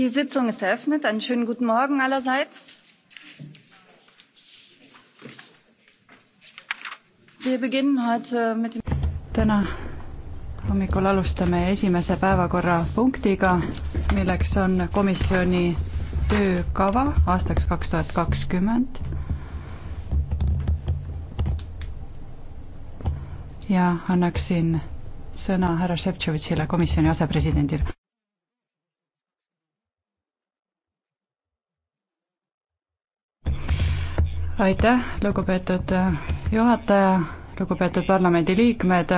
Die Sitzung ist eröffnet. Einen schönen guten Morgen allerseits. Wir beginnen heute mit dem täna hommikul alustame esimese päevakorrapunktiga, milleks on komisjoni töökava aastaks kaks tuhat kakskümmend. ja annaksin sõna härra Šefčovitšile, komisjoni asepresidendile. aitäh, lugupeetud äh, juhataja, lugupeetud parlamendiliikmed.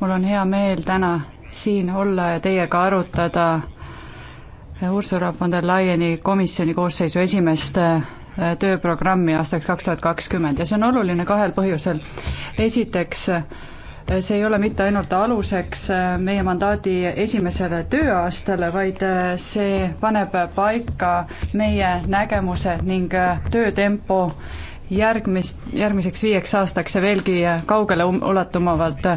mul on hea meel täna siin olla ja teiega arutada äh, Ursula von der Leyeni komisjoni koosseisu esimest äh, tööprogrammi aastaks kaks tuhat kakskümmend ja see on oluline kahel põhjusel. esiteks, Äh, see ei ole mitte ainult aluseks äh, meie mandaadi esimesele tööaastale, vaid äh, see paneb paika meie nägemuse ning töötempo järgmist, järgmiseks viieks aastaks ja veelgi kaugele um-, ulatumavalt.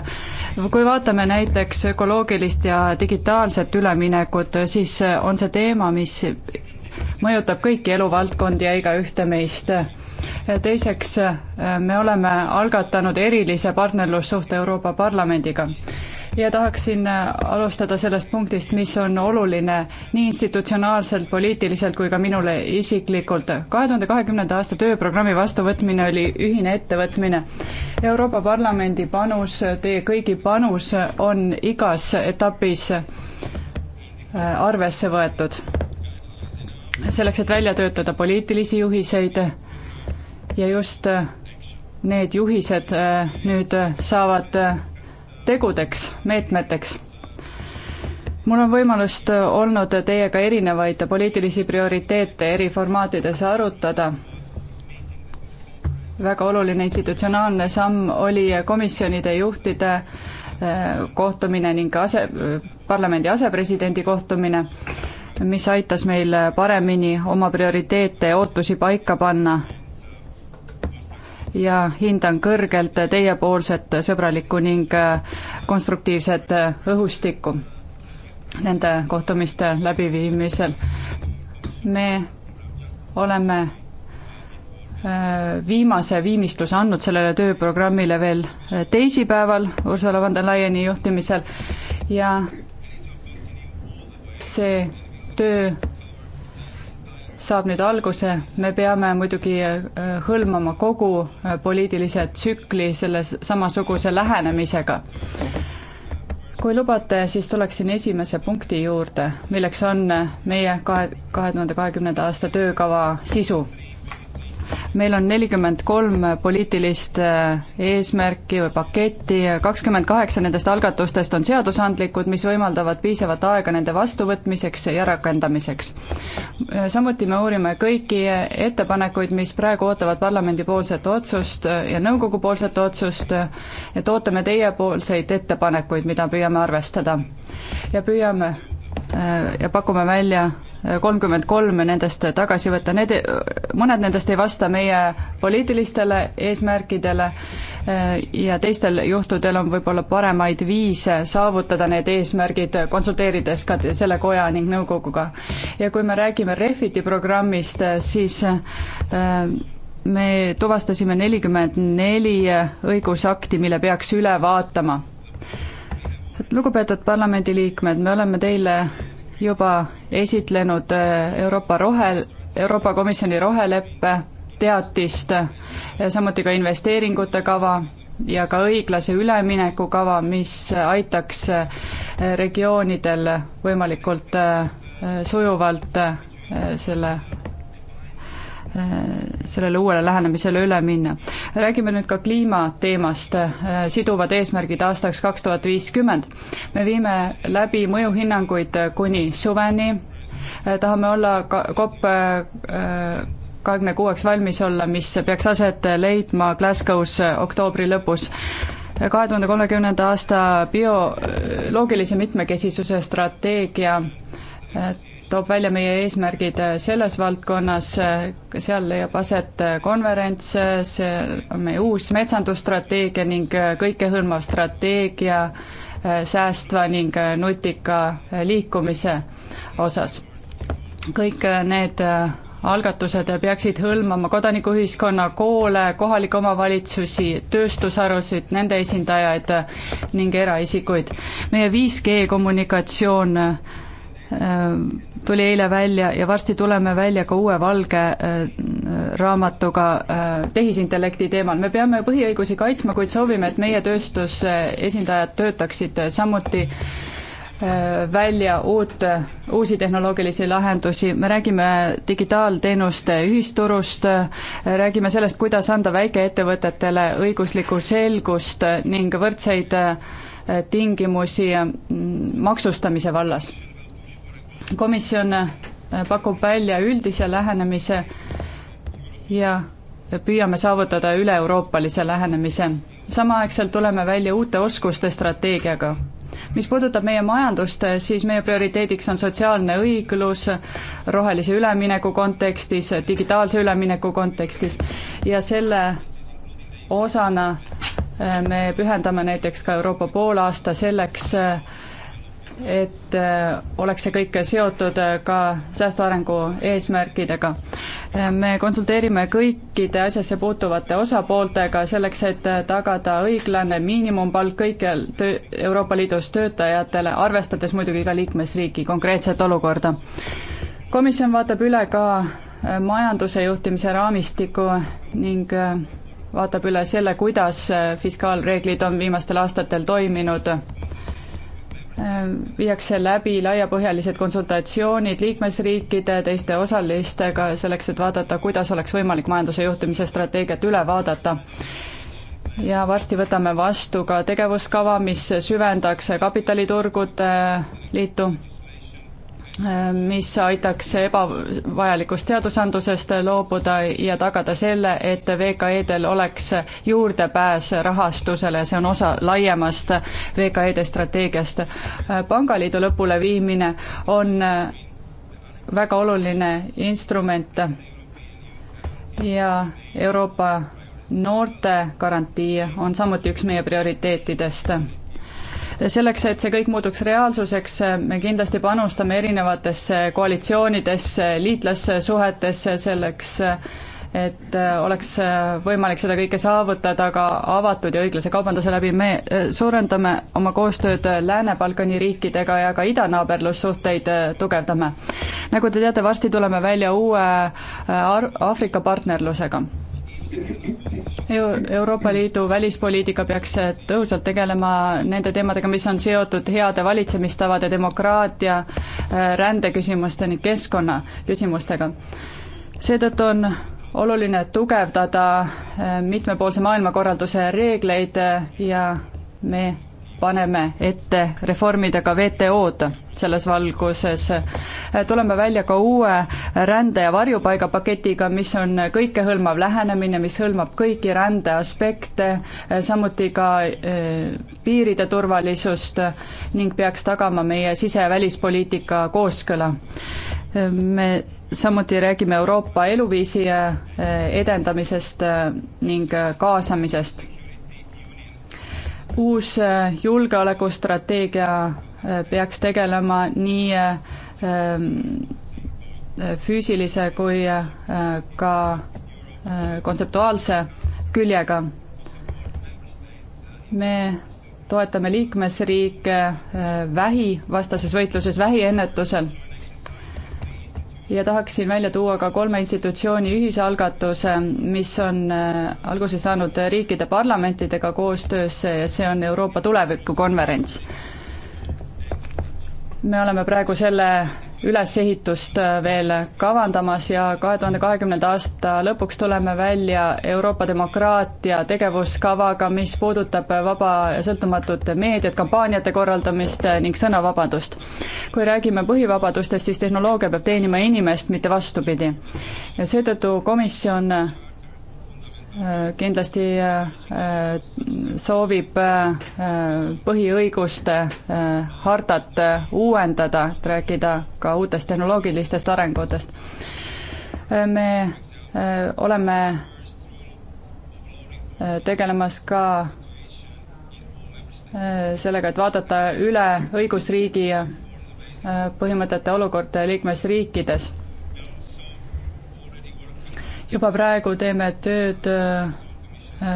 kui vaatame näiteks ökoloogilist ja digitaalset üleminekut, siis on see teema, mis mõjutab kõiki eluvaldkondi ja igaühte meist teiseks, me oleme algatanud erilise partnerlussuhte Euroopa Parlamendiga ja tahaksin alustada sellest punktist, mis on oluline nii institutsionaalselt, poliitiliselt kui ka minule isiklikult. kahe tuhande kahekümnenda aasta tööprogrammi vastuvõtmine oli ühine ettevõtmine. Euroopa Parlamendi panus, teie kõigi panus on igas etapis äh, arvesse võetud. selleks, et välja töötada poliitilisi juhiseid ja just äh, need juhised äh, nüüd äh, saavad tegudeks, meetmeteks. mul on võimalust olnud teiega erinevaid poliitilisi prioriteete eri formaatides arutada. väga oluline institutsionaalne samm oli komisjonide juhtide kohtumine ning ase, parlamendi asepresidendi kohtumine, mis aitas meil paremini oma prioriteete ja ootusi paika panna ja hindan kõrgelt teiepoolset sõbralikku ning konstruktiivset õhustikku nende kohtumiste läbiviimisel. me oleme äh, viimase viimistluse andnud sellele tööprogrammile veel äh, teisipäeval Ursula von der Leyeni juhtimisel ja see töö saab nüüd alguse, me peame muidugi äh, hõlmama kogu äh, poliitilise tsükli selle samasuguse lähenemisega. kui lubate, siis tuleksin esimese punkti juurde, milleks on äh, meie kahe, kahe tuhande kahekümnenda aasta töökava sisu meil on nelikümmend kolm poliitilist äh, eesmärki või paketti, kakskümmend kaheksa nendest algatustest on seadusandlikud, mis võimaldavad piisavat aega nende vastuvõtmiseks ja rakendamiseks. Äh, samuti me uurime kõiki ettepanekuid, mis praegu ootavad parlamendipoolset otsust äh, ja nõukogupoolset otsust, et ootame teiepoolseid ettepanekuid, mida püüame arvestada. ja püüame ja pakume välja kolmkümmend kolm nendest tagasi võtta, need, mõned nendest ei vasta meie poliitilistele eesmärkidele eh, ja teistel juhtudel on võib-olla paremaid viise saavutada need eesmärgid, konsulteerides ka selle koja ning nõukoguga. ja kui me räägime Refiti programmist, eh, siis eh, me tuvastasime nelikümmend neli õigusakti, mille peaks üle vaatama. lugupeetud parlamendiliikmed, me oleme teile juba esitlenud äh, Euroopa rohel, Euroopa Komisjoni roheleppe teatist, samuti ka investeeringute kava ja ka õiglase ülemineku kava, mis aitaks äh, regioonidel võimalikult äh, sujuvalt selle Äh, sellele uuele lähenemisele üle minna. räägime nüüd ka kliimateemast, äh, siduvad eesmärgid aastaks kaks tuhat viiskümmend. me viime läbi mõjuhinnanguid kuni suveni, äh, tahame olla ka COP kahekümne kuueks valmis olla, mis peaks aset leidma Glasgow's oktoobri lõpus kahe tuhande kolmekümnenda aasta bioloogilise mitmekesisuse strateegia toob välja meie eesmärgid äh, selles valdkonnas, äh, seal leiab aset äh, konverents, see on meie uus metsandusstrateegia ning kõikehõlmav strateegia säästva ning nutika liikumise osas. kõik need algatused peaksid hõlmama kodanikuühiskonna, koole, kohalikke omavalitsusi, tööstusharusid, nende esindajaid ning eraisikuid. meie 5G kommunikatsioon tuli eile välja ja varsti tuleme välja ka uue valge äh, raamatuga äh, tehisintellekti teemal. me peame põhiõigusi kaitsma, kuid soovime, et meie tööstuse esindajad töötaksid samuti äh, välja uut, uusi tehnoloogilisi lahendusi, me räägime digitaalteenuste ühisturust, räägime sellest, kuidas anda väikeettevõtetele õiguslikku selgust ning võrdseid tingimusi maksustamise vallas komisjon äh, pakub välja üldise lähenemise ja püüame saavutada üle-euroopalise lähenemise. samaaegselt tuleme välja uute oskuste strateegiaga. mis puudutab meie majandust, äh, siis meie prioriteediks on sotsiaalne õiglus rohelise ülemineku kontekstis, digitaalse ülemineku kontekstis ja selle osana äh, me pühendame näiteks ka Euroopa poolaasta selleks, et äh, oleks see kõik seotud äh, ka säästva arengu eesmärkidega. Äh, me konsulteerime kõikide asjasse puutuvate osapooltega selleks, et tagada õiglane miinimumpalk kõikjal töö, Euroopa Liidus töötajatele, arvestades muidugi iga liikmesriiki konkreetset olukorda. komisjon vaatab üle ka majanduse juhtimise raamistiku ning vaatab üle selle, kuidas fiskaalreeglid on viimastel aastatel toiminud Äh, viiakse läbi laiapõhjalised konsultatsioonid liikmesriikide, teiste osalistega, selleks et vaadata, kuidas oleks võimalik majanduse juhtimise strateegiat üle vaadata. ja varsti võtame vastu ka tegevuskava, mis süvendaks kapitaliturgude liitu mis aitaks ebavajalikust seadusandlusest loobuda ja tagada selle, et VKE-del oleks juurdepääs rahastusele, see on osa laiemast VKE-de strateegiast. pangaliidu lõpuleviimine on väga oluline instrument ja Euroopa noorte garantii on samuti üks meie prioriteetidest selleks, et see kõik muutuks reaalsuseks, me kindlasti panustame erinevatesse koalitsioonidesse, liitlassuhetesse selleks, et äh, oleks äh, võimalik seda kõike saavutada ka avatud ja õiglase kaubanduse läbi, me äh, suurendame oma koostööd Lääne-Balkani riikidega ja ka idanaaberlussuhteid tugevdame. nagu te teate, varsti tuleme välja uue Aafrika partnerlusega Euroopa Liidu välispoliitika peaks tõhusalt tegelema nende teemadega, mis on seotud heade valitsemistavade, demokraatia, äh, rändeküsimuste ning keskkonna küsimustega. seetõttu on oluline tugevdada äh, mitmepoolse maailmakorralduse reegleid äh, ja me paneme ette reformida ka WTO-d selles valguses. tuleme välja ka uue rände- ja varjupaigapaketiga, mis on kõikehõlmav lähenemine, mis hõlmab kõiki rände aspekte, samuti ka eh, piiride turvalisust ning peaks tagama meie sise- ja välispoliitika kooskõla. me samuti räägime Euroopa eluviisi eh, edendamisest eh, ning kaasamisest uus äh, julgeolekustrateegia äh, peaks tegelema nii äh, ähm, füüsilise kui ka kontseptuaalse küljega. me toetame liikmesriike vähivastases võitluses, vähiennetusel ja tahaksin välja tuua ka kolme institutsiooni ühisalgatuse, mis on äh, alguse saanud riikide parlamentidega koostöös ja see on Euroopa tulevikukonverents. me oleme praegu selle ülesehitust äh, veel kavandamas ja kahe tuhande kahekümnenda aasta lõpuks tuleme välja Euroopa demokraatia tegevuskavaga, mis puudutab vaba ja sõltumatut meediat, kampaaniate korraldamist äh, ning sõnavabadust. kui räägime põhivabadustest, siis tehnoloogia peab teenima inimest, mitte vastupidi. ja seetõttu komisjon kindlasti äh, soovib äh, põhiõiguste äh, hartat uuendada, et rääkida ka uutest tehnoloogilistest arengutest. me oleme tegelemas ka sellega, et vaadata üle õigusriigi põhimõtete olukord liikmesriikides juba praegu teeme tööd äh,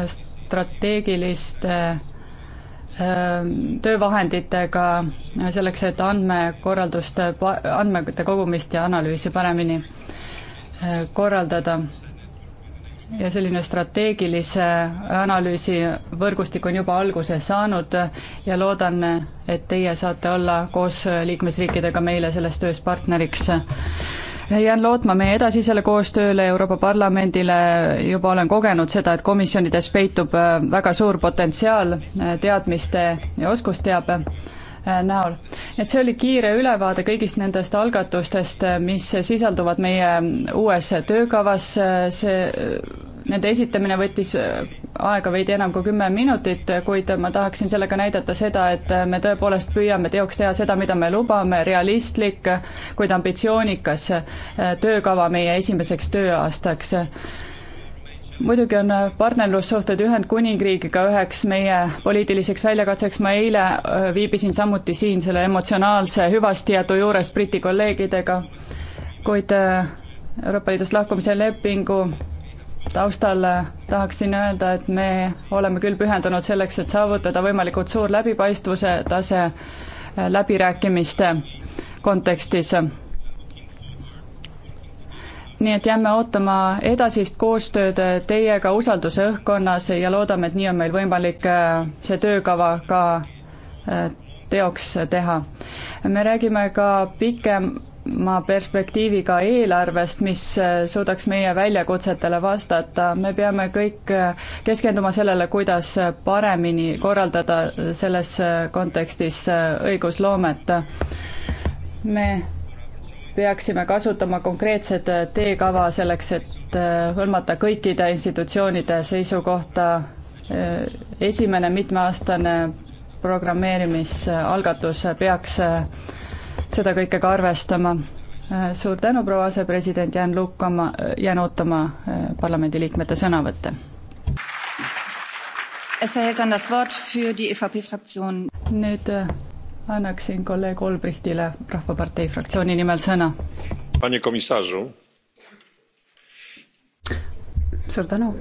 strateegiliste äh, töövahenditega selleks, et andmekorraldust, andmete kogumist ja analüüsi paremini äh, korraldada. ja selline strateegilise analüüsi võrgustik on juba alguse saanud ja loodan, et teie saate olla koos liikmesriikidega meile selles töös partneriks jään lootma meie edasisele koostööle Euroopa Parlamendile, juba olen kogenud seda, et komisjonides peitub äh, väga suur potentsiaal äh, teadmiste ja oskusteabe äh, näol. et see oli kiire ülevaade kõigist nendest algatustest, mis sisalduvad meie mm, uues töökavas, see nende esitamine võttis äh, aega veidi enam kui kümme minutit, kuid ma tahaksin sellega näidata seda, et äh, me tõepoolest püüame teoks teha seda, mida me lubame, realistlik, kuid ambitsioonikas äh, töökava meie esimeseks tööaastaks muidugi on partnerlussuhted Ühendkuningriigiga üheks meie poliitiliseks väljakatseks, ma eile viibisin samuti siin selle emotsionaalse hüvastijätu juures Briti kolleegidega, kuid Euroopa Liidust lahkumise lepingu taustal äh, tahaksin öelda, et me oleme küll pühendunud selleks, et saavutada võimalikult suur läbipaistvuse tase äh, läbirääkimiste kontekstis. nii et jääme ootama edasist koostööd äh, teiega usalduse õhkkonnas ja loodame, et nii on meil võimalik see töökava ka teoks teha. me räägime ka pikem ma perspektiiviga eelarvest, mis äh, suudaks meie väljakutsetele vastata, me peame kõik äh, keskenduma sellele, kuidas äh, paremini korraldada selles kontekstis õigusloomet. me peaksime kasutama konkreetset teekava selleks, et hõlmata kõikide institutsioonide seisukohta. esimene mitmeaastane programmeerimisalgatus peaks seda kõike ka arvestama. Äh, suur tänu, proua asepresident, jään lukkama, äh, jään ootama äh, parlamendiliikmete sõnavõtte. nüüd annaksin kolleeg Olbrichtile Rahvapartei fraktsiooni nimel sõna. Panie komisarzu. suur tänu.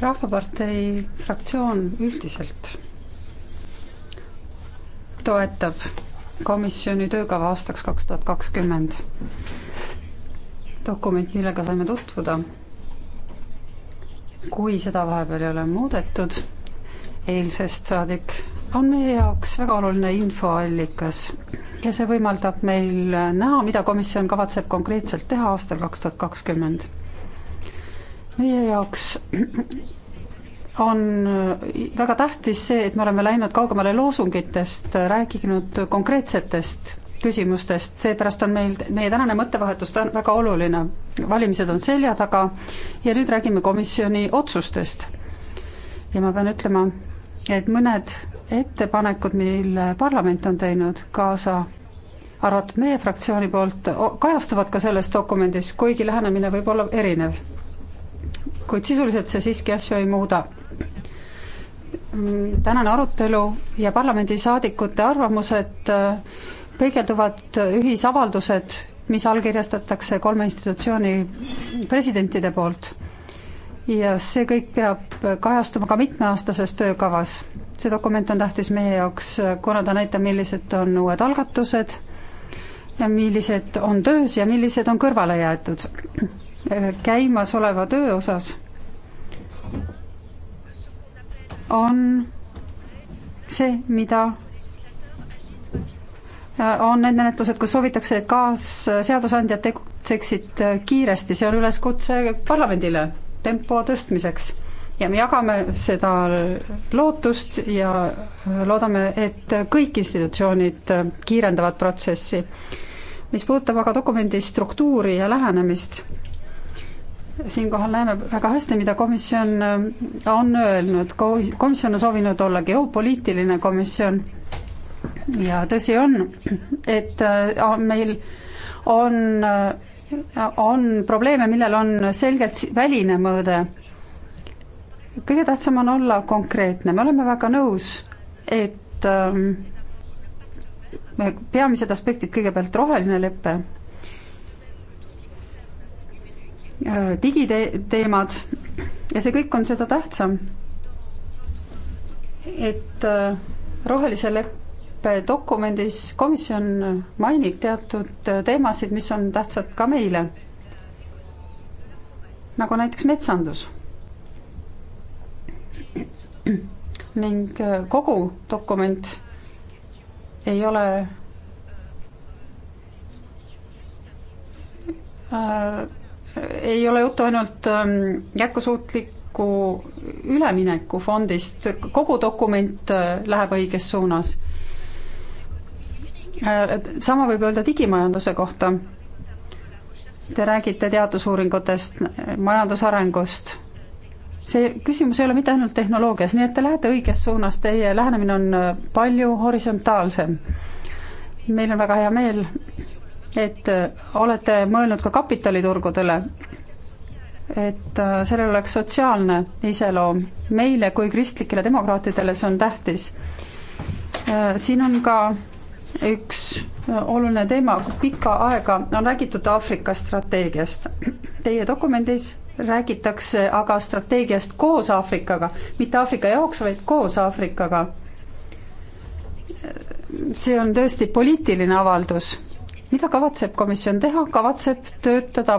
rahvapartei fraktsioon üldiselt toetab komisjoni töökava aastaks kaks tuhat kakskümmend. dokument, millega saime tutvuda, kui seda vahepeal ei ole muudetud, eilsest saadik on meie jaoks väga oluline infoallikas ja see võimaldab meil näha, mida komisjon kavatseb konkreetselt teha aastal kaks tuhat kakskümmend. meie jaoks on äh, väga tähtis see, et me oleme läinud kaugemale loosungitest, rääkinud konkreetsetest küsimustest, seepärast on meil meie tänane mõttevahetus ta-, väga oluline. valimised on selja taga ja nüüd räägime komisjoni otsustest. ja ma pean ütlema, et mõned ettepanekud, mille parlament on teinud, kaasa arvatud meie fraktsiooni poolt, kajastuvad ka selles dokumendis, kuigi lähenemine võib olla erinev kuid sisuliselt see siiski asju ei muuda. tänane arutelu ja parlamendisaadikute arvamused äh, peegelduvad ühisavaldused, mis allkirjastatakse kolme institutsiooni presidentide poolt. ja see kõik peab kajastuma ka mitmeaastases töökavas. see dokument on tähtis meie jaoks, kuna ta näitab, millised on uued algatused ja millised on töös ja millised on kõrvale jäetud Äh, käimasoleva töö osas on see, mida äh, on need menetlused, kus soovitakse, et kaasseadusandjad tegutseksid äh, kiiresti, see on üleskutse parlamendile tempo tõstmiseks. ja me jagame seda lootust ja loodame, et kõik institutsioonid kiirendavad protsessi. mis puudutab aga dokumendi struktuuri ja lähenemist, siinkohal näeme väga hästi, mida komisjon äh, on öelnud, komisjon on soovinud olla geopoliitiline komisjon ja tõsi on, et äh, meil on, äh, on probleeme, millel on selgelt väline mõõde. kõige tähtsam on olla konkreetne, me oleme väga nõus, et ähm, peamised aspektid, kõigepealt roheline lepe Äh, digiteemad ja see kõik on seda tähtsam. et äh, rohelise leppe dokumendis komisjon mainib teatud äh, teemasid, mis on tähtsad ka meile. nagu näiteks metsandus. ning kogu dokument ei ole äh, ei ole juttu ainult ähm, jätkusuutliku ülemineku fondist, kogu dokument äh, läheb õiges suunas. Äh, sama võib öelda digimajanduse kohta. Te räägite teadusuuringutest, majandusarengust, see küsimus ei ole mitte ainult tehnoloogias, nii et te lähete õiges suunas, teie lähenemine on äh, palju horisontaalsem. meil on väga hea meel et äh, olete mõelnud ka kapitaliturgudele, et äh, sellel oleks sotsiaalne iseloom. meile kui kristlikele demokraatidele see on tähtis. Äh, siin on ka üks oluline teema, pikka aega on räägitud Aafrika strateegiast. Teie dokumendis räägitakse aga strateegiast koos Aafrikaga, mitte Aafrika jaoks, vaid koos Aafrikaga. see on tõesti poliitiline avaldus mida kavatseb komisjon teha, kavatseb töötada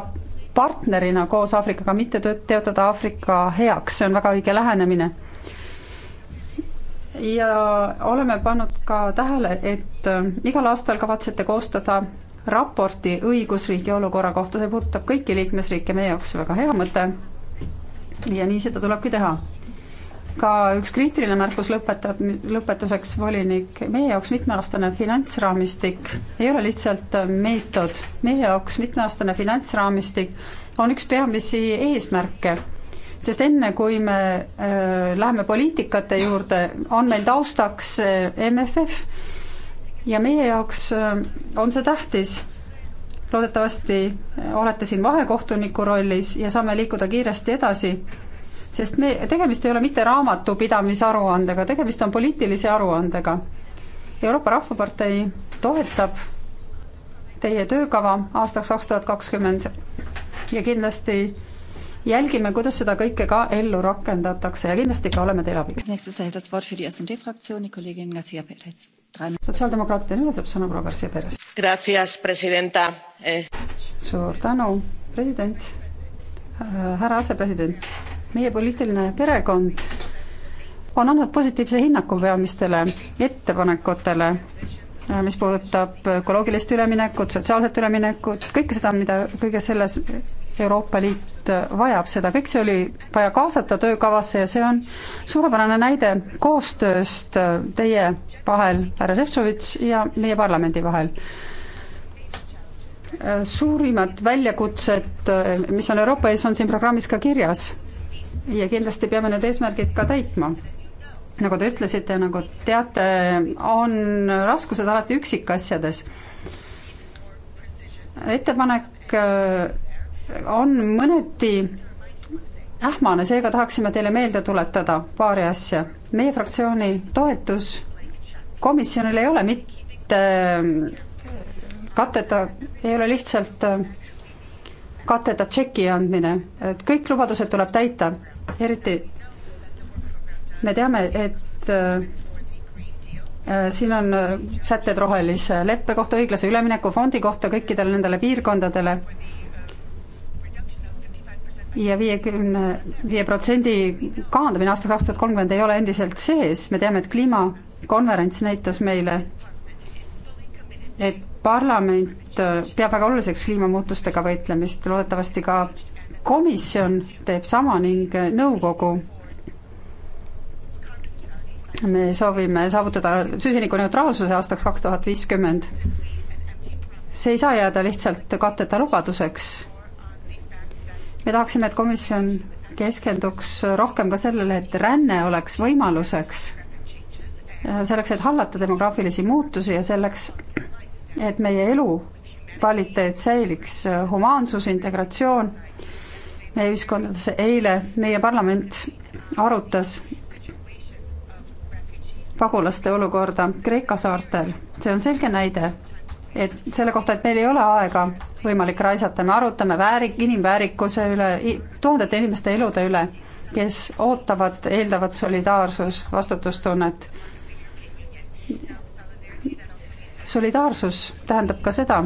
partnerina koos Aafrikaga, mitte tööd teotada Aafrika heaks, see on väga õige lähenemine. ja oleme pannud ka tähele, et äh, igal aastal kavatsete koostada raporti õigusriigi olukorra kohta, see puudutab kõiki liikmesriike, meie jaoks väga hea mõte. ja nii seda tulebki teha ka üks kriitiline märkus lõpetab, lõpetuseks, volinik, meie jaoks mitmeaastane finantsraamistik ei ole lihtsalt äh, meetod, meie jaoks mitmeaastane finantsraamistik on üks peamisi eesmärke, sest enne, kui me äh, läheme poliitikate juurde, on meil taustaks äh, MFF ja meie jaoks äh, on see tähtis loodetavasti äh, olete siin vahekohtuniku rollis ja saame liikuda kiiresti edasi sest me, tegemist ei ole mitte raamatupidamisaruandega, tegemist on poliitilise aruandega. Euroopa Rahvapartei toetab teie töökava aastaks kaks tuhat kakskümmend ja kindlasti jälgime, kuidas seda kõike ka ellu rakendatakse ja kindlasti ka oleme teile abiks. sotsiaaldemokraatide nimel saab sõna proua Garcia Perez. Eh. suur tänu, president, äh, härra asepresident meie poliitiline perekond on andnud positiivse hinnaku peamistele ettepanekutele, äh, mis puudutab ökoloogilist üleminekut, sotsiaalset üleminekut, kõike seda, mida kõige selles Euroopa Liit äh, vajab seda, kõik see oli vaja kaasata töökavasse ja see on suurepärane näide koostööst äh, teie vahel, härra Šefčovitš, ja meie parlamendi vahel. suurimad väljakutsed, mis on Euroopa ees, on siin programmis ka kirjas ja kindlasti peame need eesmärgid ka täitma. nagu te ütlesite, nagu teate, on raskused alati üksikasjades. ettepanek äh, on mõneti ähmane, seega tahaksime teile meelde tuletada paari asja. meie fraktsiooni toetus komisjonil ei ole mitte äh, katteta, ei ole lihtsalt äh, katteta tšeki andmine, et kõik lubadused tuleb täita eriti me teame, et äh, äh, siin on äh, sätted rohelise leppe kohta, õiglase ülemineku fondi kohta kõikidele nendele piirkondadele ja viiekümne viie protsendi kahandamine aastaks kaks tuhat kolmkümmend ei ole endiselt sees, me teame, et kliimakonverents näitas meile, et parlament peab väga oluliseks kliimamuutustega võitlemist, loodetavasti ka komisjon teeb sama ning nõukogu. me soovime saavutada süsinikuneutraalsuse aastaks kaks tuhat viiskümmend. see ei saa jääda lihtsalt katteta lubaduseks. me tahaksime, et komisjon keskenduks rohkem ka sellele, et ränne oleks võimaluseks, selleks, et hallata demograafilisi muutusi ja selleks, et meie elu kvaliteet säiliks, humaansus, integratsioon meie ühiskondades. eile meie parlament arutas pagulaste olukorda Kreeka saartel. see on selge näide, et selle kohta, et meil ei ole aega võimalik raisata, me arutame väärik, inimväärikuse üle, tuhandete inimeste elude üle, kes ootavad, eeldavad solidaarsust, vastutustunnet. solidaarsus tähendab ka seda,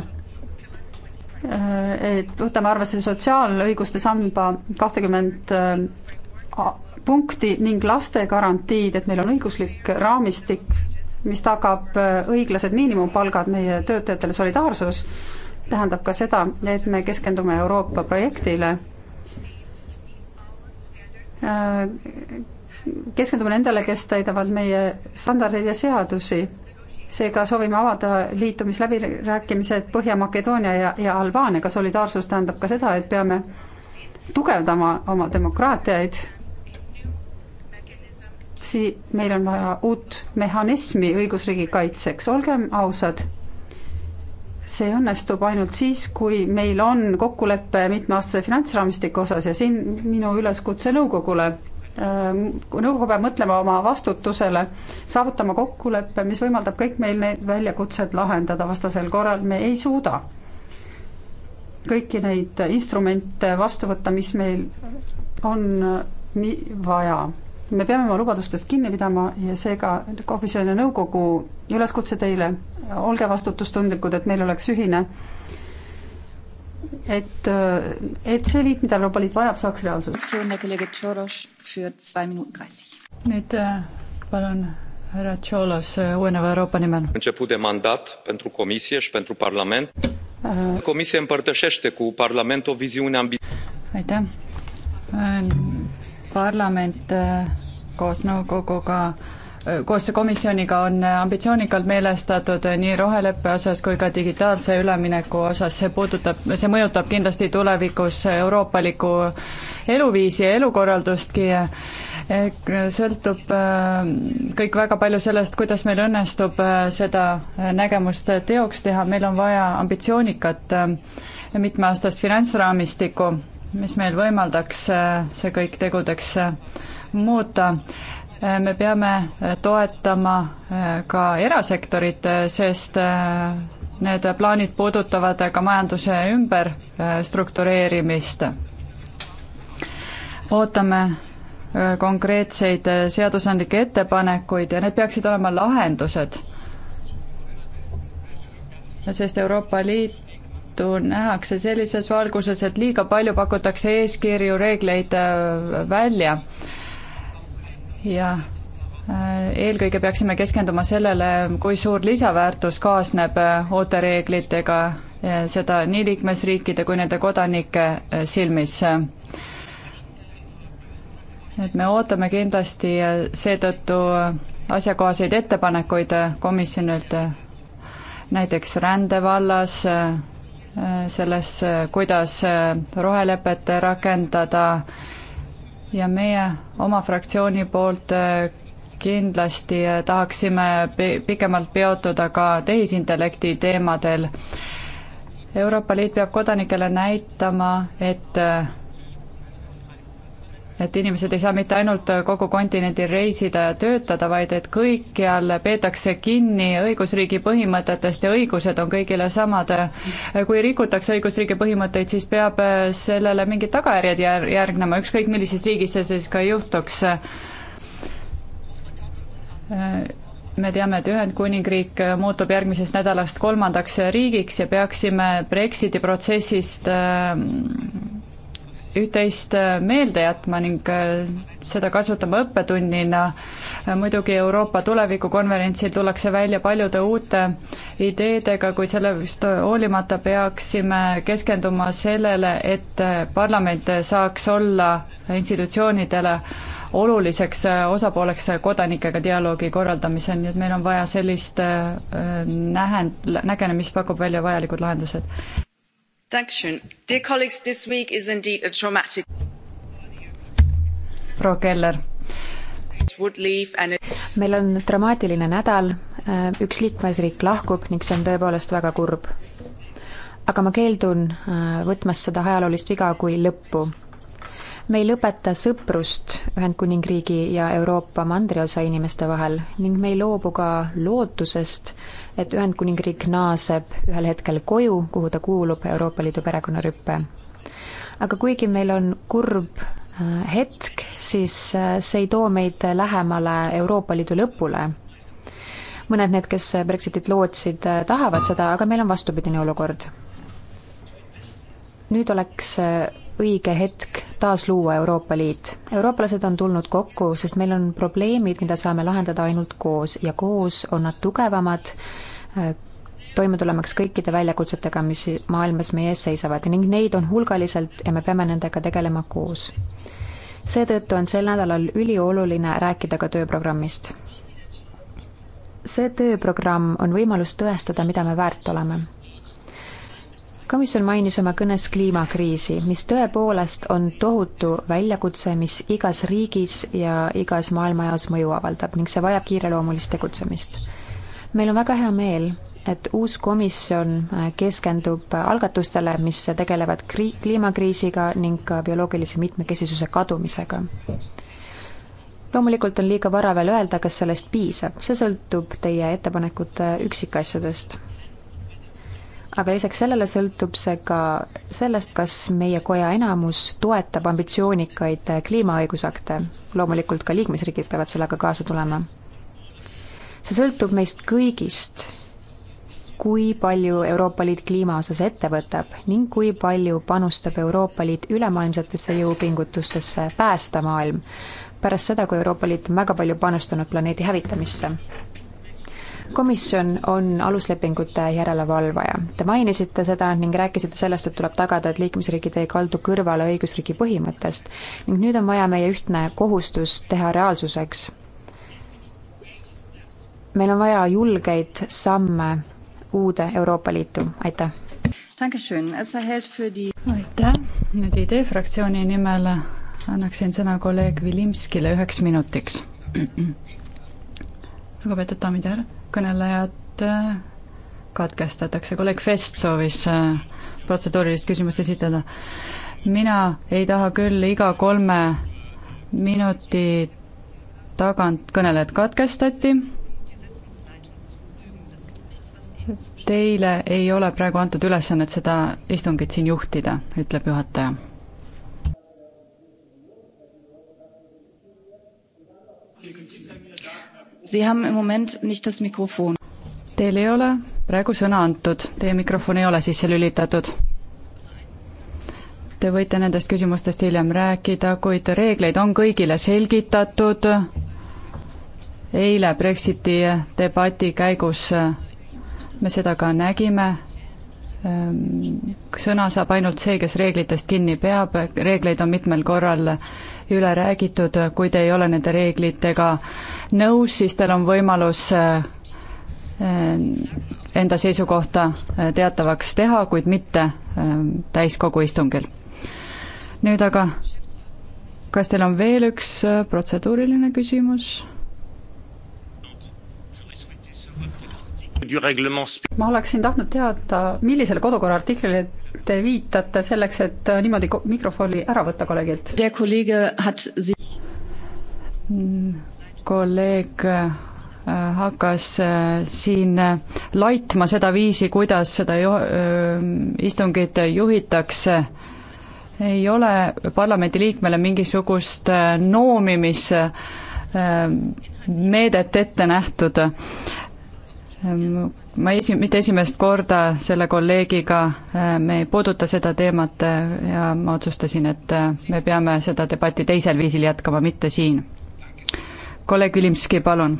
Äh, et võtame arvesse sotsiaalõiguste samba kahtekümmend äh, punkti ning lastegarantiid, et meil on õiguslik raamistik, mis tagab äh, õiglased miinimumpalgad meie töötajatele, solidaarsus, tähendab ka seda, et me keskendume Euroopa projektile, keskendume nendele, kes täidavad meie standardeid ja seadusi seega soovime avada liitumisläbirääkimised Põhja-Makedoonia ja, ja Albaaniaga, solidaarsus tähendab ka seda, et peame tugevdama oma demokraatiaid, sii-, meil on vaja uut mehhanismi õigusriigi kaitseks, olgem ausad, see õnnestub ainult siis, kui meil on kokkulepe mitmeaastase finantsraamistiku osas ja siin minu üleskutse nõukogule Ehm, nõukogu peab mõtlema oma vastutusele, saavutama kokkuleppe, mis võimaldab kõik meil need väljakutsed lahendada, vastasel korral me ei suuda kõiki neid instrumente vastu võtta, mis meil on äh, mi-, vaja. me peame oma lubadustest kinni pidama ja seega komisjoni nõukogu üleskutse teile, olge vastutustundlikud, et meil oleks ühine et, äh, et see liit, mida Euroopa Liit vajab, saaks reaalsus. nüüd äh, palun härra Tšolos äh, uueneva Euroopa nimel. început de mandat pentru comisie și pentru parlament uh.... Comisie împărtășește cu parlament o viziune ambi-. aitäh. parlament koos nõukoguga no, koostöö komisjoniga on ambitsioonikalt meelestatud nii roheleppe osas kui ka digitaalse ülemineku osas, see puudutab, see mõjutab kindlasti tulevikus euroopalikku eluviisi ja elukorraldustki, sõltub kõik väga palju sellest, kuidas meil õnnestub seda nägemust teoks teha, meil on vaja ambitsioonikat mitmeaastast finantsraamistikku, mis meil võimaldaks see kõik tegudeks muuta me peame toetama äh, ka erasektorit, äh, sest äh, need plaanid puudutavad ka majanduse ümberstruktureerimist. ootame konkreetseid seadusandlikke ettepanekuid ja need peaksid olema lahendused. sest Euroopa Liitu nähakse sellises valguses, et liiga palju pakutakse eeskirju, reegleid välja ja äh, eelkõige peaksime keskenduma sellele, kui suur lisaväärtus kaasneb uute äh, reeglitega, seda nii liikmesriikide kui nende kodanike äh, silmis. et me ootame kindlasti seetõttu asjakohaseid ettepanekuid komisjonilt, näiteks rände vallas, selles, kuidas rohelepet rakendada, ja meie oma fraktsiooni poolt äh, kindlasti äh, tahaksime pikemalt peatuda ka tehisintellekti teemadel. Euroopa Liit peab kodanikele näitama, et äh, et inimesed ei saa mitte ainult kogu kontinendil reisida ja töötada, vaid et kõikjal peetakse kinni õigusriigi põhimõtetest ja õigused on kõigile samad. kui rikutakse õigusriigi põhimõtteid, siis peab sellele mingid tagajärjed jär-, järgnema, ükskõik millises riigis see siis ka juhtuks. me teame, et Ühendkuningriik muutub järgmisest nädalast kolmandaks riigiks ja peaksime Brexiti protsessist üht-teist äh, meelde jätma ning äh, seda kasutama õppetunnina. muidugi Euroopa tulevikukonverentsil tullakse välja paljude uute ideedega, kuid sellest hoolimata peaksime keskenduma sellele, et äh, parlament saaks olla institutsioonidele oluliseks osapooleks kodanikega dialoogi korraldamisel, nii et meil on vaja sellist nähen-, nägenemist pakub välja vajalikud lahendused proua Keller. meil on dramaatiline nädal, äh, üks liikmesriik lahkub ning see on tõepoolest väga kurb. aga ma keeldun äh, võtmas seda ajaloolist viga kui lõppu me ei lõpeta sõprust Ühendkuningriigi ja Euroopa mandriosa inimeste vahel ning me ei loobu ka lootusest, et Ühendkuningriik naaseb ühel hetkel koju, kuhu ta kuulub Euroopa Liidu perekonnarüppe. aga kuigi meil on kurb äh, hetk, siis äh, see ei too meid lähemale Euroopa Liidu lõpule mõned need, kes Brexitit lootsid, äh, tahavad seda, aga meil on vastupidine olukord. nüüd oleks õige hetk taasluua Euroopa Liit. eurooplased on tulnud kokku, sest meil on probleemid, mida saame lahendada ainult koos ja koos on nad tugevamad, äh, toime tulemaks kõikide väljakutsetega, mis maailmas meie ees seisavad ning neid on hulgaliselt ja me peame nendega tegelema koos. seetõttu on sel nädalal ülioluline rääkida ka tööprogrammist. see tööprogramm on võimalus tõestada, mida me väärt oleme komisjon mainis oma kõnes kliimakriisi, mis tõepoolest on tohutu väljakutse, mis igas riigis ja igas maailmajaos mõju avaldab ning see vajab kiireloomulist tegutsemist. meil on väga hea meel, et uus komisjon äh, keskendub algatustele, mis tegelevad kri-, kliimakriisiga ning ka bioloogilise mitmekesisuse kadumisega loomulikult on liiga vara veel öelda, kas sellest piisab, see sõltub teie ettepanekute üksikasjadest aga lisaks sellele sõltub see ka sellest, kas meie koja enamus toetab ambitsioonikaid kliimaõigusakte. loomulikult ka liikmesriigid peavad sellega kaasa tulema. see sõltub meist kõigist, kui palju Euroopa Liit kliima osas ette võtab ning kui palju panustab Euroopa Liit ülemaailmsetesse jõupingutustesse päästa maailm, pärast seda, kui Euroopa Liit on väga palju panustanud planeedi hävitamisse komisjon on aluslepingute järelevalvaja. Te mainisite seda ning rääkisite sellest, et tuleb tagada, et liikmesriigid ei kaldu kõrvale õigusriigi põhimõttest ning nüüd on vaja meie ühtne kohustus teha reaalsuseks. meil on vaja julgeid samme uude Euroopa Liitu, aitäh! Er aitäh, nüüd idee fraktsiooni nimel annaksin sõna kolleeg Vilimskile üheks minutiks. lugupeetud daamid ja härrad kõnelejad äh, katkestatakse, kolleeg Fest soovis äh, protseduurilist küsimust esitada. mina ei taha küll iga kolme minuti tagant kõnelejad katkestati. Teile ei ole praegu antud ülesannet seda istungit siin juhtida, ütleb juhataja Teil ei ole praegu sõna antud, teie mikrofon ei ole sisse lülitatud. Te võite nendest küsimustest hiljem rääkida, kuid reegleid on kõigile selgitatud. eile Brexiti debati käigus me seda ka nägime ehm, sõna saab ainult see, kes reeglitest kinni peab, reegleid on mitmel korral üle räägitud, kui te ei ole nende reeglitega nõus, siis teil on võimalus eh, enda seisukohta eh, teatavaks teha, kuid mitte eh, täiskogu istungil. nüüd aga, kas teil on veel üks protseduuriline küsimus? ma oleksin tahtnud teada, millisele kodukorra artiklile te viitate selleks, et äh, niimoodi mikrofoni ära võtta kolleegilt? Mm, kolleeg äh, hakkas äh, siin laitma seda viisi, kuidas seda ju-, istungit juhitakse ei ole parlamendiliikmele mingisugust noomimiss meedet ette nähtud. Ehm, ma esi-, mitte esimest korda selle kolleegiga ehm, me ei puuduta seda teemat eh, ja ma otsustasin, et eh, me peame seda debatti teisel viisil jätkama, mitte siin. kolleeg Vilimski, palun.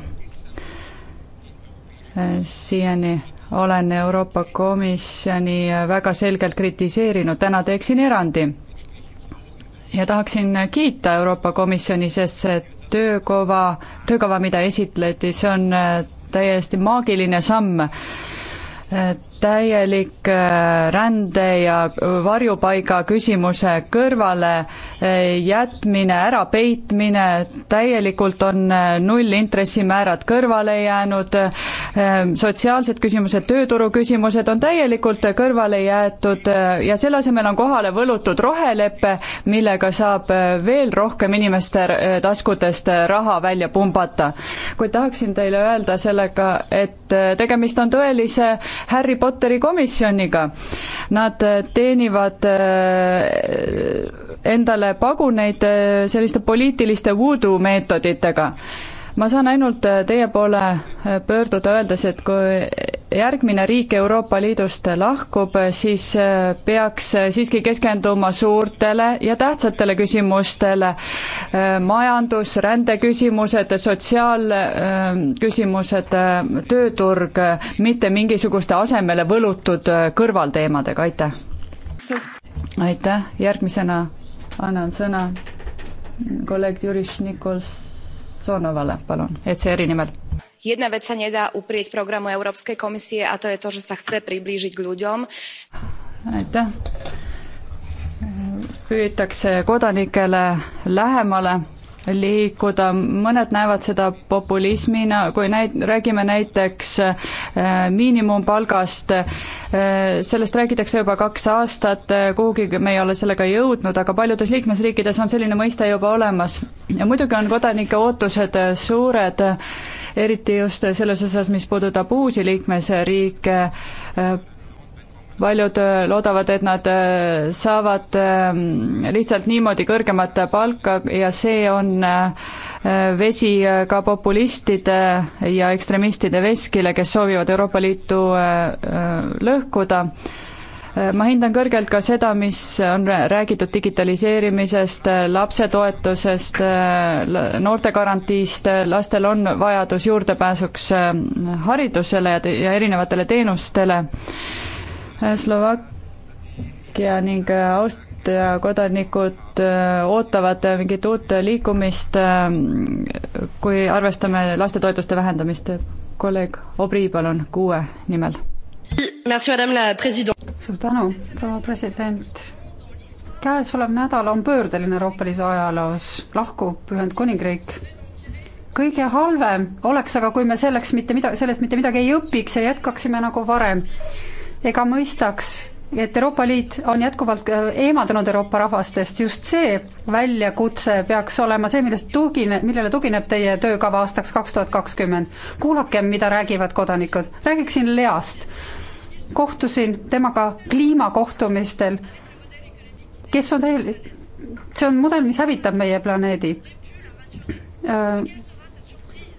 Eh, siiani olen Euroopa Komisjoni väga selgelt kritiseerinud, täna teeksin erandi. ja tahaksin kiita Euroopa Komisjoni, sest see töökova, töökava, mida esitleti, see on täiesti maagiline samm täielik äh, rände ja varjupaiga küsimuse kõrvale äh, jätmine, ärapeitmine, täielikult on äh, nullintressimäärad kõrvale jäänud, sotsiaalsed küsimused, tööturu küsimused on täielikult kõrvale jäetud ja selle asemel on kohale võlutud rohelepe, millega saab veel rohkem inimeste taskutest raha välja pumbata. kuid tahaksin teile öelda sellega, et tegemist on tõelise Harry Potteri Kotteri komisjoniga. Nad äh, teenivad äh, endale paguneid äh, selliste poliitiliste voodoo meetoditega ma saan ainult teie poole pöörduda, öeldes, et kui järgmine riik Euroopa Liidust lahkub, siis äh, peaks äh, siiski keskenduma suurtele ja tähtsatele küsimustele. Äh, majandus, rändeküsimused, sotsiaalküsimused, tööturg, mitte mingisuguste asemele võlutud kõrvalteemadega, aitäh. aitäh, järgmisena annan sõna kolleeg Jüriš Nikolsonovale, palun, ECR-i nimel jedna vec sa nedá uprieť programu Európskej komisie a to je to, že sa chce priblížiť k ľuďom. aitäh. püütakse kodanikele lähemale liikuda, mõned näevad seda populismina, kui näit-, räägime näiteks äh, miinimumpalgast äh,, sellest räägitakse juba kaks aastat äh,, kuhugi me ei ole sellega jõudnud, aga paljudes liikmesriikides on selline mõiste juba olemas. ja muidugi on kodanike ootused äh, suured äh, eriti just selles osas, mis puudutab uusi liikmesriike, paljud loodavad, et nad saavad lihtsalt niimoodi kõrgemat palka ja see on vesi ka populistide ja ekstremistide veskile, kes soovivad Euroopa Liitu lõhkuda ma hindan kõrgelt ka seda, mis on räägitud digitaliseerimisest, lapsetoetusest, noortegarantiist, lastel on vajadus juurdepääsuks haridusele ja, ja erinevatele teenustele. Slovakkia ning Aust-, ja kodanikud ootavad mingit uut liikumist, kui arvestame lastetoetuste vähendamist. kolleeg Obri, palun, kuue nimel suur tänu, proua president. käesolev nädal on pöördeline Euroopa Liidu ajaloos, lahkub Ühendkuningriik. kõige halvem oleks aga, kui me selleks mitte mida, sellest mitte midagi ei õpiks ja jätkaksime nagu varem. ega mõistaks, et Euroopa Liit on jätkuvalt äh, eemaldunud Euroopa rahvastest, just see väljakutse peaks olema see, millest tugine, millele tugineb teie töökava aastaks kaks tuhat kakskümmend. kuulakem, mida räägivad kodanikud, räägiksin Least kohtusin temaga kliimakohtumistel, kes on täiel-, see on mudel, mis hävitab meie planeedi. Äh,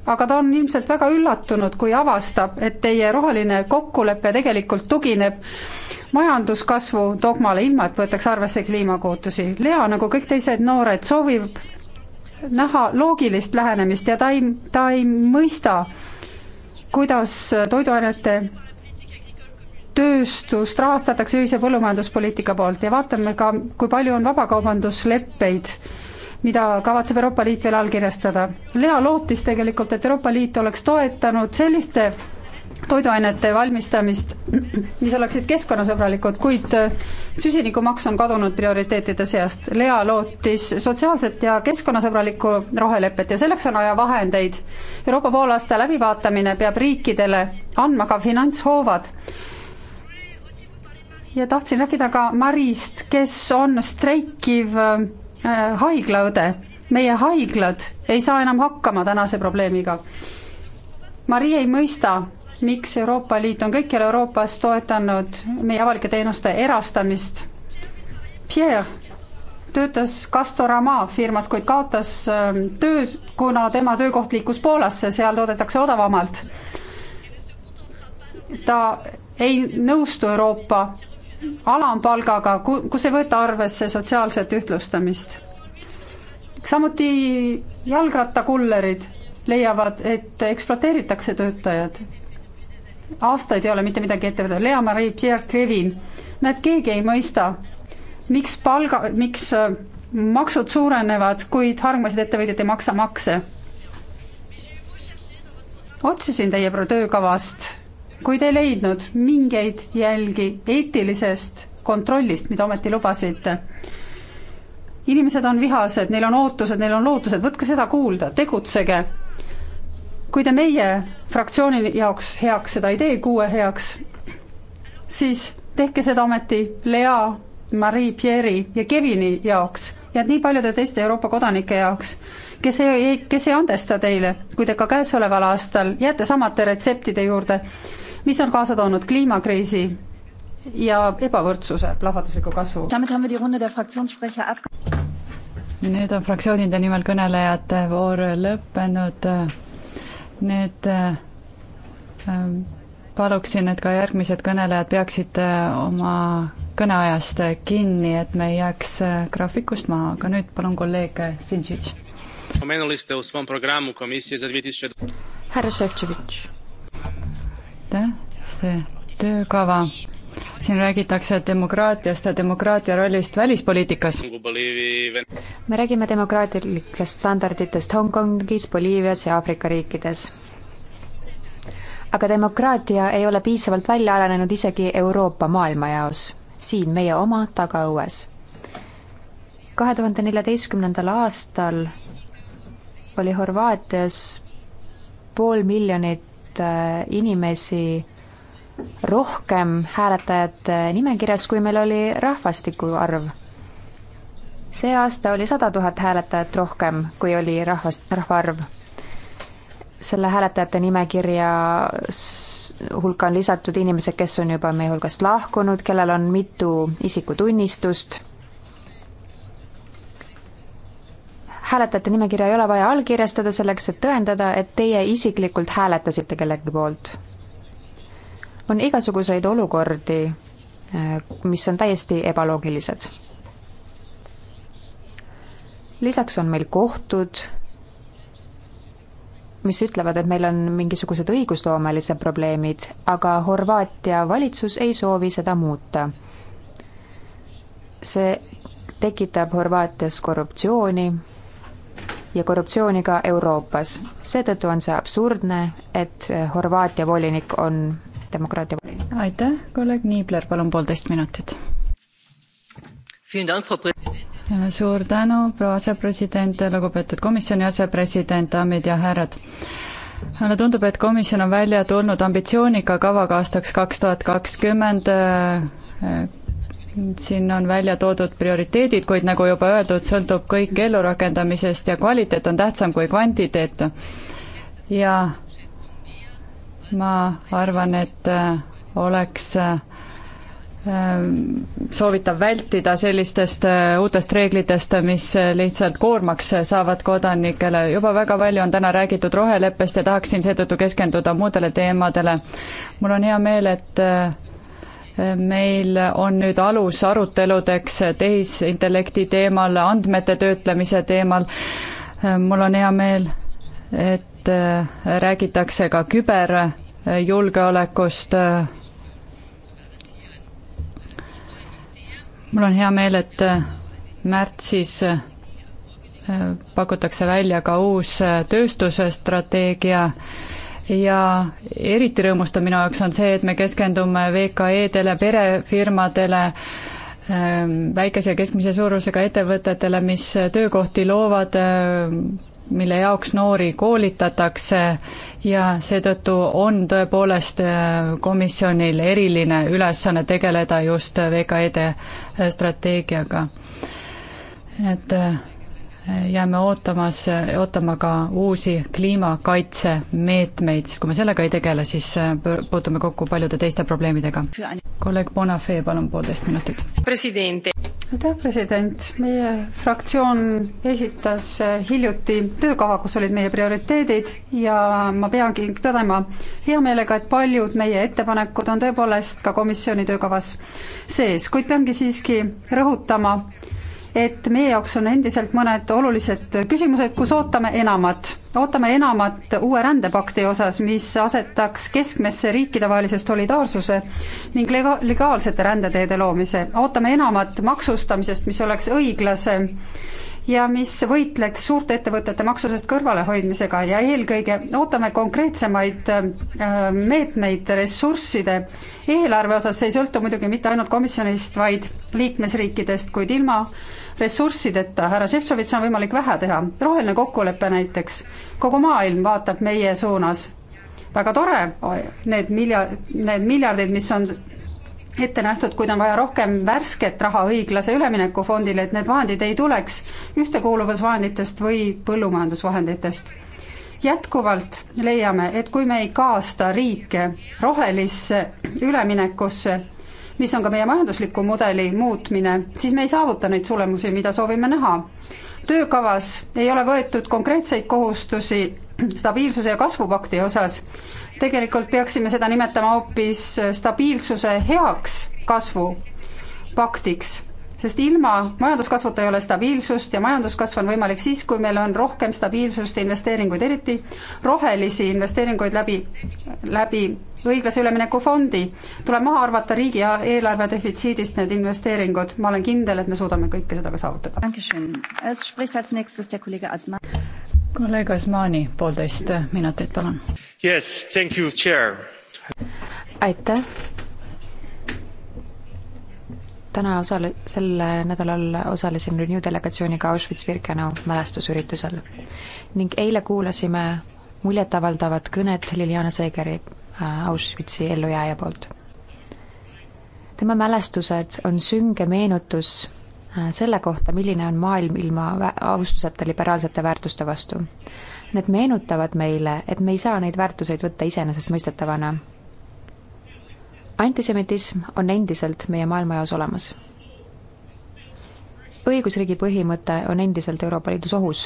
aga ta on ilmselt väga üllatunud, kui avastab, et teie roheline kokkulepe tegelikult tugineb majanduskasvu dogmale, ilma et võetaks arvesse kliimakootusi. Lea, nagu kõik teised noored, soovib näha loogilist lähenemist ja ta ei, ta ei mõista, kuidas toiduainete tööstust rahastatakse ühise põllumajanduspoliitika poolt ja vaatame ka, kui palju on vabakaubandusleppeid, mida kavatseb Euroopa Liit veel allkirjastada. Lea lootis tegelikult, et Euroopa Liit oleks toetanud selliste toiduainete valmistamist, mis oleksid keskkonnasõbralikud, kuid äh, süsinikumaks on kadunud prioriteetide seast. Lea lootis sotsiaalset ja keskkonnasõbralikku rohelepet ja selleks on vaja vahendeid. Euroopa poolaasta läbivaatamine peab riikidele andma ka finantshoovad ja tahtsin rääkida ka Marist, kes on streikiv äh, haiglaõde. meie haiglad ei saa enam hakkama tänase probleemiga. Mari ei mõista, miks Euroopa Liit on kõikjal Euroopas toetanud meie avalike teenuste erastamist. Pierre töötas Castorama firmas, kuid kaotas äh, töö, kuna tema töökoht liikus Poolasse, seal toodetakse odavamalt. ta ei nõustu Euroopa alampalgaga, kus ei võeta arvesse sotsiaalset ühtlustamist. samuti jalgrattakullerid leiavad, et ekspluateeritakse töötajad. aastaid ei ole mitte midagi ette võtta, Lea-Marie Pierre Krivin, näed, keegi ei mõista, miks palga, miks äh, maksud suurenevad, kuid hargmaised ettevõtjad ei maksa makse. otsisin teie töökavast kuid ei leidnud mingeid jälgi eetilisest kontrollist, mida ometi lubasite. inimesed on vihased, neil on ootused, neil on lootused, võtke seda kuulda, tegutsege. kui te meie fraktsiooni jaoks heaks seda ei tee, kuue heaks, siis tehke seda ometi Lea, Marie, Pierre'i ja Kevini jaoks ja nii paljude teiste Euroopa kodanike jaoks, kes ei, kes ei andesta teile, kui te ka käesoleval aastal jääte samade retseptide juurde mis on kaasa toonud kliimakriisi ja ebavõrdsuse plahvatusliku kasvu. nüüd on fraktsioonide nimel kõnelejate voor lõppenud. nüüd äh, ähm, paluksin, et ka järgmised kõnelejad peaksid äh, oma kõneajast kinni, et me ei jääks äh, graafikust maha, aga nüüd palun kolleeg Sinčić. härra Šefčovitš aitäh, see töökava. siin räägitakse demokraatiast ja demokraatia rollist välispoliitikas. me räägime demokraatlikest standarditest Hongkongis, Boliivias ja Aafrika riikides. aga demokraatia ei ole piisavalt välja arenenud isegi Euroopa maailmajaos, siin meie oma tagaõues. kahe tuhande neljateistkümnendal aastal oli Horvaatias pool miljonit Äh, inimesi rohkem hääletajate nimekirjas, kui meil oli rahvastiku arv. see aasta oli sada tuhat hääletajat rohkem, kui oli rahvast, rahvaarv. selle hääletajate nimekirja hulka on lisatud inimesed, kes on juba meie hulgast lahkunud, kellel on mitu isikutunnistust hääletajate nimekirja ei ole vaja allkirjastada selleks, et tõendada, et teie isiklikult hääletasite kellegi poolt. on igasuguseid olukordi, eh, mis on täiesti ebaloogilised. lisaks on meil kohtud, mis ütlevad, et meil on mingisugused õigusloomelised probleemid, aga Horvaatia valitsus ei soovi seda muuta. see tekitab Horvaatias korruptsiooni ja korruptsiooniga Euroopas. seetõttu on see absurdne, et Horvaatia volinik on demokraatia volinik. aitäh, kolleeg Niibler, palun poolteist minutit. suur tänu, proua asepresident, lugupeetud komisjoni asepresident, daamid ja härrad mulle tundub, et komisjon on välja tulnud ambitsioonika kavaga aastaks kaks tuhat kakskümmend siin on välja toodud prioriteedid, kuid nagu juba öeldud, sõltub kõik ellurakendamisest ja kvaliteet on tähtsam kui kvantiteet. ja ma arvan, et äh, oleks äh, soovitav vältida sellistest äh, uutest reeglitest, mis lihtsalt koormaks saavad kodanikele. juba väga palju on täna räägitud roheleppest ja tahaksin seetõttu keskenduda muudele teemadele. mul on hea meel, et meil on nüüd alus aruteludeks tehisintellekti teemal, andmete töötlemise teemal. mul on hea meel, et äh, räägitakse ka küberjulgeolekust. mul on hea meel, et äh, märtsis äh, pakutakse välja ka uus tööstusstrateegia ja eriti rõõmustav minu jaoks on see, et me keskendume VKE-dele, perefirmadele, ähm, väikese ja keskmise suurusega ettevõtetele, mis töökohti loovad, ähm, mille jaoks noori koolitatakse ja seetõttu on tõepoolest äh, komisjonil eriline ülesanne tegeleda just VKE-de äh, strateegiaga. et äh, jääme ootamas, ootama ka uusi kliimakaitsemeetmeid, sest kui me sellega ei tegele, siis äh, puutume kokku paljude teiste probleemidega. kolleeg Bonafé, palun poolteist minutit. aitäh, president, meie fraktsioon esitas äh, hiljuti töökava, kus olid meie prioriteedid ja ma peangi tõdema hea meelega, et paljud meie ettepanekud on tõepoolest ka komisjoni töökavas sees, kuid peangi siiski rõhutama, et meie jaoks on endiselt mõned olulised küsimused, kus ootame enamat. ootame enamat uue rändepakti osas, mis asetaks keskmesse riikidevahelise solidaarsuse ning lega-, legaalsete rändeteede loomise. ootame enamat maksustamisest, mis oleks õiglasem ja mis võitleks suurte ettevõtete maksusest kõrvalehoidmisega ja eelkõige ootame konkreetsemaid äh, meetmeid ressursside eelarve osas, see ei sõltu muidugi mitte ainult komisjonist, vaid liikmesriikidest, kuid ilma ressurssideta, härra Šefčovitš, on võimalik vähe teha, roheline kokkulepe näiteks, kogu maailm vaatab meie suunas, väga tore, need miljard, need miljardid, mis on ette nähtud, kuid on vaja rohkem värsket raha õiglase ülemineku fondile, et need vahendid ei tuleks ühtekuuluvusvahenditest või põllumajandusvahenditest. jätkuvalt leiame, et kui me ei kaasta riike rohelisse üleminekusse, mis on ka meie majandusliku mudeli muutmine, siis me ei saavuta neid tulemusi, mida soovime näha. töökavas ei ole võetud konkreetseid kohustusi stabiilsuse ja kasvupakti osas, tegelikult peaksime seda nimetama hoopis äh, stabiilsuse heaks kasvu paktiks, sest ilma majanduskasvuta ei ole stabiilsust ja majanduskasv on võimalik siis, kui meil on rohkem stabiilsust ja investeeringuid, eriti rohelisi investeeringuid läbi, läbi õiglase ülemineku fondi. tuleb maha arvata riigieelarve defitsiidist need investeeringud, ma olen kindel, et me suudame kõike seda ka saavutada kolleeg Osmani, poolteist minutit, palun. Yes, thank you, chair. aitäh. täna osale-, sel nädalal osalesin Renew delegatsiooniga Auschwitz-Birkenau mälestusüritusel ning eile kuulasime muljetavaldavat kõnet Liliana Seegeri äh, Auschwitzi ellujääja poolt. tema mälestused on sünge meenutus Äh, selle kohta, milline on maailm ilma austuseta liberaalsete väärtuste vastu. Need meenutavad meile, et me ei saa neid väärtuseid võtta iseenesestmõistetavana. antisemitism on endiselt meie maailmajaos olemas. õigusriigi põhimõte on endiselt Euroopa Liidus ohus.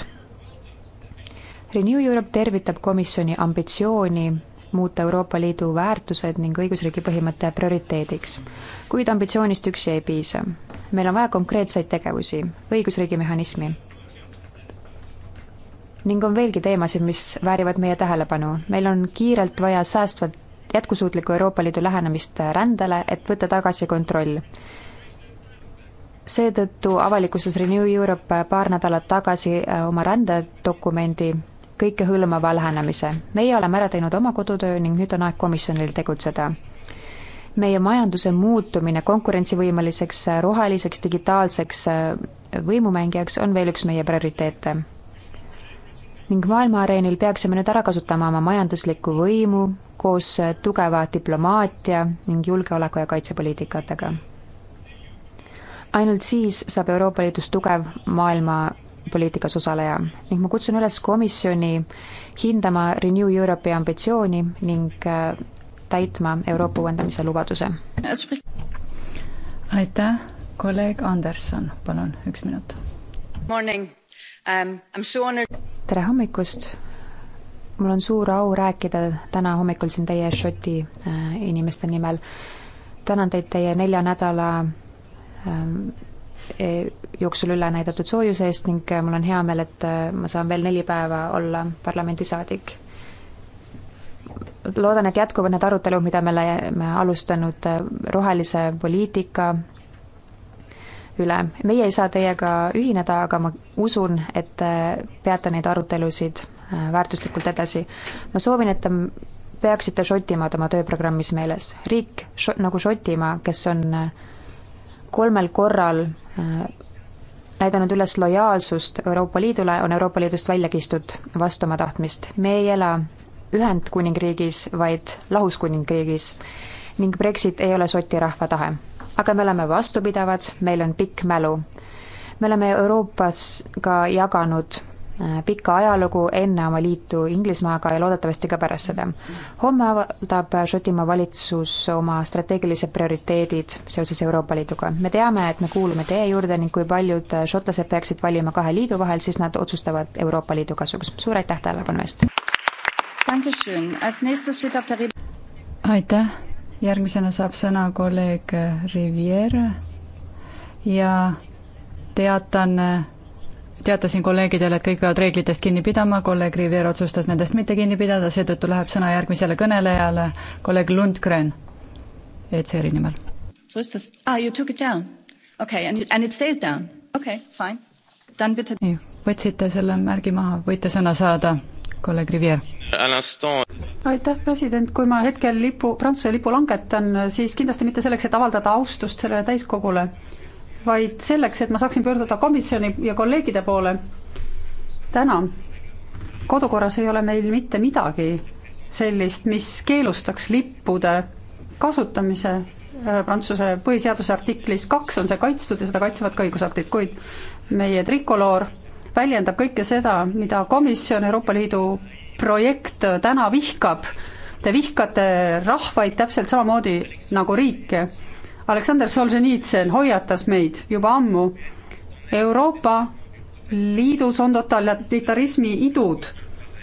Renew Europe tervitab komisjoni ambitsiooni muuta Euroopa Liidu väärtused ning õigusriigi põhimõte prioriteediks, kuid ambitsioonist üksi ei piisa meil on vaja konkreetseid tegevusi, õigusriigi mehhanismi. ning on veelgi teemasid, mis väärivad meie tähelepanu. meil on kiirelt vaja säästvalt jätkusuutliku Euroopa Liidu lähenemist rändele, et võtta tagasi kontroll. seetõttu avalikustas Renew Europe paar nädalat tagasi äh, oma rändedokumendi kõikehõlmava lähenemise. meie oleme ära teinud oma kodutöö ning nüüd on aeg komisjonil tegutseda meie majanduse muutumine konkurentsivõimeliseks, roheliseks, digitaalseks äh, võimumängijaks on veel üks meie prioriteete. ning maailma areenil peaksime nüüd ära kasutama oma majanduslikku võimu koos äh, tugeva diplomaatia ning julgeoleku- ja kaitsepoliitikatega. ainult siis saab Euroopa Liidus tugev maailma poliitikas osaleja ning ma kutsun üles komisjoni hindama Renew Europe'i ambitsiooni ning äh, täitma Euroopa uuendamise lubaduse. aitäh, kolleeg Anderson, palun, üks minut. Um, tere hommikust mul on suur au rääkida täna hommikul siin teie Šoti äh, inimeste nimel. tänan teid teie nelja nädala ähm, e, jooksul üle näidatud soojuse eest ning äh, mul on hea meel, et äh, ma saan veel neli päeva olla parlamendisaadik loodan, et jätkuvad need arutelud, mida me oleme alustanud äh, rohelise poliitika üle. meie ei saa teiega ühineda, aga ma usun, et te äh, peate neid arutelusid äh, väärtuslikult edasi. ma soovin, et te peaksite Šotimaad oma tööprogrammis meeles. riik nagu Šotimaa, kes on kolmel korral näidanud üles lojaalsust Euroopa Liidule, on Euroopa Liidust välja kistud vastu oma tahtmist. me ei ela Ühendkuningriigis, vaid lahuskuningriigis ning Brexit ei ole Šoti rahva tahe. aga me oleme vastupidavad, meil on pikk mälu. me oleme Euroopas ka jaganud äh, pikka ajalugu enne oma liitu Inglismaaga ja loodetavasti ka pärast seda. homme avaldab äh, Šotimaa valitsus oma strateegilised prioriteedid seoses Euroopa Liiduga. me teame, et me kuulume teie juurde ning kui paljud äh, šotlased peaksid valima kahe liidu vahel, siis nad otsustavad Euroopa Liidu kasuks. suur aitäh tähelepanu eest! aitäh, järgmisena saab sõna kolleeg Rivier ja teatan, teatasin kolleegidele, et kõik peavad reeglitest kinni pidama, kolleeg Rivier otsustas nendest mitte kinni pidada, seetõttu läheb sõna järgmisele kõnelejale, kolleeg Lundgren ECR-i nimel. Ah, you took it down? Okay, and, and it stays down? Okay, fine. Dann bitte. nii, võtsite selle märgi maha, võite sõna saada kolleeg Rivier. aitäh, president, kui ma hetkel lipu, Prantsuse lipu langetan, siis kindlasti mitte selleks, et avaldada austust sellele täiskogule, vaid selleks, et ma saaksin pöörduda komisjoni ja kolleegide poole. täna kodukorras ei ole meil mitte midagi sellist, mis keelustaks lippude kasutamise äh, Prantsuse põhiseaduse artiklis kaks on see kaitstud ja seda kaitsevad ka õigusaktid, kuid meie trikoloor väljendab kõike seda, mida komisjon, Euroopa Liidu projekt täna vihkab. Te vihkate rahvaid täpselt samamoodi nagu riike. Aleksander Solženitsõn hoiatas meid juba ammu, Euroopa Liidus on totalitarismi idud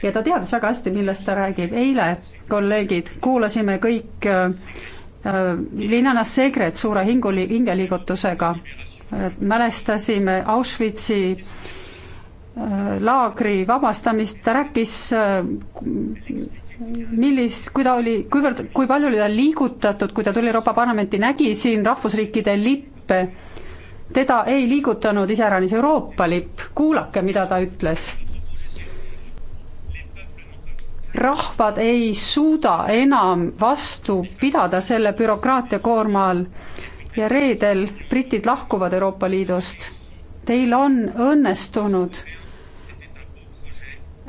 ja ta teadis väga hästi, millest ta räägib. eile, kolleegid, kuulasime kõik äh, Linnana Segret suure hinguli, hingeliigutusega, äh, mälestasime Auschwitzi laagri vabastamist, ta rääkis äh, millis, kui ta oli, kuivõrd, kui palju oli ta liigutatud, kui ta tuli Euroopa Parlamenti, nägi siin rahvusriikide lippe, teda ei liigutanud iseäranis Euroopa lipp, kuulake, mida ta ütles. rahvad ei suuda enam vastu pidada selle bürokraatia koorma all ja reedel britid lahkuvad Euroopa Liidust. Teil on õnnestunud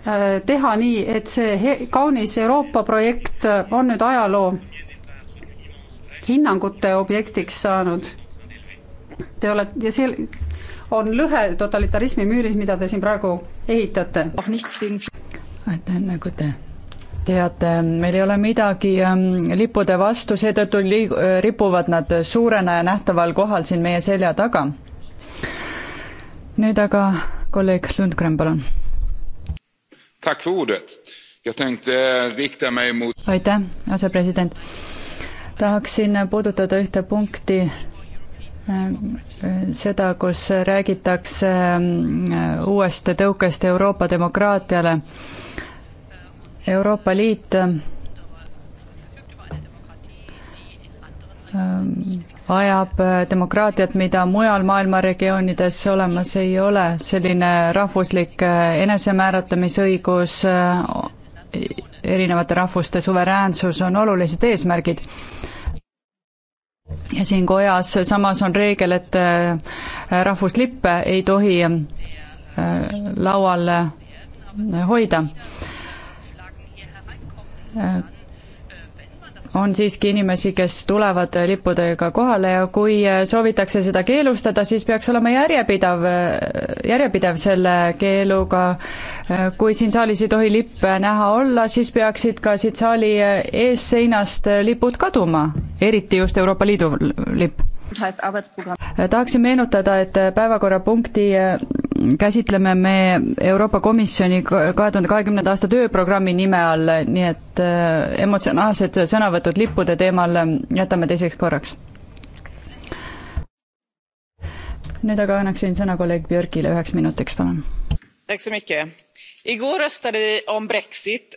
Äh, teha nii, et see kaunis Euroopa projekt on nüüd ajaloo hinnangute objektiks saanud. Te olete, ja see on lõhe totalitarismi müüris, mida te siin praegu ehitate. aitäh, nagu te teate, meil ei ole midagi ähm, lippude vastu, seetõttu liig-, äh, ripuvad nad suurena ja nähtaval kohal siin meie selja taga. nüüd aga kolleeg Lundgren, palun Eh, aitäh, asepresident. tahaksin eh, puudutada ühte punkti, eh, seda, kus räägitakse mm, uuest tõukest Euroopa demokraatiale. Euroopa Liit mm, vajab äh, demokraatiat, mida mujal maailma regioonides olemas ei ole, selline rahvuslik äh, enesemääratlemisõigus, äh, erinevate rahvuste suveräänsus on olulised eesmärgid. ja siin kojas samas on reegel, et rahvuslippe ei tohi laual hoida on siiski inimesi, kes tulevad lippudega kohale ja kui soovitakse seda keelustada, siis peaks olema järjepidav, järjepidev selle keeluga. kui siin saalis ei tohi lippe näha olla, siis peaksid ka siit saali eesseinast lipud kaduma, eriti just Euroopa Liidu lipp Äh, tahaksin meenutada, et äh, päevakorrapunkti äh, käsitleme me Euroopa Komisjoni kahe tuhande kahekümnenda aasta tööprogrammi nime all, nii et emotsionaalsed sõnavõtud lippude teemal ähm, jätame teiseks korraks. nüüd aga annaksin sõna kolleeg Björkile üheks minutiks, palun. Igår röstade vi om Brexit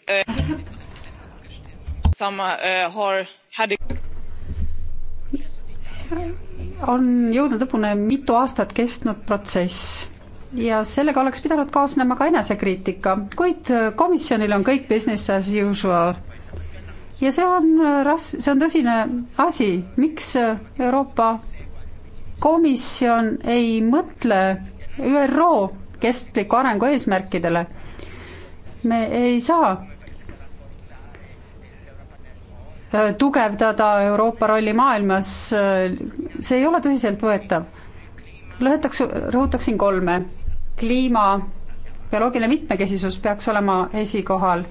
som har, hade on jõudnud lõpuni mitu aastat kestnud protsess ja sellega oleks pidanud kaasnema ka enesekriitika, kuid komisjonil on kõik business as usual. ja see on ras-, see on tõsine asi, miks Euroopa Komisjon ei mõtle ÜRO kestliku arengu eesmärkidele. me ei saa Äh, tugevdada Euroopa rolli maailmas, äh, see ei ole tõsiseltvõetav. lõhetaks, rõhutaksin kolme. kliima, bioloogiline mitmekesisus peaks olema esikohal.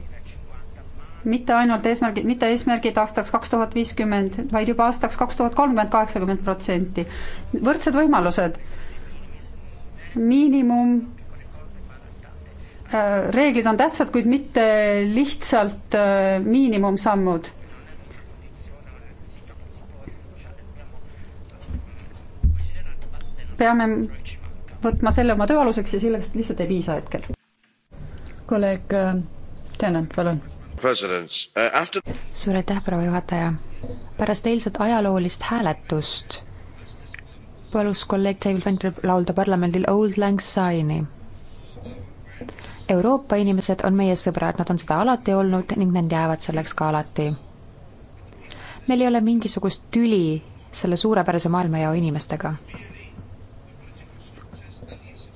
mitte ainult eesmärgid, mitte eesmärgid aastaks kaks tuhat viiskümmend, vaid juba aastaks kaks tuhat kolmkümmend, kaheksakümmend protsenti. võrdsed võimalused, miinimum äh, reeglid on tähtsad, kuid mitte lihtsalt miinimumsammud peame võtma selle oma töö aluseks ja sellest lihtsalt ei piisa hetkel. kolleeg äh, Tennant, palun. Äh, suur aitäh, proua juhataja. pärast eilset ajaloolist hääletust palus kolleeg David Venter laulda parlamendil Old Lang Syne'i. Euroopa inimesed on meie sõbrad, nad on seda alati olnud ning nad jäävad selleks ka alati. meil ei ole mingisugust tüli selle suurepärase maailmajao inimestega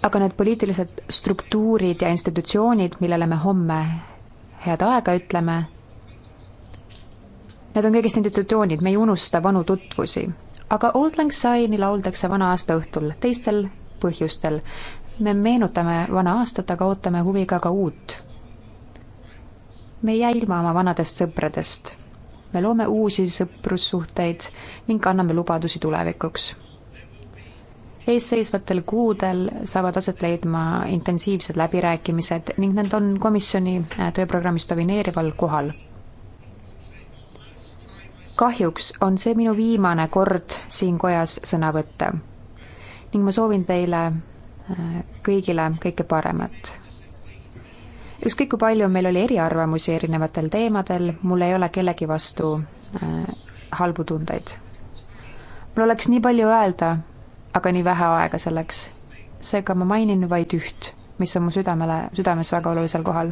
aga need poliitilised struktuurid ja institutsioonid, millele me homme head aega ütleme, need on kõigest institutsioonid, me ei unusta vanu tutvusi. aga Old Lang Syne'i lauldakse vana aasta õhtul teistel põhjustel. me meenutame vana aastat, aga ootame huviga ka uut. me ei jää ilma oma vanadest sõpradest. me loome uusi sõprussuhteid ning anname lubadusi tulevikuks eesseisvatel kuudel saavad aset leidma intensiivsed läbirääkimised ning need on komisjoni äh, tööprogrammis domineerival kohal. kahjuks on see minu viimane kord siin kojas sõna võtta ning ma soovin teile äh, kõigile kõike paremat. ükskõik kui palju meil oli eriarvamusi erinevatel teemadel, mul ei ole kellegi vastu äh, halbu tundeid. mul oleks nii palju öelda, aga nii vähe aega selleks. seega ma mainin vaid üht, mis on mu südamele, südames väga olulisel kohal.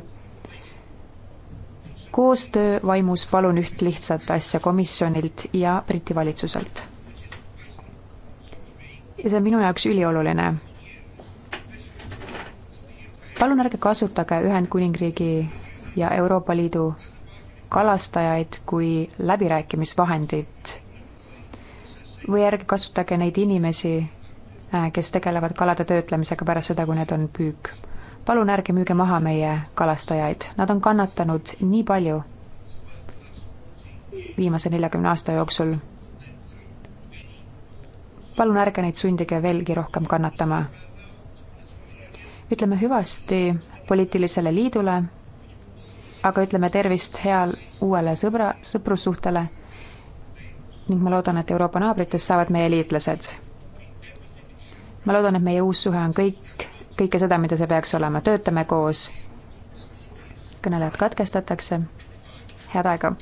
koostöö vaimus palun üht lihtsat asja komisjonilt ja Briti valitsuselt. ja see on minu jaoks ülioluline. palun ärge kasutage Ühendkuningriigi ja Euroopa Liidu kalastajaid kui läbirääkimisvahendit või ärge kasutage neid inimesi, äh, kes tegelevad kalade töötlemisega pärast seda, kui need on püük. palun ärge müüge maha meie kalastajaid, nad on kannatanud nii palju viimase neljakümne aasta jooksul. palun ärge neid sundige veelgi rohkem kannatama. ütleme hüvasti poliitilisele liidule, aga ütleme tervist heal uuele sõbra, sõprussuhtele ning ma loodan, et Euroopa naabritest saavad meie liitlased. ma loodan, et meie uus suhe on kõik, kõike seda, mida see peaks olema, töötame koos. kõnelejad katkestatakse, head aega!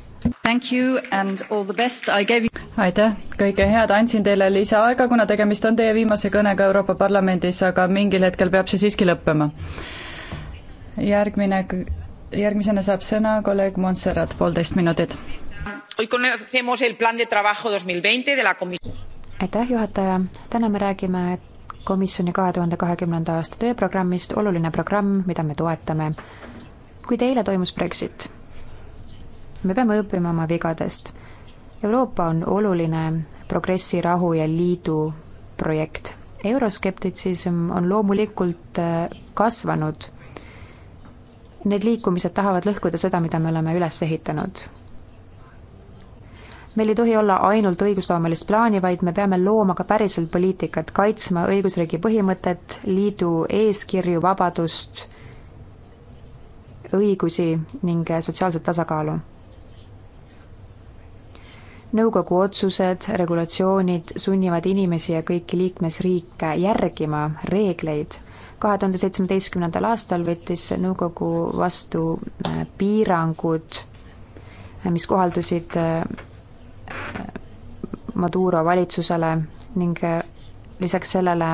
aitäh, kõike head, andsin teile lisaaega, kuna tegemist on teie viimase kõnega Euroopa Parlamendis, aga mingil hetkel peab see siiski lõppema. järgmine, järgmisena saab sõna kolleeg Montserrat, poolteist minutit aitäh, juhataja. täna me räägime komisjoni kahe tuhande kahekümnenda aasta tööprogrammist, oluline programm, mida me toetame. kuid eile toimus Brexit. me peame õppima oma vigadest. Euroopa on oluline progressi, rahu ja liidu projekt. euroskeptitsism on loomulikult äh, kasvanud. Need liikumised tahavad lõhkuda seda, mida me oleme üles ehitanud meil ei tohi olla ainult õigusloomelist plaani, vaid me peame looma ka päriselt poliitikat, kaitsma õigusriigi põhimõtet, liidu eeskirju, vabadust, õigusi ning sotsiaalset tasakaalu. nõukogu otsused, regulatsioonid sunnivad inimesi ja kõiki liikmesriike järgima reegleid kahe tuhande seitsmeteistkümnendal aastal võttis nõukogu vastu äh, piirangud, mis kohaldusid äh, Maduro valitsusele ning lisaks sellele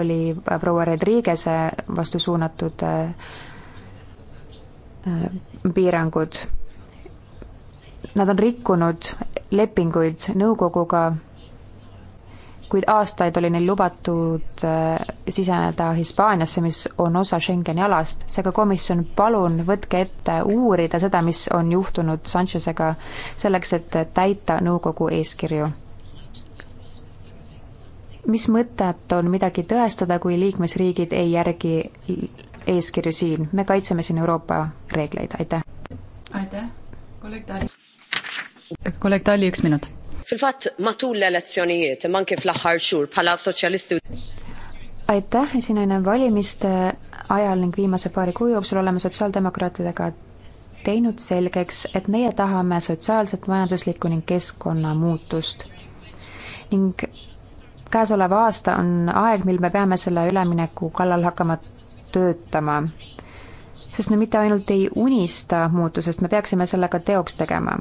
oli proua Rodriguez'e vastu suunatud äh, piirangud. Nad on rikkunud lepinguid nõukoguga kuid aastaid oli neil lubatud äh, siseneda Hispaaniasse, mis on osa Schengeni alast, seega komisjon, palun võtke ette uurida seda, mis on juhtunud Sanchezega, selleks et täita nõukogu eeskirju. mis mõtet on midagi tõestada, kui liikmesriigid ei järgi eeskirju siin, me kaitseme siin Euroopa reegleid, aitäh! aitäh, kolleeg Tali. kolleeg Tali, üks minut fil-fatt matul l-elezzjonijiet imma anke fl-aħħar xhur bħala soċjalisti. aitäh, esinaine valimiste ajal ning viimase paari kuu jooksul oleme sotsiaaldemokraatidega teinud selgeks, et meie tahame sotsiaalset, majanduslikku ning keskkonnamuutust. ning käesolev aasta on aeg, mil me peame selle ülemineku kallal hakkama töötama. sest me mitte ainult ei unista muutusest, me peaksime selle ka teoks tegema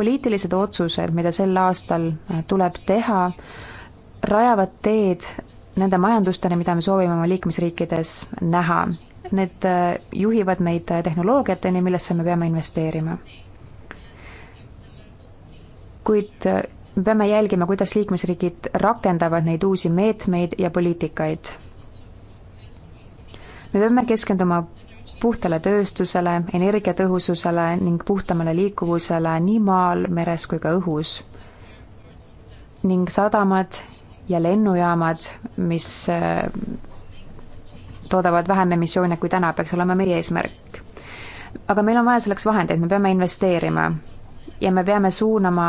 poliitilised otsused, mida sel aastal äh, tuleb teha, rajavad teed nende majandusteni, mida me soovime oma liikmesriikides näha. Need äh, juhivad meid äh, tehnoloogiateni, millesse me peame investeerima. kuid me peame jälgima, kuidas liikmesriigid rakendavad neid uusi meetmeid ja poliitikaid. me peame keskenduma puhtale tööstusele, energiatõhususele ning puhtamale liikuvusele nii maal, meres kui ka õhus. ning sadamad ja lennujaamad, mis äh, toodavad vähem emissioone kui täna, peaks olema meie eesmärk. aga meil on vaja selleks vahendeid, me peame investeerima ja me peame suunama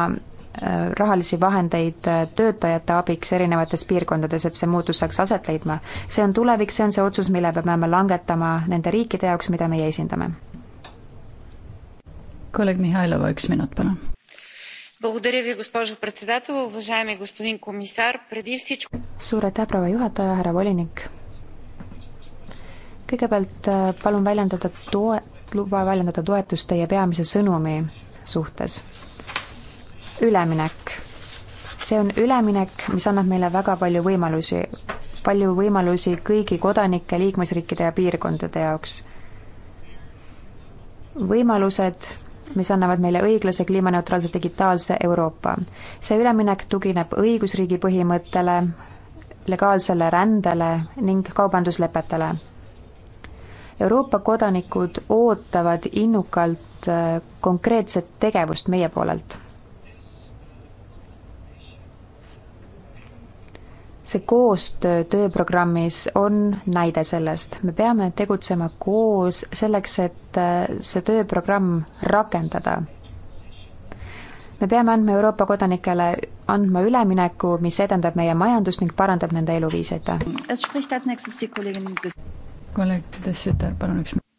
Äh, rahalisi vahendeid äh, töötajate abiks erinevates piirkondades, et see muutus saaks aset leidma. see on tulevik, see on see otsus, mille me peame langetama nende riikide jaoks, mida meie esindame. kolleeg Mihhailova, üks minut, palun. suur aitäh, proua juhataja, härra volinik. kõigepealt äh, palun väljendada toe, luba väljendada toetust teie peamise sõnumi suhtes üleminek. see on üleminek, mis annab meile väga palju võimalusi, palju võimalusi kõigi kodanike, liikmesriikide ja piirkondade jaoks. võimalused, mis annavad meile õiglase kliimaneutraalse digitaalse Euroopa. see üleminek tugineb õigusriigi põhimõttele, legaalsele rändele ning kaubanduslepetele. Euroopa kodanikud ootavad innukalt eh, konkreetset tegevust meie poolelt. see koostöö tööprogrammis on näide sellest, me peame tegutsema koos selleks, et äh, see tööprogramm rakendada. me peame andma Euroopa kodanikele, andma ülemineku, mis edendab meie majandust ning parandab nende eluviisi, aitäh. kolleeg Tütar, palun üks minut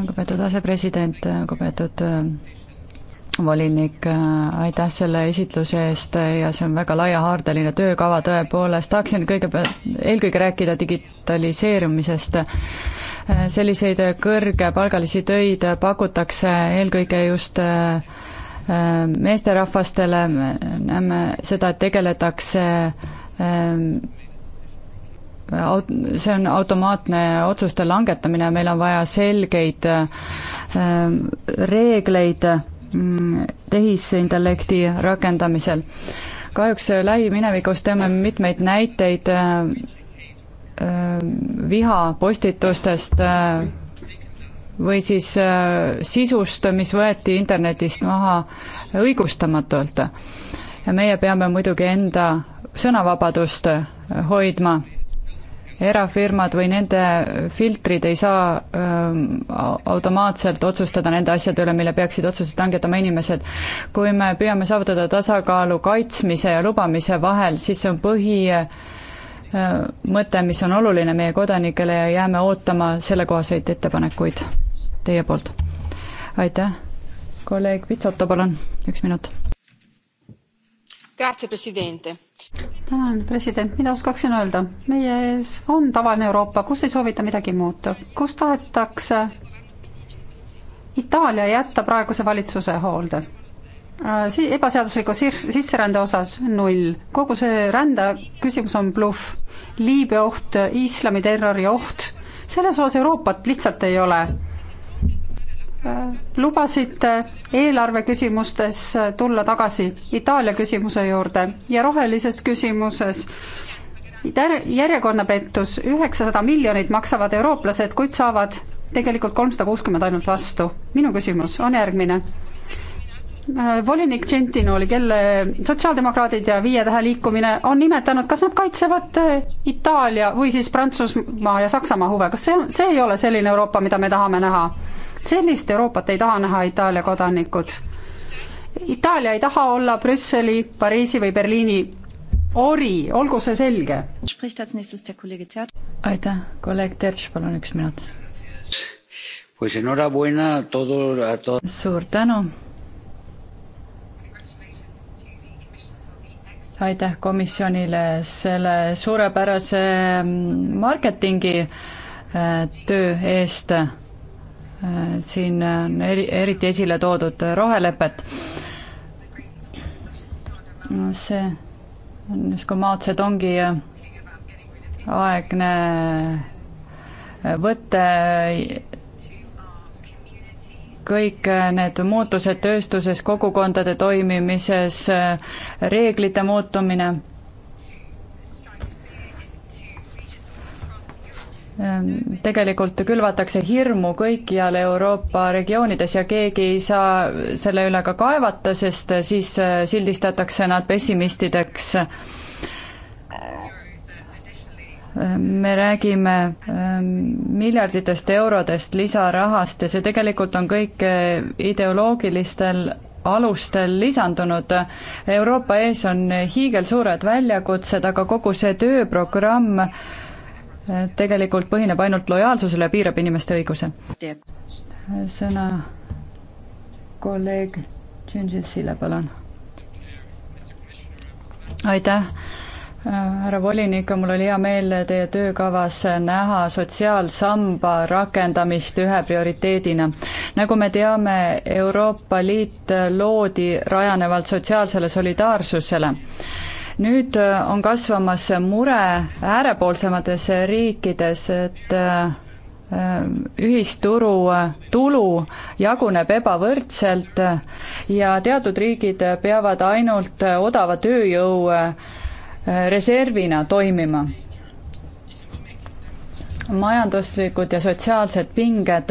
lugupeetud asepresident, lugupeetud äh, volinik, äh, aitäh selle esitluse eest äh, ja see on väga laiahaardeline töökava tõepoolest, tahaksin kõigepealt, eelkõige rääkida digitaliseerumisest. Äh, selliseid kõrgepalgalisi töid pakutakse eelkõige just meesterahvastele, näeme seda, et tegeletakse aut-, see on automaatne otsuste langetamine, meil on vaja selgeid reegleid Mm, tehisintellekti rakendamisel. kahjuks lähiminevikus teame mitmeid näiteid äh, äh, viha postitustest äh, või siis sisust, mis võeti internetist maha õigustamatult. ja meie peame muidugi enda sõnavabadust hoidma erafirmad või nende filtrid ei saa öö, ähm, automaatselt otsustada nende asjade üle, mille peaksid otsused langetama inimesed. kui me püüame saavutada tasakaalu kaitsmise ja lubamise vahel, siis see on põhi öö, äh, mõte, mis on oluline meie kodanikele ja jääme ootama sellekohaseid ettepanekuid teie poolt. aitäh, kolleeg Pitsoto, palun, üks minut tänan, president, mida oskaksin öelda? meie ees on tavaline Euroopa, kus ei soovita midagi muuta, kus tahetakse Itaalia jätta praeguse valitsuse hoolde äh, si-, ebaseadusliku sir-, sisserände osas null, kogu see rände küsimus on bluff. Liibüa oht, islamiterrori oht, selles osas Euroopat lihtsalt ei ole lubasite eelarve küsimustes tulla tagasi Itaalia küsimuse juurde ja rohelises küsimuses järjekordne pettus, üheksasada miljonit maksavad eurooplased, kuid saavad tegelikult kolmsada kuuskümmend ainult vastu. minu küsimus on järgmine. Äh, volinik Gentinooli, kelle sotsiaaldemokraadid ja Viie Tähe liikumine on nimetanud, kas nad kaitsevad äh, Itaalia või siis Prantsusmaa ja Saksamaa huve, kas see, see ei ole selline Euroopa, mida me tahame näha? sellist Euroopat ei taha näha Itaalia kodanikud. Itaalia ei taha olla Brüsseli, Pariisi või Berliini ori, olgu see selge. aitäh, kolleeg Terš, palun üks minut. suur tänu aitäh komisjonile selle suurepärase mm, marketingi äh, töö eest. Äh, siin on eri, eriti esile toodud rohelepet. no see on justkui Mao Zedongi äh, aegne võte kõik äh, need muutused tööstuses, kogukondade toimimises, äh, reeglite muutumine. Ähm, tegelikult külvatakse hirmu kõikjal Euroopa regioonides ja keegi ei saa selle üle ka kaevata, sest äh, siis sildistatakse nad pessimistideks Ehm, me räägime ehm, miljarditest eurodest lisarahast ja see tegelikult on kõik eh, ideoloogilistel alustel lisandunud. Euroopa ees on hiigelsuured väljakutsed, aga kogu see tööprogramm eh, tegelikult põhineb ainult lojaalsusele ja piirab inimeste õiguse. sõna kolleeg Tšintšitsile, palun. aitäh härra volinik, mul oli hea meel teie töökavas näha sotsiaalsamba rakendamist ühe prioriteedina. nagu me teame, Euroopa Liit loodi rajanevalt sotsiaalsele solidaarsusele nüüd on kasvamas mure äärepoolsemates riikides, et äh, ühisturu tulu jaguneb ebavõrdselt ja teatud riigid peavad ainult odava tööjõu äh, reservina toimima. majanduslikud ja sotsiaalsed pinged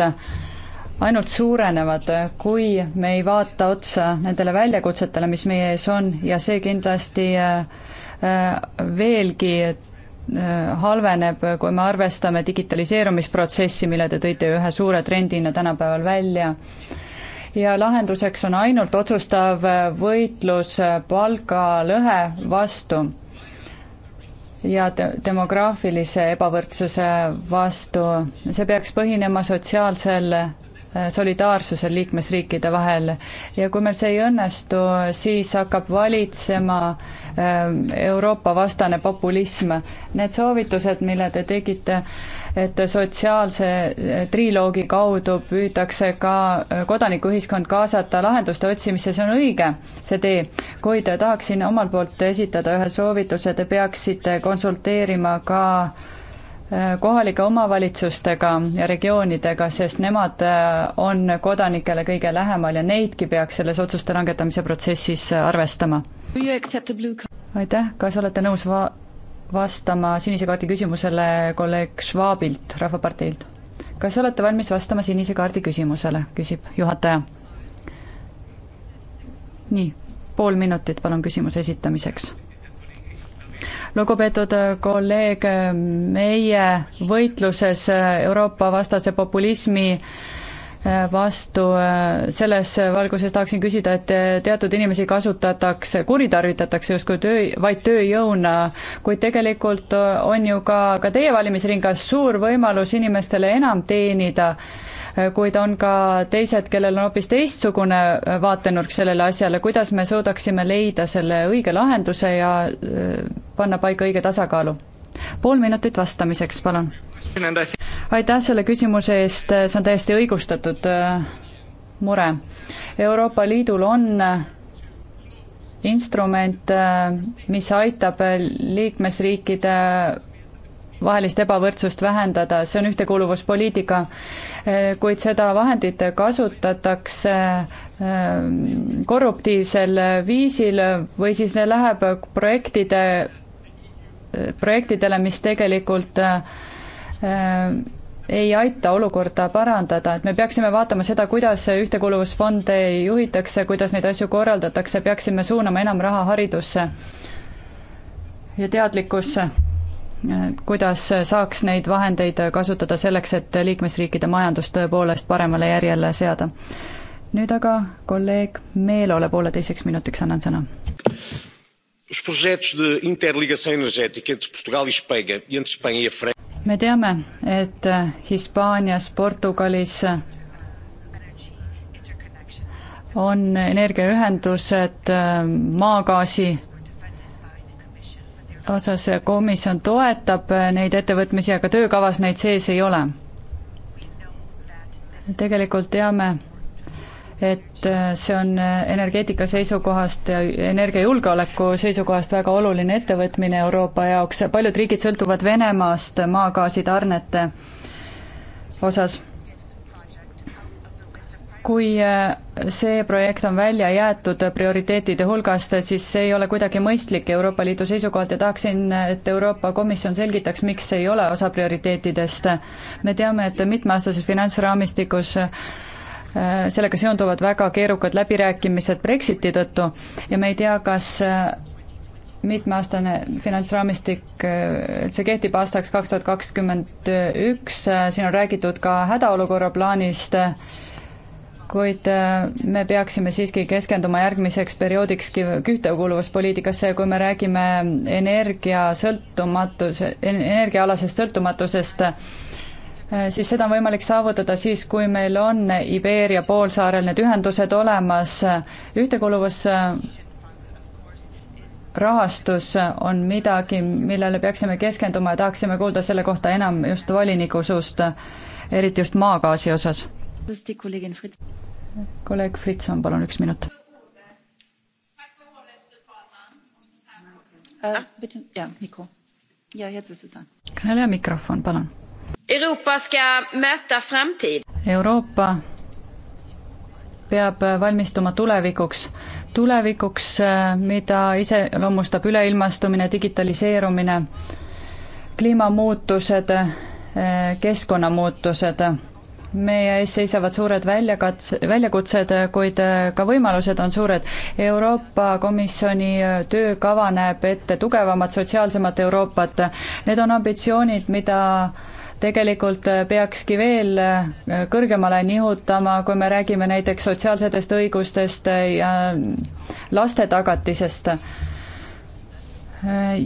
ainult suurenevad, kui me ei vaata otsa nendele väljakutsetele, mis meie ees on ja see kindlasti äh, äh, veelgi äh, halveneb, kui me arvestame digitaliseerumisprotsessi, mille te tõite ühe suure trendina tänapäeval välja. ja lahenduseks on ainult otsustav võitlus palgalõhe vastu ja te-, demograafilise ebavõrdsuse vastu, see peaks põhinema sotsiaalsel Äh, solidaarsusel liikmesriikide vahel. ja kui meil see ei õnnestu, siis hakkab valitsema äh, Euroopa vastane populism. Need soovitused, mille te tegite, et sotsiaalse äh, triloogi kaudu püütakse ka kodanikuühiskond kaasata lahenduste otsimisse, see on õige, see tee, kuid tahaksin omalt poolt esitada ühe soovituse, te peaksite konsulteerima ka Äh, kohalike omavalitsustega ja regioonidega, sest nemad äh, on kodanikele kõige lähemal ja neidki peaks selles otsuste langetamise protsessis arvestama. aitäh, kas olete nõus va-, vastama sinise kaardi küsimusele kolleeg Schwabilt Rahvaparteilt? kas olete valmis vastama sinise kaardi küsimusele, küsib juhataja. nii, pool minutit palun küsimuse esitamiseks lugupeetud kolleeg, meie võitluses Euroopa vastase populismi vastu, selles valguses tahaksin küsida, et teatud inimesi kasutatakse, kuritarvitatakse justkui töö, vaid tööjõuna, kuid tegelikult on ju ka, ka teie valimisringas suur võimalus inimestele enam teenida kuid on ka teised, kellel on hoopis teistsugune vaatenurk sellele asjale, kuidas me suudaksime leida selle õige lahenduse ja äh, panna paika õige tasakaalu? pool minutit vastamiseks, palun. aitäh selle küsimuse eest, see on täiesti õigustatud äh, mure. Euroopa Liidul on äh, instrument, mis aitab liikmesriikide vahelist ebavõrdsust vähendada, see on ühtekuuluvuspoliitika. kuid seda vahendit kasutatakse ehm, korruptiivsel viisil või siis läheb projektide, projektidele, mis tegelikult ehm, ei aita olukorda parandada, et me peaksime vaatama seda, kuidas ühtekuuluvusfonde juhitakse, kuidas neid asju korraldatakse, peaksime suunama enam raha haridusse ja teadlikkusse kuidas saaks neid vahendeid kasutada selleks, et liikmesriikide majandust tõepoolest paremale järjele seada. nüüd aga kolleeg Meelole pooleteiseks minutiks annan sõna. Os projetos de interligação energética entre Portugal e Espanha e entre Espanha e a França. me teame, et Hispaanias, Portugalis on energiaühendused maagaasi osas komisjon toetab neid ettevõtmisi, aga töökavas neid sees ei ole. tegelikult teame, et see on energeetika seisukohast ja energiajulgeoleku seisukohast väga oluline ettevõtmine Euroopa jaoks, paljud riigid sõltuvad Venemaast maagaasi tarnete osas kui äh, see projekt on välja jäetud prioriteetide hulgast, siis see ei ole kuidagi mõistlik Euroopa Liidu seisukohalt ja tahaksin, et Euroopa Komisjon selgitaks, miks see ei ole osa prioriteetidest. me teame, et mitmeaastases finantsraamistikus äh, sellega seonduvad väga keerukad läbirääkimised Brexiti tõttu ja me ei tea, kas äh, mitmeaastane finantsraamistik, see kehtib aastaks kaks tuhat kakskümmend üks, siin on räägitud ka hädaolukorra plaanist kuid äh, me peaksime siiski keskenduma järgmiseks perioodikski ühtekuuluvuspoliitikasse ja kui me räägime energia sõltumatuse, energiaalasest sõltumatusest, äh, siis seda on võimalik saavutada siis, kui meil on Iberia poolsaarel need ühendused olemas, ühtekuuluvus rahastus on midagi, millele peaksime keskenduma ja tahaksime kuulda selle kohta enam just voliniku suust, eriti just maagaasi osas kolleeg Fritson, palun üks minut. Äh, kõneleja mikrofon, palun. Euroopa peab valmistuma tulevikuks, tulevikuks, äh, mida iseloomustab üleilmastumine, digitaliseerumine, kliimamuutused, äh, keskkonnamuutused meie ees seisavad suured väljakats-, väljakutsed, kuid äh, ka võimalused on suured. Euroopa Komisjoni äh, töökava näeb ette tugevamat, sotsiaalsemat Euroopat. Need on ambitsioonid, mida tegelikult äh, peakski veel kõrgemale nihutama, kui me räägime näiteks sotsiaalsetest õigustest ja lastestagatisest.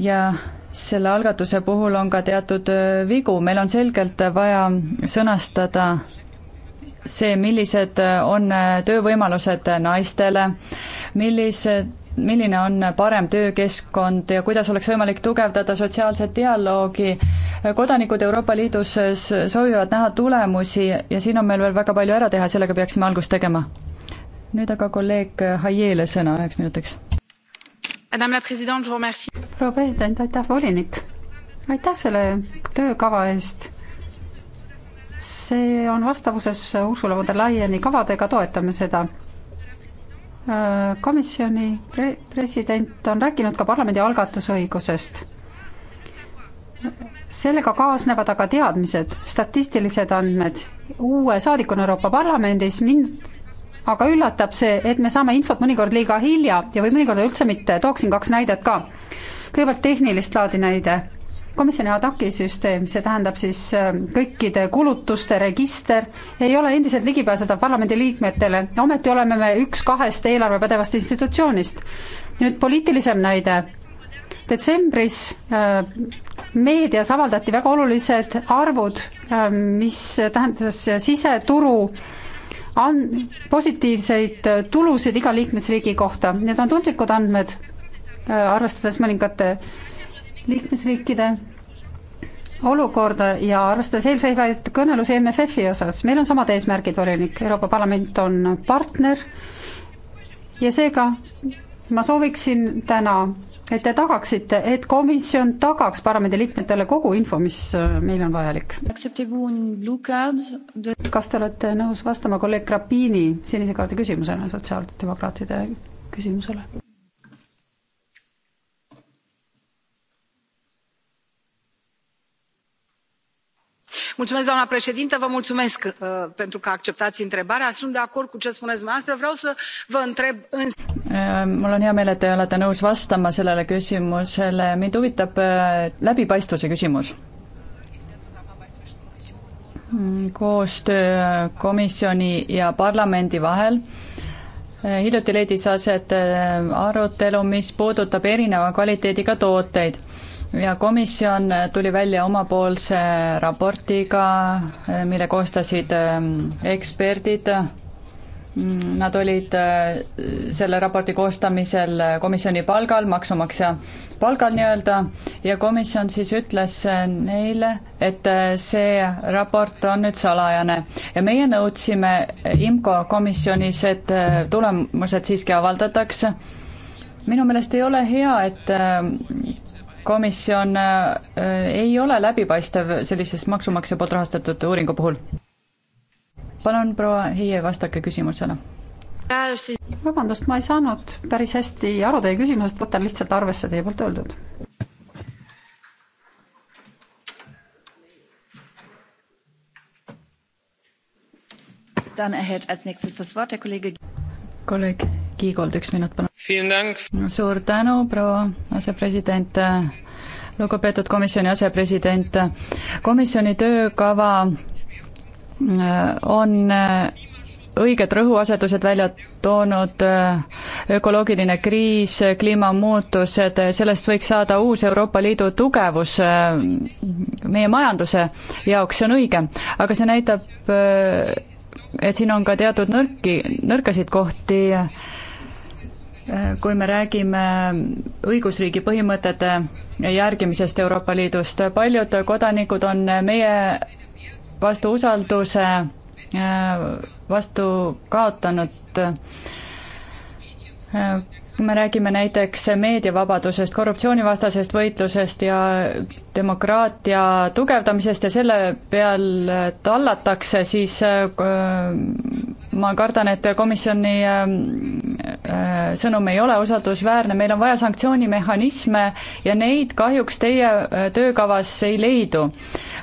ja selle algatuse puhul on ka teatud äh, vigu, meil on selgelt vaja sõnastada see, millised äh, on äh, töövõimalused naistele, millised milline on parem töökeskkond ja kuidas oleks võimalik tugevdada sotsiaalset dialoogi. kodanikud Euroopa Liidus soovivad näha tulemusi ja siin on meil veel väga palju ära teha, sellega peaksime algust tegema. nüüd aga kolleeg Haiele sõna üheks minutiks proua president, aitäh, volinik! aitäh selle töökava eest! see on vastavuses Ursula von der Leyeni kavadega, toetame seda. Äh, komisjoni pre-, president on rääkinud ka parlamendi algatusõigusest. sellega kaasnevad aga teadmised, statistilised andmed. uue saadikuna Euroopa Parlamendis mind aga üllatab see, et me saame infot mõnikord liiga hilja ja või mõnikord üldse mitte, tooksin kaks näidet ka. kõigepealt tehnilist laadi näide komisjoni ADAC-i süsteem, see tähendab siis ähm, kõikide kulutuste register, ei ole endiselt ligipääsetav parlamendiliikmetele, ometi oleme me üks kahest eelarvepädevast institutsioonist. nüüd poliitilisem näide, detsembris äh, meedias avaldati väga olulised arvud, äh, mis tähendas siseturu äh, an-, positiivseid tulusid iga liikmesriigi kohta, need on tundlikud andmed, äh, arvestades mõningate liikmesriikide olukorda ja arvestades eelseisvaid kõnelusi MFF-i osas, meil on samad eesmärgid, volinik, Euroopa Parlament on partner ja seega ma sooviksin täna et te tagaksite, et komisjon tagaks parlamendiliikmetele kogu info, mis äh, meile on vajalik. kas te olete nõus vastama kolleeg Grapini sinise kaardi küsimusele, sotsiaaldemokraatide küsimusele? doamnă președintă vă mulțumesc uh, pentru că acceptați întrebarea. sunt de acord cu ce spuneți dumneavoastră. vreau să vă întreb însă. mul on hea meel et te olete nõus vastama sellele küsimusele. mind huvitab äh, läbipaistvuse küsimus mm, koostöö komisjoni ja parlamendi vahel. Äh, hiljuti leidis aset äh, arutelu, mis puudutab erineva kvaliteediga tooteid ja komisjon tuli välja omapoolse raportiga, mille koostasid ähm, eksperdid. Mm, nad olid äh, selle raporti koostamisel komisjoni palgal, maksumaksja palgal nii-öelda, ja komisjon siis ütles neile, et äh, see raport on nüüd salajane. ja meie nõudsime IMCO komisjonis, et äh, tulemused siiski avaldatakse minu meelest ei ole hea, et komisjon äh, ei ole läbipaistev sellises maksumaksja poolt rahastatud uuringu puhul. palun, proua Hiie, vastake küsimusele. vabandust, ma ei saanud päris hästi aru teie küsimusest, võtan lihtsalt arvesse teie poolt öeldud. Dann erhält als nächstes das Wort der Kollege kolleeg Kiigold, üks minut, palun. suur tänu, proua asepresident, lugupeetud komisjoni asepresident. komisjoni töökava äh, on äh, õiged rõhuasetused välja toonud, äh, ökoloogiline kriis, kliimamuutused, sellest võiks saada uus Euroopa Liidu tugevus meie majanduse jaoks, see on õige, aga see näitab et siin on ka teatud nõrki, nõrkasid kohti, kui me räägime õigusriigi põhimõtete järgimisest Euroopa Liidust, paljud kodanikud on meie vastu usalduse vastu kaotanud kui me räägime näiteks meediavabadusest, korruptsioonivastasest võitlusest ja demokraatia tugevdamisest ja selle peal tallatakse, siis äh, ma kardan, et komisjoni äh, äh, sõnum ei ole usaldusväärne, meil on vaja sanktsioonimehhanisme ja neid kahjuks teie töökavas ei leidu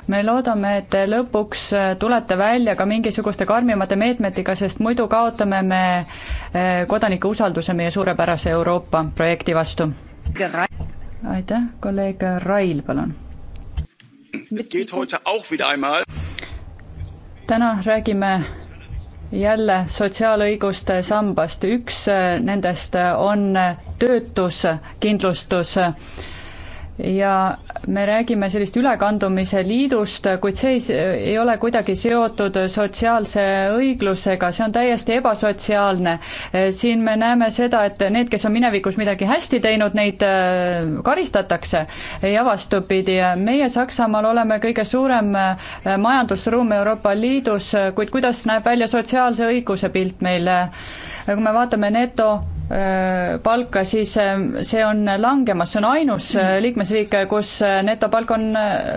me loodame, et te lõpuks äh, tulete välja ka mingisuguste karmimate meetmetega, sest muidu kaotame me äh, kodanike usalduse meie suurepärase Euroopa projekti vastu. aitäh, kolleeg Rail, palun. täna räägime jälle sotsiaalõiguste sambast, üks äh, nendest on töötuskindlustus ja me räägime sellist ülekandumise liidust, kuid see ei, ei ole kuidagi seotud sotsiaalse õiglusega, see on täiesti ebasotsiaalne. siin me näeme seda, et need, kes on minevikus midagi hästi teinud, neid äh, karistatakse ja vastupidi, meie Saksamaal oleme kõige suurem äh, majandusruum Euroopa Liidus, kuid kuidas näeb välja sotsiaalse õiguse pilt meil? kui me vaatame neto äh, palka, siis äh, see on langemas, see on ainus äh, liikmesriik, kus netopalk on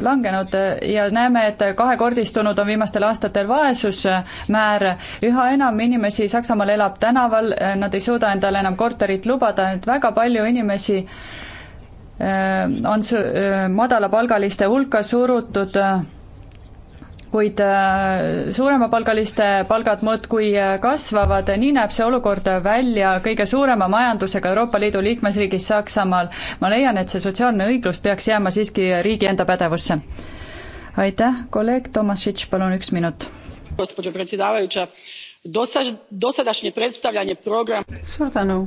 langenud ja näeme, et kahekordistunud on viimastel aastatel vaesusmäär. üha enam inimesi Saksamaal elab tänaval, nad ei suuda endale enam korterit lubada, et väga palju inimesi on madalapalgaliste hulka surutud kuid äh, suuremapalgaliste palgad muudkui äh, kasvavad, nii näeb see olukord välja kõige suurema majandusega Euroopa Liidu liikmesriigis Saksamaal. ma leian, et see sotsiaalne õiglus peaks jääma siiski riigi enda pädevusse. aitäh, kolleeg Tomašitš, palun üks minut. suur tänu,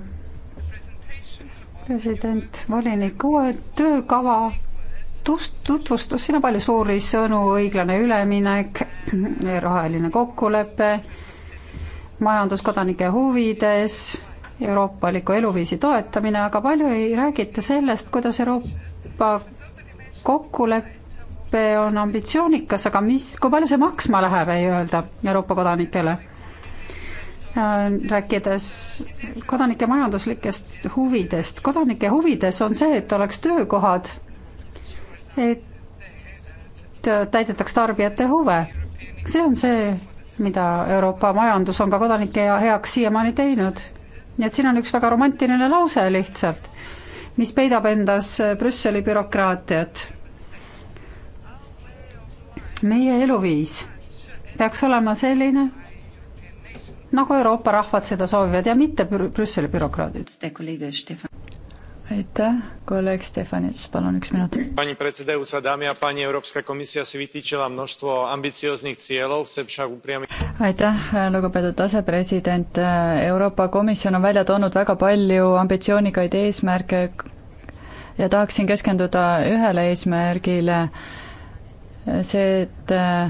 president, volinik, uue töökava tust-, tutvustus, siin on palju suuri sõnu, õiglane üleminek, rahaline kokkulepe, majanduskodanike huvides, euroopaliku eluviisi toetamine, aga palju ei räägita sellest, kuidas Euroopa kokkulepe on ambitsioonikas, aga mis, kui palju see maksma läheb, ei öelda Euroopa kodanikele rääkides kodanike majanduslikest huvidest, kodanike huvides on see, et oleks töökohad et täidetaks tarbijate huve. see on see, mida Euroopa majandus on ka kodanike ja heaks siiamaani teinud. nii et siin on üks väga romantiline lause lihtsalt, mis peidab endas Brüsseli bürokraatiat. meie eluviis peaks olema selline, nagu Euroopa rahvad seda soovivad ja mitte Brüsseli bürokraadid aitäh, kolleeg Stefanits, palun üks minut. pani predsedajúca, dámy a páni, Európska komisia si vytýčila množstvo ambicióznych cieľov, chce však upriami-. aitäh, lugupeetud asepresident, Euroopa Komisjon on välja toonud väga palju ambitsioonikaid eesmärke ja tahaksin keskenduda ühele eesmärgile, see, et äh,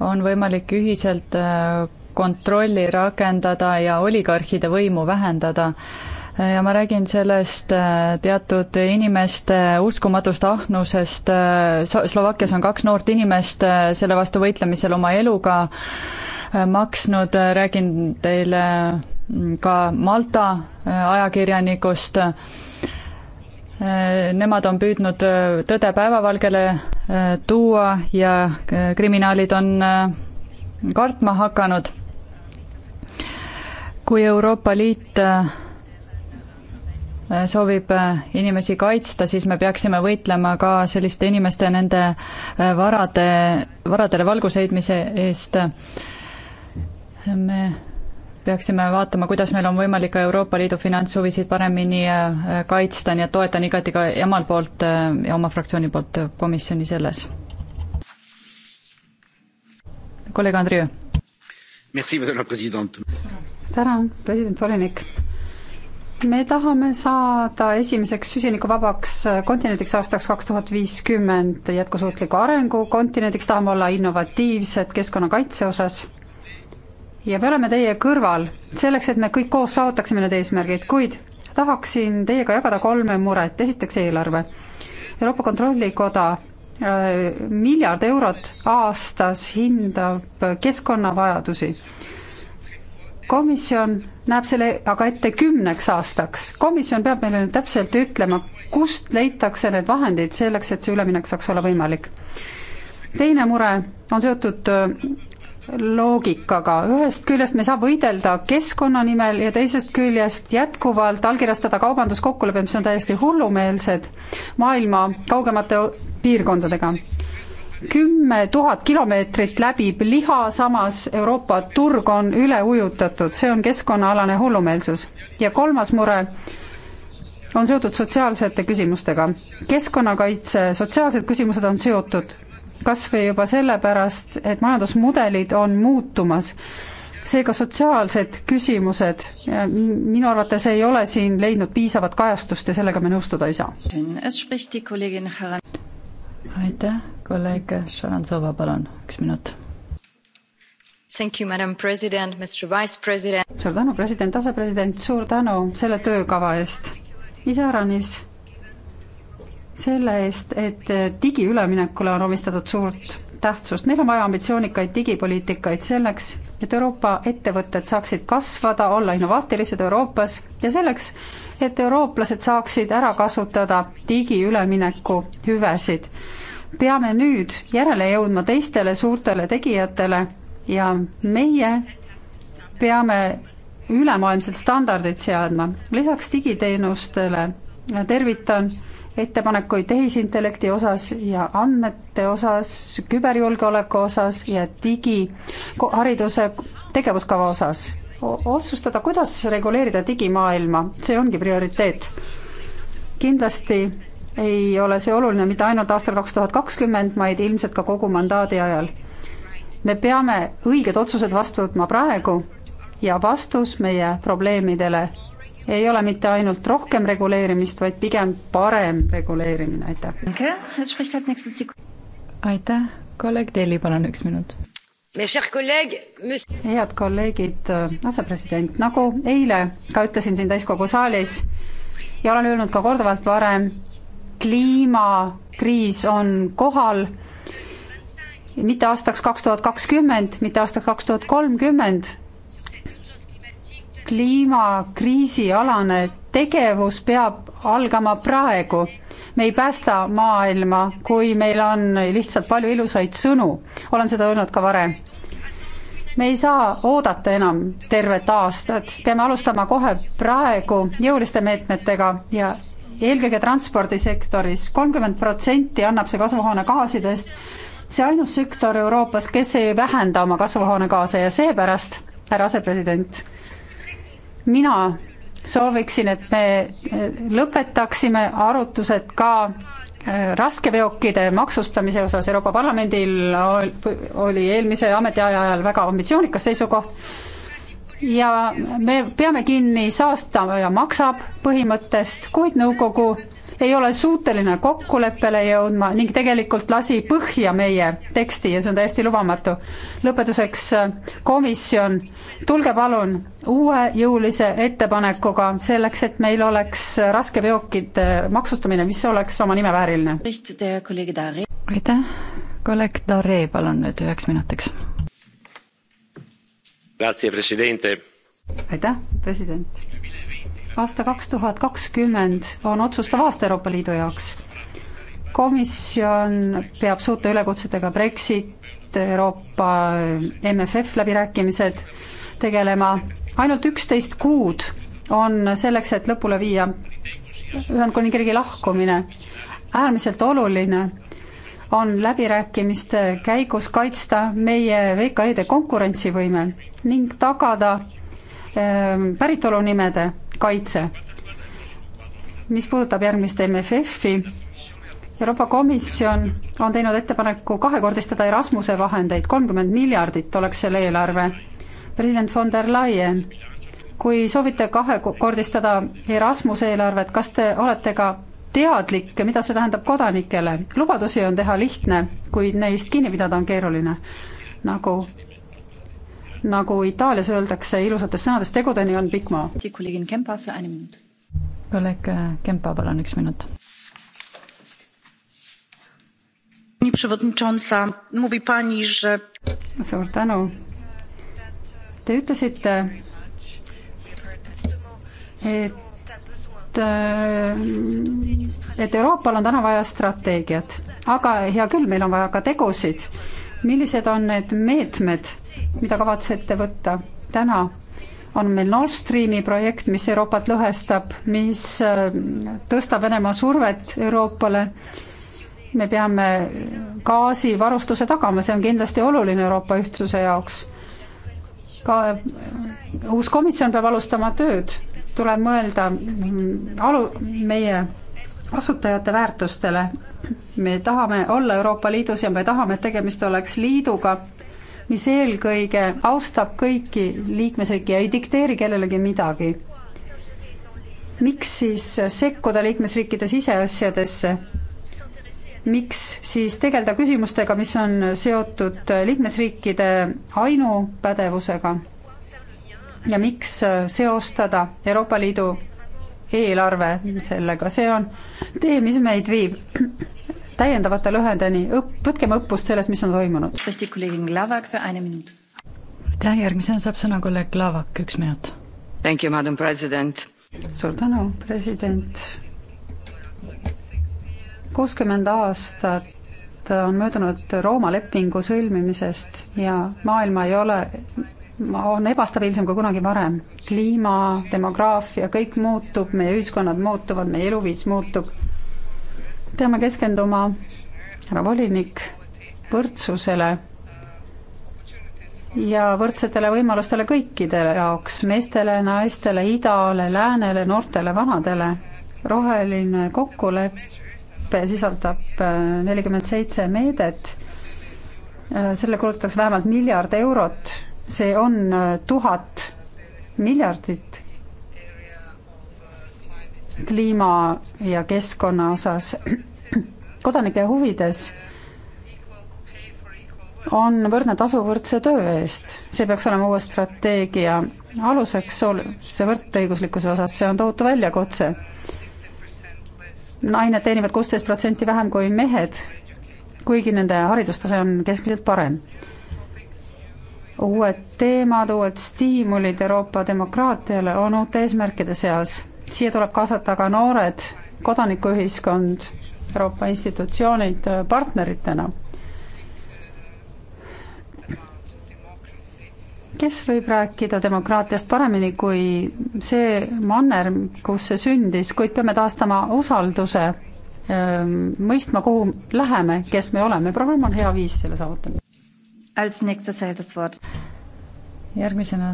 on võimalik ühiselt äh, kontrolli rakendada ja oligarhide võimu vähendada Äh, ja ma räägin sellest äh, teatud inimeste uskumatust ahnusest, äh, Slovakkias on kaks noort inimest selle vastu võitlemisel oma eluga maksnud, räägin teile mm, ka Malta ajakirjanikust, Nemad on püüdnud tõde päevavalgele tuua ja kriminaalid on kartma hakanud. kui Euroopa Liit Äh, soovib äh, inimesi kaitsta, siis me peaksime võitlema ka selliste inimeste, nende äh, varade, varadele valgusheitmise eest. me peaksime vaatama, kuidas meil on võimalik ka Euroopa Liidu finantshuvisid paremini kaitsta, nii et toetan igati ka emalt poolt ja oma fraktsiooni poolt komisjoni selles. kolleeg Andrei. tänan, president volinik me tahame saada esimeseks süsinikuvabaks kontinendiks aastaks kaks tuhat viiskümmend, jätkusuutliku arengu kontinendiks, tahame olla innovatiivsed keskkonnakaitse osas ja me oleme teie kõrval selleks, et me kõik koos saavutaksime need eesmärgid, kuid tahaksin teiega jagada kolme muret, esiteks eelarve. Euroopa Kontrollikoda äh, miljard eurot aastas hindab keskkonnavajadusi komisjon näeb selle aga ette kümneks aastaks. komisjon peab meile nüüd täpselt ütlema, kust leitakse need vahendid selleks, et see üleminek saaks olla võimalik. teine mure on seotud äh, loogikaga, ühest küljest me ei saa võidelda keskkonna nimel ja teisest küljest jätkuvalt allkirjastada kaubanduskokkulepped, mis on täiesti hullumeelsed maailma kaugemate piirkondadega kümme tuhat kilomeetrit läbib liha, samas Euroopa turg on üle ujutatud, see on keskkonnaalane hullumeelsus. ja kolmas mure on seotud sotsiaalsete küsimustega. keskkonnakaitse, sotsiaalsed küsimused on seotud kas või juba sellepärast, et majandusmudelid on muutumas. seega sotsiaalsed küsimused minu arvates ei ole siin leidnud piisavat kajastust ja sellega me nõustuda ei saa. aitäh kolleeg Šarantsova, palun, üks minut. Thank you, madam president, Mr Vice president. suur tänu, president, asepresident, suur tänu selle töökava eest. iseäranis selle eest, et digiüleminekule on omistatud suurt tähtsust, meil on vaja ambitsioonikaid digipoliitikaid selleks, et Euroopa ettevõtted saaksid kasvada, olla innovaatilised Euroopas ja selleks, et eurooplased saaksid ära kasutada digiülemineku hüvesid peame nüüd järele jõudma teistele suurtele tegijatele ja meie peame ülemaailmsed standardid seadma. lisaks digiteenustele tervitan ettepanekuid tehisintellekti osas ja andmete osas, küberjulgeoleku osas ja digihariduse tegevuskava osas. otsustada, kuidas reguleerida digimaailma, see ongi prioriteet. kindlasti ei ole see oluline mitte ainult aastal kaks tuhat kakskümmend, vaid ilmselt ka kogu mandaadi ajal. me peame õiged otsused vastu võtma praegu ja vastus meie probleemidele ei ole mitte ainult rohkem reguleerimist, vaid pigem parem reguleerimine, aitäh. aitäh, kolleeg Telli, palun üks minut head kolleegid, äh, asepresident, nagu eile ka ütlesin siin täiskogu saalis ja olen öelnud ka korduvalt varem, kliimakriis on kohal mitte aastaks kaks tuhat kakskümmend, mitte aastaks kaks tuhat kolmkümmend. kliimakriisialane tegevus peab algama praegu. me ei päästa maailma, kui meil on lihtsalt palju ilusaid sõnu, olen seda öelnud ka varem me ei saa oodata enam tervet aastat, peame alustama kohe praegu jõuliste meetmetega ja eelkõige transpordisektoris, kolmkümmend protsenti annab see kasvuhoonegaasidest, see ainus sektor Euroopas, kes ei vähenda oma kasvuhoonegaase ja seepärast, härra asepresident, mina sooviksin, et me äh, lõpetaksime arutused ka äh, raskeveokide maksustamise osas Euroopa Parlamendil oli eelmise ametiaja ajal väga ambitsioonikas seisukoht ja me peame kinni saastaja maksab põhimõttest, kuid nõukogu ei ole suuteline kokkuleppele jõudma ning tegelikult lasi põhja meie teksti ja see on täiesti lubamatu. lõpetuseks komisjon, tulge palun uue jõulise ettepanekuga selleks, et meil oleks raskeveokite maksustamine, mis oleks oma nime vääriline. aitäh, kolleeg Darre, palun nüüd üheks minutiks aitäh, president. aasta kaks tuhat kakskümmend on otsustav aasta Euroopa Liidu jaoks. komisjon peab suurte ülekutsetega Brexit, Euroopa MFF läbirääkimised tegelema, ainult üksteist kuud on selleks, et lõpule viia Ühendkuningriigi lahkumine äärmiselt oluline on läbirääkimiste käigus kaitsta meie VKE-de konkurentsivõime ning tagada ähm, päritolunimede kaitse. mis puudutab järgmist MFF-i, Euroopa Komisjon on teinud ettepaneku kahekordistada Erasmuse vahendeid, kolmkümmend miljardit oleks selle eelarve. president von der Leyen, kui soovite kahekordistada Erasmuse eelarvet, kas te olete ka teadlik, mida see tähendab kodanikele. lubadusi on teha lihtne, kuid neist kinni pidada on keeruline. nagu, nagu Itaalias öeldakse, ilusatest sõnadest tegudeni on pikk maa. kolleeg Kempa, palun üks minut. suur tänu. Te ütlesite, et et Euroopal on täna vaja strateegiat, aga hea küll, meil on vaja ka tegusid. millised on need meetmed, mida kavatsete võtta täna? on meil Nord Streami projekt, mis Euroopat lõhestab, mis äh, tõstab Venemaa survet Euroopale. me peame gaasivarustuse tagama, see on kindlasti oluline Euroopa ühtsuse jaoks. ka äh, uus komisjon peab alustama tööd tuleb mõelda alu, meie asutajate väärtustele. me tahame olla Euroopa Liidus ja me tahame, et tegemist oleks liiduga, mis eelkõige austab kõiki liikmesriike ja ei dikteeri kellelegi midagi. miks siis sekkuda liikmesriikide siseasjadesse? miks siis tegeleda küsimustega, mis on seotud liikmesriikide ainupädevusega? ja miks äh, seostada Euroopa Liidu eelarve sellega, see on tee, mis meid viib täiendavate lühendeni, õpp, võtkem õppust sellest, mis on toimunud. aitäh, järgmisena saab sõna kolleeg Lavak, üks minut. Thank you, madam president. suur tänu, president. kuuskümmend aastat on möödunud Rooma lepingu sõlmimisest ja maailma ei ole on ebastabiilsem kui kunagi varem. kliima, demograafia, kõik muutub, meie ühiskonnad muutuvad, meie eluviis muutub. peame keskenduma, härra volinik, võrdsusele ja võrdsetele võimalustele kõikidele jaoks, meestele, naistele, idale, läänele, noortele, vanadele. roheline kokkulepe sisaldab äh, nelikümmend seitse meedet, äh, selle kulutatakse vähemalt miljard eurot see on äh, tuhat miljardit kliima ja keskkonna osas kodanike huvides on võrdne tasu võrdse töö eest, see peaks olema uue strateegia aluseks, see võrdõiguslikkuse osas, see on tohutu väljakutse. nained teenivad kuusteist protsenti vähem kui mehed, kuigi nende haridustase on keskmiselt parem uued teemad, uued stiimulid Euroopa demokraatiale on uute eesmärkide seas. siia tuleb kaasata ka noored, kodanikuühiskond, Euroopa institutsioonid äh, partneritena. kes võib rääkida demokraatiast paremini kui see manner, kus see sündis, kuid peame taastama usalduse, ähm, mõistma, kuhu läheme, kes me oleme, programm on hea viis selle saavutamiseks järgmisena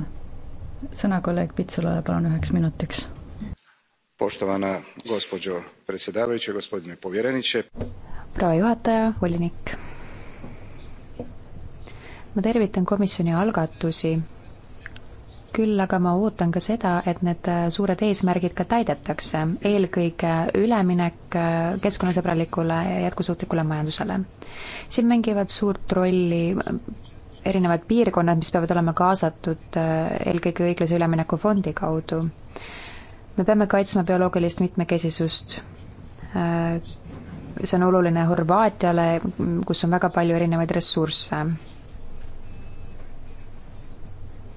sõna kolleeg Pitsulale, palun üheks minutiks. proua juhataja, volinik. ma tervitan komisjoni algatusi küll aga ma ootan ka seda, et need suured eesmärgid ka täidetakse, eelkõige üleminek keskkonnasõbralikule ja jätkusuutlikule majandusele. siin mängivad suurt rolli erinevad piirkonnad, mis peavad olema kaasatud äh, eelkõige õiglase ülemineku fondi kaudu. me peame kaitsma bioloogilist mitmekesisust, äh, see on oluline Horvaatiale, kus on väga palju erinevaid ressursse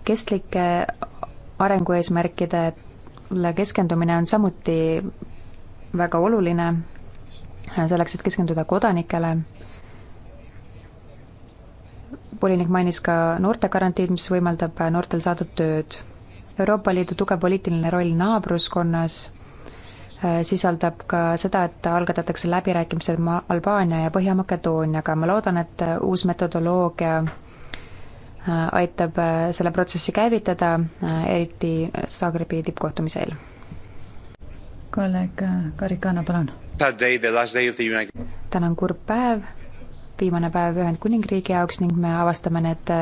kestlike arengueesmärkidele keskendumine on samuti väga oluline selleks, et keskenduda kodanikele. volinik mainis ka noortegarantiid, mis võimaldab noortel saada tööd. Euroopa Liidu tugev poliitiline roll naabruskonnas äh, sisaldab ka seda, et algatatakse läbirääkimised Albaania ja Põhja-Makedooniaga, ma loodan, et äh, uus metodoloogia Äh, aitab äh, selle protsessi käivitada, äh, eriti Zagrebi tippkohtumise eel. kolleeg Karikana, palun. täna on kurb päev, viimane päev Ühendkuningriigi jaoks ning me avastame need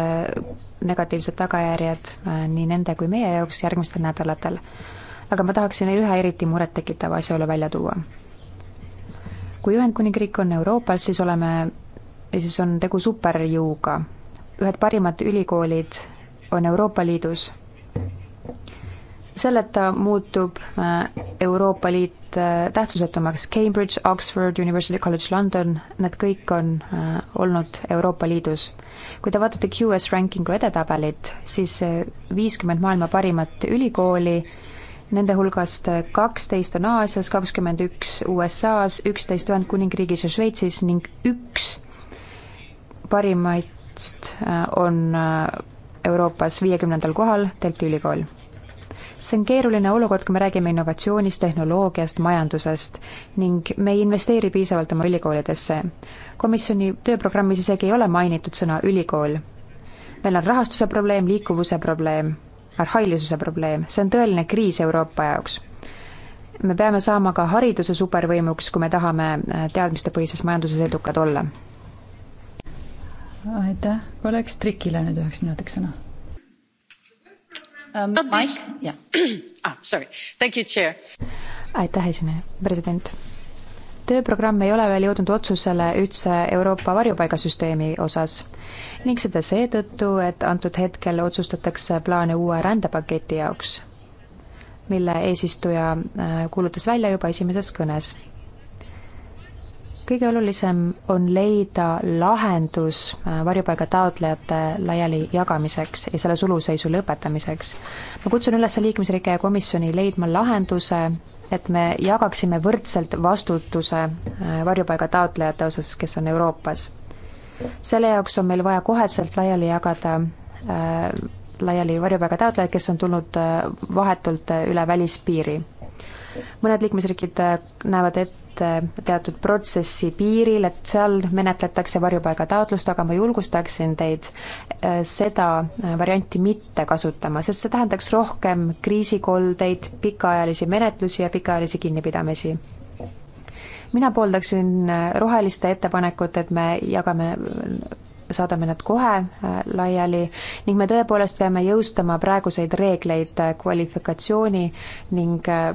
negatiivsed tagajärjed nii nende kui meie jaoks järgmistel nädalatel. aga ma tahaksin ühe eriti murettekitava asjaolu välja tuua. kui Ühendkuningriik on Euroopas, siis oleme, siis on tegu superjõuga ühed parimad ülikoolid on Euroopa Liidus. selleta muutub äh, Euroopa Liit äh, tähtsusetumaks. Cambridge, Oxford, University College London, need kõik on äh, olnud Euroopa Liidus. kui te vaatate QS rankingu edetabelit, siis viiskümmend maailma parimat ülikooli Nende hulgast kaksteist on Aasias, kakskümmend üks USA-s, üksteist Ühendkuningriigis ja Šveitsis ning üks parimaid teadust äh, on äh, Euroopas viiekümnendal kohal Delfi ülikool. see on keeruline olukord, kui me räägime innovatsioonist, tehnoloogiast, majandusest ning me ei investeeri piisavalt oma ülikoolidesse. komisjoni tööprogrammis isegi ei ole mainitud sõna ülikool. meil on rahastuse probleem, liikuvuse probleem, arhailisuse probleem, see on tõeline kriis Euroopa jaoks me peame saama ka hariduse supervõimuks, kui me tahame äh, teadmistepõhises majanduses edukad olla aitäh, kolleeg Strikile nüüd üheks minutiks sõna um,. Yeah. ah, aitäh, esineja, president tööprogramm ei ole veel jõudnud otsusele üldse Euroopa varjupaigasüsteemi osas ning seda seetõttu, et antud hetkel otsustatakse plaane uue rändepaketi jaoks, mille eesistuja äh, kuulutas välja juba esimeses kõnes kõige olulisem on leida lahendus äh, varjupaiga taotlejate laiali jagamiseks ja selle suluseisu lõpetamiseks. ma kutsun üles liikmesriike ja komisjoni leidma lahenduse, et me jagaksime võrdselt vastutuse äh, varjupaiga taotlejate osas, kes on Euroopas. selle jaoks on meil vaja koheselt laiali jagada äh, laiali varjupaiga taotlejaid, kes on tulnud äh, vahetult üle välispiiri. mõned liikmesriigid näevad ette ette eh, teatud protsessi piiril, et seal menetletakse varjupaigataotlust, aga ma julgustaksin teid eh, seda eh, varianti mitte kasutama, sest see tähendaks rohkem kriisikoldeid, pikaajalisi menetlusi ja pikaajalisi kinnipidamisi mina pooldaksin roheliste ettepanekut, et me jagame saadame nad kohe äh, laiali ning me tõepoolest peame jõustama praeguseid reegleid äh, kvalifikatsiooni ning äh,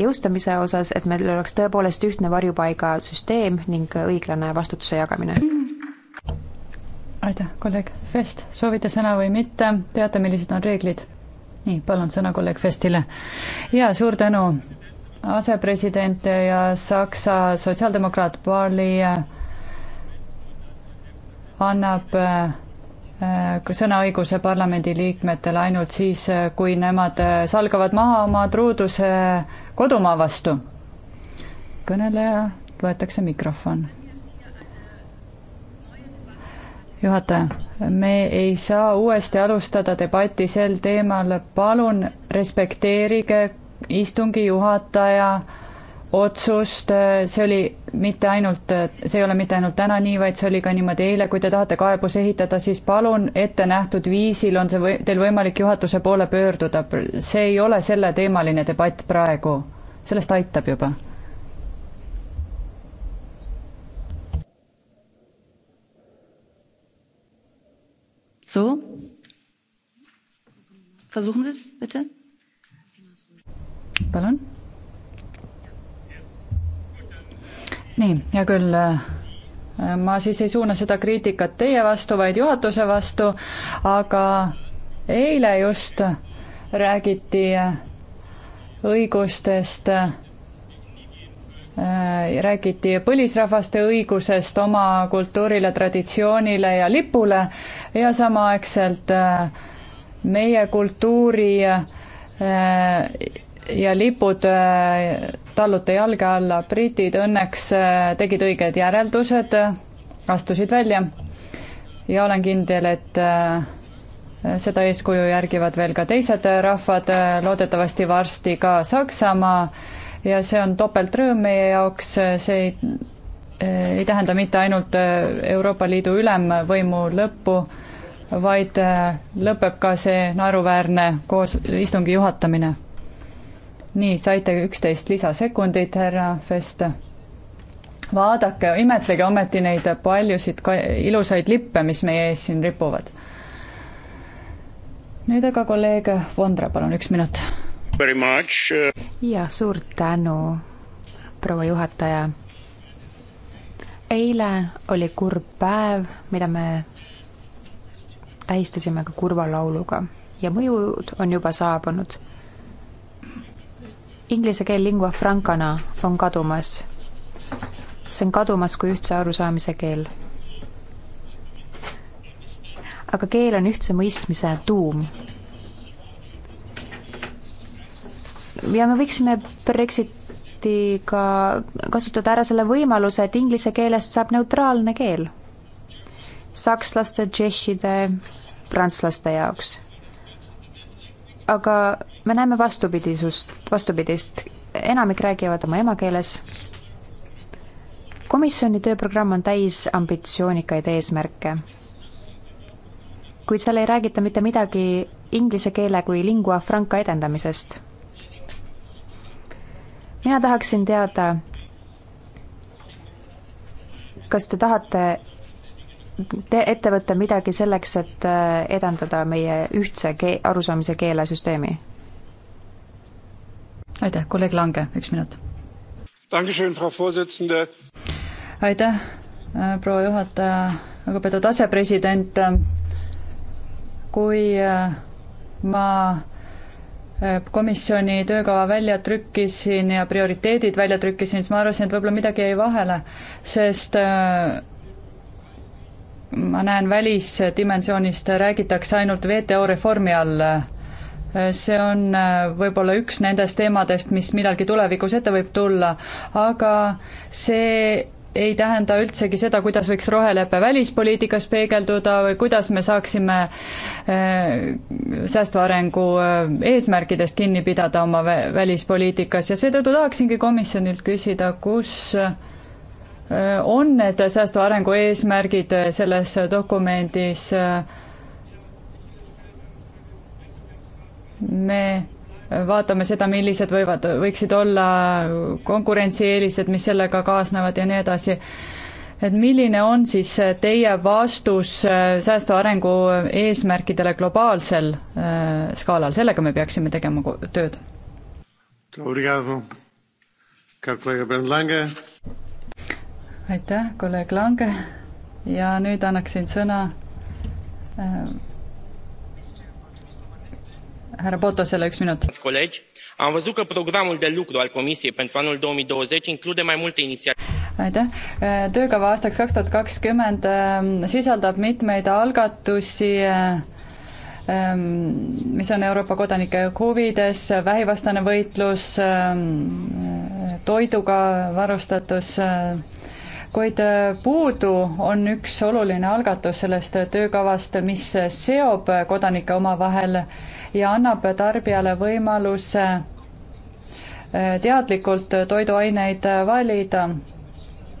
jõustamise osas, et meil oleks tõepoolest ühtne varjupaigasüsteem ning õiglane vastutuse jagamine. aitäh, kolleeg Fest, soovite sõna või mitte, teate, millised on reeglid? nii, palun sõna kolleeg Festile. jaa, suur tänu asepresident ja Saksa sotsiaaldemokraat Barli annab äh, äh, sõnaõiguse parlamendi liikmetele ainult siis, äh, kui nemad salgavad maha oma truuduse kodumaa vastu. kõneleja, võetakse mikrofon. juhataja, me ei saa uuesti alustada debatti sel teemal, palun respekteerige istungi juhataja äh, otsust, äh, see oli mitte ainult, äh, see ei ole mitte ainult täna nii, vaid see oli ka niimoodi eile, kui te tahate kaebus ehitada, siis palun, ettenähtud viisil on see või, teil võimalik juhatuse poole pöörduda, see ei ole selleteemaline debatt praegu, sellest aitab juba. So, versuchen Sie es bitte. Palun nii, hea küll, ma siis ei suuna seda kriitikat teie vastu, vaid juhatuse vastu, aga eile just räägiti õigustest, äh, räägiti põlisrahvaste õigusest oma kultuurile, traditsioonile ja lipule ja samaaegselt äh, meie kultuuri äh, ja lipud äh, talluti jalge alla. britid õnneks äh, tegid õiged järeldused, astusid välja ja olen kindel, et äh, seda eeskuju järgivad veel ka teised rahvad, loodetavasti varsti ka Saksamaa ja see on topeltrõõm meie jaoks, see ei, ei tähenda mitte ainult Euroopa Liidu ülemvõimu lõppu, vaid lõpeb ka see naeruväärne koos istungi juhatamine nii, saite üksteist lisasekundit, härra Fest. vaadake, imetlege ometi neid paljusid ilusaid lippe, mis meie ees siin ripuvad. nüüd aga kolleeg Vondra, palun, üks minut. Uh, jah, suur tänu, proua juhataja. eile oli kurb päev, mida me tähistasime ka kurva lauluga ja mõjud on juba saabunud Inglise keel lingua francana on kadumas. see on kadumas kui ühtse arusaamise keel. aga keel on ühtse mõistmise tuum. ja me võiksime Brexitiga kasutada ära selle võimaluse, et inglise keelest saab neutraalne keel sakslaste, tšehhide, prantslaste jaoks aga me näeme vastupidisust, vastupidist. enamik räägivad oma emakeeles. komisjoni tööprogramm on täis ambitsioonikaid eesmärke. kuid seal ei räägita mitte midagi inglise keele kui lingua franca edendamisest. mina tahaksin teada, kas te tahate te ette võtta midagi selleks, et äh, edendada meie ühtse kee-, arusaamise keelesüsteemi? aitäh, kolleeg Lange, üks minut. aitäh, äh, proua juhataja, lugupeetud asepresident, kui äh, ma komisjoni töökava välja trükkisin ja prioriteedid välja trükkisin, siis ma arvasin, et võib-olla midagi jäi vahele, sest ma näen, välisdimensioonist räägitakse ainult WTO reformi all. see on äh, võib-olla üks nendest teemadest, mis millalgi tulevikus ette võib tulla, aga see ei tähenda üldsegi seda, kuidas võiks rohelepe välispoliitikas peegelduda või kuidas me saaksime äh, säästva arengu äh, eesmärkidest kinni pidada oma välispoliitikas ja seetõttu tahaksingi komisjonilt küsida, kus Äh, on need säästva arengu eesmärgid äh, selles dokumendis. Äh, me vaatame seda, millised võivad, võiksid olla konkurentsieelised, mis sellega kaasnevad ja nii edasi et milline on siis teie vastus säästva arengu eesmärkidele globaalsel skaalal, sellega me peaksime tegema tööd? aitäh, kolleeg Lange ja nüüd annaksin sõna äh, härra Potosele üks minut. Am văzut că programul de lucru al Comisiei pentru anul 2020 include mai multe inițiative. aitäh, äh, töökava aastaks kaks tuhat kakskümmend ähm, sisaldab mitmeid algatusi äh, ähm, mis on Euroopa kodanike huvides, vähivastane võitlus, ähm, toiduga varustatus, äh, kuid äh, puudu on üks oluline algatus sellest töökavast, mis seob kodanikke omavahel ja annab tarbijale võimaluse äh, teadlikult toiduaineid valida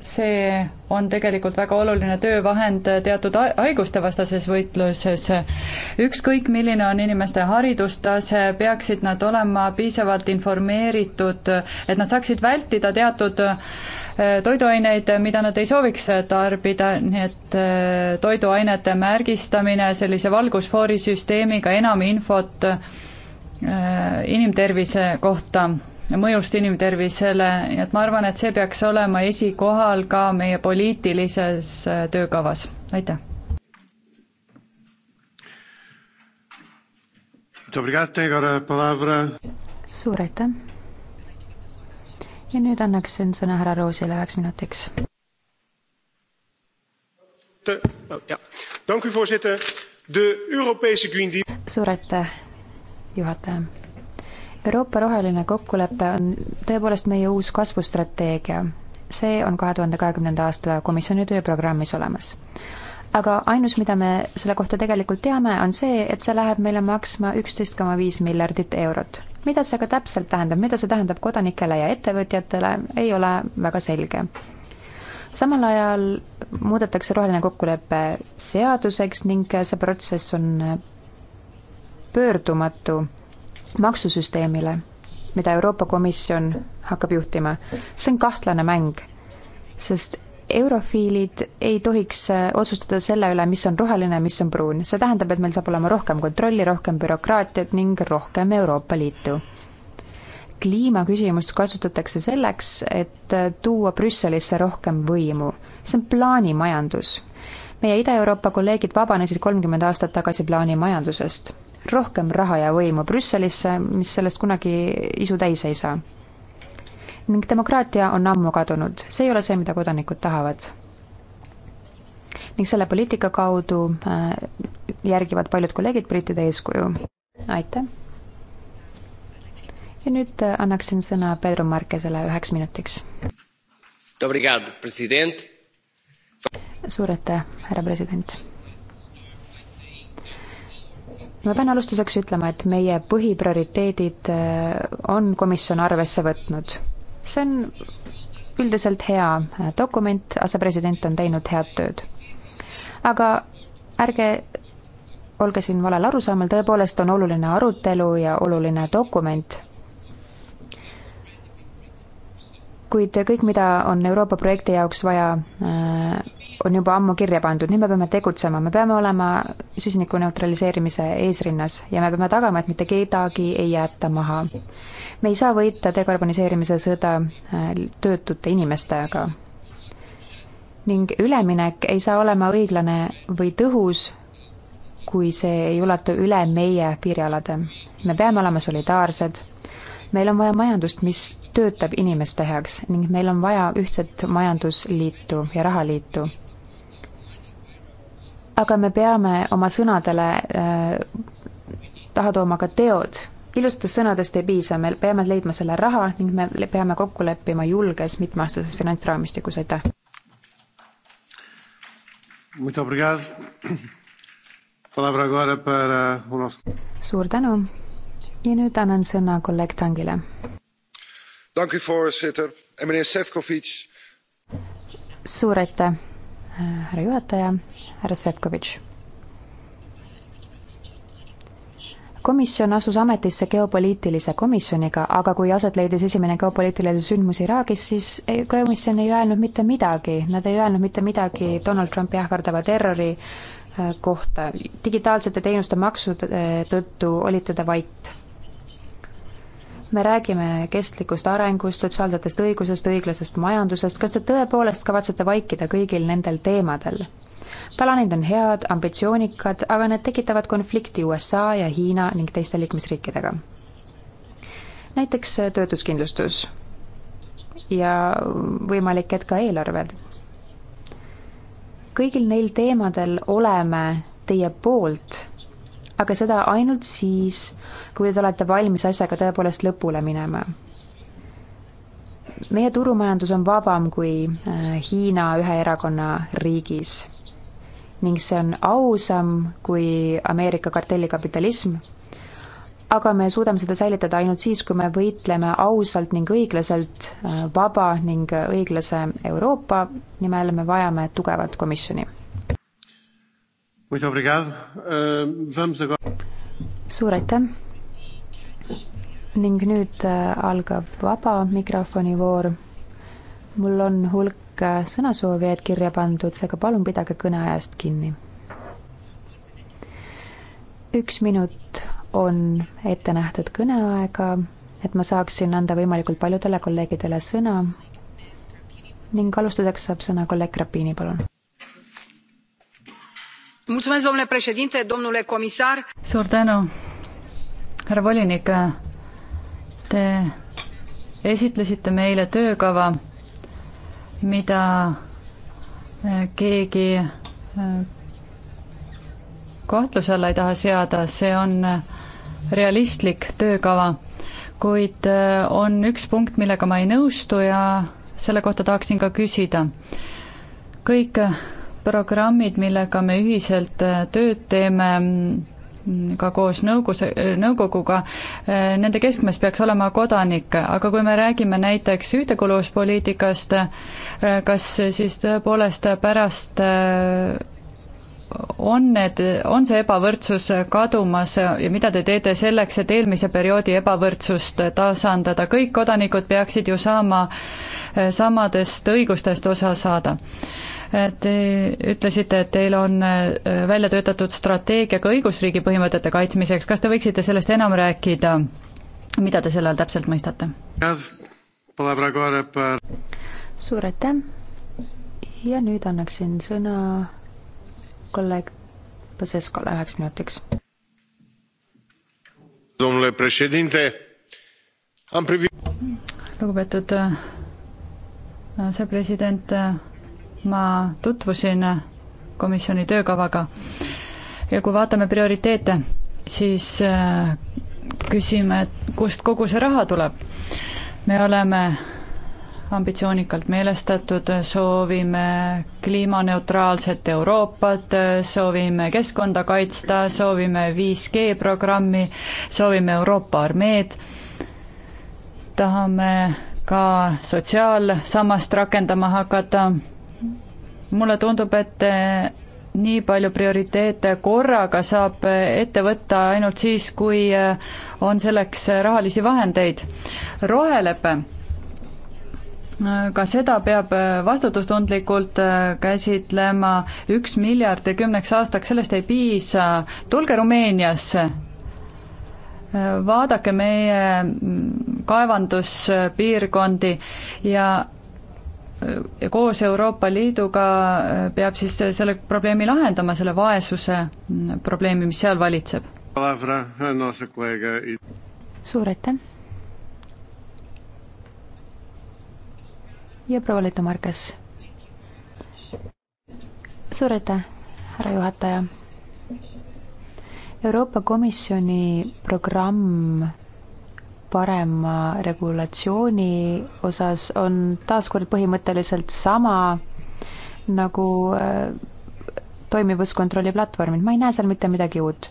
see on tegelikult väga oluline töövahend teatud haigustevastases võitluses. ükskõik, milline on inimeste haridustase, peaksid nad olema piisavalt informeeritud, et nad saaksid vältida teatud äh, toiduaineid, mida nad ei sooviks tarbida, nii et äh, toiduainete märgistamine sellise valgusfoorisüsteemiga, enam infot äh, inimtervise kohta mõjust inimtervisele, nii et ma arvan, et see peaks olema esikohal ka meie poliitilises äh, töökavas, aitäh. suur aitäh. ja nüüd annaksin sõna härra Roosile üheks minutiks. Oh, suur aitäh, juhataja Euroopa roheline kokkulepe on tõepoolest meie uus kasvustrateegia. see on kahe tuhande kahekümnenda aasta komisjoni tööprogrammis olemas. aga ainus, mida me selle kohta tegelikult teame, on see, et see läheb meile maksma üksteist koma viis miljardit eurot. mida see aga täpselt tähendab, mida see tähendab kodanikele ja ettevõtjatele, ei ole väga selge samal ajal muudetakse roheline kokkulepe seaduseks ning see protsess on pöördumatu maksusüsteemile, mida Euroopa Komisjon hakkab juhtima. see on kahtlane mäng, sest eurofiilid ei tohiks äh, otsustada selle üle, mis on roheline, mis on pruun. see tähendab, et meil saab olema rohkem kontrolli, rohkem bürokraatiat ning rohkem Euroopa Liitu. kliimaküsimust kasutatakse selleks, et äh, tuua Brüsselisse rohkem võimu. see on plaanimajandus. meie Ida-Euroopa kolleegid vabanesid kolmkümmend aastat tagasi plaanimajandusest rohkem raha ja võimu Brüsselisse, mis sellest kunagi isu täis ei saa. ning demokraatia on ammu kadunud, see ei ole see, mida kodanikud tahavad. ning selle poliitika kaudu äh, järgivad paljud kolleegid brittide eeskuju. aitäh! ja nüüd äh, annaksin sõna Pedro Marquesele üheks minutiks. suur aitäh, härra president! ma pean alustuseks ütlema, et meie põhiprioriteedid äh, on komisjon arvesse võtnud. see on üldiselt hea äh, dokument, asepresident on teinud head tööd. aga ärge olge siin valel arusaamal, tõepoolest on oluline arutelu ja oluline dokument, kuid kõik, mida on Euroopa projekti jaoks vaja, äh, on juba ammu kirja pandud, nüüd me peame tegutsema, me peame olema süsiniku neutraliseerimise eesrinnas ja me peame tagama, et mitte kedagi ei jäeta maha. me ei saa võita dekarboniseerimise sõda äh, töötute inimestega. ning üleminek ei saa olema õiglane või tõhus, kui see ei ulatu üle meie piirialade. me peame olema solidaarsed, meil on vaja majandust, mis töötab inimeste heaks ning meil on vaja ühtset majandusliitu ja rahaliitu. aga me peame oma sõnadele äh, taha tooma ka teod. ilusatest sõnadest ei piisa, me peame leidma selle raha ning me peame kokku leppima julges mitmeaastases finantsraamistikus, aitäh! suur tänu ja nüüd annan sõna kolleeg Tangile suur aitäh, härra juhataja, härra Sefkovitš. komisjon asus ametisse geopoliitilise komisjoniga, aga kui aset leidis esimene geopoliitiline sündmus Iraagis, siis komisjon ei öelnud mitte midagi, nad ei öelnud mitte midagi Donald Trumpi ähvardava terrori äh, kohta. digitaalsete teenuste maksu tõttu olite te vait me räägime kestlikust arengust, sotsiaalsetest õigusest, õiglasest majandusest, kas te tõepoolest kavatsete vaikida kõigil nendel teemadel? plaanid on head, ambitsioonikad, aga need tekitavad konflikti USA ja Hiina ning teiste liikmesriikidega. näiteks töötuskindlustus ja võimalik, et ka eelarved. kõigil neil teemadel oleme teie poolt aga seda ainult siis, kui te olete valmis asjaga tõepoolest lõpule minema. meie turumajandus on vabam kui äh, Hiina ühe erakonna riigis ning see on ausam kui Ameerika kartellikapitalism, aga me suudame seda säilitada ainult siis, kui me võitleme ausalt ning õiglaselt äh, vaba ning õiglase Euroopa nimel, me vajame tugevat komisjoni Eh, suur aitäh! ning nüüd eh, algab vaba mikrofoni voor. mul on hulk eh, sõnasoovijaid kirja pandud, seega palun pidage kõneajast kinni. üks minut on ette nähtud kõneaega, et ma saaksin anda võimalikult paljudele kolleegidele sõna ning alustuseks saab sõna kolleeg Grapini, palun domnule președinte domnule comisar suur tänu härra volinik te esitlesite meile töökava mida eh, keegi eh, kahtluse alla ei taha seada see on eh, realistlik töökava kuid on üks punkt millega ma ei nõustu ja selle kohta tahaksin ka küsida kõik programmid, millega me ühiselt äh, tööd teeme, mm, ka koos nõukogus, nõukoguga, äh, nende keskmes peaks olema kodanik, aga kui me räägime näiteks ühtekuuluvuspoliitikast, äh, kas siis tõepoolest pärast on need, on see ebavõrdsus kadumas ja mida te teete selleks, et eelmise perioodi ebavõrdsust tasandada, kõik kodanikud peaksid ju saama samadest õigustest osa saada Te ütlesite, et teil on äh, välja töötatud strateegia ka õigusriigi põhimõtete kaitsmiseks, kas te võiksite sellest enam rääkida, mida te selle all täpselt mõistate? suur aitäh ja nüüd annaksin sõna kolleeg Põseskole üheks minutiks. lugupeetud äh, asepresident äh,, ma tutvusin komisjoni töökavaga ja kui vaatame prioriteete, siis äh, küsime, et kust kogu see raha tuleb. me oleme ambitsioonikalt meelestatud, soovime kliimaneutraalset Euroopat, soovime keskkonda kaitsta, soovime 5G programmi, soovime Euroopa armeed, tahame ka sotsiaalsammast rakendama hakata mulle tundub, et eh, nii palju prioriteete korraga saab eh, ette võtta ainult siis, kui eh, on selleks rahalisi vahendeid. rohelepe, ka seda peab vastutustundlikult käsitlema, üks miljard ja kümneks aastaks, sellest ei piisa, tulge Rumeeniasse, vaadake meie mm, kaevanduspiirkondi ja koos Euroopa Liiduga äh, peab siis selle probleemi lahendama, selle vaesuse mm, probleemi, mis seal valitseb. Äh, suur aitäh! ja proua Leeto Markes. suur aitäh, härra juhataja! Euroopa Komisjoni programm parema regulatsiooni osas on taaskord põhimõtteliselt sama nagu äh, toimivuskontrolli platvormid, ma ei näe seal mitte midagi uut.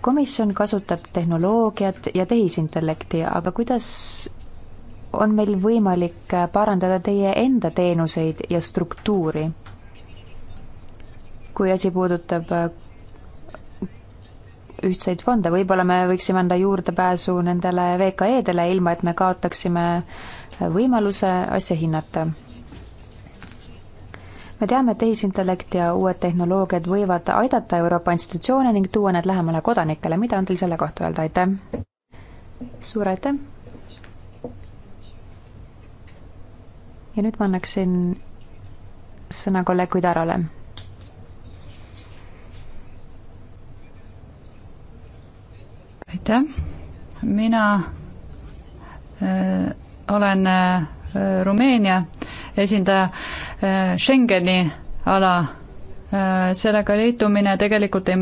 komisjon kasutab tehnoloogiat ja tehisintellekti, aga kuidas on meil võimalik äh, parandada teie enda teenuseid ja struktuuri? kui asi puudutab äh, ühtseid fonde, võib-olla me võiksime anda juurdepääsu nendele VKE-dele, ilma et me kaotaksime võimaluse asja hinnata. me teame, et tehisintellekt ja uued tehnoloogiad võivad aidata Euroopa institutsioone ning tuua need lähemale kodanikele, mida on teil selle kohta öelda, aitäh! suur aitäh! ja nüüd ma annaksin sõna kolleeg Kuidarole aitäh, mina äh, olen äh, Rumeenia esindaja äh, Schengeni ala äh,. sellega liitumine tegelikult ei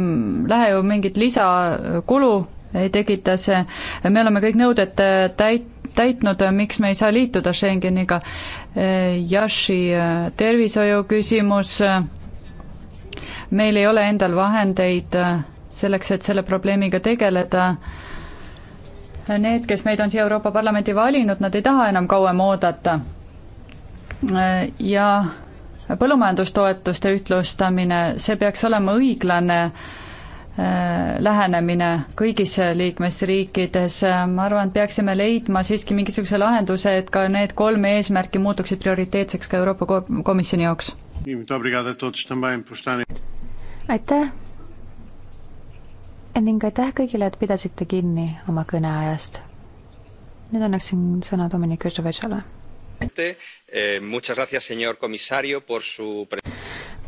lähe ju mingit lisakulu, ei tekita see, me oleme kõik nõuded äh, täit-, täitnud, äh, miks me ei saa liituda Schengeniga äh,. Yashi äh, tervishoiu küsimus äh,, meil ei ole endal vahendeid äh, selleks, et selle probleemiga tegeleda. Need, kes meid on siia Euroopa Parlamendi valinud, nad ei taha enam kauem oodata. ja põllumajandustoetuste ütlustamine, see peaks olema õiglane äh, lähenemine kõigis liikmesriikides, ma arvan, et peaksime leidma siiski mingisuguse lahenduse, et ka need kolm eesmärki muutuksid prioriteetseks ka Euroopa Komisjoni jaoks. aitäh, ning aitäh kõigile, et pidasite kinni oma kõneajast. nüüd annaksin sõna Dominic Jožovetšale. Eh,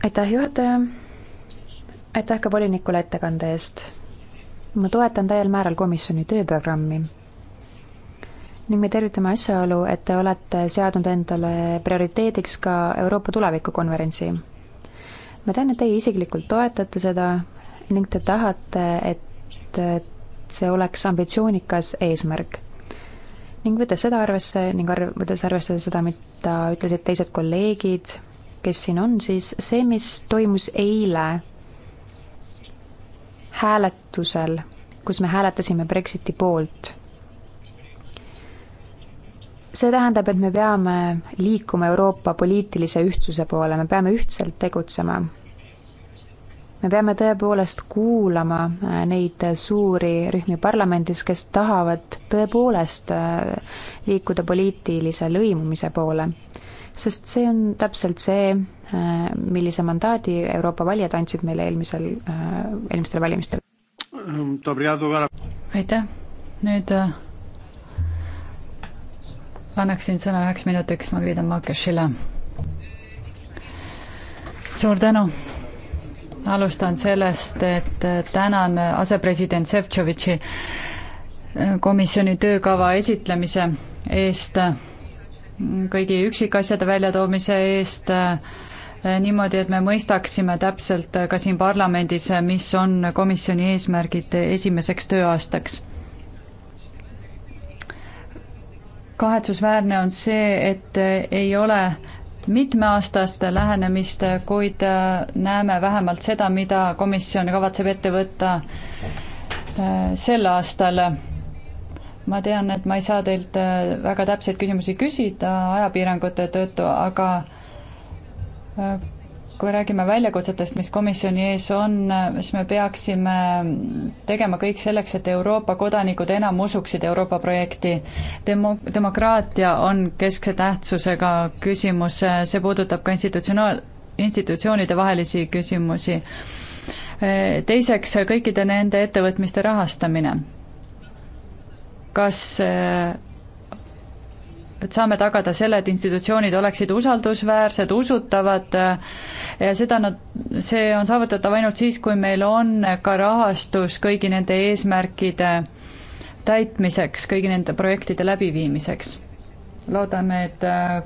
aitäh, juhataja. aitäh ka volinikule ettekande eest. ma toetan täiel määral komisjoni tööprogrammi ning me tervitame asjaolu, et te olete seadnud endale prioriteediks ka Euroopa tulevikukonverentsi. ma tean, et teie isiklikult toetate seda ning te tahate, et see oleks ambitsioonikas eesmärk. ning võttes seda arvesse ning arv-, võttes arvestada seda, mida ütlesid teised kolleegid, kes siin on, siis see, mis toimus eile hääletusel, kus me hääletasime Brexiti poolt, see tähendab, et me peame liikuma Euroopa poliitilise ühtsuse poole, me peame ühtselt tegutsema me peame tõepoolest kuulama äh, neid suuri rühmi parlamendis, kes tahavad tõepoolest äh, liikuda poliitilise lõimumise poole. sest see on täpselt see, äh, millise mandaadi Euroopa valijad andsid meile eelmisel, eelmistel valimistel. aitäh, nüüd annaksin sõna üheks minutiks Margarita Markešile. suur tänu alustan sellest, et äh, tänan äh, asepresident Šefčovitši äh, komisjoni töökava esitlemise eest, kõigi üksikasjade väljatoomise eest, niimoodi, et me mõistaksime täpselt ka siin parlamendis, mis on komisjoni eesmärgid esimeseks tööaastaks. kahetsusväärne on see, et ei ole mitmeaastaste lähenemist, kuid äh, näeme vähemalt seda, mida komisjon kavatseb ette võtta äh, sel aastal. ma tean, et ma ei saa teilt äh, väga täpseid küsimusi küsida ajapiirangute tõttu, aga kui me räägime väljakutsetest, mis komisjoni ees on, siis me peaksime tegema kõik selleks, et Euroopa kodanikud enam usuksid Euroopa projekti. Demo-, demokraatia on keskse tähtsusega küsimus, see puudutab ka institutsionaal-, institutsioonide vahelisi küsimusi. Teiseks, kõikide nende ettevõtmiste rahastamine. kas et saame tagada selle, et institutsioonid oleksid usaldusväärsed, usutavad äh, ja seda nad, see on saavutatav ainult siis, kui meil on ka rahastus kõigi nende eesmärkide täitmiseks, kõigi nende projektide läbiviimiseks. loodame, et äh,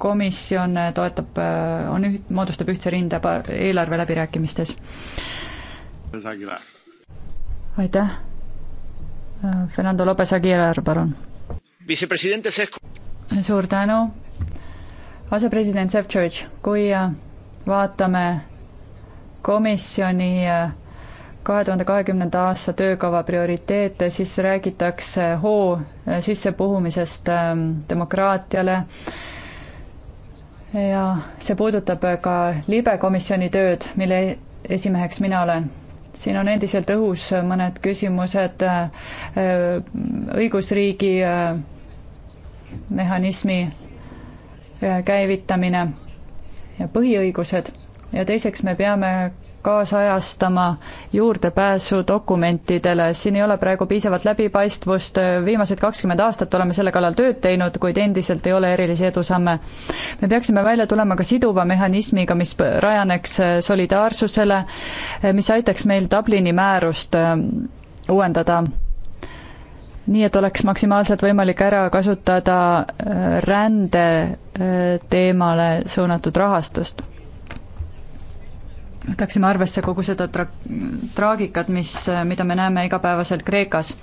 komisjon toetab, äh, on üht, moodustab ühtse rinde eelarve läbirääkimistes. aitäh. Fernando Lopez Aguilar, palun suur tänu. asepresident Šefčovitš, kui äh, vaatame komisjoni äh, kahe tuhande kahekümnenda aasta töökava prioriteete, siis räägitakse hoo äh, sissepuhumisest ähm, demokraatiale ja see puudutab ka libekomisjoni tööd, mille e-, esimeheks mina olen. siin on endiselt õhus mõned küsimused õigusriigi mehhanismi äh, käivitamine ja põhiõigused ja teiseks me peame kaasajastama juurdepääsu dokumentidele, siin ei ole praegu piisavalt läbipaistvust, viimased kakskümmend aastat oleme selle kallal tööd teinud, kuid endiselt ei ole erilisi edusamme. me peaksime välja tulema ka siduva mehhanismiga, mis rajaneks solidaarsusele, mis aitaks meil Dublini määrust äh, uuendada nii et oleks maksimaalselt võimalik ära kasutada äh, rände äh, teemale suunatud rahastust. võtaksime arvesse kogu seda tra-, traagikat, mis, äh, mida me näeme igapäevaselt Kreekas.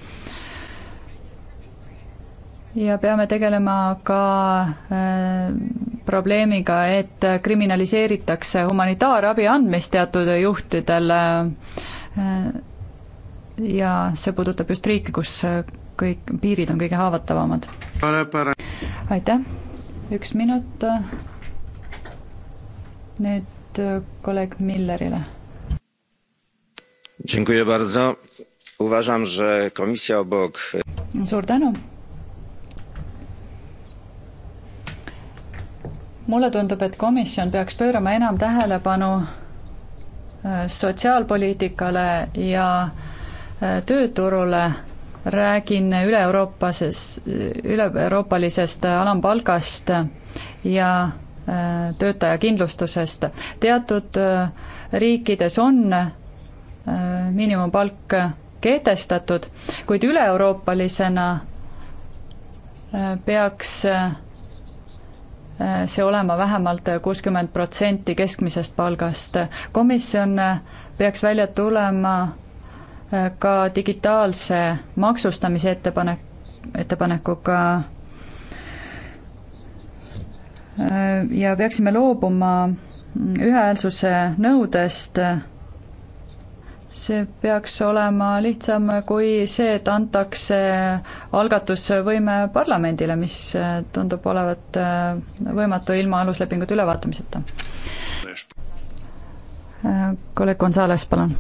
ja peame tegelema ka äh, probleemiga, et kriminaliseeritakse humanitaarabi andmist teatud juhtidel äh, ja see puudutab just riiki, kus kõik piirid on kõige haavatavamad. aitäh, üks minut. Äh, nüüd äh, kolleeg Millerile. suur tänu. mulle tundub, et komisjon peaks pöörama enam tähelepanu äh, sotsiaalpoliitikale ja tööturule räägin üle-Euroopases, üle-euroopalisest alampalgast ja äh, töötaja kindlustusest. teatud äh, riikides on äh, miinimumpalk kehtestatud, kuid üle-euroopalisena peaks see olema vähemalt kuuskümmend protsenti keskmisest palgast. komisjon peaks välja tulema ka digitaalse maksustamise ettepanek, ettepanekuga ja peaksime loobuma ühehäälsuse nõudest, see peaks olema lihtsam kui see, et antakse algatusvõime parlamendile, mis tundub olevat võimatu ilma aluslepingute ülevaatamiseta. kolleeg Gonzales, palun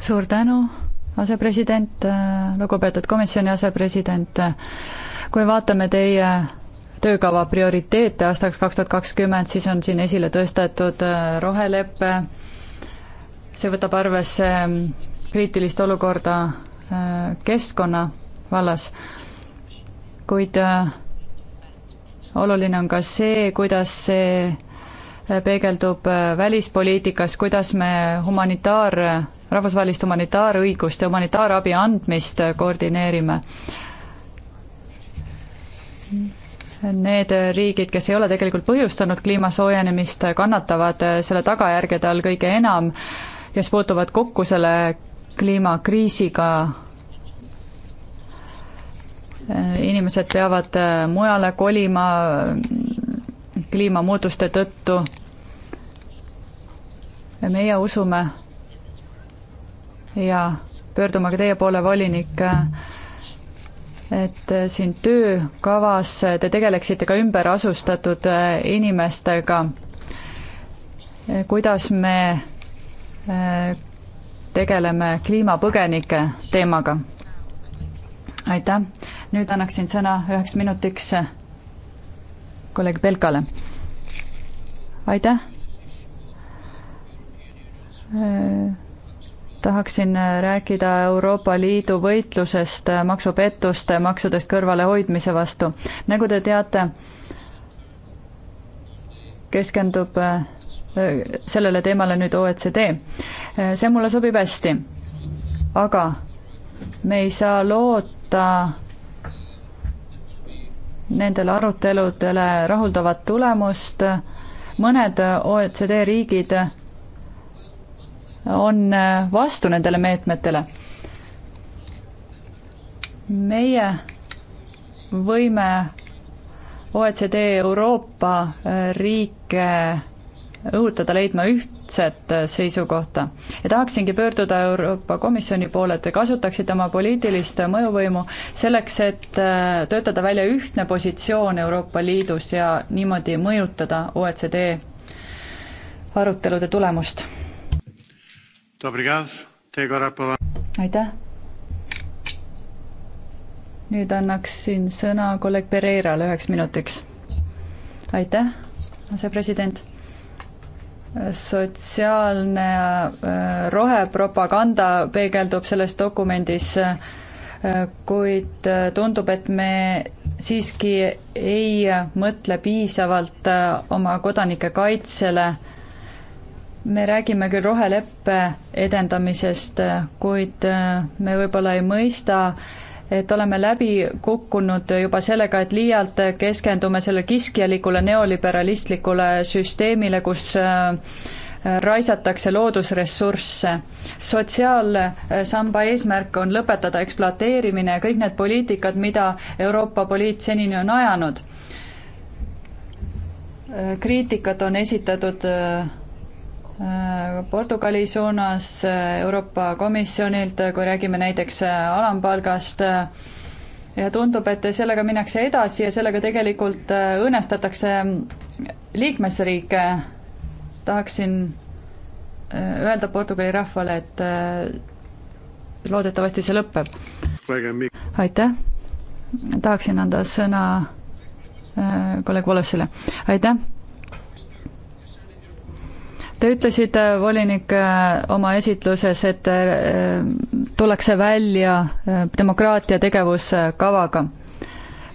suur tänu, asepresident, lugupeetud komisjoni asepresident. kui vaatame teie töökava prioriteete aastaks kaks tuhat kakskümmend, siis on siin esile tõstetud äh, rohelepe, see võtab arvesse ähm, kriitilist olukorda äh, keskkonna vallas, kuid äh, oluline on ka see, kuidas see peegeldub äh, välispoliitikas, kuidas me humanitaar, rahvusvahelist humanitaarõigust ja humanitaarabi andmist äh, koordineerime. Need riigid, kes ei ole tegelikult põhjustanud kliima soojenemist, äh, kannatavad selle tagajärgede all kõige enam, kes puutuvad kokku selle kliimakriisiga, inimesed peavad mujale kolima kliimamuutuste tõttu meie usume ja pöördume ka teie poole, volinik, et siin töökavas te tegeleksite ka ümberasustatud inimestega. kuidas me äh, tegeleme kliimapõgenike teemaga? aitäh, nüüd annaksin sõna üheks minutiks kolleeg Belkale. aitäh tahaksin äh, rääkida Euroopa Liidu võitlusest äh, maksupettuste, maksudest kõrvalehoidmise vastu. nagu te teate, keskendub äh, sellele teemale nüüd OECD. see mulle sobib hästi. aga me ei saa loota nendele aruteludele rahuldavat tulemust, mõned OECD riigid on äh, vastu nendele meetmetele. meie võime OECD Euroopa äh, riike õhutada leidma ühtset äh, seisukohta ja tahaksingi pöörduda Euroopa Komisjoni poole, et te kasutaksite oma poliitilist mõjuvõimu selleks, et töötada välja ühtne positsioon Euroopa Liidus ja niimoodi mõjutada OECD arutelude tulemust aitäh. nüüd annaksin sõna kolleeg Pereirale üheks minutiks. aitäh, asepresident. sotsiaalne äh, rohepropaganda peegeldub selles dokumendis, äh, kuid äh, tundub, et me siiski ei mõtle piisavalt oma kodanike kaitsele me räägime küll roheleppe edendamisest, kuid äh, me võib-olla ei mõista, et oleme läbi kukkunud juba sellega, et liialt keskendume sellele kiskjalikule neoliberalistlikule süsteemile, kus äh, raisatakse loodusressursse. sotsiaalsamba äh, eesmärk on lõpetada ekspluateerimine ja kõik need poliitikad, mida Euroopa poliit senini on ajanud. kriitikat on esitatud Äh, Portugali suunas äh, Euroopa Komisjonilt, äh, kui räägime näiteks alampalgast, ja tundub, et sellega minnakse edasi ja sellega tegelikult õõnestatakse liikmesriike. tahaksin öelda Portugali rahvale, et loodetavasti see lõpeb. aitäh, tahaksin anda sõna kolleeg Volosile, aitäh Te ütlesite, äh, volinik, äh, oma esitluses, et äh, tullakse välja demokraatia tegevuskavaga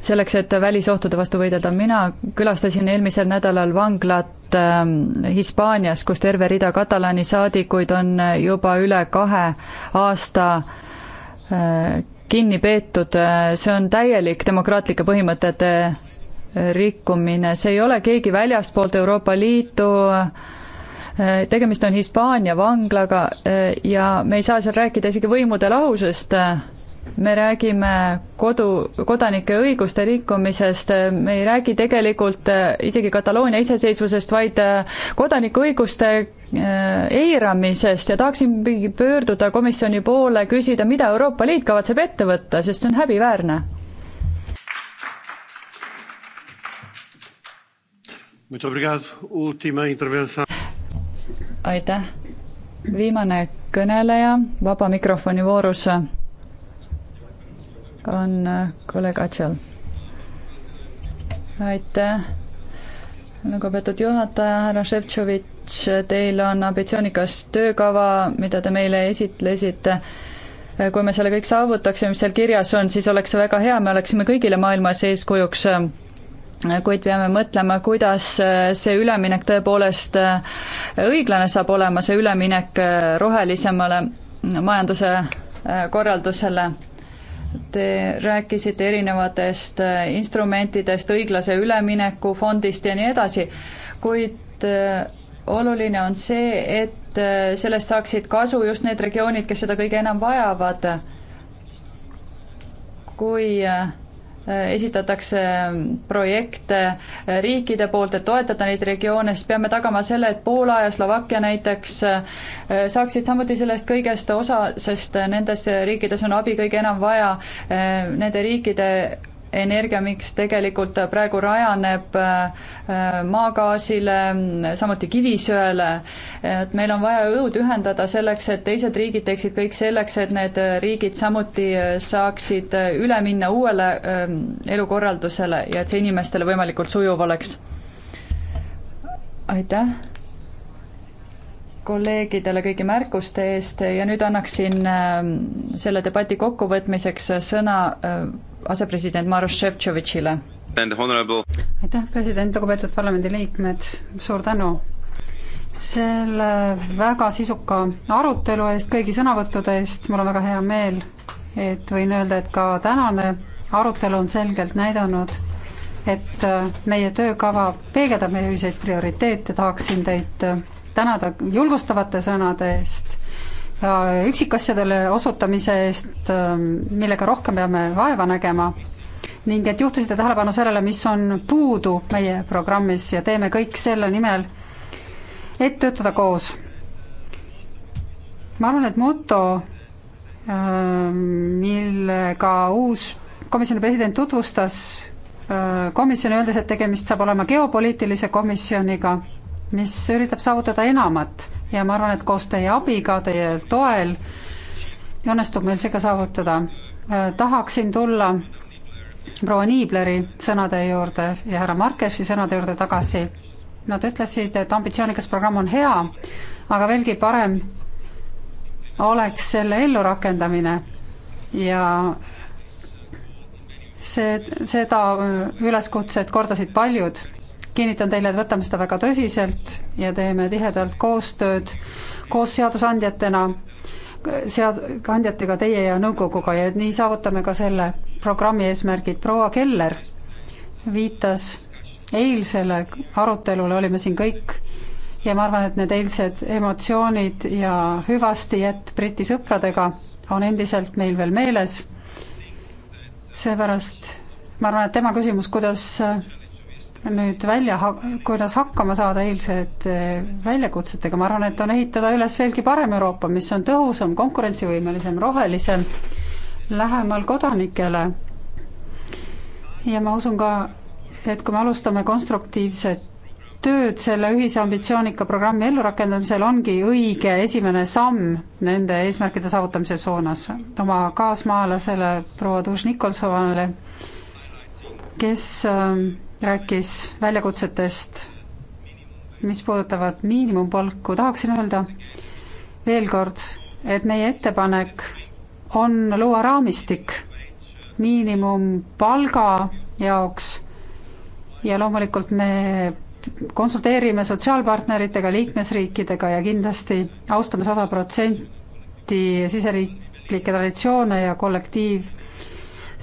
selleks, et välisohtude vastu võidelda. mina külastasin eelmisel nädalal vanglat ähm, Hispaanias, kus terve rida Katalaani saadikuid on juba üle kahe aasta kinni peetud, see on täielik demokraatlike põhimõtete rikkumine, see ei ole keegi väljastpoolt Euroopa Liitu, Äh, tegemist on Hispaania vanglaga äh, ja me ei saa seal rääkida isegi võimude lahususest, äh, me räägime kodu, kodanike õiguste rikkumisest, me ei räägi tegelikult isegi Kataloonia iseseisvusest, vaid kodanikuõiguste eiramisest ja tahaksingi pöörduda komisjoni poole, küsida, mida Euroopa Liit kavatseb ette võtta, sest see on häbiväärne aitäh. viimane kõneleja vaba mikrofoni voorus on äh, kolleeg Atšal. aitäh, lugupeetud juhataja, härra Ševtšovitš, teil on ambitsioonikas töökava, mida te meile esitlesite. Äh, kui me selle kõik saavutaksime, mis seal kirjas on, siis oleks see väga hea, me oleksime kõigile maailmas eeskujuks kuid peame mõtlema, kuidas äh, see üleminek tõepoolest äh, õiglane saab olema, see üleminek äh, rohelisemale majanduse korraldusele. Te rääkisite erinevatest instrumentidest, õiglase ülemineku fondist ja nii edasi, kuid oluline on see, et sellest saaksid kasu just need regioonid, kes seda kõige enam vajavad. kui äh, Äh, esitatakse ähm, projekte äh, riikide poolt, et toetada neid regioone, siis peame tagama selle, et Poola ja Slovakkia näiteks äh, saaksid samuti sellest kõigest osa, sest nendes riikides on abi kõige enam vaja. Nende riikide energiamiks tegelikult praegu rajaneb äh, maagaasile, samuti kivisöele. et meil on vaja jõud ühendada selleks, et teised riigid teeksid kõik selleks, et need riigid samuti äh, saaksid äh, üle minna uuele elukorraldusele ja et see inimestele võimalikult sujuv oleks. aitäh kolleegidele kõigi märkuste eest ja nüüd annaksin ähm, selle debati kokkuvõtmiseks sõna äh, asepresident Maroš Šefčovitšile. aitäh, president, lugupeetud parlamendiliikmed, suur tänu selle väga sisuka arutelu eest, kõigi sõnavõttude eest, mul on väga hea meel, et võin öelda, et ka tänane arutelu on selgelt näidanud, et meie töökava peegeldab meie ühiseid prioriteete, tahaksin teid tänada julgustavate sõnade eest ja üksikasjadele osutamise eest, ähm, millega rohkem peame vaeva nägema ning et juhtisite tähelepanu sellele, mis on puudu meie programmis ja teeme kõik selle nimel, et töötada koos. ma arvan, et moto, ähm, millega uus komisjoni president tutvustas äh, komisjoni, öeldes, et tegemist saab olema geopoliitilise komisjoniga mis üritab saavutada enamat ja ma arvan, et koos teie abiga, teie toel õnnestub meil see ka saavutada. Äh, tahaksin tulla proua Niibleri sõnade juurde ja härra Markeši sõnade juurde tagasi. Nad ütlesid, et ambitsioonikas programm on hea, aga veelgi parem oleks selle ellurakendamine ja see, seda üleskutset kordasid paljud kinnitan teile, et võtame seda väga tõsiselt ja teeme tihedalt koostööd koos seadusandjatena, sead-, kandjatega, teie ja nõukoguga ja nii saavutame ka selle programmi eesmärgid. proua Keller viitas eilsele arutelule, olime siin kõik ja ma arvan, et need eilsed emotsioonid ja hüvastijätt Briti sõpradega on endiselt meil veel meeles. seepärast ma arvan, et tema küsimus, kuidas nüüd välja ha-, kuidas hakkama saada eilsete väljakutsetega, ma arvan, et on ehitada üles veelgi parem Euroopa, mis on tõhusam, konkurentsivõimelisem, rohelisem, lähemal kodanikele. ja ma usun ka, et kui me alustame konstruktiivset tööd selle ühise ambitsioonika programmi ellurakendamisel ongi õige esimene samm nende eesmärkide saavutamise suunas. oma kaasmaalasele proua Duš Nikolsonale, kes äh, rääkis väljakutsetest, mis puudutavad miinimumpalku, tahaksin öelda veel kord, et meie ettepanek on luua raamistik miinimumpalga jaoks ja loomulikult me konsulteerime sotsiaalpartneritega, liikmesriikidega ja kindlasti austame sada protsenti siseriiklikke traditsioone ja kollektiiv-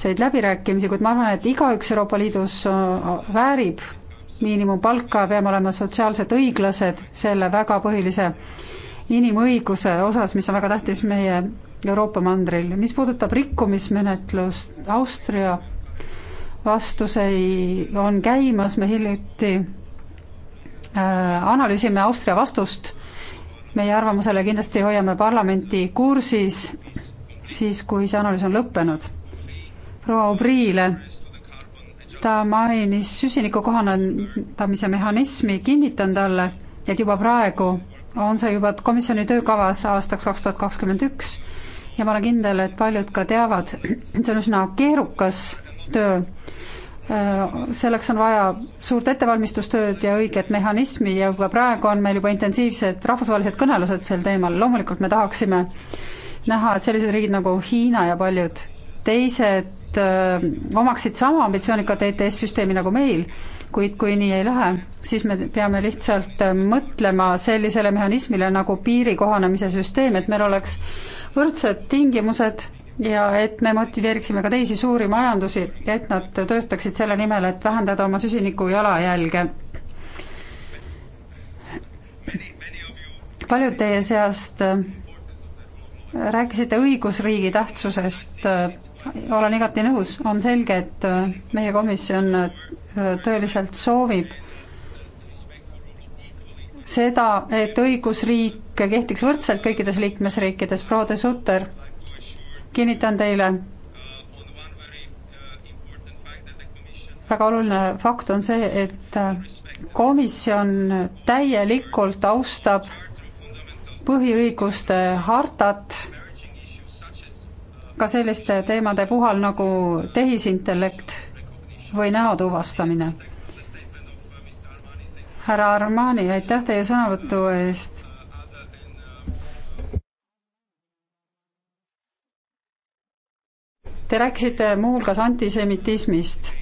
selliseid läbirääkimisi, kuid ma arvan, et igaüks Euroopa Liidus äh, väärib miinimumpalka, peame olema sotsiaalselt õiglased selle väga põhilise inimõiguse osas, mis on väga tähtis meie Euroopa mandril. mis puudutab rikkumismenetlust Austria vastu, see on käimas, me hiljuti äh, analüüsime Austria vastust meie arvamusele, kindlasti hoiame parlamenti kursis siis, kui see analüüs on lõppenud proua Obriile. ta mainis süsiniku kohandamise mehhanismi, kinnitan talle, et juba praegu on see juba komisjoni töökavas aastaks kaks tuhat kakskümmend üks ja ma olen kindel, et paljud ka teavad, see on üsna keerukas töö äh, selleks on vaja suurt ettevalmistustööd ja õiget mehhanismi ja juba praegu on meil juba intensiivsed rahvusvahelised kõnelused sel teemal, loomulikult me tahaksime näha, et sellised riigid nagu Hiina ja paljud teised et äh, omaksid sama ambitsioonikat ETS-süsteemi nagu meil, kuid kui nii ei lähe, siis me peame lihtsalt äh, mõtlema sellisele mehhanismile nagu piiri kohanemise süsteem, et meil oleks võrdsed tingimused ja et me motiveeriksime ka teisi suuri majandusi, et nad töötaksid selle nimel, et vähendada oma süsiniku jalajälge. paljud teie seast äh, rääkisite õigusriigi tähtsusest olen igati nõus, on selge, et äh, meie komisjon äh, tõeliselt soovib seda, et õigusriik kehtiks võrdselt kõikides liikmesriikides, proua de Sutter, kinnitan teile, väga oluline fakt on see, et äh, komisjon täielikult austab põhiõiguste hartat ka selliste teemade puhul nagu tehisintellekt või näo tuvastamine. härra Armani, aitäh teie sõnavõtu eest. Te rääkisite muuhulgas antisemitismist.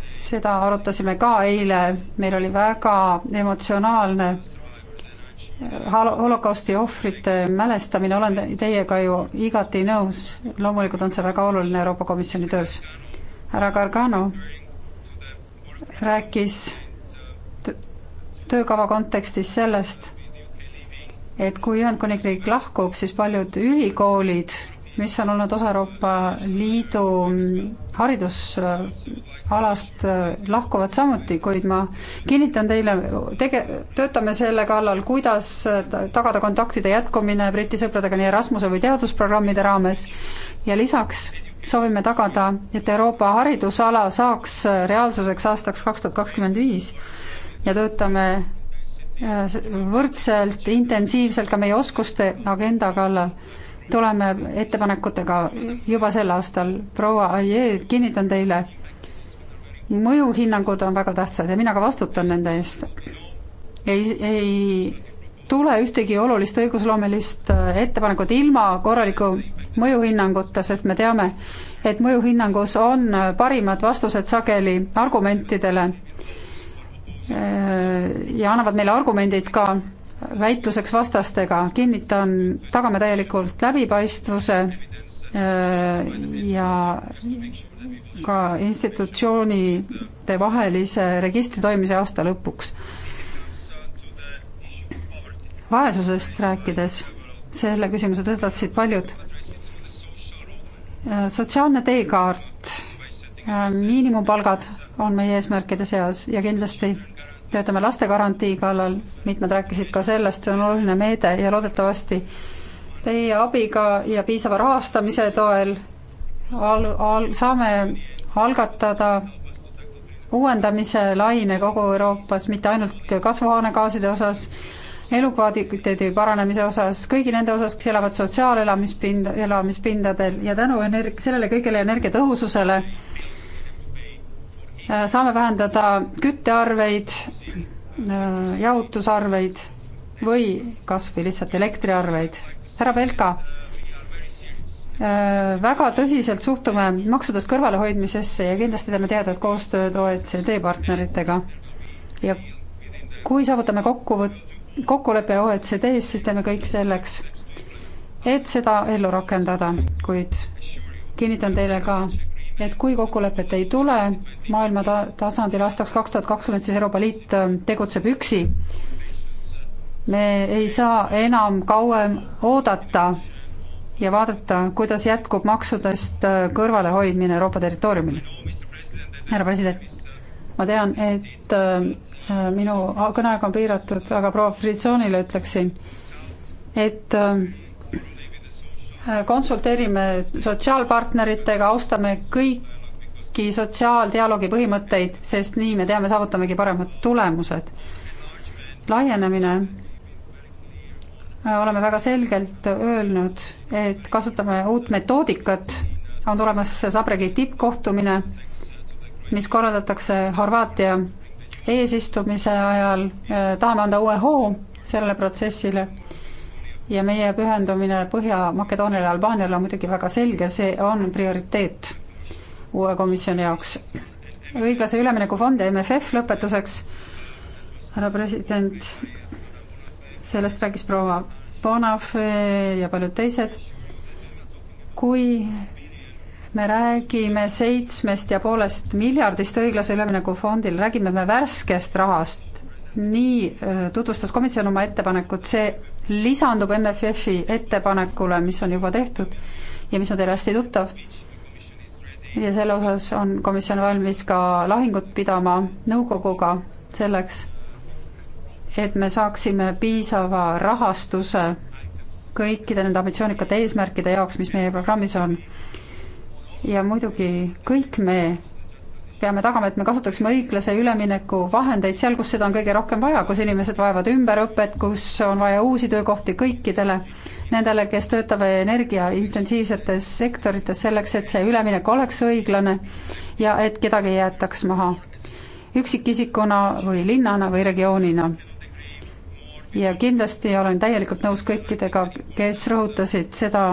seda arutasime ka eile, meil oli väga emotsionaalne holokausti ohvrite mälestamine, olen teiega ju igati nõus, loomulikult on see väga oluline Euroopa Komisjoni töös. härra Gargano rääkis töökava kontekstis sellest, et kui Ühendkuningriik lahkub, siis paljud ülikoolid mis on olnud osa Euroopa Liidu haridusalast, lahkuvad samuti, kuid ma kinnitan teile, tege-, töötame selle kallal, kuidas tagada kontaktide jätkumine Briti sõpradega nii Erasmuse või teadusprogrammide raames ja lisaks soovime tagada, et Euroopa haridusala saaks reaalsuseks aastaks kaks tuhat kakskümmend viis ja töötame äh, võrdselt intensiivselt ka meie oskuste agenda kallal tuleme ettepanekutega juba sel aastal. proua Aie, kinnitan teile, mõjuhinnangud on väga tähtsad ja mina ka vastutan nende eest. ei, ei tule ühtegi olulist õigusloomelist äh, ettepanekut ilma korraliku mõjuhinnanguta, sest me teame, et mõjuhinnangus on äh, parimad vastused sageli argumentidele äh, ja annavad meile argumendid ka väitluseks vastastega, kinnitan, tagame täielikult läbipaistvuse äh, ja ka institutsioonide vahelise registri toimimise aasta lõpuks. vaesusest rääkides, selle küsimuse tõstatasid paljud, äh, sotsiaalne teekaart, äh, miinimumpalgad on meie eesmärkide seas ja kindlasti töötame lastegarantii kallal, mitmed rääkisid ka sellest, see on oluline meede ja loodetavasti teie abiga ja piisava rahastamise toel al-, al-, saame algatada uuendamise laine kogu Euroopas, mitte ainult kasvuhoonegaaside osas, elukvaliteedi paranemise osas, kõigi nende osas, kes elavad sotsiaalelamispind, elamispindadel ja tänu energ-, sellele kõigele energiatõhususele Äh, saame vähendada küttearveid, äh, jahutusarveid või kas või lihtsalt elektriarveid. härra Velka, äh, väga tõsiselt suhtume maksudest kõrvalehoidmisesse ja kindlasti teeme tihedat koostööd OECD partneritega. ja kui saavutame kokkuvõt-, kokkuleppe OECD-s, siis teeme kõik selleks, et seda ellu rakendada, kuid kinnitan teile ka, et kui kokkulepet ei tule maailma ta-, tasandil aastaks kaks tuhat kakskümmend, siis Euroopa Liit ähm, tegutseb üksi. me ei saa enam kauem oodata ja vaadata, kuidas jätkub maksudest äh, kõrvalehoidmine Euroopa territooriumil. härra president, ma tean, et ähm, äh, minu kõneaeg on piiratud, aga proua Fritzonile ütleksin, et äh, konsulteerime sotsiaalpartneritega, austame kõiki sotsiaaldialoogi põhimõtteid, sest nii me teame, saavutamegi paremad tulemused. laienemine, oleme väga selgelt öelnud, et kasutame uut metoodikat, on tulemas Zabregi tippkohtumine, mis korraldatakse Horvaatia eesistumise ajal, tahame anda uue UH hoo sellele protsessile ja meie pühendumine Põhja-Makedooniale ja Albaaniale on muidugi väga selge, see on prioriteet uue komisjoni jaoks. õiglase ülemineku fond ja MFF lõpetuseks, härra president, sellest rääkis proua Bonafe ja paljud teised, kui me räägime seitsmest ja poolest miljardist õiglase ülemineku fondil, räägime me värskest rahast, nii äh, tutvustas komisjon oma ettepanekut, see lisandub MFF-i ettepanekule, mis on juba tehtud ja mis on teile hästi tuttav. ja selle osas on komisjon valmis ka lahingut pidama nõukoguga selleks, et me saaksime piisava rahastuse kõikide nende ambitsioonikate eesmärkide jaoks, mis meie programmis on. ja muidugi kõik me peame tagama, et me kasutaksime õiglase ülemineku vahendeid seal, kus seda on kõige rohkem vaja, kus inimesed vajavad ümberõpet, kus on vaja uusi töökohti kõikidele nendele, kes töötavad energiaintensiivsetes sektorites, selleks et see üleminek oleks õiglane ja et kedagi ei jäetaks maha üksikisikuna või linnana või regioonina. ja kindlasti olen täielikult nõus kõikidega, kes rõhutasid seda,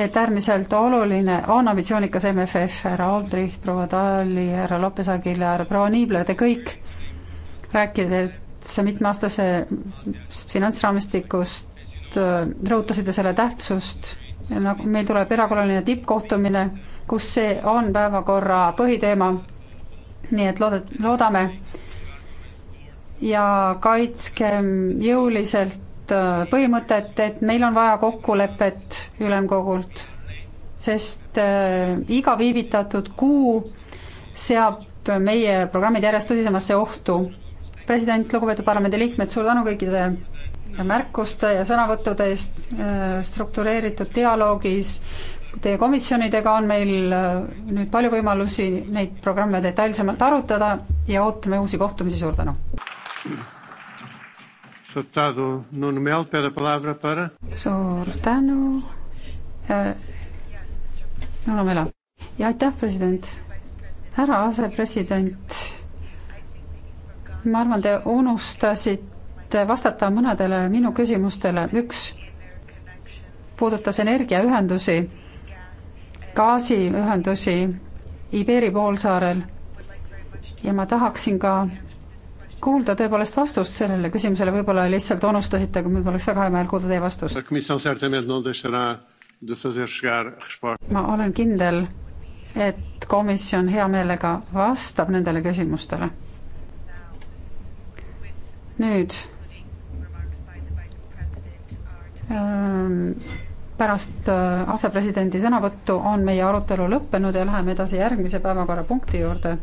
et äärmiselt oluline on ambitsioonikas MFF, härra Albrecht, proua Taali, härra Lopes Aguilar, proua Niibler, te kõik rääkida, et see mitmeaastasest finantsraamistikust äh, rõhutasite selle tähtsust, nagu meil tuleb erakorraline tippkohtumine, kus see on päevakorra põhiteema, nii et loodet-, loodame ja kaitskem jõuliselt Äh, põhimõtet, et meil on vaja kokkulepet ülemkogult, sest äh, iga viivitatud kuu seab meie programmid järjest tõsisemasse ohtu. president, lugupeetud parlamendiliikmed, suur tänu kõikide märkuste ja sõnavõttude eest äh, struktureeritud dialoogis teie komisjonidega on meil nüüd palju võimalusi neid programme detailsemalt arutada ja ootame uusi kohtumisi, suur tänu! Sotado Nuno Mel, pede palabra para. suur tänu äh,. Nuno Mela ja aitäh, president. härra asepresident, ma arvan, te unustasite vastata mõnedele minu küsimustele. üks puudutas energiaühendusi, gaasiühendusi Ibeeri poolsaarel ja ma tahaksin ka kuulda tõepoolest vastust sellele küsimusele, võib-olla lihtsalt unustasite, aga mul oleks väga hea meel kuulda teie vastust. ma olen kindel, et komisjon hea meelega vastab nendele küsimustele. nüüd ähm, pärast äh, asepresidendi sõnavõttu on meie arutelu lõppenud ja läheme edasi järgmise päevakorrapunkti juurde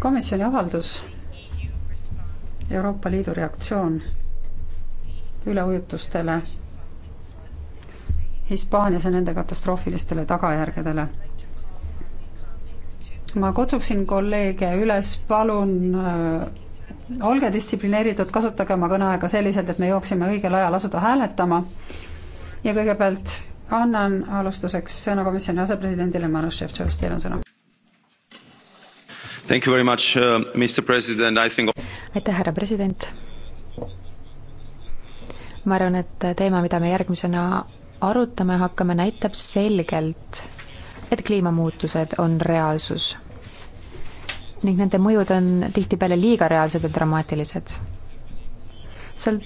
komisjoni avaldus, Euroopa Liidu reaktsioon üleujutustele Hispaanias ja nende katastroofilistele tagajärgedele. ma kutsuksin kolleege üles, palun äh, olge distsiplineeritud, kasutage oma kõneaega selliselt, et me jooksime õigel ajal asuda hääletama ja kõigepealt annan alustuseks sõna komisjoni asepresidendile Maroš Šefčovist, teil on sõna Uh, aitäh, härra president! ma arvan, et teema, mida me järgmisena arutame hakkame, näitab selgelt, et kliimamuutused on reaalsus. ning nende mõjud on tihtipeale liiga reaalsed ja dramaatilised. seal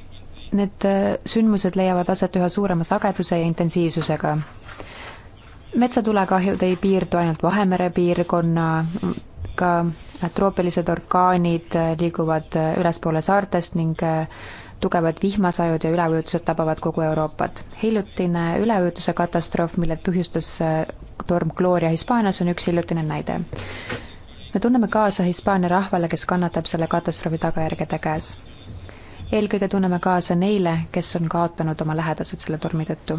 need äh, sündmused leiavad aset üha suurema sageduse ja intensiivsusega. metsatulekahjud ei piirdu ainult Vahemere piirkonna ka troopilised orkaanid liiguvad ülespoole saartest ning äh, tugevad vihmasajud ja üleujutused tabavad kogu Euroopat. hiljutine üleujutuse katastroof, mille põhjustas äh, torm Gloria Hispaanias, on üks hiljutine näide. me tunneme kaasa Hispaania rahvale, kes kannatab selle katastroofi tagajärgede käes. eelkõige tunneme kaasa neile, kes on kaotanud oma lähedased selle tormi tõttu.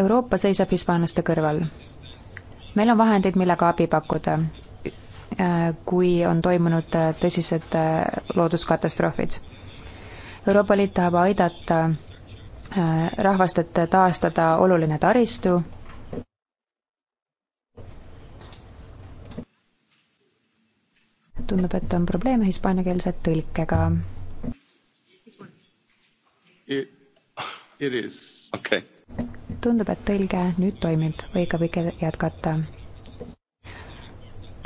Euroopa seisab hispaanlaste kõrval meil on vahendeid, millega abi pakkuda, äh, kui on toimunud äh, tõsised äh, looduskatastroofid. Euroopa Liit tahab aidata rahvast, et taastada oluline taristu, tundub, et on probleeme hispaaniakeelse tõlkega. It, it is okay tundub, et tõlge nüüd toimib, võige võike jätkata.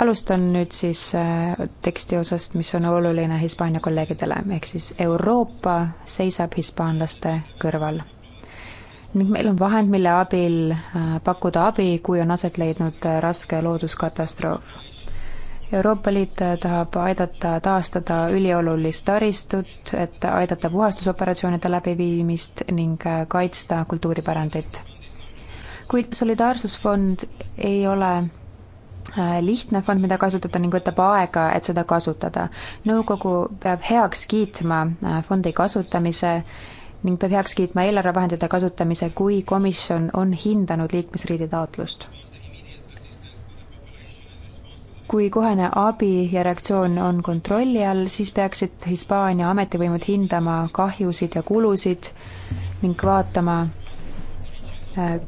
alustan nüüd siis äh, teksti osast, mis on oluline Hispaania kolleegidele, ehk siis Euroopa seisab hispaanlaste kõrval ning meil on vahend, mille abil äh, pakkuda abi, kui on aset leidnud äh, raske looduskatastroof Euroopa Liit tahab aidata taastada üliolulist taristut, et aidata puhastusoperatsioonide läbiviimist ning kaitsta kultuuripärandit. kuid Solidaarsusfond ei ole äh, lihtne fond, mida kasutada ning võtab aega, et seda kasutada. nõukogu peab heaks kiitma äh, fondi kasutamise ning peab heaks kiitma eelarvevahendite kasutamise, kui komisjon on hindanud liikmesriigi taotlust kui kohene abi ja reaktsioon on kontrolli all, siis peaksid Hispaania ametivõimud hindama kahjusid ja kulusid ning vaatama, äh,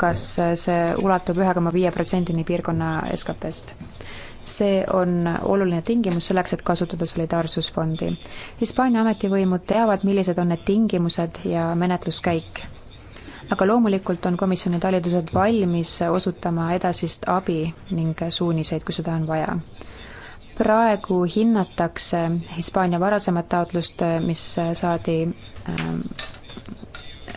kas see ulatub ühe koma viie protsendini piirkonna SKP-st. see on oluline tingimus selleks, et kasutada solidaarsusfondi. Hispaania ametivõimud teavad, millised on need tingimused ja menetluskäik aga loomulikult on komisjoni talitused valmis osutama edasist abi ning suuniseid, kui seda on vaja. praegu hinnatakse Hispaania varasemat taotlust, mis saadi ähm,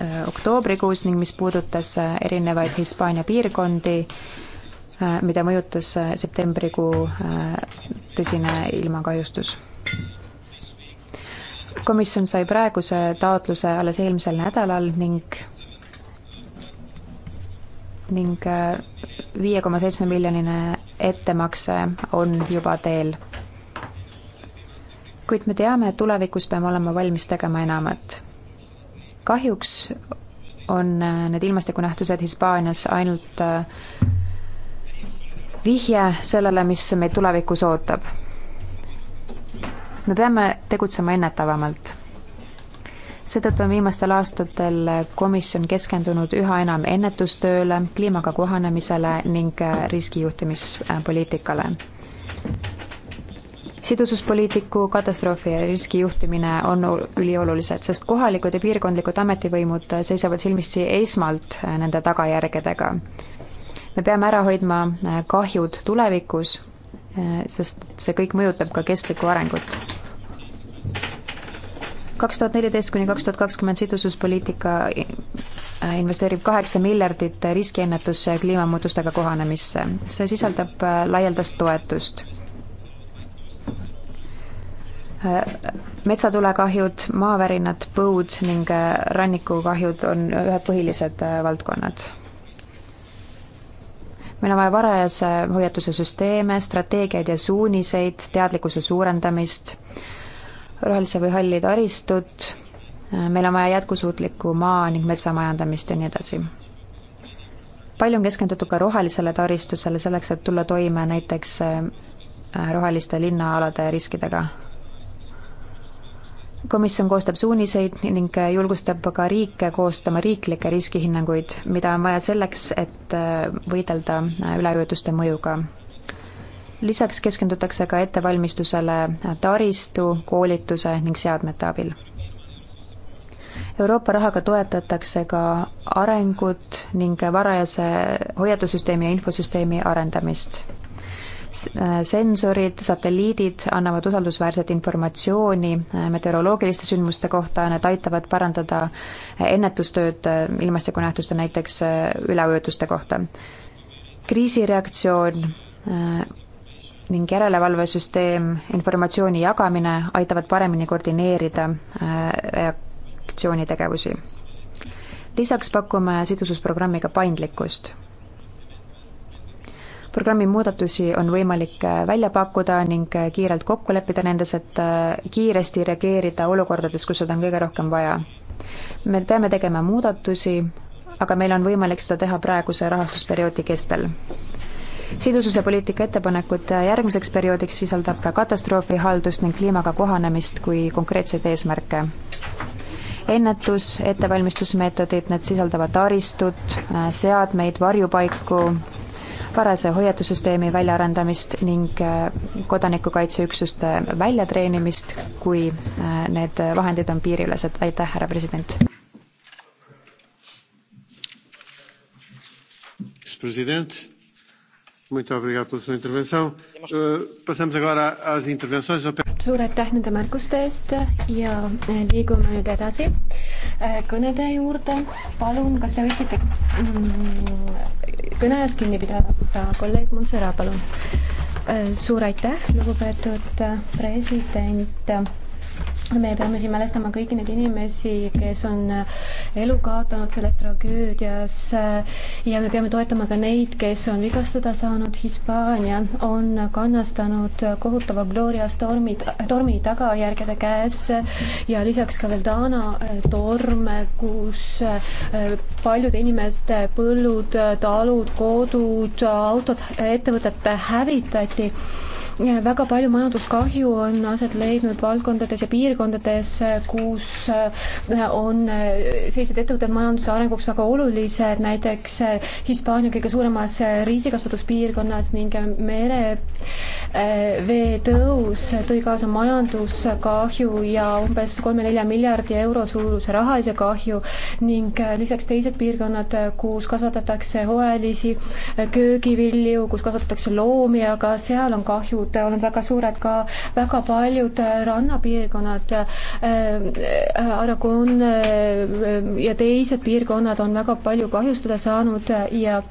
äh, oktoobrikuus ning mis puudutas erinevaid Hispaania piirkondi äh,, mida mõjutas septembrikuu äh, tõsine ilmakahjustus komisjon sai praeguse taotluse alles eelmisel nädalal ning ning äh, viie koma seitsme miljonine ettemakse on juba teel. kuid me teame, et tulevikus peame olema valmis tegema enamat. kahjuks on äh, need ilmastikunähtused Hispaanias ainult äh, vihje sellele, mis meid tulevikus ootab. me peame tegutsema ennetavamalt seetõttu on viimastel aastatel komisjon keskendunud üha enam ennetustööle, kliimaga kohanemisele ning äh, riskijuhtimispoliitikale. sidususpoliitiku katastroofi ja riskijuhtimine on üliolulised, sest kohalikud ja piirkondlikud ametivõimud seisavad silmitsi esmalt äh, nende tagajärgedega. me peame ära hoidma äh, kahjud tulevikus, sest see kõik mõjutab ka kestlikku arengut kaks tuhat neliteist kuni kaks tuhat kakskümmend sidususpoliitika äh, investeerib kaheksa miljardit riskiennetusse ja kliimamuutustega kohanemisse. see sisaldab äh, laialdast toetust. Äh, metsatulekahjud, maavärinad, põud ning rannikukahjud on ühed põhilised valdkonnad meil on vaja varajase hoiatuse süsteeme, strateegiaid ja suuniseid, teadlikkuse suurendamist, rohelise või halli taristut, meil on vaja jätkusuutlikku maa- ning metsamajandamist ja nii edasi. palju on keskendutud ka rohelisele taristusele selleks, et tulla toime näiteks äh, roheliste linnaalade riskidega? komisjon koostab suuniseid ning julgustab ka riike koostama riiklikke riskihinnanguid, mida on vaja selleks, et äh, võidelda äh, üleujutuste mõjuga lisaks keskendutakse ka ettevalmistusele taristu, koolituse ning seadmete abil. Euroopa rahaga toetatakse ka arengut ning varajase hoiatussüsteemi ja infosüsteemi arendamist. sensorid, satelliidid annavad usaldusväärset informatsiooni äh, meteoroloogiliste sündmuste kohta, need aitavad parandada ennetustööd äh, ilmastikunähtuste, näiteks äh, üleujutuste kohta. kriisireaktsioon ning järelevalvesüsteem, informatsiooni jagamine aitavad paremini koordineerida äh, reaktsioonitegevusi. lisaks pakume sidususprogrammiga paindlikkust programmi muudatusi on võimalik äh, välja pakkuda ning äh, kiirelt kokku leppida nendes, et kiiresti reageerida olukordades, kus seda on kõige rohkem vaja. me peame tegema muudatusi, aga meil on võimalik seda teha praeguse rahastusperioodi kestel sidususe poliitika ettepanekut järgmiseks perioodiks sisaldab katastroofihaldust ning kliimaga kohanemist kui konkreetseid eesmärke. ennetus, ettevalmistusmeetodid, need sisaldavad taristut, seadmeid, varjupaiku, varase hoiatussüsteemi väljaarendamist ning eh, kodanikukaitseüksuste väljatreenimist, kui eh, need vahendid on piiriülesed. aitäh, härra president! president Muito obrigado pela sua intervenção. Uh, passamos agora às intervenções. suur aitäh nende märkuste eest ja eh, liigume nüüd edasi eh, kõnede juurde. palun, kas te võiksite mm, kõne ees kinni pidada? Äh, kolleeg Monserrat, palun. suur aitäh, lugupeetud president me peame siin mälestama kõiki neid inimesi, kes on äh, elu kaotanud selles tragöödias äh, ja me peame toetama ka neid, kes on vigastada saanud. Hispaania on kannastanud äh, kohutava Gloria stormi, tormi tagajärgede käes ja lisaks ka veel Dana torm, kus paljude inimeste põllud, talud, kodud, autod, ettevõtted hävitati väga palju majanduskahju on aset leidnud valdkondades ja piirkondades, kus äh, on äh, sellised ettevõtted majanduse arenguks väga olulised, näiteks äh, Hispaania kõige suuremas riisikasvatuspiirkonnas ning merevee tõus tõi kaasa majanduskahju ja umbes kolme-nelja miljardi euro suuruse rahalise kahju ning lisaks teised piirkonnad, kus kasvatatakse hooajalisi köögivilju, kus kasvatatakse loomi, aga seal on kahju kulud olnud väga suured, ka väga paljud äh, rannapiirkonnad äh, äh,, Aragon äh, ja teised piirkonnad on väga palju kahjustada saanud äh, ja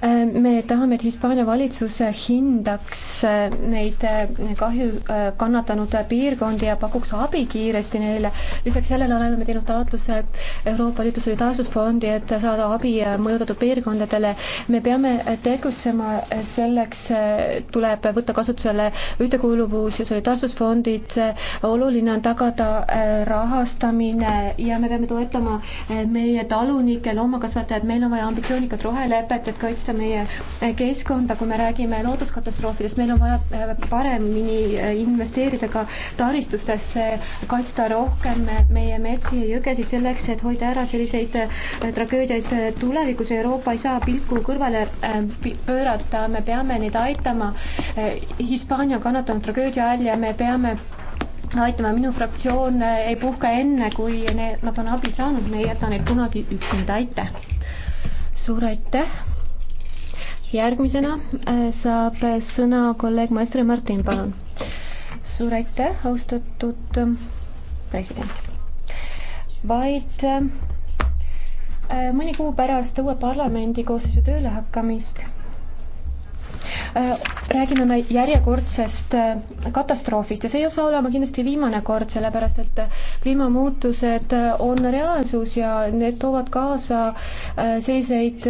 Äh, me tahame, et Hispaania valitsus hindaks äh, neid äh, kahju kannatanud piirkondi ja pakuks abi kiiresti neile. lisaks sellele oleme me teinud taotluse Euroopa Liidu solidaarsusfondi, et saada abi mõjutatud piirkondadele. me peame tegutsema, selleks tuleb võtta kasutusele ühtekuuluvus ja solidaarsusfondid, oluline on tagada rahastamine ja me peame toetama meie talunikke, loomakasvatajaid, meil on vaja ambitsioonikat rohelepet, et kaitsta kaitsta meie äh, keskkonda, kui me räägime looduskatastroofidest, meil on vaja äh, paremini äh, investeerida ka taristustesse, kaitsta rohkem meie metsi ja jõgesid selleks, et hoida ära selliseid tragöödiaid tulevikus. Euroopa ei saa pilku kõrvale pöörata, me peame neid aitama. Hispaania on kannatanud tragöödia all ja me peame aitama, minu fraktsioon ei puhka enne, kui ne, nad on abi saanud, me ei jäta neid kunagi üksinda, aitäh! suur aitäh! järgmisena äh, saab sõna kolleeg Maestre Martin, palun. suur aitäh, austatud ähm, president. vaid äh, äh, mõni kuu pärast uue parlamendi koosseisu tööle hakkamist Äh, räägime me järjekordsest äh, katastroofist ja see ei saa olema kindlasti viimane kord, sellepärast et äh, kliimamuutused on reaalsus ja need toovad kaasa selliseid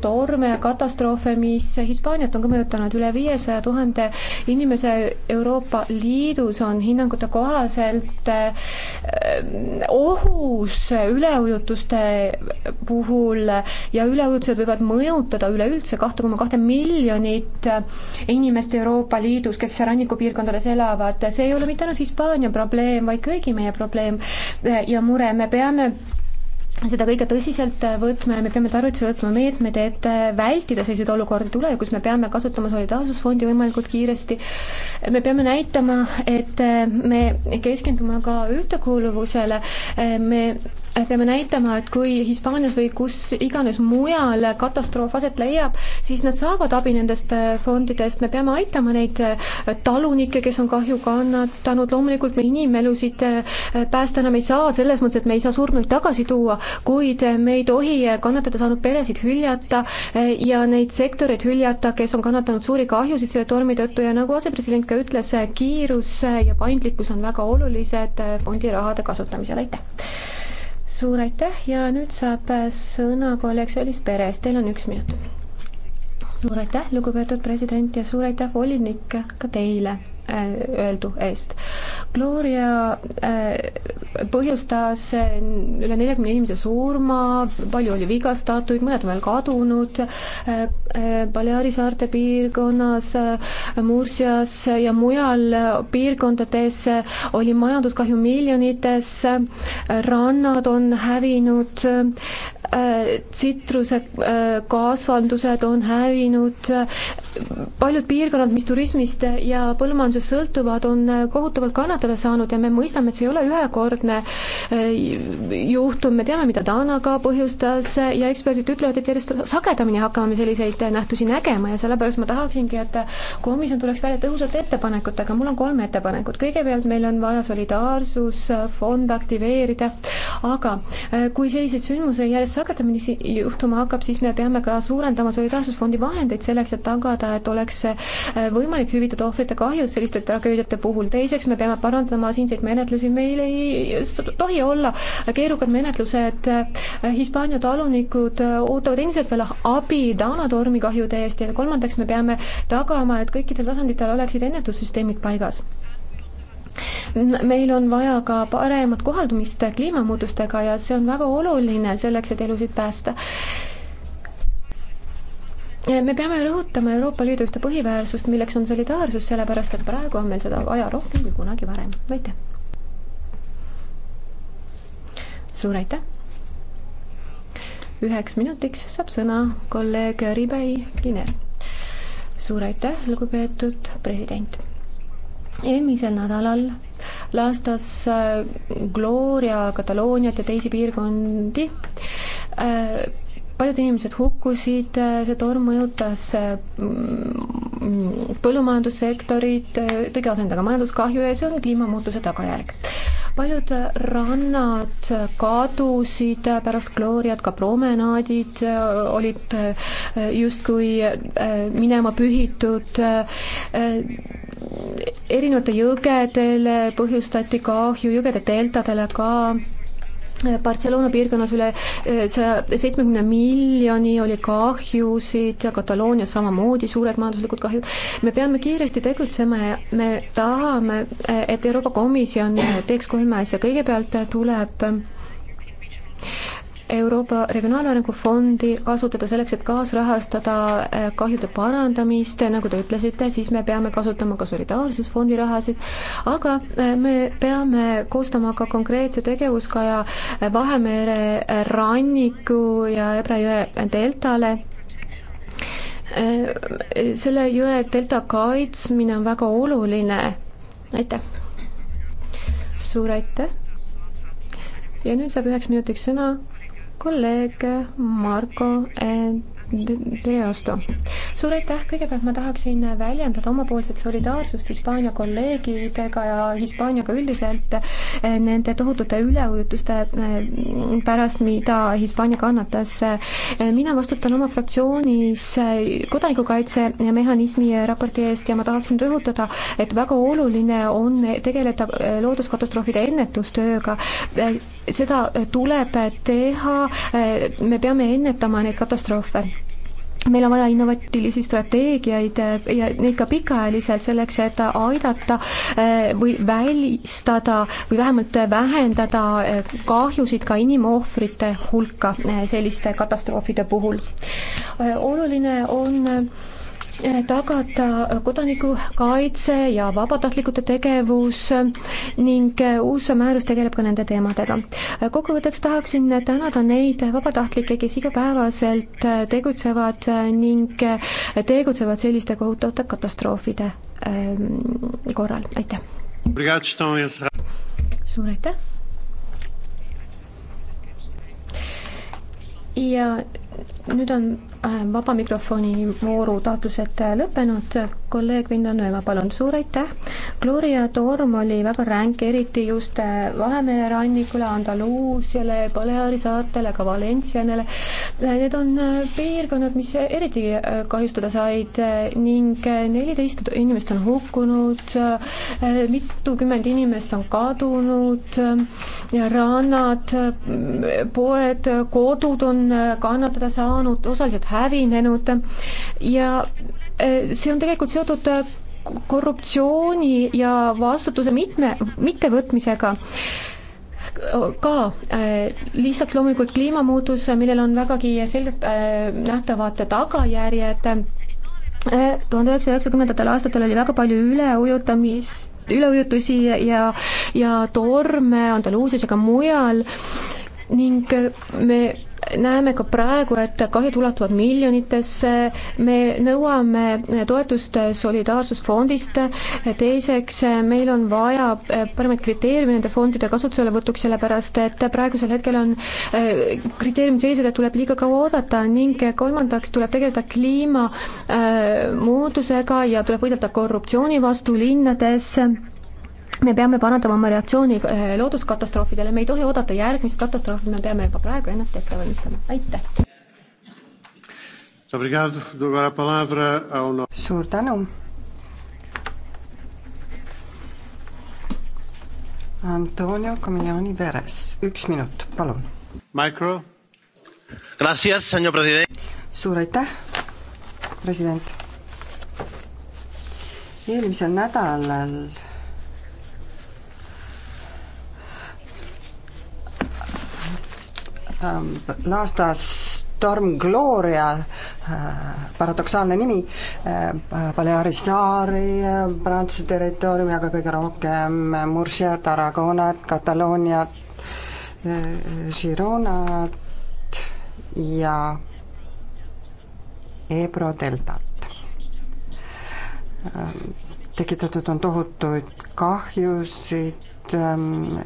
torme ja katastroofe, mis Hispaaniat on ka mõjutanud, üle viiesaja tuhande inimese Euroopa Liidus on hinnangute kohaselt ohus üleujutuste puhul ja üleujutused võivad mõjutada üleüldse kahte koma kahte miljonit miljonit inimest Euroopa Liidus, kes rannikupiirkondades elavad, see ei ole mitte ainult Hispaania probleem, vaid kõigi meie probleem ja mure, me peame seda kõige tõsiselt võtma ja me peame tarvitusele võtma meetmed, et vältida selliseid olukordi tulevikus, me peame kasutama solidaarsusfondi võimalikult kiiresti, me peame näitama, et me keskendume ka ühtekuuluvusele, me peame näitama, et kui Hispaanias või kus iganes mujal katastroof aset leiab, siis nad saavad abi nendest fondidest, me peame aitama neid talunikke, kes on kahju kannatanud, loomulikult me inimelusid päästa enam ei saa, selles mõttes, et me ei saa surnuid tagasi tuua, kuid me ei tohi kannatada saanud peresid hüljata eh, ja neid sektoreid hüljata, kes on kannatanud suuri kahjusid selle tormi tõttu ja nagu asepresident ka ütles, kiirus ja paindlikkus on väga olulised eh, fondi rahade kasutamisel, aitäh! suur aitäh ja nüüd saab eh, sõna kolleeg Sõlis Peres, teil on üks minut. suur aitäh, lugupeetud president ja suur aitäh, volinik, ka teile Äh, öeldu eest. Gloria äh, põhjustas äh, üle neljakümne inimese surma, palju oli vigastatuid, mõned on veel kadunud, Baleari saarte piirkonnas, Mursias ja mujal piirkondades oli majanduskahju miljonites, rannad on hävinud, tsitruse kasvandused on hävinud, paljud piirkonnad, mis turismist ja põllumajandusest põllumajandusest sõltuvad, on äh, kohutavalt kannatada saanud ja me mõistame, et see ei ole ühekordne äh, juhtum, me teame, mida Danaga põhjustas äh, ja eksperdid ütlevad, et järjest sagedamini hakkame selliseid nähtusi nägema ja sellepärast ma tahaksingi, et komisjon tuleks välja tõhusate ettepanekutega, mul on kolm ettepanekut, kõigepealt meil on vaja solidaarsusfond aktiveerida, aga kui selliseid sündmusi järjest sagedamini juhtuma hakkab, siis me peame ka suurendama solidaarsusfondi vahendeid selleks, et tagada, et oleks võimalik hüvitada ohvrite kahjud sellise selliste tragöödiate puhul. teiseks, me peame parandama siinseid menetlusi, meil ei tohi olla keerukad menetlused. Hispaania talunikud ootavad endiselt veel abi Dana tormikahjude eest ja kolmandaks me peame tagama, et kõikidel tasanditel oleksid ennetussüsteemid paigas meil on vaja ka paremat kohaldumist kliimamuutustega ja see on väga oluline selleks, et elusid päästa me peame rõhutama Euroopa Liidu ühte põhiväärsust, milleks on solidaarsus, sellepärast et praegu on meil seda vaja rohkem kui kunagi varem. aitäh! suur aitäh! üheks minutiks saab sõna kolleeg Ribei Kiner. suur aitäh, lugupeetud president! eelmisel nädalal laastas äh, Gloria Katalooniat ja teisi piirkondi äh, paljud inimesed hukkusid, see torm mõjutas mm, põllumajandussektorit, tõi kaasa endaga majanduskahju ja see oli kliimamuutuse tagajärg. paljud rannad kadusid pärast Gloriat, ka promenaadid äh, olid äh, justkui äh, minema pühitud, erinevate jõgedele põhjustati kahju, jõgede deltadele ka Barcelona piirkonnas üle eh, saja seitsmekümne miljoni oli kahjusid ja Kataloonias samamoodi suured majanduslikud kahjud. me peame kiiresti tegutsema ja me tahame, eh, et Euroopa Komisjon teeks kolme asja, kõigepealt tuleb Euroopa Regionaalarengu Fondi kasutada selleks, et kaasrahastada äh, kahjude parandamist, nagu te ütlesite, siis me peame kasutama ka Solidaarsusfondi rahasid, aga äh, me peame koostama ka konkreetse tegevuskaja äh, Vahemere ranniku ja Ebra jõe deltale selle jõe delta kaitsmine on väga oluline. aitäh. suur aitäh. ja nüüd saab üheks minutiks sõna kolleeg Marko Dreosto. Eh, suur aitäh, kõigepealt ma tahaksin väljendada omapoolset solidaarsust Hispaania kolleegidega ja Hispaaniaga üldiselt eh, nende tohutute üleujutuste eh, pärast, mida Hispaania kannatas. mina vastutan oma fraktsioonis kodanikukaitsemehhanismi raporti eest ja ma tahaksin rõhutada, et väga oluline on tegeleda looduskatastroofide ennetustööga seda tuleb teha, me peame ennetama neid katastroofe meil on vaja innovatiivsi strateegiaid ja neid ka pikaajaliselt selleks, et aidata eh, või välistada või vähemalt vähendada eh, kahjusid ka inimohvrite hulka eh, selliste katastroofide puhul. oluline on tagada kodanikukaitse ja vabatahtlikute tegevus ning uus määrus tegeleb ka nende teemadega. kokkuvõtteks tahaksin tänada neid vabatahtlikke, kes igapäevaselt tegutsevad ning tegutsevad selliste kohutavate katastroofide ähm, korral, aitäh! suur aitäh! ja nüüd on vaba mikrofoni vooru taotlused lõppenud kolleeg Villanueva, palun, suur aitäh! Gloria torm oli väga ränk, eriti just äh, Vahemere rannikule, Andaluusiale, Baleari saartele, ka Valencianele. Äh, need on äh, piirkonnad, mis eriti kahjustada said ning neliteist inimest on hukkunud, mitukümmend inimest on kadunud, rannad, poed, kodud on kannatada saanud, osaliselt hävinenud ja Äh, see on tegelikult seotud äh, korruptsiooni ja vastutuse mitme, mittevõtmisega ka äh, lisaks loomulikult kliimamuutus, millel on vägagi selgelt nähtavad tagajärjed, tuhande üheksasaja üheksakümnendatel aastatel oli väga palju üleujutamist, üleujutusi ja, ja torme Andaluusias ja ka mujal ning me näeme ka praegu, et kahjud ulatuvad miljonitesse, me nõuame toetust Solidaarsusfondist, teiseks meil on vaja paremaid kriteeriume nende fondide kasutuselevõtuks, sellepärast et praegusel hetkel on äh, kriteeriumid sellised, et tuleb liiga kaua oodata ning kolmandaks tuleb tegeleda kliimamuutusega ja tuleb võidelda korruptsiooni vastu linnades me peame parandama oma reaktsiooni eh, looduskatastroofidele, me ei tohi oodata järgmist katastroofi, me peame juba praegu ennast ette valmistama, aitäh. suur tänu. Antonio Comignani Veres, üks minut, palun. Micro. Gracias, senor president. suur aitäh, president. eelmisel nädalal Ähm, laastas Storm Gloria äh, paradoksaalne nimi, äh, äh, Baleari saari Prantsuse territooriumi, aga kõige rohkem Murciat, Aragonat, Katalooniat, Gironat ja Ebro deltat. Ähm, tekitatud on tohutuid kahjusid, ähm,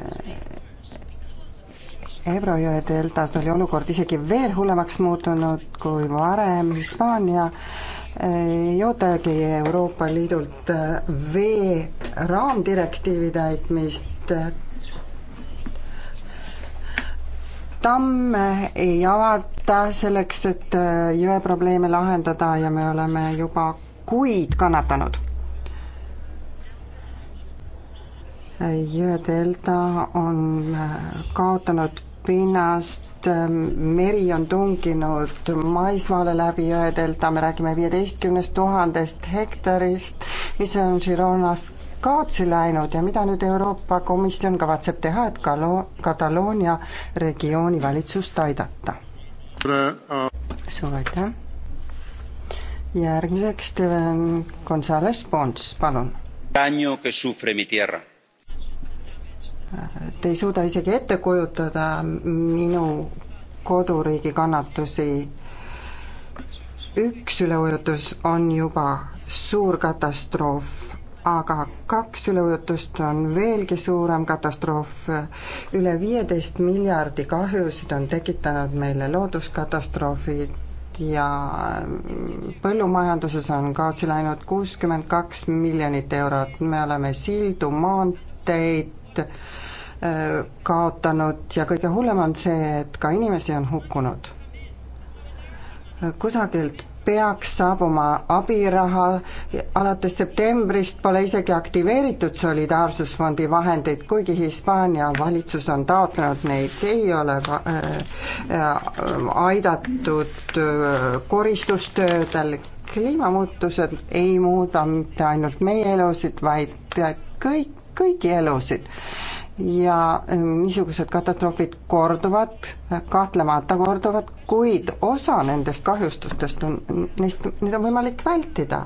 Ebrojõe deltas oli olukord isegi veel hullemaks muutunud kui varem, Hispaania eh, ei ootagi Euroopa Liidult eh, vee raamdirektiivi täitmist, tamme ei avata selleks, et eh, jõe probleeme lahendada ja me oleme juba kuid kannatanud. jõe delta on kaotanud pinnast, ähm, meri on tunginud maismaale läbi jõedelta, me räägime viieteistkümnest tuhandest hektarist, mis on Gironas kaotsi läinud ja mida nüüd Euroopa Komisjon kavatseb teha, et Kalo-, Kataloonia regiooni valitsust aidata? suur aitäh! järgmiseks Steven Gonzalez Pons, palun. Daño que sufre mi tierra Te ei suuda isegi ette kujutada minu koduriigi kannatusi. üks üleujutus on juba suur katastroof, aga kaks üleujutust on veelgi suurem katastroof. üle viieteist miljardi kahjusid on tekitanud meile looduskatastroofid, ja põllumajanduses on kaotsi läinud kuuskümmend kaks miljonit eurot, me oleme sildu, maanteid, Äh, kaotanud ja kõige hullem on see, et ka inimesi on hukkunud. kusagilt peaks saabuma abiraha, alates septembrist pole isegi aktiveeritud Solidaarsusfondi vahendeid, kuigi Hispaania valitsus on taotlenud neid, ei ole äh, aidatud äh, koristustöödel, kliimamuutused ei muuda mitte ainult meie elusid, vaid kõik, kõigi elusid ja äh, niisugused katastroofid korduvad, kahtlemata korduvad, kuid osa nendest kahjustustest on, neist, neid on võimalik vältida.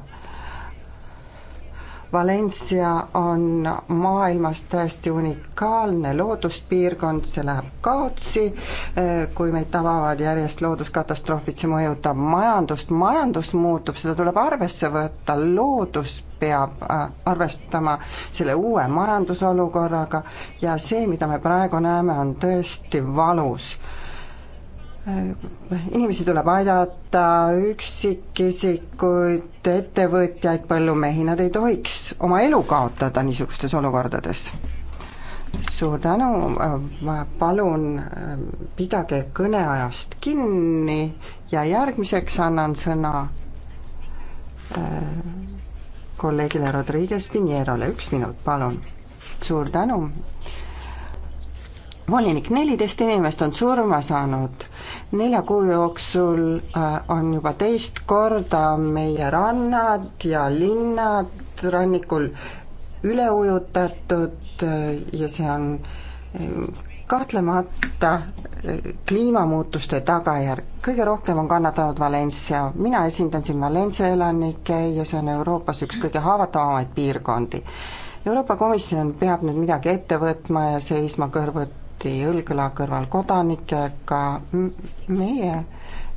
Valencia on maailmas täiesti unikaalne looduspiirkond, see läheb kaotsi, eh, kui meid tabavad järjest looduskatastroofid, see mõjutab majandust, majandus muutub, seda tuleb arvesse võtta, loodus peab eh, arvestama selle uue majandusolukorraga ja see, mida me praegu näeme, on tõesti valus inimesi tuleb aidata, üksikisikuid, ettevõtjaid, põllumehi, nad ei tohiks oma elu kaotada niisugustes olukordades. suur tänu, ma palun ähm, pidage kõneajast kinni ja järgmiseks annan sõna äh, kolleegile Rodriguez Pinierole, üks minut, palun. suur tänu volinik, neliteist inimest on surma saanud. nelja kuu jooksul äh, on juba teist korda meie rannad ja linnad rannikul üle ujutatud äh, ja see on äh, kahtlemata kliimamuutuste tagajärg. kõige rohkem on kannatanud Valencia, mina esindan siin Valencia elanikke ja see on Euroopas üks kõige haavatavamaid piirkondi Euroopa Komisjon peab nüüd midagi ette võtma ja seisma kõrvut samuti õlg-õla kõrval kodanikega, meie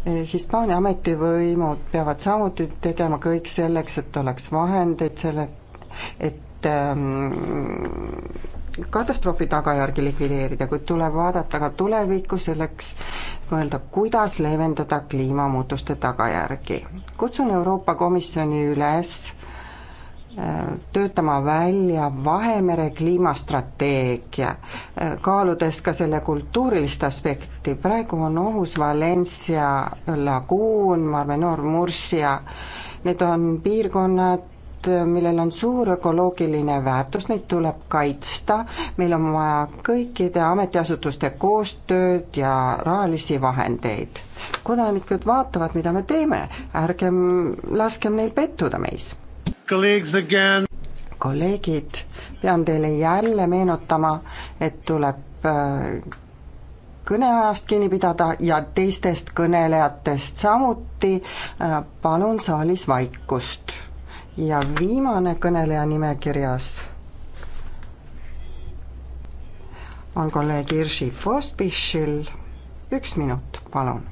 eh, Hispaania ametivõimud peavad samuti tegema kõik selleks, et oleks vahendeid selle, et ähm, katastroofi tagajärgi likvideerida, kuid tuleb vaadata ka tulevikku selleks, mõelda, kuidas leevendada kliimamuutuste tagajärgi. kutsun Euroopa Komisjoni üles töötama välja Vahemere kliimastrateegia, kaaludes ka selle kultuurilist aspekti. praegu on ohus Valencia, Laguun, Marmenor, Murcia. Need on piirkonnad, millel on suur ökoloogiline väärtus, neid tuleb kaitsta, meil on vaja kõikide ametiasutuste koostööd ja rahalisi vahendeid. kodanikud vaatavad, mida me teeme, ärgem laskem neil pettuda meis kolleegid, pean teile jälle meenutama, et tuleb äh, kõneajast kinni pidada ja teistest kõnelejatest samuti. Äh, palun saalis vaikust. ja viimane kõneleja nimekirjas on kolleeg Irši Postbišil. üks minut, palun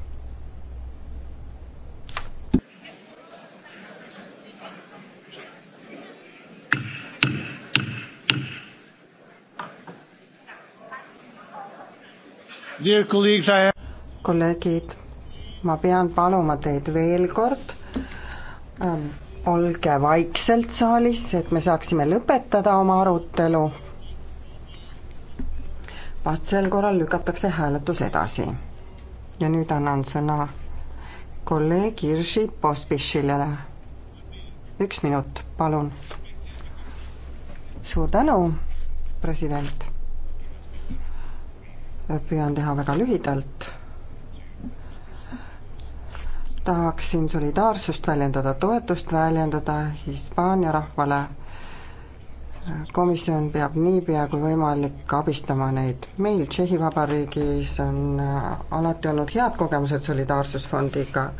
kolleegid, ma pean paluma teid veel kord, ähm, olge vaikselt saalis, et me saaksime lõpetada oma arutelu. vastasel korral lükatakse hääletus edasi. ja nüüd annan sõna kolleeg Irži Pospišilele. üks minut, palun. suur tänu, president püüan teha väga lühidalt. tahaksin solidaarsust väljendada, toetust väljendada Hispaania rahvale. komisjon peab niipea kui võimalik abistama neid. meil Tšehhi Vabariigis on alati olnud head kogemused solidaarsusfondiga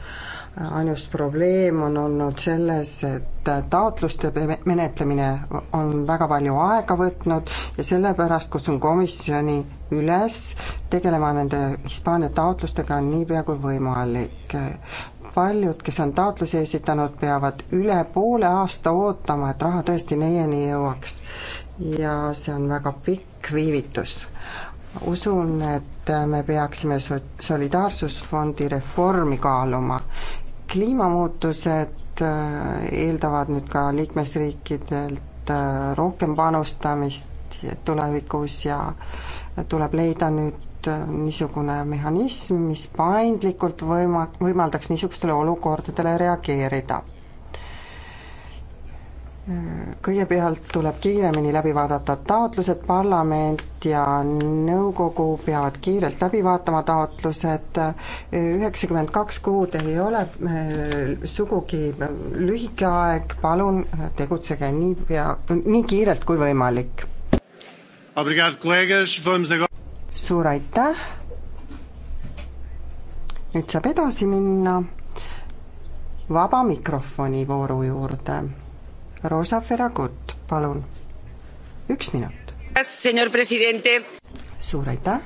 ainus probleem on olnud selles, et taotluste menetlemine on väga palju aega võtnud ja sellepärast kutsun komisjoni üles tegelema nende Hispaania taotlustega niipea kui võimalik. paljud, kes on taotlusi esitanud, peavad üle poole aasta ootama, et raha tõesti neieni jõuaks. ja see on väga pikk viivitus usun, et me peaksime so-, solidaarsusfondi reformi kaaluma. kliimamuutused äh, eeldavad nüüd ka liikmesriikidelt äh, rohkem panustamist tulevikus ja tuleb leida nüüd äh, niisugune mehhanism, mis paindlikult võima-, võimaldaks niisugustele olukordadele reageerida. kõigepealt tuleb kiiremini läbi vaadata taotlused, parlament ja nõukogu peavad kiirelt läbi vaatama taotlused, üheksakümmend kaks kuud ei ole äh, sugugi lühike aeg, palun tegutsege niipea, nii kiirelt kui võimalik suur aitäh. nüüd saab edasi minna vaba mikrofoni vooru juurde. Rosa Ferragut, palun, üks minut. suur aitäh.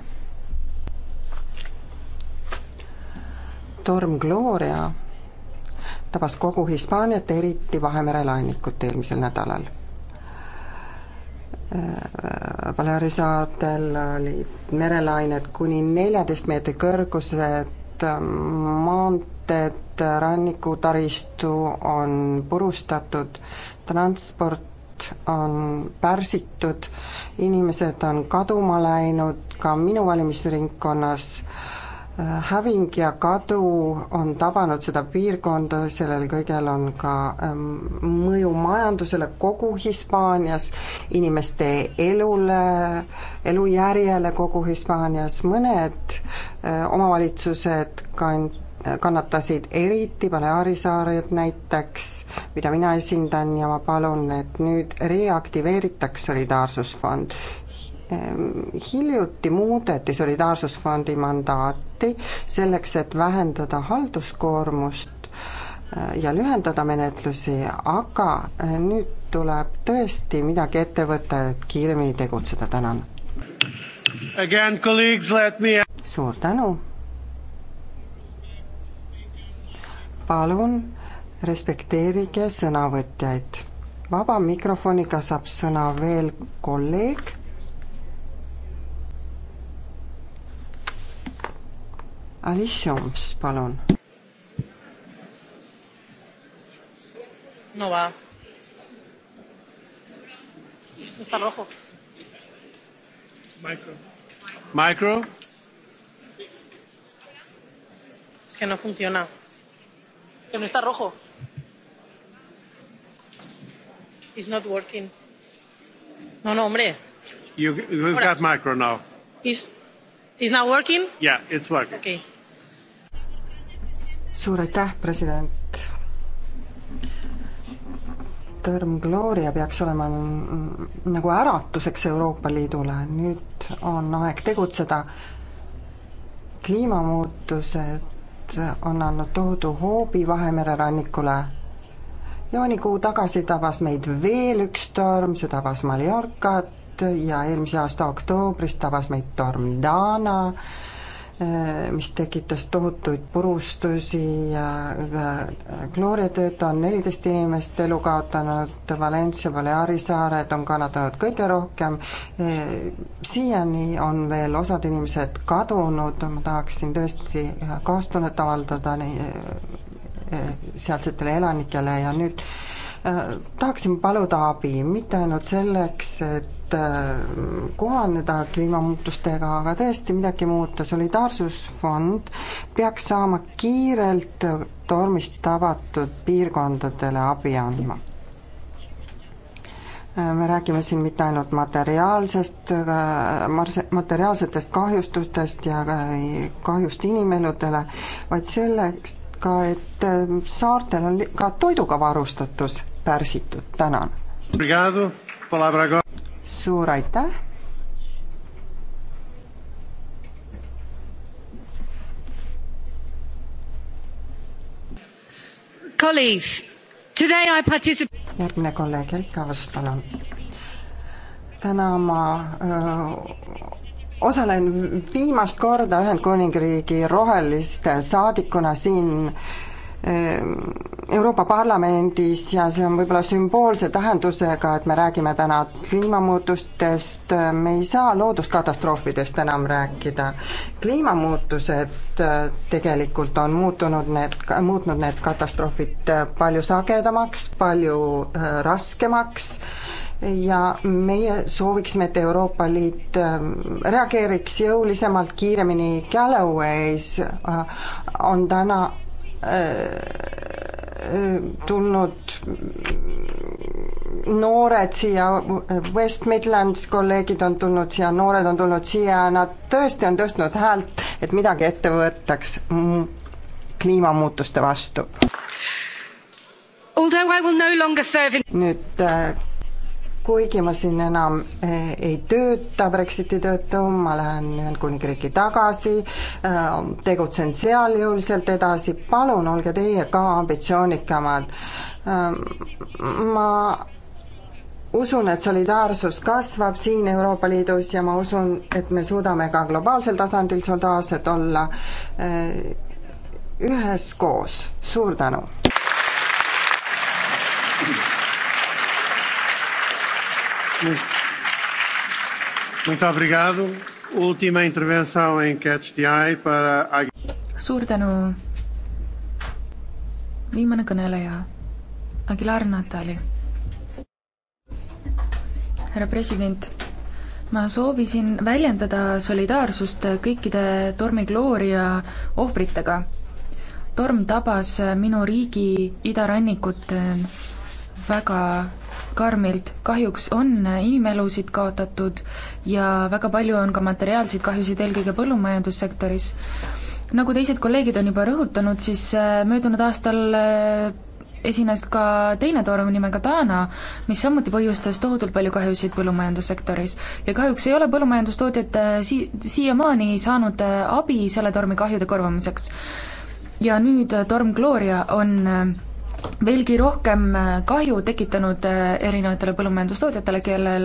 torm Gloria tabas kogu Hispaaniat, eriti Vahemere laannikut eelmisel nädalal Baleari äh, saartel olid merelained kuni neljateist meetri kõrgused, äh, maanteed, rannikutaristu on purustatud, transport on pärsitud, inimesed on kaduma läinud, ka minu valimisringkonnas äh, häving äh, ja kadu on tabanud seda piirkonda, sellel kõigel on ka ähm, mõju majandusele kogu Hispaanias, inimeste elule, elujärjele kogu Hispaanias, mõned äh, omavalitsused kand-, kannatasid eriti, Baleari saared näiteks, mida mina esindan ja ma palun, et nüüd reaktiveeritaks solidaarsusfond Ehm, hiljuti muudeti Solidaarsusfondi mandaati selleks, et vähendada halduskoormust eh, ja lühendada menetlusi, aga eh, nüüd tuleb tõesti midagi ette võtta, et kiiremini tegutseda, tänan. Me... suur tänu. palun respekteerige sõnavõtjaid. vaba mikrofoniga saab sõna veel kolleeg Alice Joms, palun. no va. Está rojo. Micro. Micro. Es que no funciona. Que no está rojo. It's not working. No, no, hombre. You, we've Ahora. got micro now. Is, is not working? Yeah, it's working. Okay suur aitäh, president. Term Gloria peaks olema nagu äratuseks Euroopa Liidule, nüüd on aeg tegutseda. kliimamuutused on andnud tohutu hoobi Vahemere rannikule. mõni kuu tagasi tabas meid veel üks torm, see tabas Mallorcat ja eelmise aasta oktoobris tabas meid torm Dana Äh, mis tekitas tohutuid purustusi ja Gloria tõttu on neliteist inimest elu kaotanud, Valencia Baleari saared on kannatanud kõige rohkem, äh, siiani on veel osad inimesed kadunud, ma tahaksin tõesti äh, kaastunnet avaldada sealsetele elanikele ja nüüd tahaksin paluda abi, mitte ainult selleks, et Äh, kohaneda kliimamuutustega, aga tõesti midagi muuta, solidaarsusfond peaks saama kiirelt tormist tabatud piirkondadele abi andma äh, me räägime siin mitte ainult materiaalsest, äh, materiaalsetest kahjustustest ja kahjust inimeludele, vaid selleks ka, et saartel on ka toiduga varustatus pärsitud, tänan suur aitäh. järgmine kolleeg Helka Aas, palun. täna ma öö, osalen viimast korda Ühendkuningriigi roheliste saadikuna siin Ehm, Euroopa Parlamendis ja see on võib-olla sümboolse tähendusega, et me räägime täna kliimamuutustest, me ei saa looduskatastroofidest enam rääkida. kliimamuutused äh, tegelikult on muutunud need, muutnud need katastroofid äh, palju sagedamaks, palju äh, raskemaks ja meie sooviksime, et Euroopa Liit ähm, reageeriks jõulisemalt, kiiremini. Galloway's on täna Äh, tulnud noored siia, West Midlands kolleegid on tulnud siia, noored on tulnud siia, nad tõesti on tõstnud häält, et midagi ette võetaks kliimamuutuste vastu. nüüd äh, kuigi ma siin enam eh, ei tööta Brexiti tõttu, ma lähen Ühendkuningriiki tagasi, eh, tegutsen seal jõuliselt edasi, palun olge teie ka ambitsioonikamad. Eh, ma usun, et solidaarsus kasvab siin Euroopa Liidus ja ma usun, et me suudame ka globaalsel tasandil solidaarsed olla üheskoos, suur tänu! Muito, muito obrigado. Última intervenção em Catch the Eye para... Suur tänu. Viimane kõneleja. Aguilar Natali. Härra president, ma soovisin väljendada solidaarsust kõikide Tormi Gloria ohvritega. Torm tabas minu riigi idarannikut väga karmilt. kahjuks on äh, inimelusid kaotatud ja väga palju on ka materiaalseid kahjusid, eelkõige põllumajandussektoris. nagu teised kolleegid on juba rõhutanud, siis äh, möödunud aastal äh, esines ka teine torm nimega Dana, mis samuti põhjustas tohutult palju kahjusid põllumajandussektoris. ja kahjuks ei ole põllumajandustootjad si-, siiamaani saanud abi selle tormi kahjude korvamiseks. ja nüüd torm Gloria on veelgi rohkem äh, kahju tekitanud äh, erinevatele põllumajandustootjatele, kellel,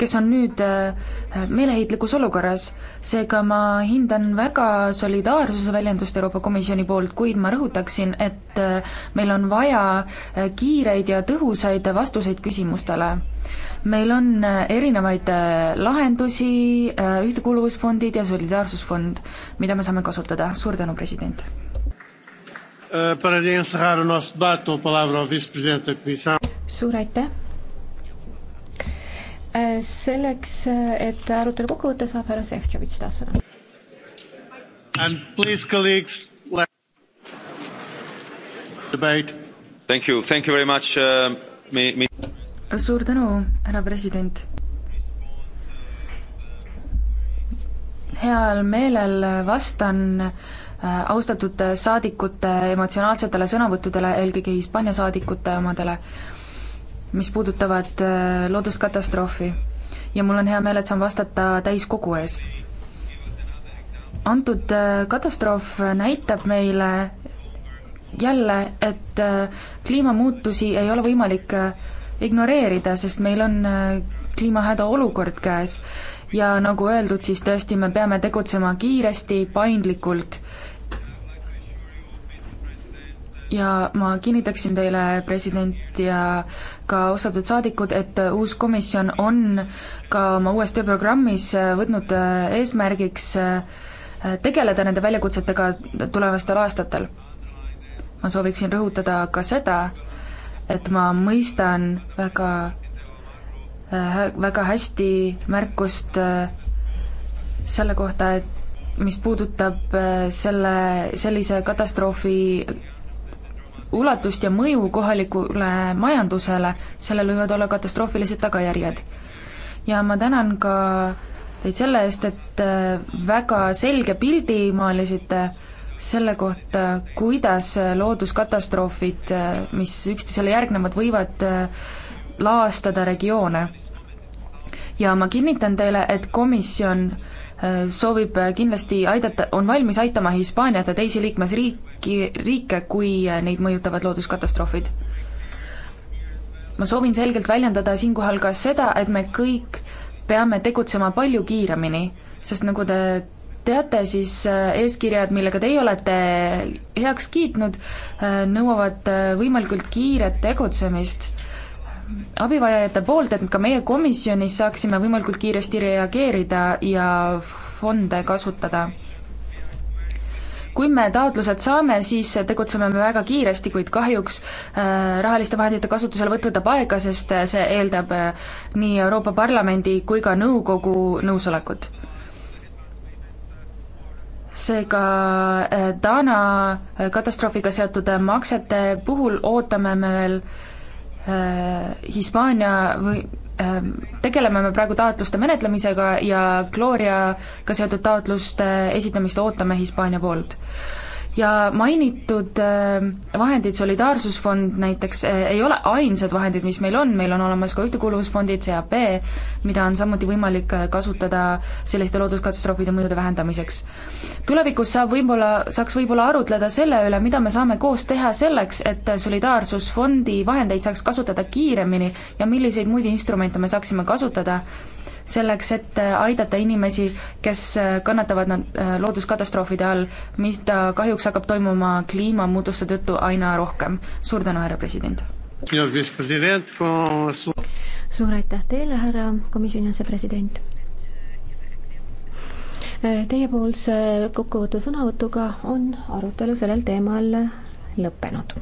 kes on nüüd äh, meeleheitlikus olukorras. seega ma hindan väga solidaarsuse väljendust Euroopa Komisjoni poolt, kuid ma rõhutaksin, et meil on vaja kiireid ja tõhusaid vastuseid küsimustele meil on erinevaid lahendusi, ühtekuuluvusfondid ja solidaarsusfond, mida me saame kasutada, suur tänu, president! Eh, para encerrar o nosso debate, dou a palavra ao vice-presidente da comissão. Suur aitäh! Eh, selleks, eh, et arutelu kokku võtta, saab härra Šefčovič taas sõna. And please, colleagues, let debate. Thank you, thank you very much uh,. Me, me... suur tänu, härra president. heal meelel vastan uh, Äh, austatud äh, saadikute emotsionaalsetele sõnavõttudele, eelkõige Hispaania saadikute omadele, mis puudutavad äh, looduskatastroofi. ja mul on hea meel, et saan vastata täiskogu ees. antud katastroof näitab meile jälle, et kliimamuutusi ei ole võimalik ignoreerida, sest meil on kliimahädaolukord käes ja nagu öeldud, siis tõesti me peame tegutsema kiiresti, paindlikult ja ma kinnitaksin teile, president ja ka austatud saadikud, et uus komisjon on ka oma uues tööprogrammis võtnud eesmärgiks tegeleda nende väljakutsetega tulevastel aastatel. ma sooviksin rõhutada ka seda, et ma mõistan väga, väga hästi märkust selle kohta, et mis puudutab selle, sellise katastroofi ulatust ja mõju kohalikule majandusele, sellel võivad olla katastroofilised tagajärjed. ja ma tänan ka teid selle eest, et äh, väga selge pildi maalisite selle kohta, kuidas äh, looduskatastroofid, äh, mis üksteisele järgnevad, võivad laastada regioone. ja ma kinnitan teile, et komisjon soovib kindlasti aidata, on valmis aitama Hispaaniat ja teisi liikmesriiki, riike, kui neid mõjutavad looduskatastroofid. ma soovin selgelt väljendada siinkohal ka seda, et me kõik peame tegutsema palju kiiremini, sest nagu te teate, siis äh, eeskirjad, millega teie olete heaks kiitnud, äh, nõuavad äh, võimalikult kiiret tegutsemist abivajajate poolt, et ka meie komisjonis saaksime võimalikult kiiresti reageerida ja fonde kasutada. kui me taotlused saame, siis tegutseme me väga kiiresti, kuid kahjuks äh, rahaliste vahendite kasutusele võtta võtab aega, sest see eeldab äh, nii Euroopa Parlamendi kui ka nõukogu nõusolekut seega äh, Dana katastroofiga seotud maksete puhul ootame me veel äh, Äh, Hispaania või ähm, tegeleme me praegu taotluste menetlemisega ja Gloriaga seotud taotluste esitamist ootame Hispaania poolt ja mainitud äh, vahendid, Solidaarsusfond näiteks, äh, ei ole ainsad vahendid, mis meil on, meil on olemas ka ühtekuuluvusfondid, CAP, mida on samuti võimalik äh, kasutada selliste looduskatastroofide mõjude vähendamiseks. tulevikus saab võib-olla, saaks võib-olla arutleda selle üle, mida me saame koos teha selleks, et Solidaarsusfondi vahendeid saaks kasutada kiiremini ja milliseid muid instrumente me saaksime kasutada, selleks, et aidata inimesi, kes äh, kannatavad nad äh, looduskatastroofide all, mida kahjuks hakkab toimuma kliimamuutuste tõttu aina rohkem. suur tänu, härra president! suur aitäh teile, härra komisjoni asepresident! Teiepoolse kokkuvõtu sõnavõtuga on arutelu sellel teemal lõppenud.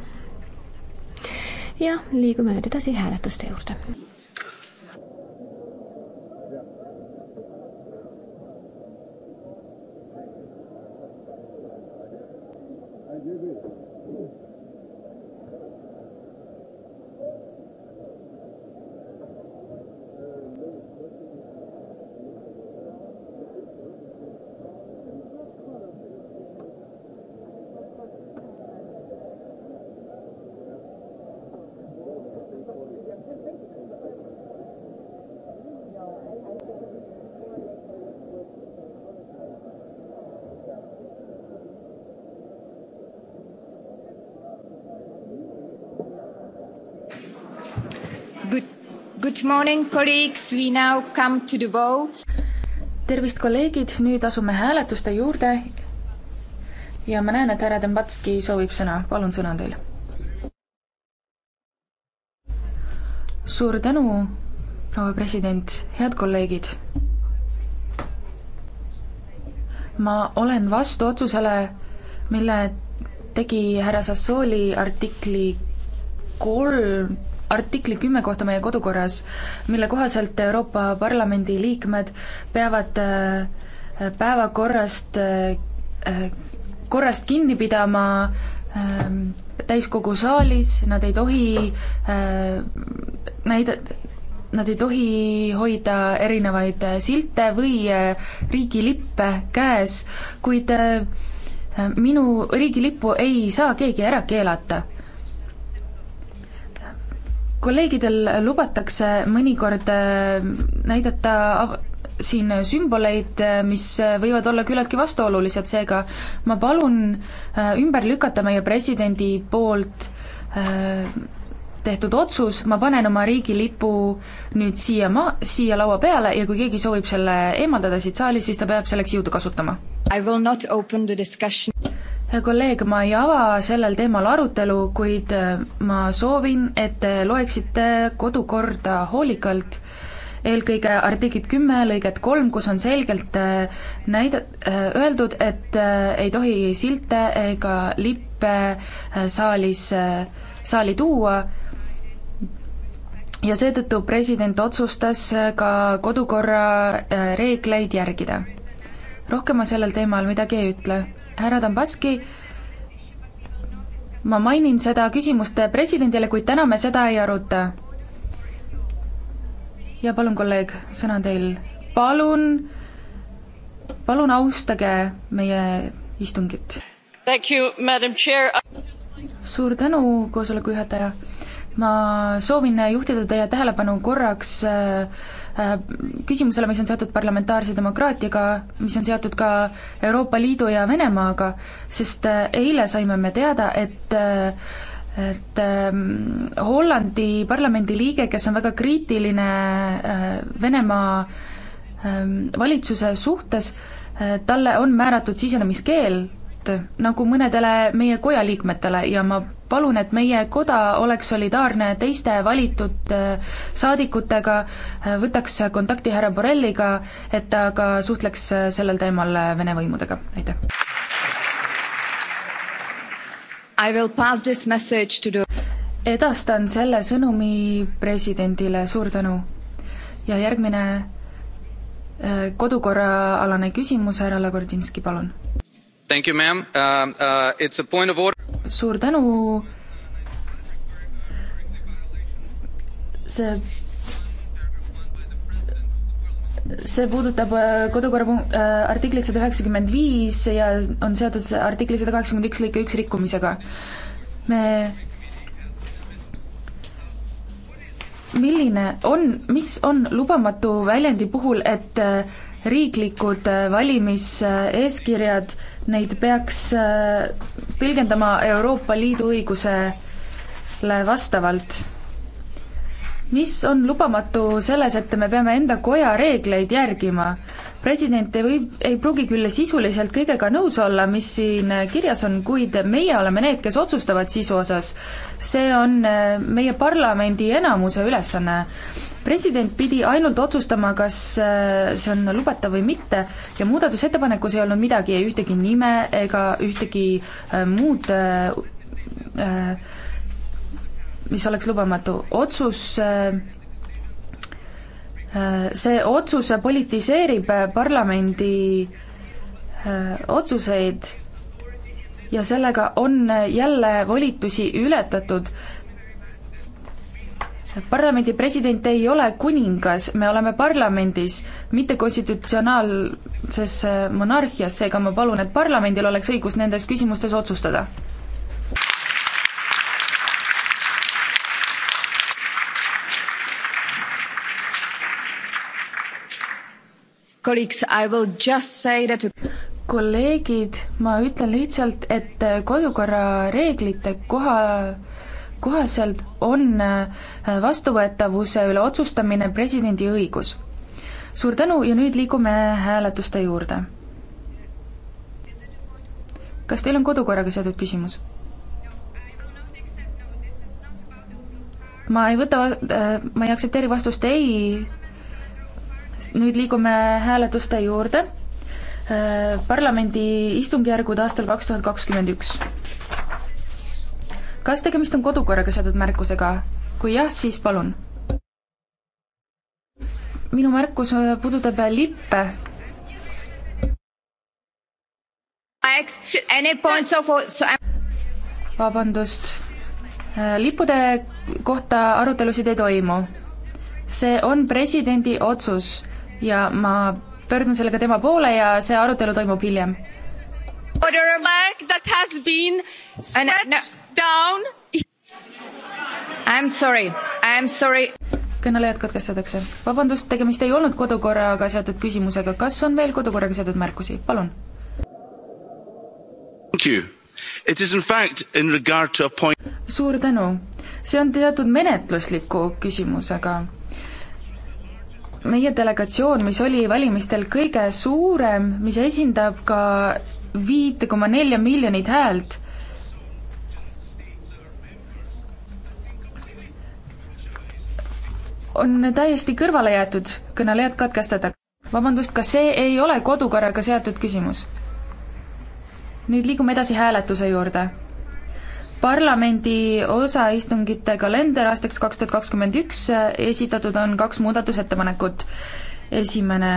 ja liigume nüüd edasi hääletuste juurde. Good morning, colleagues, we now come to the vote. tervist, kolleegid, nüüd asume hääletuste juurde. ja ma näen, et härra Dembatski soovib sõna, palun, sõna on teil. suur tänu, proua president, head kolleegid ma olen vastu otsusele, mille tegi härra Sassooli artikli kolm artikli kümme kohta meie kodukorras, mille kohaselt Euroopa Parlamendi liikmed peavad äh, päevakorrast, äh, äh, korrast kinni pidama ähm, täiskogu saalis, nad ei tohi näida, nad ei tohi hoida erinevaid silte või riigilippe käes, kuid minu riigilippu ei saa keegi ära keelata kolleegidel lubatakse mõnikord äh, näidata siin sümboleid, äh, mis äh, võivad olla küllaltki vastuolulised, seega ma palun ümber lükata meie presidendi poolt tehtud otsus, ma panen oma riigilipu nüüd siia ma-, siia laua peale ja kui keegi soovib selle eemaldada siit saalist, siis ta peab selleks jõudu kasutama kolleeg, ma ei ava sellel teemal arutelu, kuid äh, ma soovin, et te loeksite kodukorda hoolikalt, eelkõige artiklit kümme lõiget kolm, kus on selgelt äh, näide, äh, öeldud, et ei tohi silte ega lippe saalis, saali tuua ja seetõttu president otsustas ka kodukorra reegleid järgida. rohkem ma sellel teemal midagi ei ütle härra Dambaski, ma mainin seda küsimust presidendile, kuid täna me seda ei aruta. ja palun, kolleeg, sõna on teil. palun, palun austage meie istungit. suur tänu, koosoleku juhataja. ma soovin juhtida teie tähelepanu korraks äh, Äh, küsimusele, mis on seotud parlamentaarse demokraatiaga, mis on seotud ka Euroopa Liidu ja Venemaaga, sest äh, eile saime me teada, et äh, et ähm, Hollandi parlamendi liige, kes on väga kriitiline Venemaa ähm, valitsuse suhtes, talle on määratud sisenemiskeel nagu mõnedele meie koja liikmetele ja ma palun, et meie koda oleks solidaarne teiste valitud äh, saadikutega, äh, võtaks kontakti härra Borrelliga, et ta ka suhtleks äh, sellel teemal Vene võimudega, aitäh. I will pass this message to the edastan selle sõnumi presidendile, suur tänu. ja järgmine kodukorraalane küsimus, härra Lagordinski, palun Thank you, ma'am uh,. Uh, it's a point of order. suur tänu. see see puudutab äh, kodukorra punkt äh,, artiklit sada üheksakümmend viis ja on seotud artikli sada kaheksakümmend üks lõike üks rikkumisega. me milline on, mis on lubamatu väljendi puhul, et äh, riiklikud valimiseeskirjad äh, äh neid peaks tõlgendama äh, Euroopa Liidu õigusele vastavalt. mis on lubamatu selles, et me peame enda koja reegleid järgima? president ei või, ei pruugi küll sisuliselt kõigega nõus olla, mis siin äh, kirjas on, kuid meie oleme need, kes otsustavad sisu osas. see on äh, meie parlamendi enamuse ülesanne. president pidi ainult otsustama, kas äh, see on lubatav või mitte ja muudatusettepanekus ei olnud midagi, ei ühtegi nime ega ühtegi muud mis oleks lubamatu, otsus äh, see otsus politiseerib äh, parlamendi äh, otsuseid ja sellega on äh, jälle volitusi ületatud. parlamendi president ei ole kuningas, me oleme parlamendis, mitte konstitutsionaalses monarhias, seega ma palun, et parlamendil oleks õigus nendes küsimustes otsustada kolleegid, ma ütlen lihtsalt, et kodukorra reeglite koha, kohaselt on äh, vastuvõetavuse üle otsustamine presidendi õigus. suur tänu ja nüüd liigume hääletuste juurde. kas teil on kodukorraga seotud küsimus? ma ei võta, äh, ma ei aktsepteeri vastust ei nüüd liigume hääletuste juurde. Äh, parlamendi istungjärgud aastal kaks tuhat kakskümmend üks. kas tegemist on kodukorraga seotud märkusega? kui jah, siis palun. minu märkus äh, puudutab lippe. vabandust, äh, lippude kohta arutelusid ei toimu see on presidendi otsus ja ma pöördun sellega tema poole ja see arutelu toimub hiljem. That has been swept uh, no. down. I am sorry, I am sorry. kõnelejad katkestatakse. vabandust, tegemist ei olnud kodukorraga seotud küsimusega, kas on veel kodukorraga seotud märkusi, palun? suur tänu. see on teatud menetlusliku küsimusega meie delegatsioon, mis oli valimistel kõige suurem, mis esindab ka viite koma nelja miljonit häält, on täiesti kõrvale jäetud, kõnelejad katkestatakse. vabandust, kas see ei ole kodukorraga seotud küsimus? nüüd liigume edasi hääletuse juurde parlamendi osaistungite kalender aastaks kaks tuhat kakskümmend üks, esitatud on kaks muudatusettepanekut. esimene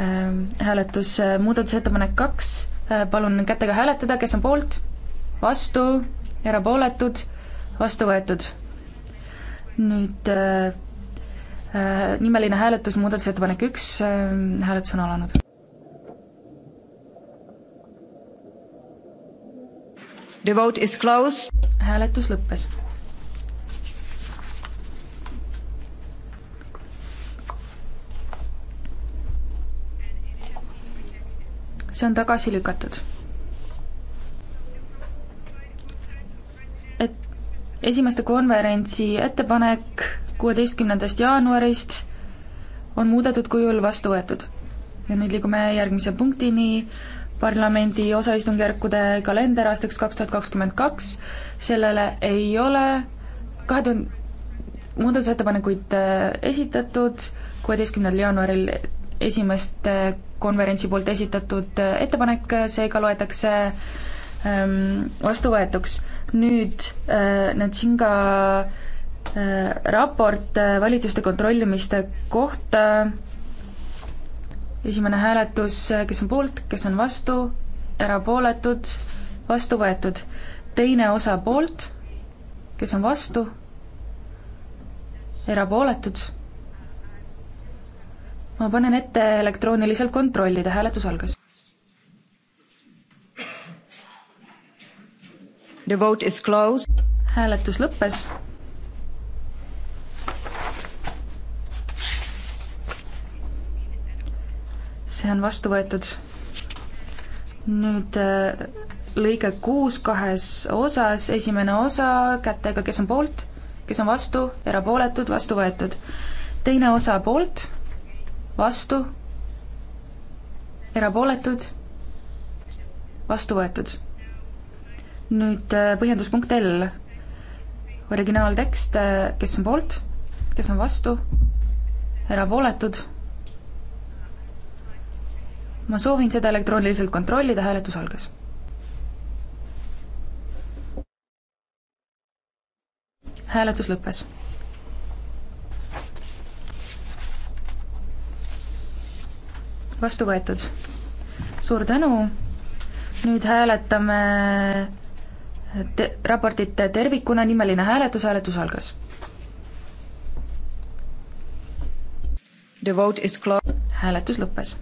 ähm, hääletus, äh, muudatusettepanek kaks, äh, palun kätega hääletada, kes on poolt, vastu, erapooletud, vastu võetud. nüüd äh, äh nimeline hääletus, muudatusettepanek üks, hääletus on alanud The vote is closed. hääletus lõppes. see on tagasi lükatud. et esimeste konverentsi ettepanek kuueteistkümnendast jaanuarist on muudetud kujul vastu võetud. ja nüüd liigume järgmise punktini parlamendi osaistungjärkude kalender aastaks kaks tuhat kakskümmend kaks, sellele ei ole kahe tuhande, muudatusettepanekuid äh, esitatud, kuueteistkümnendal jaanuaril esimest äh, konverentsi poolt esitatud äh, ettepanek, seega loetakse ähm, vastuvõetuks. nüüd äh, Natsinga äh, raport äh, valitsuste kontrollimiste kohta äh, esimene hääletus, kes on poolt, kes on vastu, erapooletud, vastu võetud. teine osa poolt, kes on vastu, erapooletud. ma panen ette elektrooniliselt kontrollida, hääletus algas. The vote is closed. hääletus lõppes see on vastu võetud. nüüd äh, lõige kuus kahes osas, esimene osa kätega, kes on poolt, kes on vastu, erapooletud, vastu võetud. teine osa poolt, vastu, erapooletud, vastu võetud. nüüd äh, põhjenduspunkt L, originaaltekst, äh, kes on poolt, kes on vastu, erapooletud ma soovin seda elektrooniliselt kontrollida, hääletus algas. hääletus lõppes. vastu võetud. suur tänu. nüüd hääletame te-, raportit tervikuna, nimeline hääletus, hääletus algas. The vote is closed. hääletus lõppes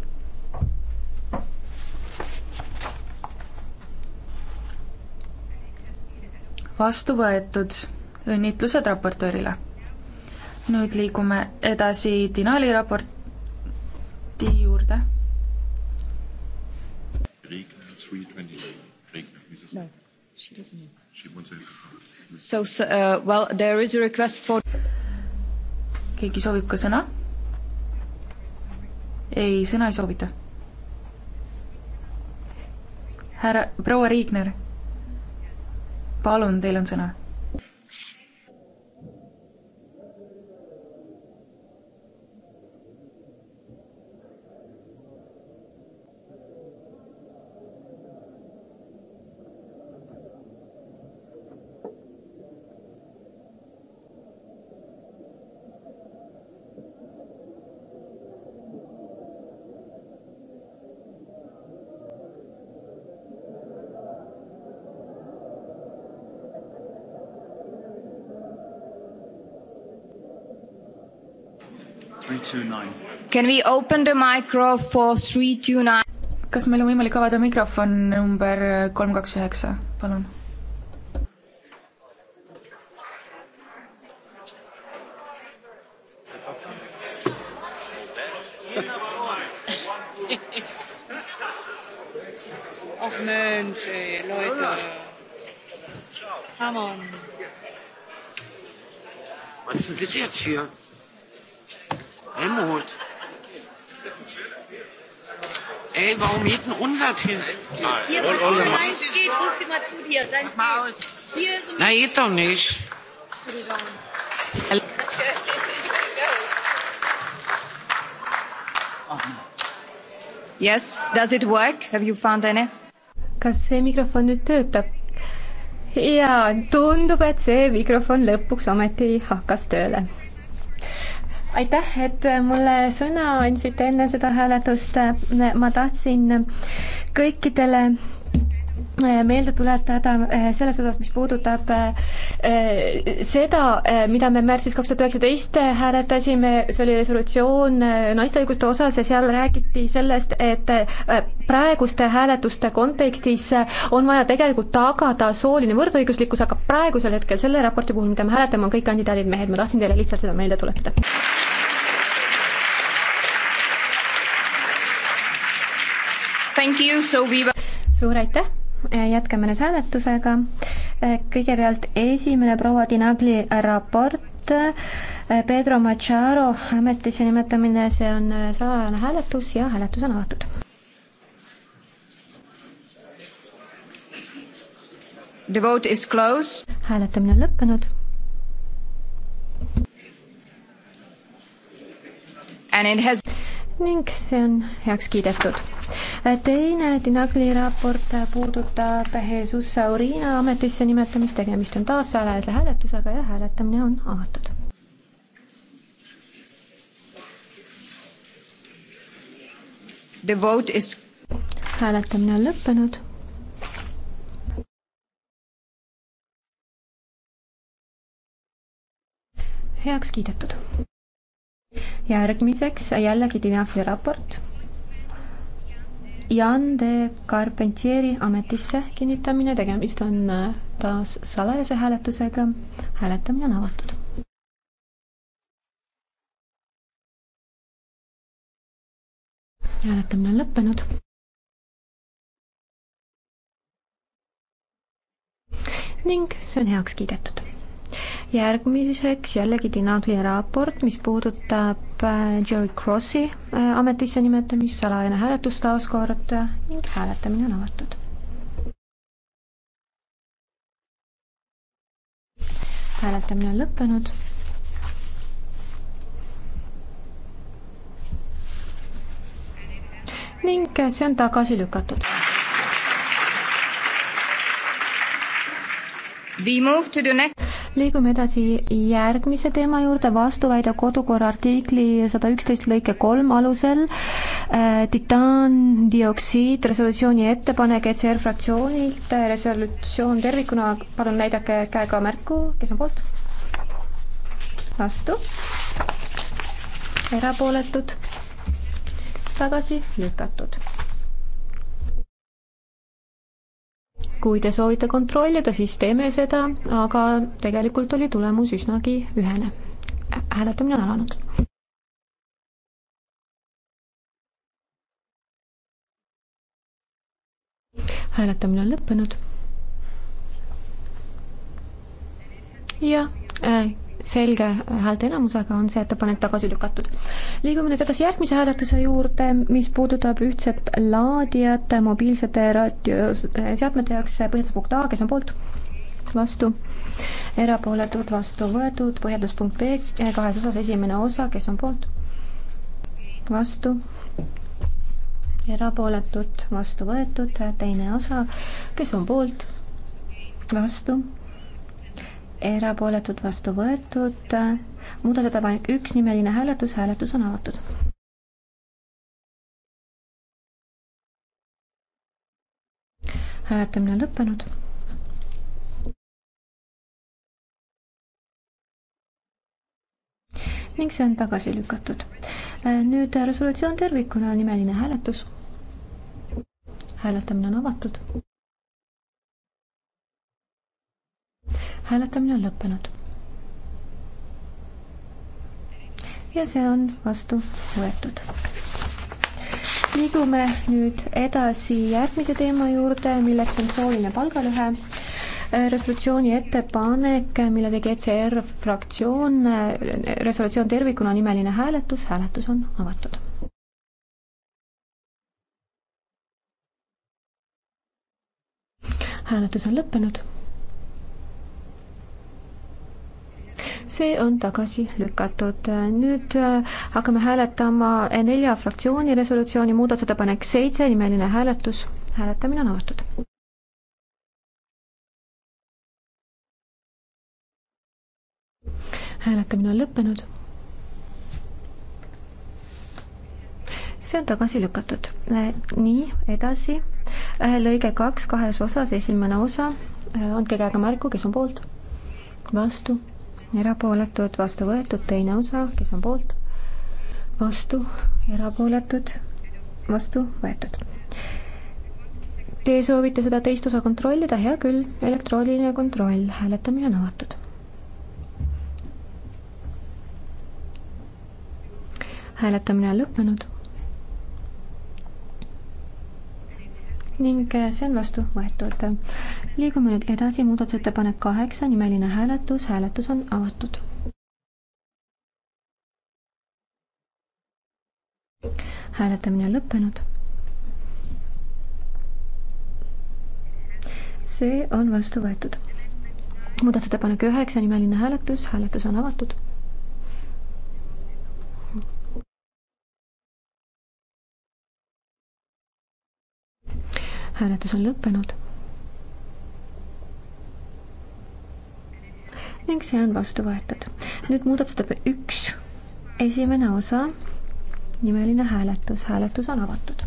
vastu võetud, õnnitlused raportöörile. nüüd liigume edasi Dinali raporti juurde. So uh, well there is a request for keegi soovib ka sõna? ei, sõna ei soovita. härra, proua Riigner palun, teil on sõna Can we open the micro for three two nine? kas meil on võimalik avada mikrofon number kolm, kaks, üheksa, palun? Ach Mensch, ey, Leute. Come on. Was ist denn das jetzt hier? Michael, warum hielt denn unser Tisch? Hier, was Olga, meins geht, ruf sie mal zu dir. Deins mal aus. Hier ist Na, geht doch nicht. Yes, does it work? Have you found any? kas see mikrofon nüüd töötab? jaa, tundub, et see mikrofon lõpuks ometi hakkas tööle aitäh, et mulle sõna andsite enne seda hääletust. ma tahtsin kõikidele meelde tuletada eh, selles osas, mis puudutab eh, seda, eh, mida me märtsis kaks tuhat üheksateist hääletasime, see oli resolutsioon naiste õiguste osas ja seal räägiti sellest, et praeguste hääletuste kontekstis on vaja tegelikult tagada sooline võrdõiguslikkus, aga praegusel hetkel selle raporti puhul, mida me hääletame, on kõik kandidaadid mehed, ma tahtsin teile lihtsalt seda meelde tuletada. We... suur aitäh, jätkame nüüd hääletusega. kõigepealt esimene proua Dinagli raport, Pedro Macharo ametisse nimetamine, see on salajane hääletus ja hääletus on avatud. The vote is closed. hääletamine on lõppenud and it has ning see on heaks kiidetud. teine Dinagli raport puudutab Jesus Saurina ametisse nimetamist, tegemist on taas salajase hääletusega ja hääletamine on avatud. The vote is hääletamine on lõppenud heaks kiidetud järgmiseks jällegi Dinafi raport. Jan de Carpentieri ametisse kinnitamine, tegemist on äh, taas salajase hääletusega. hääletamine on avatud. hääletamine on lõppenud. ning see on heaks kiidetud järgmiseks jällegi Dinagli raport, mis puudutab äh, Jerry Crossi äh, ametisse nimetamist, salajane hääletus taas kord äh, ning hääletamine on avatud. hääletamine on lõppenud ning see on tagasi lükatud. liigume edasi järgmise teema juurde, vastuväide kodukorra artikli sada üksteist lõike kolm alusel äh,. titaandioksiid, resolutsiooni ettepanek ECR fraktsioonilt, resolutsioon tervikuna, palun näidake käega märku, kes on poolt? vastu? erapooletud? tagasi lükatud kui te soovite kontrollida, siis teeme seda, aga tegelikult oli tulemus üsnagi ühene. hääletamine on alanud. hääletamine on lõppenud. jah äh,, selge häälteenamusega on see ettepanek tagasi lükatud. liigume nüüd edasi järgmise hääletuse juurde, mis puudutab ühtset laadijat mobiilsete raadioseadmete jaoks põhjenduspunkt A, kes on poolt? vastu, erapooletud vastu võetud, põhjenduspunkt B kahes osas, esimene osa, kes on poolt? vastu, erapooletud vastu võetud, teine osa, kes on poolt? vastu erapooletud vastu võetud, muudatusettepanek üks, nimeline hääletus, hääletus on avatud. hääletamine on lõppenud. ning see on tagasi lükatud. nüüd resolutsioon tervikuna, nimeline hääletus. hääletamine on avatud. hääletamine on lõppenud. ja see on vastu võetud. liigume nüüd edasi järgmise teema juurde, milleks on sooline palgalõhe äh, resolutsiooni ettepanek, äh, mille tegi ECR fraktsioon, äh, resolutsioon tervikuna, nimeline hääletus, hääletus on avatud. hääletus on lõppenud see on tagasi lükatud. nüüd äh, hakkame hääletama nelja fraktsiooni resolutsiooni muudatusettepanek seitse, nimeline hääletus. hääletamine on avatud. hääletamine on lõppenud. see on tagasi lükatud. Äh, nii, edasi. Äh, lõige kaks kahes osas, esimene osa. andke käega märku, kes on poolt, vastu erapooletud, vastu võetud, teine osa, kes on poolt, vastu, erapooletud, vastu võetud. Te soovite seda teist osa kontrollida, hea küll, elektrooniline kontroll, hääletamine on avatud. hääletamine on lõppenud ning see on vastu võetud. liigume nüüd edasi, muudatusettepanek kaheksa, nimeline hääletus, hääletus on avatud. hääletamine on lõppenud. see on vastu võetud. muudatusettepanek üheksa, nimeline hääletus, hääletus on avatud hääletus on lõppenud. ning see on vastu võetud. nüüd muudatusettepanek üks, esimene osa, nimeline hääletus, hääletus on avatud.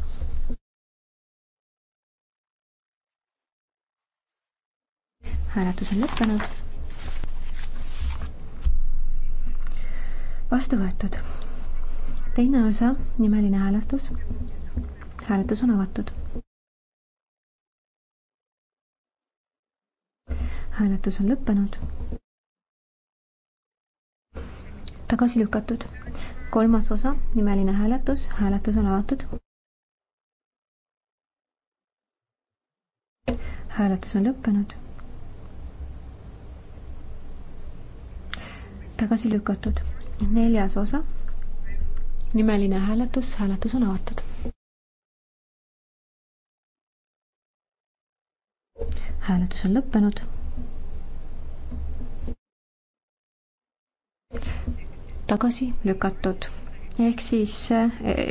hääletus on lõppenud. vastu võetud. teine osa, nimeline hääletus. hääletus on avatud. hääletus on lõppenud. tagasi lükatud. kolmas osa, nimeline hääletus, hääletus on avatud. hääletus on lõppenud. tagasi lükatud. neljas osa, nimeline hääletus, hääletus on avatud. hääletus on lõppenud tagasi lükatud. ehk siis eh,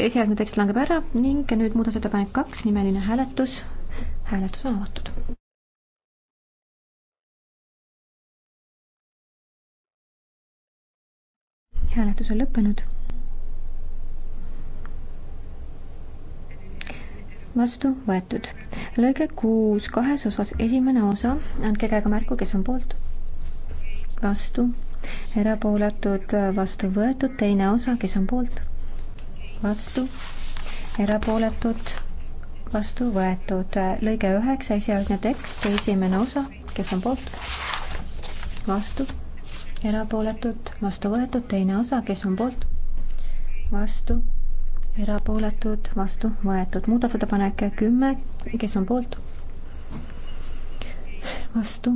esialgne tekst langeb ära ning nüüd muudatusettepanek kaks, nimeline hääletus. hääletus on avatud. hääletus on lõppenud. vastu võetud. lõige kuus kahes osas, esimene osa, andke käega märku, kes on poolt. vastu erapooletud, äh, vastu võetud, teine osa, kes on poolt, vastu, erapooletud, vastu võetud. Äh, lõige üheksa, esialgne tekst, esimene osa, kes on poolt, vastu, erapooletud, vastu võetud, teine osa, kes on poolt, vastu, erapooletud, vastu võetud. muudatusettepanek kümme, kes on poolt, vastu,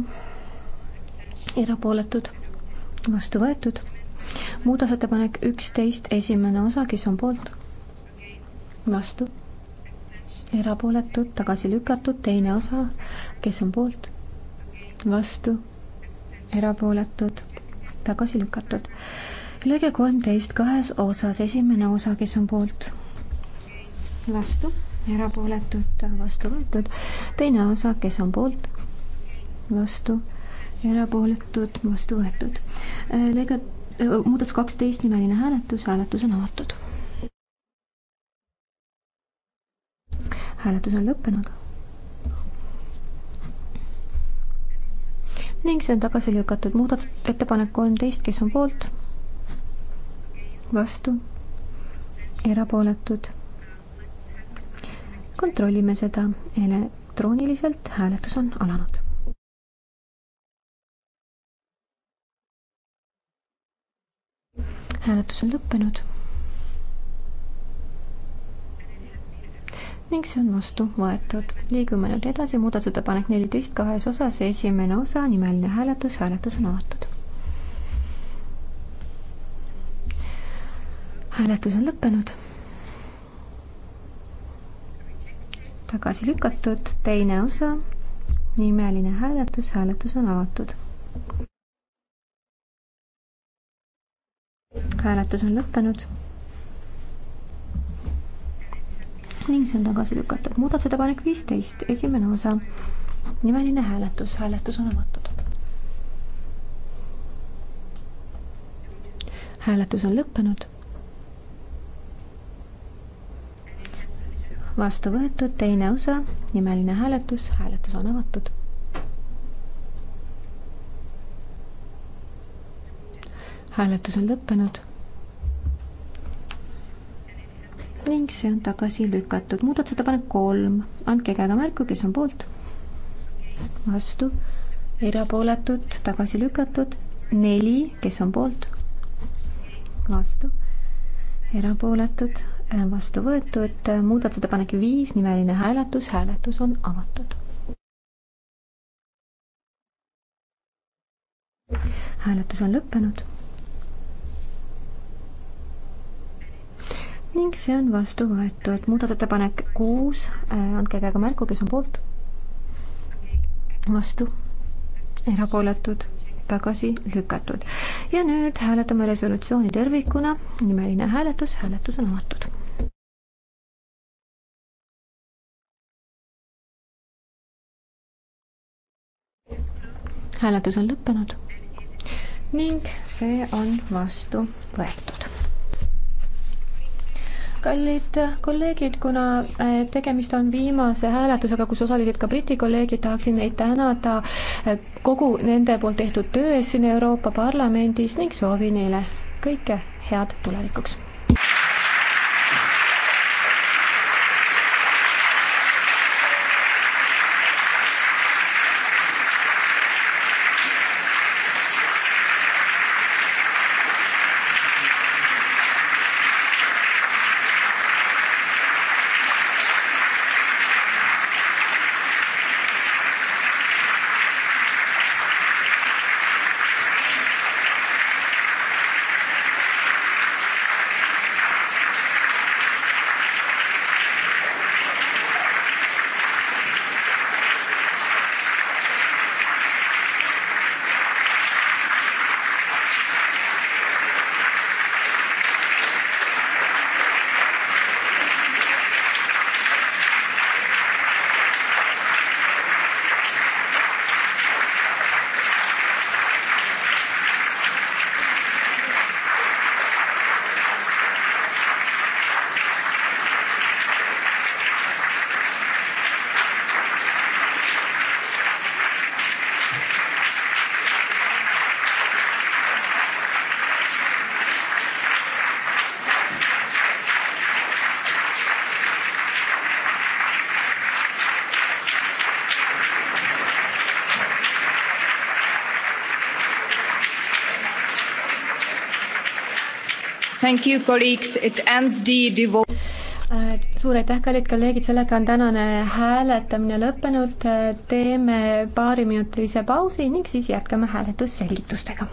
erapooletud vastu võetud. muudatusettepanek üksteist, esimene osa, kes on poolt? vastu. erapooletud, tagasi lükatud, teine osa, kes on poolt? vastu. erapooletud, tagasi lükatud. lõige kolmteist kahes osas, esimene osa, kes on poolt? vastu, erapooletud, vastu võetud. teine osa, kes on poolt? vastu erapooletud, vastu võetud. Äh, lõige, äh, muudatus kaksteist, nimeline hääletus, hääletus on avatud. hääletus on lõppenud. ning see on tagasi lükatud, muudatusettepanek kolmteist, kes on poolt? vastu? erapooletud? kontrollime seda elektrooniliselt, hääletus on alanud. hääletus on lõppenud. ning see on vastu võetud. liigume nüüd edasi, muudatusettepanek neliteist kahes osas, esimene osa, nimeline hääletus, hääletus on avatud. hääletus on lõppenud. tagasi lükatud, teine osa, nimeline hääletus, hääletus on avatud. hääletus on lõppenud. ning see on tagasi lükatud. muudatusettepanek viisteist, esimene osa. nimeline hääletus, hääletus on avatud. hääletus on lõppenud. vastu võetud teine osa, nimeline hääletus, hääletus on avatud hääletus on lõppenud. ning see on tagasi lükatud. muudatusettepanek kolm, andke käega märku, kes on poolt, vastu, erapooletud, tagasi lükatud, neli, kes on poolt, vastu, erapooletud, äh, vastu võetud, muudatusettepanek viis, nimeline hääletus, hääletus on avatud hääletus on lõppenud. ning see on vastu võetud. muudatusettepanek kuus, äh, andke käega märku, kes on poolt. vastu, erapooletud, tagasi lükatud. ja nüüd hääletame resolutsiooni tervikuna. nimeline hääletus, hääletus on avatud. hääletus on lõppenud ning see on vastu võetud kallid kolleegid, kuna äh, tegemist on viimase hääletusega, kus osalesid ka Briti kolleegid, tahaksin neid tänada äh, kogu nende poolt tehtud töö eest siin Euroopa Parlamendis ning soovin neile kõike head tulevikuks Thank you, colleagues, it ends the devo-. suur aitäh, kallid kolleegid, sellega on tänane hääletamine lõppenud, teeme paariminutilise pausi ning siis jätkame hääletusselgitustega.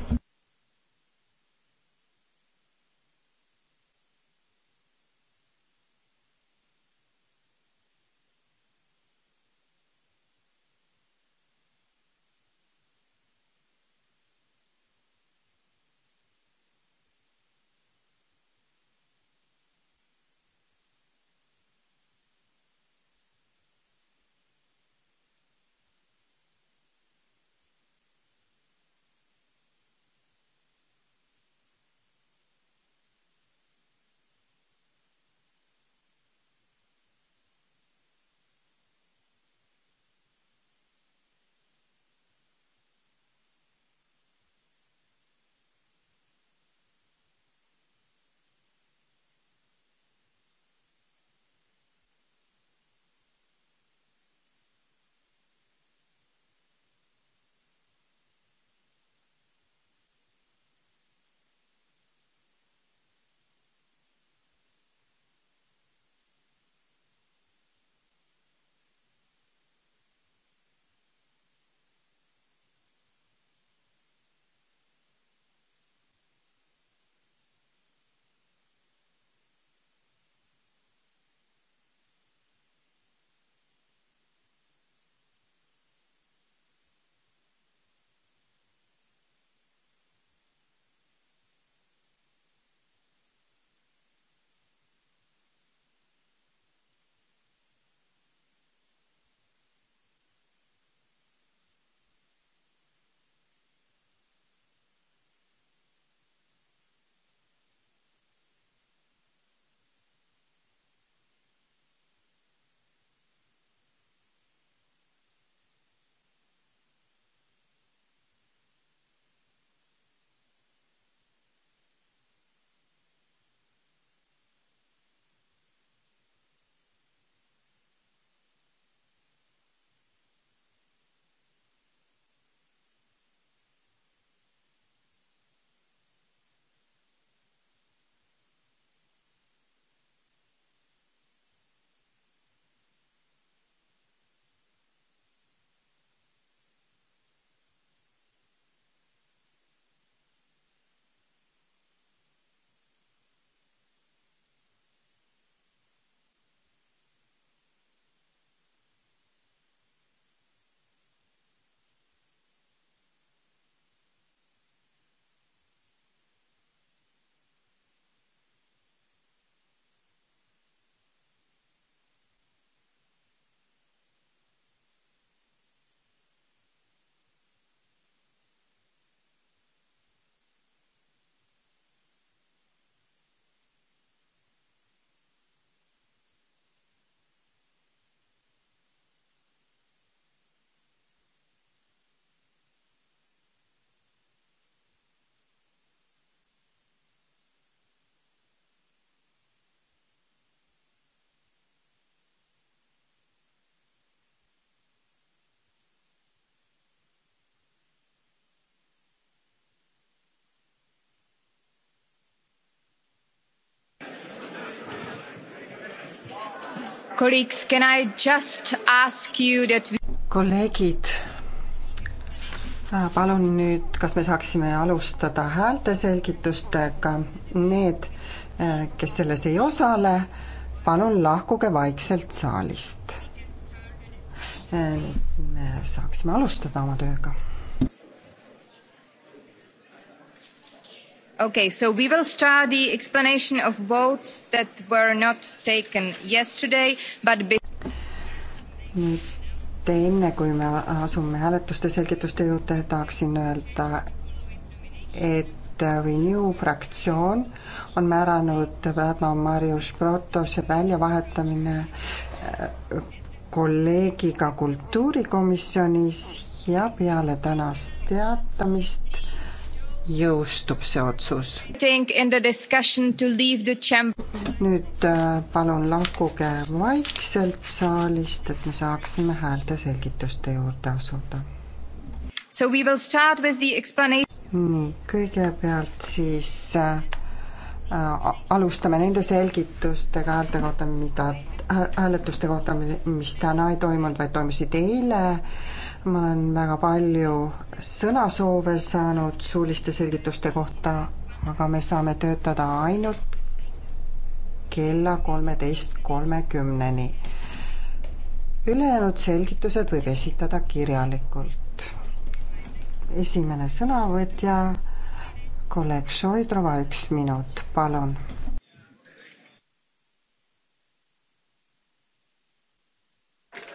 kolleegid, äh, palun nüüd, kas me saaksime alustada häälteselgitustega, need, äh, kes selles ei osale, palun lahkuge vaikselt saalist. Äh, me saaksime alustada oma tööga Okay, so we will start the explanation of votes that were not taken yesterday, but be- nüüd enne, kui me asume hääletuste selgituste juurde, tahaksin öelda, et Renew fraktsioon on määranud Vladimir Marius Protose väljavahetamine äh, kolleegiga kultuurikomisjonis ja peale tänast teatamist jõustub see otsus. nüüd äh, palun lahkuge vaikselt saalist, et me saaksime häälte selgituste juurde asuda. nii, kõigepealt siis äh, äh, alustame nende selgitustega häälte kohta, mida äh, hääletuste kohta, mis täna ei toimunud, vaid toimusid eile ma olen väga palju sõnasoove saanud suuliste selgituste kohta, aga me saame töötada ainult kella kolmeteist kolmekümneni. ülejäänud selgitused võib esitada kirjalikult. esimene sõnavõtja, kolleeg Šoidrova, üks minut, palun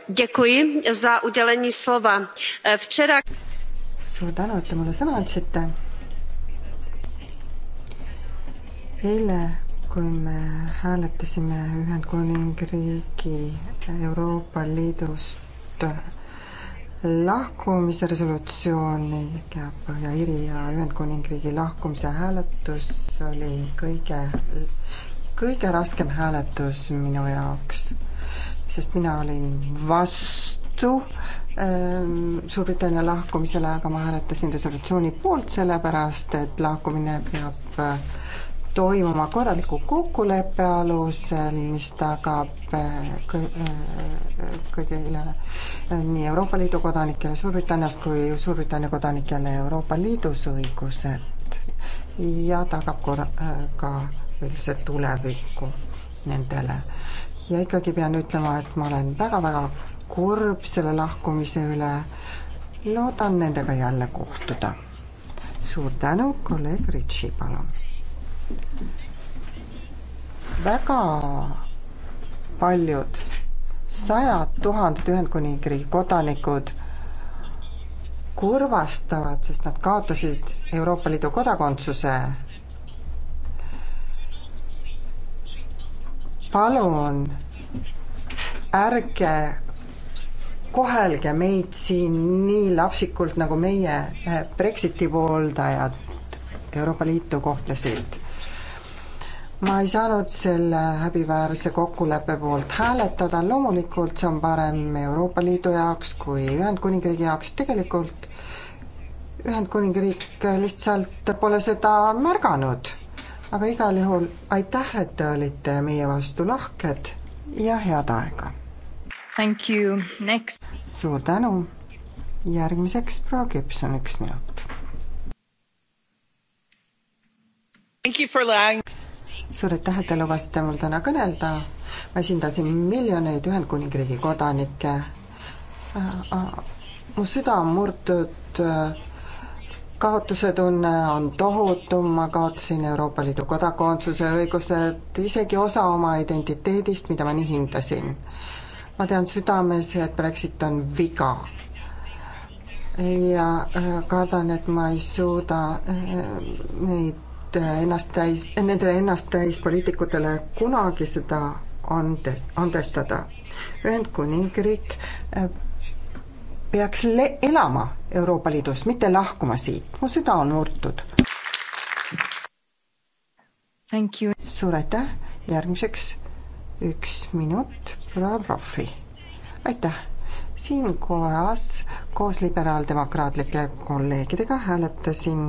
E, včera... suur tänu, et te mulle sõna andsite. eile, kui me hääletasime Ühendkuningriigi Euroopa Liidust lahkumise resolutsiooni ja Põhja-Iiri ja Ühendkuningriigi lahkumise hääletus oli kõige, kõige raskem hääletus minu jaoks sest mina olin vastu ähm, Suurbritannia lahkumisele, aga ma hääletasin resolutsiooni poolt, sellepärast et lahkumine peab äh, toimuma korraliku kokkuleppe alusel, mis tagab äh, äh, kõigile, nii Euroopa Liidu kodanikele Suurbritannias kui Suurbritannia kodanikele Euroopa Liidus õigused ja tagab korra-, ka sellise tuleviku nendele ja ikkagi pean ütlema, et ma olen väga-väga kurb selle lahkumise üle. loodan nendega jälle kohtuda. suur tänu, kolleeg Ritši, palun. väga paljud, sajad tuhanded Ühendkuningriigi kodanikud kurvastavad, sest nad kaotasid Euroopa Liidu kodakondsuse palun ärge kohelge meid siin nii lapsikult, nagu meie eh, Brexiti pooldajad Euroopa Liitu kohtlesid. ma ei saanud selle häbiväärse kokkuleppe poolt hääletada, loomulikult see on parem Euroopa Liidu jaoks kui Ühendkuningriigi jaoks, tegelikult Ühendkuningriik lihtsalt pole seda märganud aga igal juhul aitäh, et te olite meie vastu lahked ja head aega! Thank you, next! suur tänu! järgmiseks proua Gibson, üks minut. suur aitäh, et te lubasite mul täna kõnelda. ma esindan siin miljoneid Ühendkuningriigi kodanikke. Äh, äh, mu süda on murtud äh, kaotuse tunne on tohutu, ma kaotasin Euroopa Liidu kodakondsuse õigused, isegi osa oma identiteedist, mida ma nii hindasin. ma tean südames, et Brexit on viga. ja äh, kardan, et ma ei suuda äh, neid äh, ennast täis, nendele ennast täis poliitikutele kunagi seda andes, andestada. Ühendkuningriik peaks elama Euroopa Liidust, mitte lahkuma siit. mu süda on murtud. suur aitäh, järgmiseks üks minut, Bravrovi. aitäh siin kohas koos liberaaldemokraatlike kolleegidega hääletasin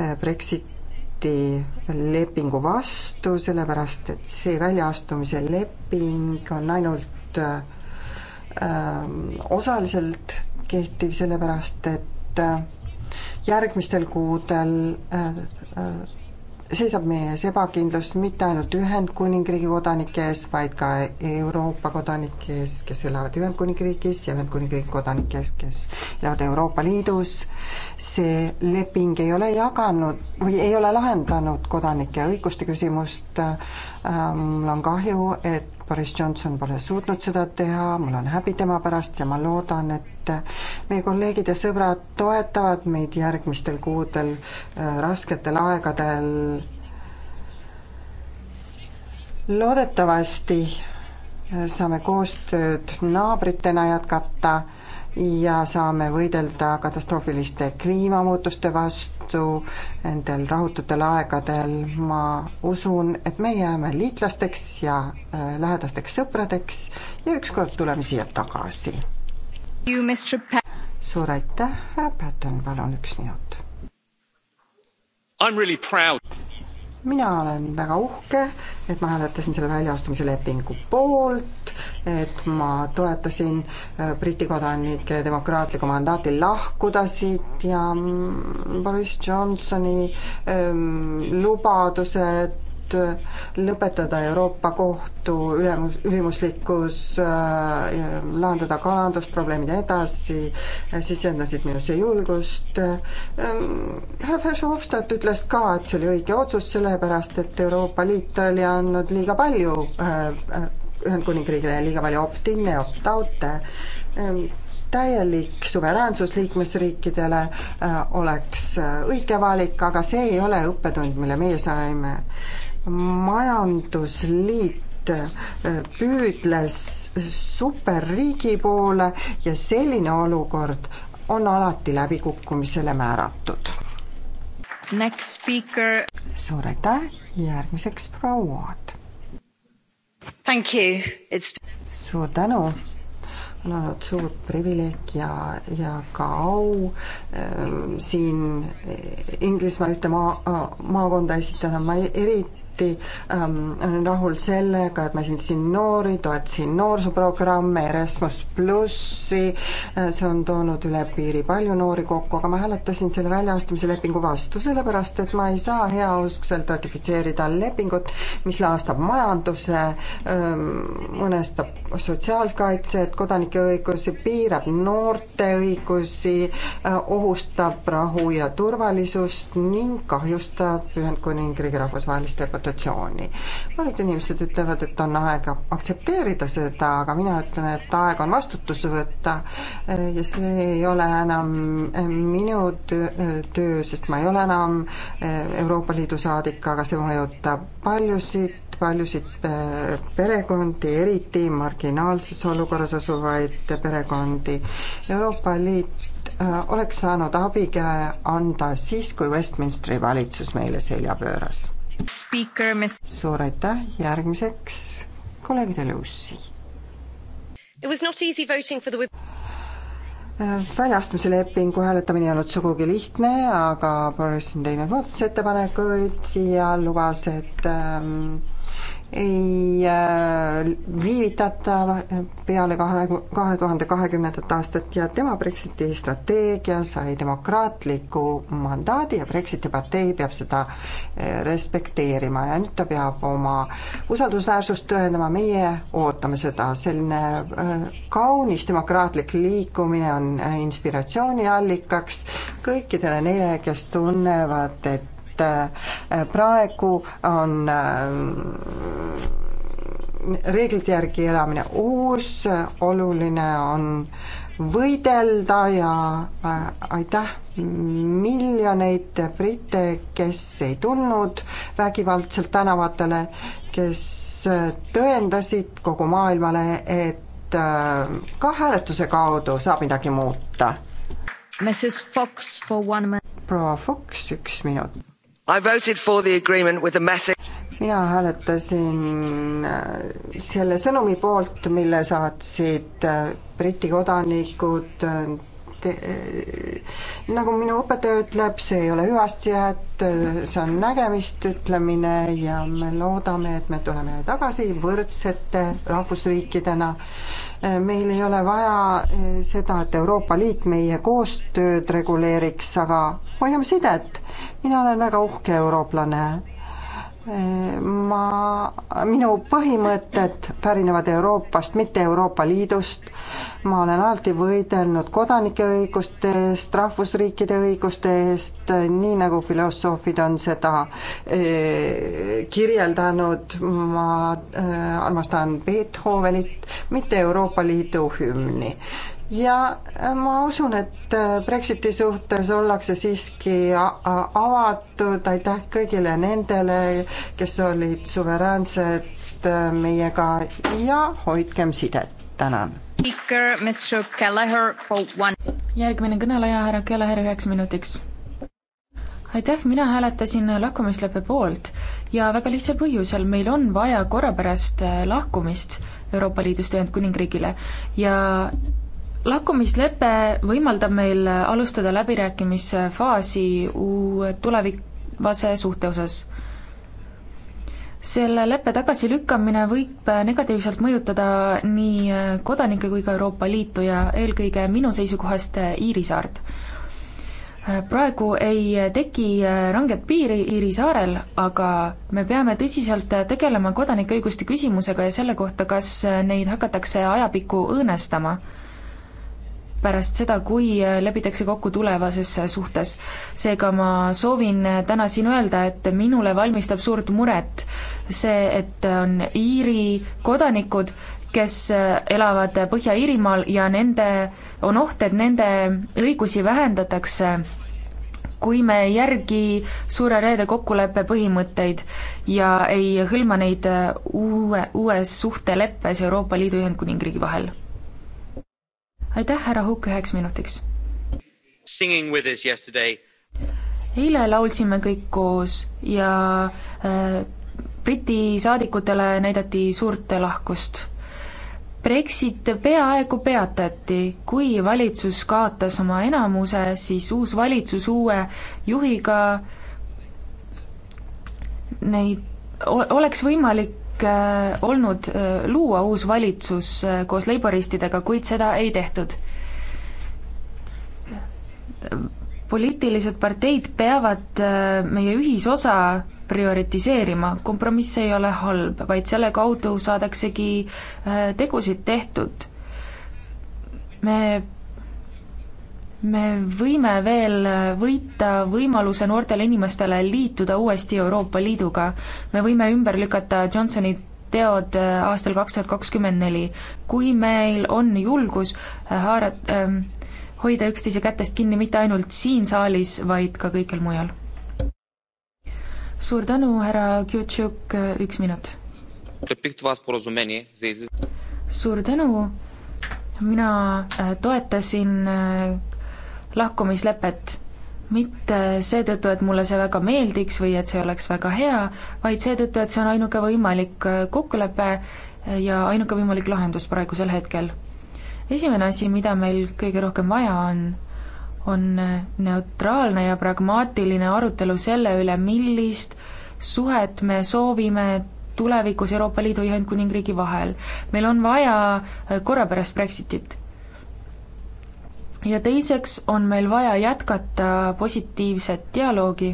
äh, Brexiti lepingu vastu, sellepärast et see väljaastumise leping on ainult äh, äh osaliselt kehtiv sellepärast, et äh, järgmistel kuudel äh, äh, seisab meie ees ebakindlus mitte ainult Ühendkuningriigi kodanike ees, vaid ka Euroopa kodanike ees, kes elavad Ühendkuningriigis ja Ühendkuningriigi kodanike ees, kes elavad Euroopa Liidus. see leping ei ole jaganud või ei ole lahendanud kodanike õiguste küsimust. mul on kahju, et Boris Johnson pole suutnud seda teha, mul on häbi tema pärast ja ma loodan, et meie kolleegid ja sõbrad toetavad meid järgmistel kuudel äh, rasketel aegadel. loodetavasti äh, saame koostööd naabritena jätkata ja saame võidelda katastroofiliste kliimamuutuste vastu nendel rahututel aegadel. ma usun, et me jääme liitlasteks ja äh, lähedasteks sõpradeks ja ükskord tuleme siia tagasi. suur aitäh, härra Patton, palun üks minut. I am really proud mina olen väga uhke, et ma hääletasin selle väljaastumise lepingu poolt, et ma toetasin äh, Briti kodanike demokraatlikku mandaati lahkuda siit ja mm, Boris Johnsoni ähm, lubadused Äh, lõpetada Euroopa Kohtu ülemus, ülimuslikkus äh,, lahendada kalandusprobleemid ja edasi, äh, sisendasid minusse julgust ähm,. härra Verhofstadt ütles ka, et see oli õige otsus, sellepärast et Euroopa Liit oli andnud liiga palju äh, äh Ühendkuningriigile liiga palju opt-in'e, opt-out'e ähm, täielik suveräänsus liikmesriikidele oleks õige valik, aga see ei ole õppetund, mille meie saime majandusliit äh, püüdles superriigi poole ja selline olukord on alati läbikukkumisele määratud. suur aitäh, järgmiseks proua Ood. suur tänu on olnud suur privileeg ja, ja ka au ähm, siin Inglismaa ühte maa, maakonda esitada, ma eriti samuti ähm, rahul sellega, et ma esindasin noori, toetasin noorsooprogramme, Erasmus plussi, äh, see on toonud üle piiri palju noori kokku, aga ma hääletasin selle väljaastumise lepingu vastu, sellepärast et ma ei saa heauskselt ratifitseerida lepingut, mis laastab majanduse ähm,, mõnestab sotsiaalkaitset, kodanike õigusi, piirab noorte õigusi äh,, ohustab rahu ja turvalisust ning kahjustab Ühendkuningriigi rahvusvahelist reputatsiooni situatsiooni. paljud inimesed ütlevad, et on aeg aktsepteerida seda, aga mina ütlen, et aeg on vastutus võtta ja see ei ole enam eh, minu töö, eh, töö, sest ma ei ole enam eh, Euroopa Liidu saadik, aga see mõjutab paljusid paljusid perekondi, eriti marginaalses olukorras asuvaid perekondi. Euroopa Liit oleks saanud abikäe anda siis, kui Westminsteri valitsus meile selja pööras suur aitäh, järgmiseks kolleeg Delussi. Äh, väljaastumise lepingu hääletamine ei olnud sugugi lihtne, aga Boris on teinud muudatusettepanekuid ja lubas, et ähm, ei äh, viivitata peale kahe, kahe tuhande kahekümnendat aastat ja tema Brexiti strateegia sai demokraatliku mandaadi ja Brexiti partei peab seda äh, respekteerima ja nüüd ta peab oma usaldusväärsust tõendama, meie ootame seda, selline äh, kaunis demokraatlik liikumine on inspiratsiooniallikaks kõikidele neile, kes tunnevad, et Äh, praegu on äh, reeglite järgi elamine uus, oluline on võidelda ja äh, aitäh miljoneid britte, kes ei tulnud vägivaldselt tänavatele, kes tõendasid kogu maailmale, et ka hääletuse kaudu saab midagi muuta. proua Fox, üks minut mina hääletasin äh, selle sõnumi poolt, mille saatsid äh, Briti kodanikud, äh, nagu minu õpetaja ütleb, see ei ole hüvastijäät, see on nägemist ütlemine ja me loodame, et me tuleme tagasi võrdsete rahvusriikidena meil ei ole vaja seda, et Euroopa Liit meie koostööd reguleeriks, aga hoiame sidet. mina olen väga uhke eurooplane. ma, minu põhimõtted pärinevad Euroopast, mitte Euroopa Liidust. ma olen alati võidelnud kodanike õiguste eest, rahvusriikide õiguste eest, nii nagu filosoofid on seda eh, kirjeldanud. ma eh, armastan Beethovenit, mitte Euroopa Liidu hümni ja äh, ma usun, et äh, Brexiti suhtes ollakse siiski avatud, aitäh kõigile nendele, kes olid suveräänsed äh, meiega ja hoidkem sidet, tänan. järgmine kõneleja, härra Kelleher üheks minutiks. aitäh, mina hääletasin lahkumisleppe poolt ja väga lihtsal põhjusel, meil on vaja korrapärast lahkumist Euroopa Liidust Ühendkuningriigile ja lakkumislepe võimaldab meil alustada läbirääkimisfaasi uue tulevikvase suhte osas. selle leppe tagasilükkamine võib negatiivselt mõjutada nii kodanikke kui ka Euroopa Liitu ja eelkõige minu seisukohast Iiri saart. praegu ei teki ranget piiri Iiri saarel, aga me peame tõsiselt tegelema kodanike õiguste küsimusega ja selle kohta, kas neid hakatakse ajapikku õõnestama pärast seda, kui äh, lepitakse kokku tulevases äh, suhtes. seega ma soovin äh, täna siin öelda, et minule valmistab suurt muret see, et on Iiri kodanikud, kes elavad Põhja-Iirimaal ja nende, on oht, et nende õigusi vähendatakse kui me ei järgi Suure Reede kokkuleppe põhimõtteid ja ei hõlma neid uue, uues suhteleppes Euroopa Liidu ja Ühendkuningriigi vahel aitäh, härra Hukk, üheks minutiks. eile laulsime kõik koos ja äh, Briti saadikutele näidati suurt lahkust. Brexit peaaegu peatati, kui valitsus kaotas oma enamuse, siis uus valitsus uue juhiga neid oleks võimalik Äh, olnud äh, luua uus valitsus äh, koos leiboristidega, kuid seda ei tehtud. poliitilised parteid peavad meie ühisosa prioritiseerima, kompromiss ei ole halb, vaid selle kaudu saadaksegi tegusid tehtud. me me võime veel võita võimaluse noortele inimestele liituda uuesti Euroopa Liiduga. me võime ümber lükata Johnsoni teod äh, aastal kaks tuhat kakskümmend neli. kui meil on julgus äh, haarat- ähm,, hoida üksteise kätest kinni mitte ainult siin saalis, vaid ka kõikjal mujal. suur tänu, härra Kjutšuk, äh, üks minut. suur tänu, mina toetasin lahkumislepet. mitte seetõttu, et mulle see väga meeldiks või et see oleks väga hea, vaid seetõttu, et see on ainuke võimalik äh, kokkulepe äh, ja ainuke võimalik lahendus praegusel hetkel. esimene asi, mida meil kõige rohkem vaja on, on äh, neutraalne ja pragmaatiline arutelu selle üle, millist suhet me soovime tulevikus Euroopa Liidu ja Ühendkuningriigi vahel. meil on vaja korrapärast Brexitit ja teiseks on meil vaja jätkata positiivset dialoogi,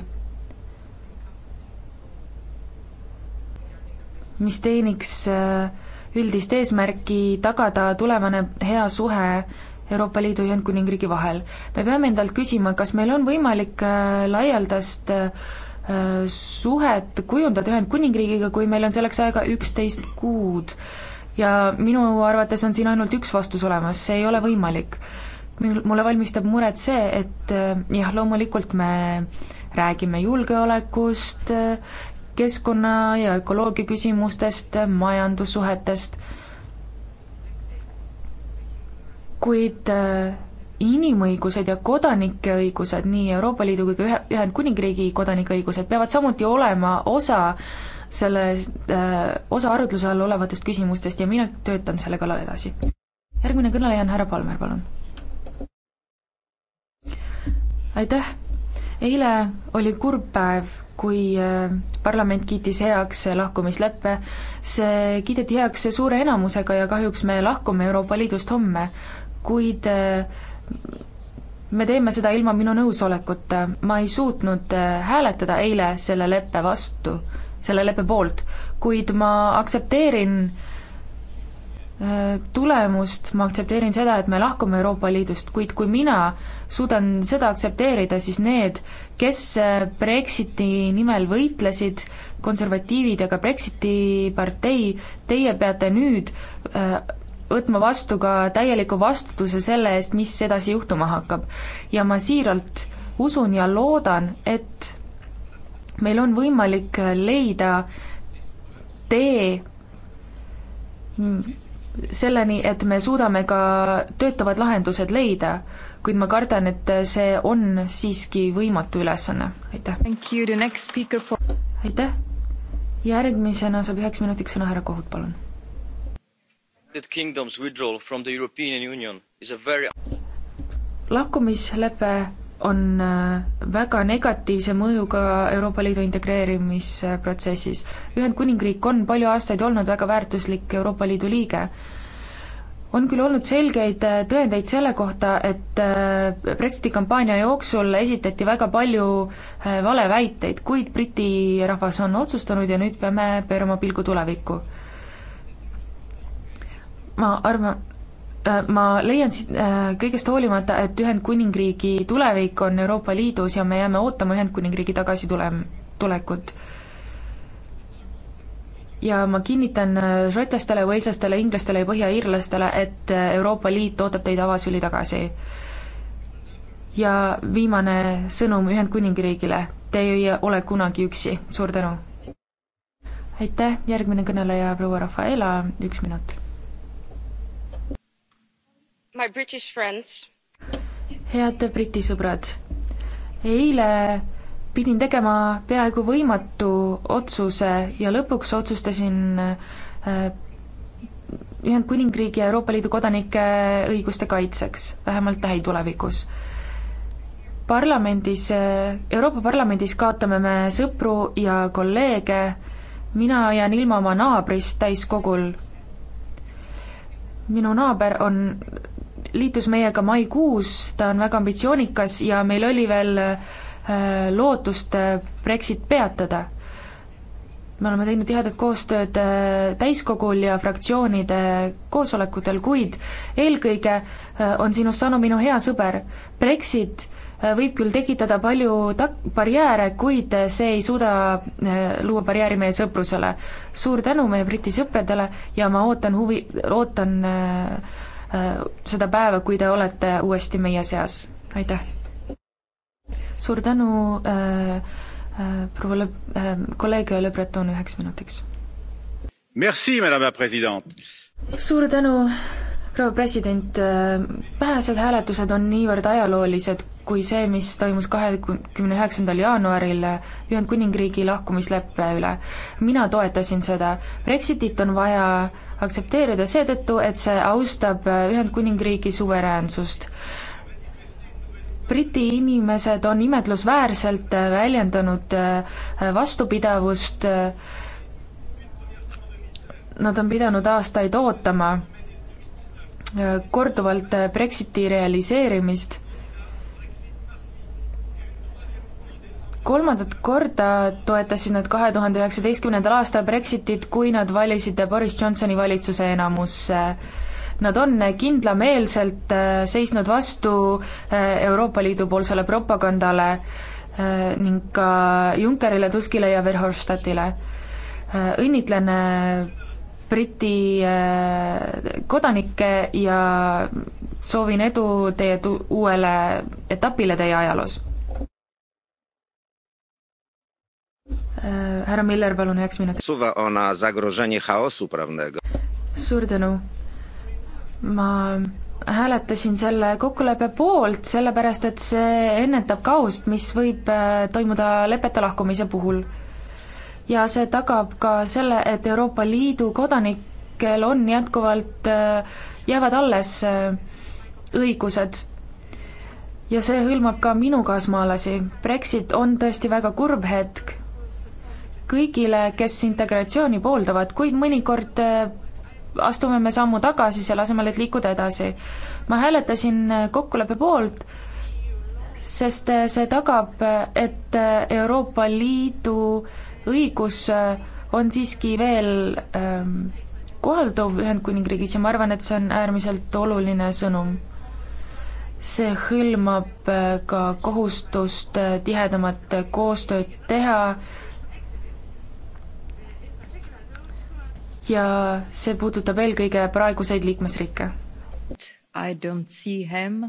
mis teeniks äh, üldist eesmärki tagada tulevane hea suhe Euroopa Liidu ja Ühendkuningriigi vahel. me peame endalt küsima, kas meil on võimalik äh, laialdast äh, suhet kujundada Ühendkuningriigiga, kui meil on selleks aega üksteist kuud. ja minu arvates on siin ainult üks vastus olemas, see ei ole võimalik mulle valmistab muret see, et äh, jah, loomulikult me räägime julgeolekust, keskkonna ja ökoloogia küsimustest, majandussuhetest, kuid äh, inimõigused ja kodanike õigused, nii Euroopa Liidu kui ka ühe, Ühendkuningriigi kodanike õigused peavad samuti olema osa sellest äh,, osa arutluse all olevatest küsimustest ja mina töötan selle kallal edasi. järgmine kõneleja on härra Palmer, palun aitäh! eile oli kurb päev, kui äh, parlament kiitis heaks lahkumisleppe. see kiideti heaks suure enamusega ja kahjuks me lahkume Euroopa Liidust homme, kuid äh, me teeme seda ilma minu nõusolekuta. ma ei suutnud äh, hääletada eile selle leppe vastu, selle leppe poolt, kuid ma aktsepteerin äh, Äh, tulemust, ma aktsepteerin seda, et me lahkume Euroopa Liidust, kuid kui mina suudan seda aktsepteerida, siis need, kes äh, Brexiti nimel võitlesid, konservatiivid ja ka Brexiti partei, teie peate nüüd äh, võtma vastu ka täieliku vastutuse selle eest, mis edasi juhtuma hakkab. ja ma siiralt usun ja loodan, et meil on võimalik leida tee mm, selleni, et me suudame ka töötavad lahendused leida, kuid ma kardan, et see on siiski võimatu ülesanne, aitäh. For... aitäh, järgmisena saab üheks minutiks sõna härra Kohut, palun. Very... lahkumislepe on äh, väga negatiivse mõjuga Euroopa Liidu integreerimisprotsessis. Ühendkuningriik on palju aastaid olnud väga väärtuslik Euroopa Liidu liige. on küll olnud selgeid äh, tõendeid selle kohta, et äh, Brexiti kampaania jooksul esitati väga palju valeväiteid, kuid Briti rahvas on otsustanud ja nüüd peame pöörama pilgu tulevikku. ma arvan, Äh, ma leian siis äh, kõigest hoolimata, et Ühendkuningriigi tulevik on Euroopa Liidus ja me jääme ootama Ühendkuningriigi tagasitule-, tulekut. ja ma kinnitan äh, šotlastele, võislastele, inglastele ja põhjaiirlastele, et Euroopa Liit ootab teid avasüli tagasi. ja viimane sõnum Ühendkuningriigile, te ei ole kunagi üksi, suur tänu! aitäh, järgmine kõneleja, proua Rafaela, üks minut head Briti sõbrad, eile pidin tegema peaaegu võimatu otsuse ja lõpuks otsustasin äh, Ühendkuningriigi ja Euroopa Liidu kodanike õiguste kaitseks, vähemalt lähitulevikus parlamendis, äh, Euroopa Parlamendis kaotame me sõpru ja kolleege, mina jään ilma oma naabrist täiskogul. minu naaber on liitus meiega maikuus, ta on väga ambitsioonikas ja meil oli veel äh, lootust äh, Brexit peatada. me oleme teinud tihedat koostööd äh, täiskogul ja fraktsioonide koosolekutel, kuid eelkõige on sinust saanud minu hea sõber. Brexit võib küll tekitada palju tak-, barjääre, kuid see ei suuda luua barjääri meie sõprusele. suur tänu meie Briti sõpradele ja ma ootan huvi, ootan äh, Äh, seda päeva, kui te olete uuesti meie seas, aitäh! suur tänu äh,, äh, proua Le- äh,, kolleeg Le Breton üheks minutiks. Merci, madame la president! suur tänu, proua president, äh, vähesed hääletused on niivõrd ajaloolised kui see, mis toimus kahekümne üheksandal jaanuaril Ühendkuningriigi lahkumisleppe üle. mina toetasin seda, Brexitit on vaja aktsepteerida seetõttu, et see austab äh, Ühendkuningriigi suveräänsust. Briti inimesed on imetlusväärselt äh, väljendanud äh, vastupidavust, nad on pidanud aastaid ootama korduvalt Brexiti realiseerimist kolmandat korda toetasid nad kahe tuhande üheksateistkümnendal aastal Brexitit, kui nad valisid Boris Johnsoni valitsuse enamusse. Nad on kindlameelselt äh, seisnud vastu äh, Euroopa Liidu poolsele propagandale äh, ning ka Junckerile, Tuskile ja Verhofstadtile. õnnitlen Briti kodanikke ja soovin edu teie tu-, uuele etapile teie ajaloos Äh, härra Miller, palun üheks minutiks. suva on zagroženi haosu pravnego. suur tänu. ma hääletasin selle kokkuleppe poolt, sellepärast et see ennetab kaost, mis võib äh, toimuda lepete lahkumise puhul. ja see tagab ka selle, et Euroopa Liidu kodanikel on jätkuvalt, äh, jäävad alles õigused ja see hõlmab ka minu kaasmaalasi. Brexit on tõesti väga kurb hetk kõigile, kes integratsiooni pooldavad, kuid mõnikord äh, astume me sammu tagasi, selle asemel, et liikuda edasi. ma hääletasin äh, kokkuleppe poolt, sest äh, see tagab, et Euroopa Liidu õigus on siiski veel ähm, kohalduv Ühendkuningriigis ja ma arvan, et see on äärmiselt oluline sõnum. see hõlmab ka kohustust tihedamat koostööd teha ja see puudutab eelkõige praeguseid liikmesriike. I don't see him.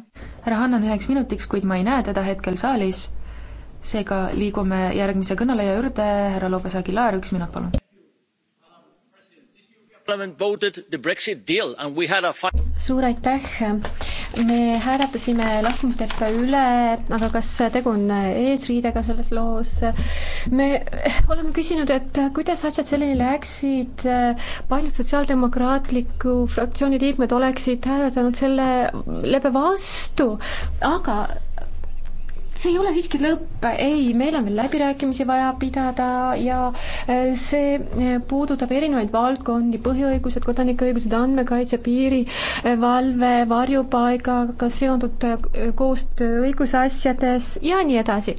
härra Hannan üheks minutiks, kuid ma ei näe teda hetkel saalis, seega liigume järgmise kõneleja juurde, härra Lopez Aguilar, üks minut, palun. suur aitäh me hääletasime lahkumisleppe üle, aga kas tegu on eesriidega selles loos? me oleme küsinud, et kuidas asjad selleni läksid, paljud Sotsiaaldemokraatliku fraktsiooni liikmed oleksid hääletanud selle leppe vastu, aga see ei ole siiski lõpp, ei, meil on veel läbirääkimisi vaja pidada ja äh, see äh, puudutab erinevaid valdkondi, põhiõigused, kodanikuõigused, andmekaitse, piirivalve, äh, varjupaigaga seonduv koostöö õigusasjades ja nii edasi.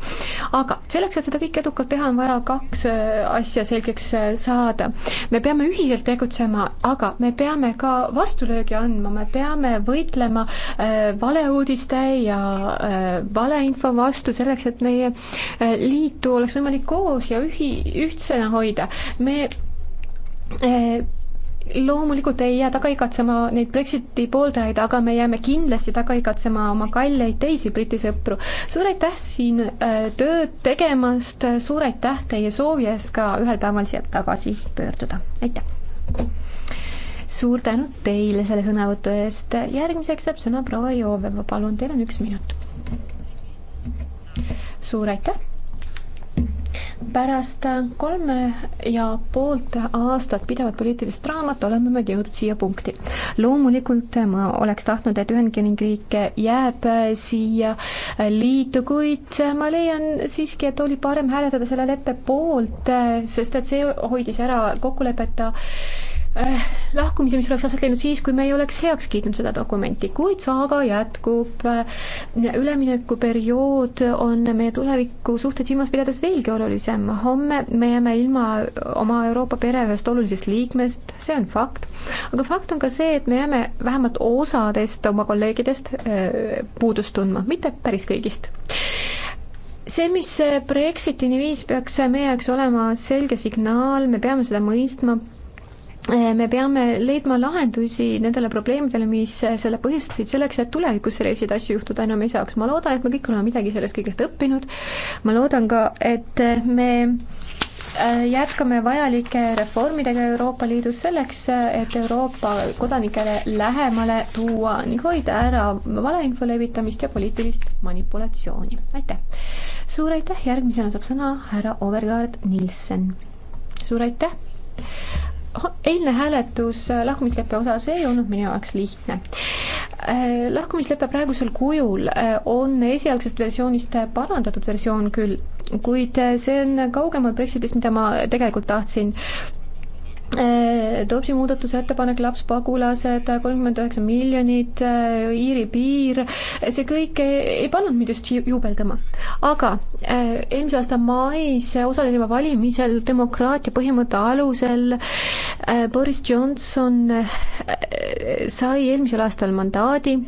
aga selleks, et seda kõike edukalt teha, on vaja kaks asja selgeks saada. me peame ühiselt tegutsema, aga me peame ka vastulöögi andma, me peame võitlema valeuudiste ja valeinfo vastu, vastu selleks, et meie äh, liitu oleks võimalik koos ja ühi-, ühtsena hoida. me äh, loomulikult ei jää taga igatsema neid Brexiti pooldajaid, aga me jääme kindlasti taga igatsema oma kalleid teisi Briti sõpru. suur aitäh siin äh, tööd tegemast, suur aitäh teie soovi eest ka ühel päeval siia tagasi pöörduda, aitäh! suur tänu teile selle sõnavõtu eest, järgmiseks saab sõna proua Jooveva, palun, teil on üks minut suur aitäh! pärast kolme ja poolt aastat pidevat poliitilist draamat oleme me jõudnud siia punkti. loomulikult ma oleks tahtnud, et Ühendkuningriik jääb siia liitu, kuid ma leian siiski, et oli parem hääletada selle leppe poolt, sest et see hoidis ära kokkulepet Äh, lahkumise, mis oleks aset leidnud siis, kui me ei oleks heaks kiitnud seda dokumenti, kuid saaga jätkub. Äh, üleminekuperiood on meie tuleviku suhted silmas pidades veelgi olulisem. homme me jääme ilma oma Euroopa pere ühest olulisest liikmest, see on fakt. aga fakt on ka see, et me jääme vähemalt osadest oma kolleegidest äh, puudust tundma, mitte päris kõigist see, mis Brexitini viis, peaks meie jaoks olema selge signaal, me peame seda mõistma, Äh, me peame leidma lahendusi nendele probleemidele, mis äh, selle põhjustasid, selleks et tulevikus selliseid asju juhtuda enam ei saaks. ma loodan, et me kõik oleme midagi sellest kõigest õppinud, ma loodan ka, et äh, me jätkame vajalike reformidega Euroopa Liidus selleks, et Euroopa kodanikele lähemale tuua ning hoida ära valeinfo levitamist ja poliitilist manipulatsiooni. aitäh! suur aitäh, järgmisena saab sõna härra Overgaard Nilsen. suur aitäh! eilne hääletus äh, lahkumisleppe osas ei olnud minu jaoks lihtne. Äh, lahkumislepe praegusel kujul äh, on esialgsest versioonist parandatud versioon küll, kuid see on kaugemal Brexitist, mida ma tegelikult tahtsin. Äh, Topsi muudatusettepanek, lapspagulased, kolmkümmend üheksa miljonit, äh, Iiri piir, see kõik ei pannud mind just juubeldama. aga äh, eelmise aasta mais osalesime valimisel demokraatia põhimõtte alusel. Boris Johnson sai eelmisel aastal mandaadi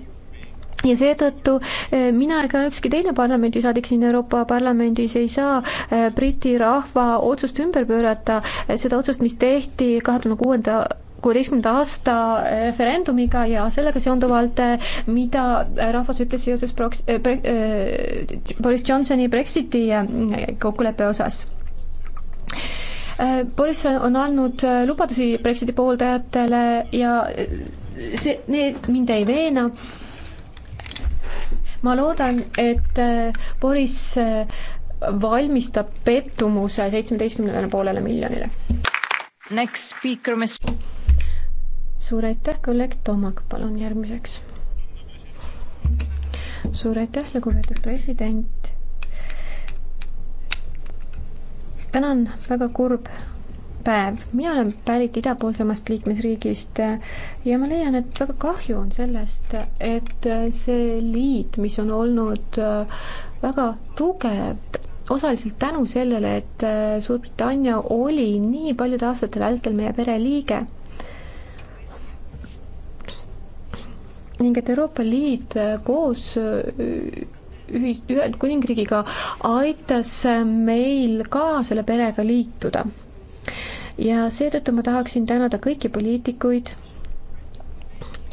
ja seetõttu eh, mina ega ükski teine parlamendisaadik siin Euroopa Parlamendis ei saa eh, Briti rahva otsust ümber pöörata, eh, seda otsust, mis tehti kahe tuhande kuuenda kuueteistkümnenda aasta referendumiga ja sellega seonduvalt, mida rahvas ütles seoses proks-, pre-, Boris Johnsoni Brexiti kokkuleppe osas Boris on andnud lubadusi Brexiti pooldajatele ja see, need mind ei veena ma loodan, et äh, Boris äh, valmistab pettumuse seitsmeteistkümnendale poolele miljonile. Next speaker, mis suur aitäh, kolleeg Tomak, palun järgmiseks. suur aitäh, lugupeetud president. tänan, väga kurb päev. mina olen pärit idapoolsemast liikmesriigist äh, ja ma leian, et väga kahju on sellest, et äh, see liit, mis on olnud äh, väga tugev, osaliselt tänu sellele, et Suurbritannia oli nii paljude aastate vältel meie pereliige ning et Euroopa Liit koos ühi-, Ühendkuningriigiga aitas meil ka selle perega liituda ja seetõttu ma tahaksin tänada kõiki poliitikuid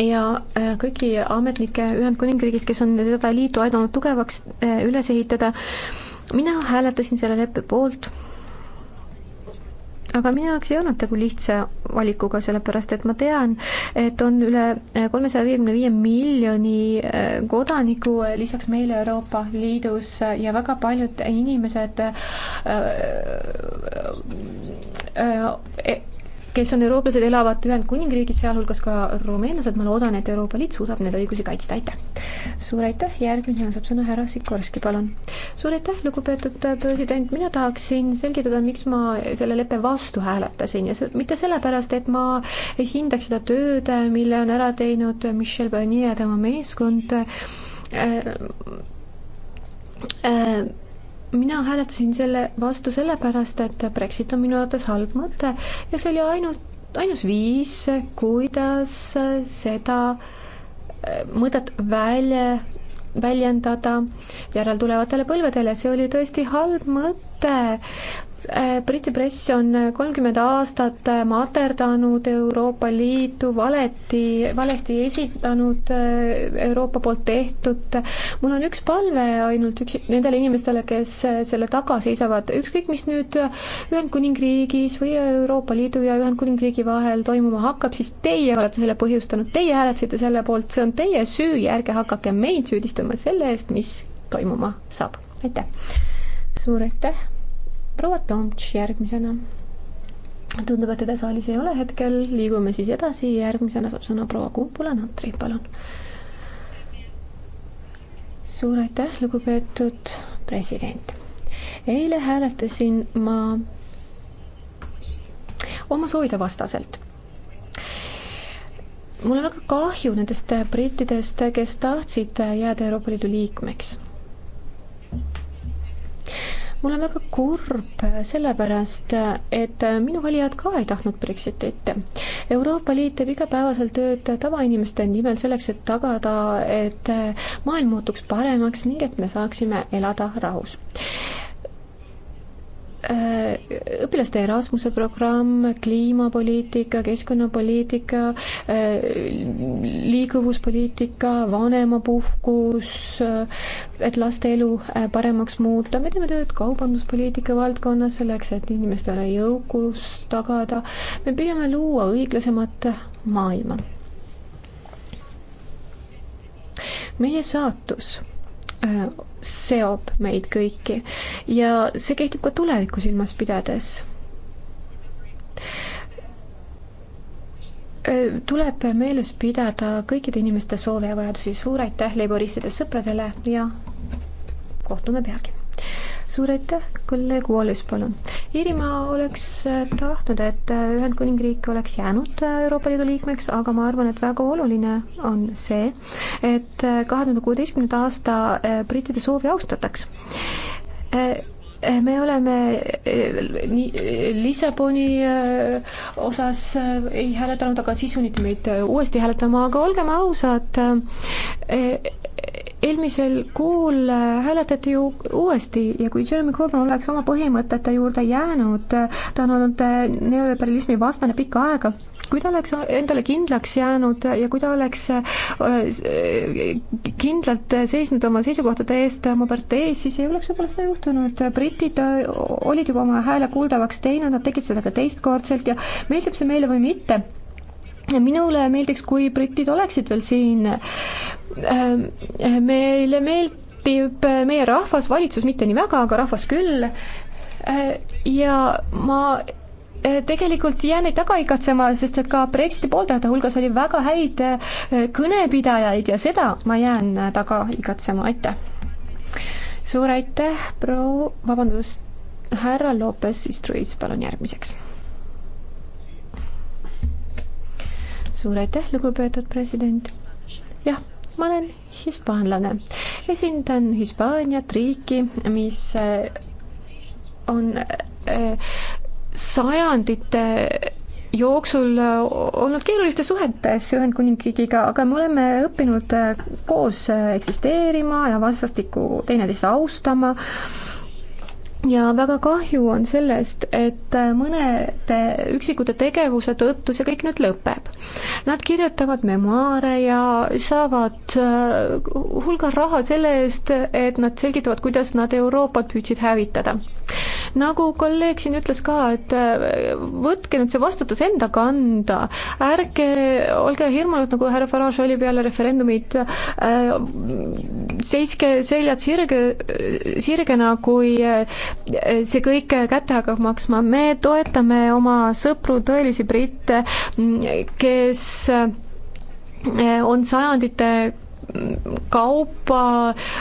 ja äh, kõiki ametnikke Ühendkuningriigist, kes on seda liitu aidanud tugevaks äh, üles ehitada. mina hääletasin selle leppe poolt aga minu jaoks ei olnud tegu lihtsa valikuga, sellepärast et ma tean, et on üle eh, kolmesaja viiekümne viie miljoni eh, kodaniku eh, lisaks meile Euroopa Liidus ja väga paljud inimesed äh, äh, äh, kes on eurooplased, elavad Ühendkuningriigis, sealhulgas ka rumeenlased, ma loodan, et Euroopa Liit suudab neid õigusi kaitsta, aitäh! suur aitäh, järgmisena saab sõna härra Sikorski, palun! suur aitäh, lugupeetud president, mina tahaksin selgitada, miks ma selle leppe vastu hääletasin ja see, mitte sellepärast, et ma hindaks seda tööd, mille on ära teinud Michel Barnier ja tema meeskond äh,, äh, mina hääletasin selle vastu sellepärast, et Brexit on minu arvates halb mõte ja see oli ainult, ainus viis, kuidas seda äh, mõtet välja, väljendada järeltulevatele põlvedele, see oli tõesti halb mõte. Äh, Briti press on kolmkümmend aastat materdanud Euroopa Liitu, valeti, valesti esitanud äh, Euroopa poolt tehtut. mul on üks palve ainult üks, nendele inimestele, kes äh, selle taga seisavad, ükskõik mis nüüd Ühendkuningriigis või Euroopa Liidu ja Ühendkuningriigi vahel toimuma hakkab, siis teie olete selle põhjustanud, teie hääletasite selle poolt, see on teie süü ja ärge hakake meid süüdistama selle eest, mis toimuma saab. aitäh! suur aitäh! proua Tomtš järgmisena. tundub, et teda saalis ei ole hetkel, liigume siis edasi, järgmisena saab sõna proua Kumpula-Natri, palun. suur aitäh, lugupeetud president. eile hääletasin ma oma soovide vastaselt mul on väga kahju nendest brittidest, kes tahtsid jääda Euroopa Liidu liikmeks ma olen väga kurb sellepärast, et minu valijad ka ei tahtnud Brexitit. Euroopa Liit teeb igapäevaselt tööd tavainimeste nimel selleks, et tagada, et maailm muutuks paremaks ning et me saaksime elada rahus Äh, õpilaste Erasmuse programm, kliimapoliitika, keskkonnapoliitika, äh, liikuvuspoliitika, vanemapuhkus, äh, et laste elu paremaks muuta, me teeme tööd kaubanduspoliitika valdkonnas selleks, et inimestele jõukus tagada, me püüame luua õiglasemat maailma. meie saatus Äh, seob meid kõiki ja see kehtib ka tulevikku silmas pidades äh, tuleb meeles pidada kõikide inimeste soove ja vajadusi. suur aitäh leiboristide sõpradele ja kohtume peagi suur aitäh, kolleeg Wallis, palun. Iirimaa oleks äh, tahtnud, et äh, Ühendkuningriik oleks jäänud äh, Euroopa Liidu liikmeks, aga ma arvan, et väga oluline on see, et kahe tuhande kuueteistkümnenda aasta brittide soovi austataks Eh, me oleme eh, eh, Lissaboni osas ei hääletanud, aga siis sunniti meid uuesti hääletama, aga olgem ausad, eelmisel kuul hääletati ju uuesti ja kui Jeremy Corbyn oleks oma põhimõtete juurde jäänud, ta on olnud neoliberalismi vastane pikka aega, kui ta oleks endale kindlaks jäänud ja kui ta oleks kindlalt seisnud oma seisukohtade eest oma parteis, siis ei oleks võib-olla seda juhtunud britid äh, olid juba oma hääle kuuldavaks teinud, nad tegid seda ka teistkordselt ja meeldib see meile või mitte, minule meeldiks, kui britid oleksid veel siin. Äh, äh, meile meeldib meie rahvas, valitsus mitte nii väga, aga rahvas küll. ja ma tegelikult jään neid taga igatsema, sest et ka Brexiti pooldajate hulgas oli väga häid kõnepidajaid ja seda ma jään taga igatsema, aitäh suur aitäh, proua, vabandust, härra Lopez Istruis, palun järgmiseks. suur aitäh, lugupeetud president. jah, ma olen hispaanlane, esindan Hispaaniat, riiki, mis eh, on eh, sajandite jooksul äh, olnud keerulistes suhetes Ühendkuningriigiga, aga me oleme õppinud äh, koos äh, eksisteerima ja vastastikku teineteist austama ja väga kahju on sellest, et mõnede üksikute tegevuse tõttu see kõik nüüd lõpeb. Nad kirjutavad memuaare ja saavad hulga raha selle eest, et nad selgitavad, kuidas nad Euroopat püüdsid hävitada nagu kolleeg siin ütles ka, et äh, võtke nüüd see vastutus enda kanda, ärge olge hirmunud, nagu härra Farage oli peale referendumit, äh, seiske seljad sirge, sirgena, kui äh, see kõik kätte hakkab maksma, me toetame oma sõpru, tõelisi britte, kes on sajandite kaupa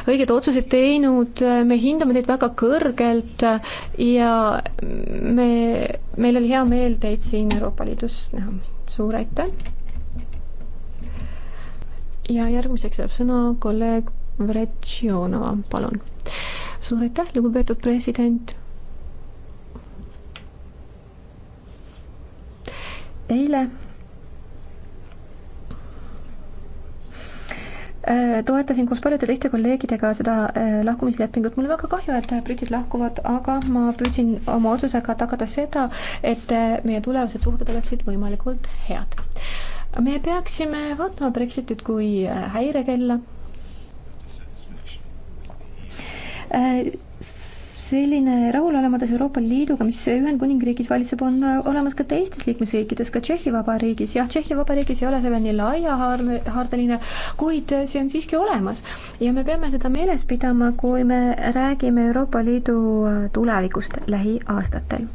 õigeid otsuseid teinud, me hindame teid väga kõrgelt ja me, meil oli hea meel teid siin Euroopa Liidus näha. suur aitäh! ja järgmiseks saab sõna kolleeg Vretšionova, palun. suur aitäh, lugupeetud president! eile Äh, toetasin koos paljude teiste kolleegidega seda äh, lahkumislepingut, mul on väga kahju, et äh, britid lahkuvad, aga ma püüdsin oma otsusega tagada seda, et meie tulevased suhted oleksid võimalikult head. me peaksime vaatama Brexitit kui häirekella selline rahulolematus Euroopa Liiduga, mis Ühendkuningriigis valitseb, on äh, olemas ka teistes liikmesriikides, ka Tšehhi Vabariigis. jah, Tšehhi Vabariigis ei ole see veel nii laiahaardeline, kuid äh, see on siiski olemas. ja me peame seda meeles pidama, kui me räägime Euroopa Liidu äh, tulevikust lähiaastatel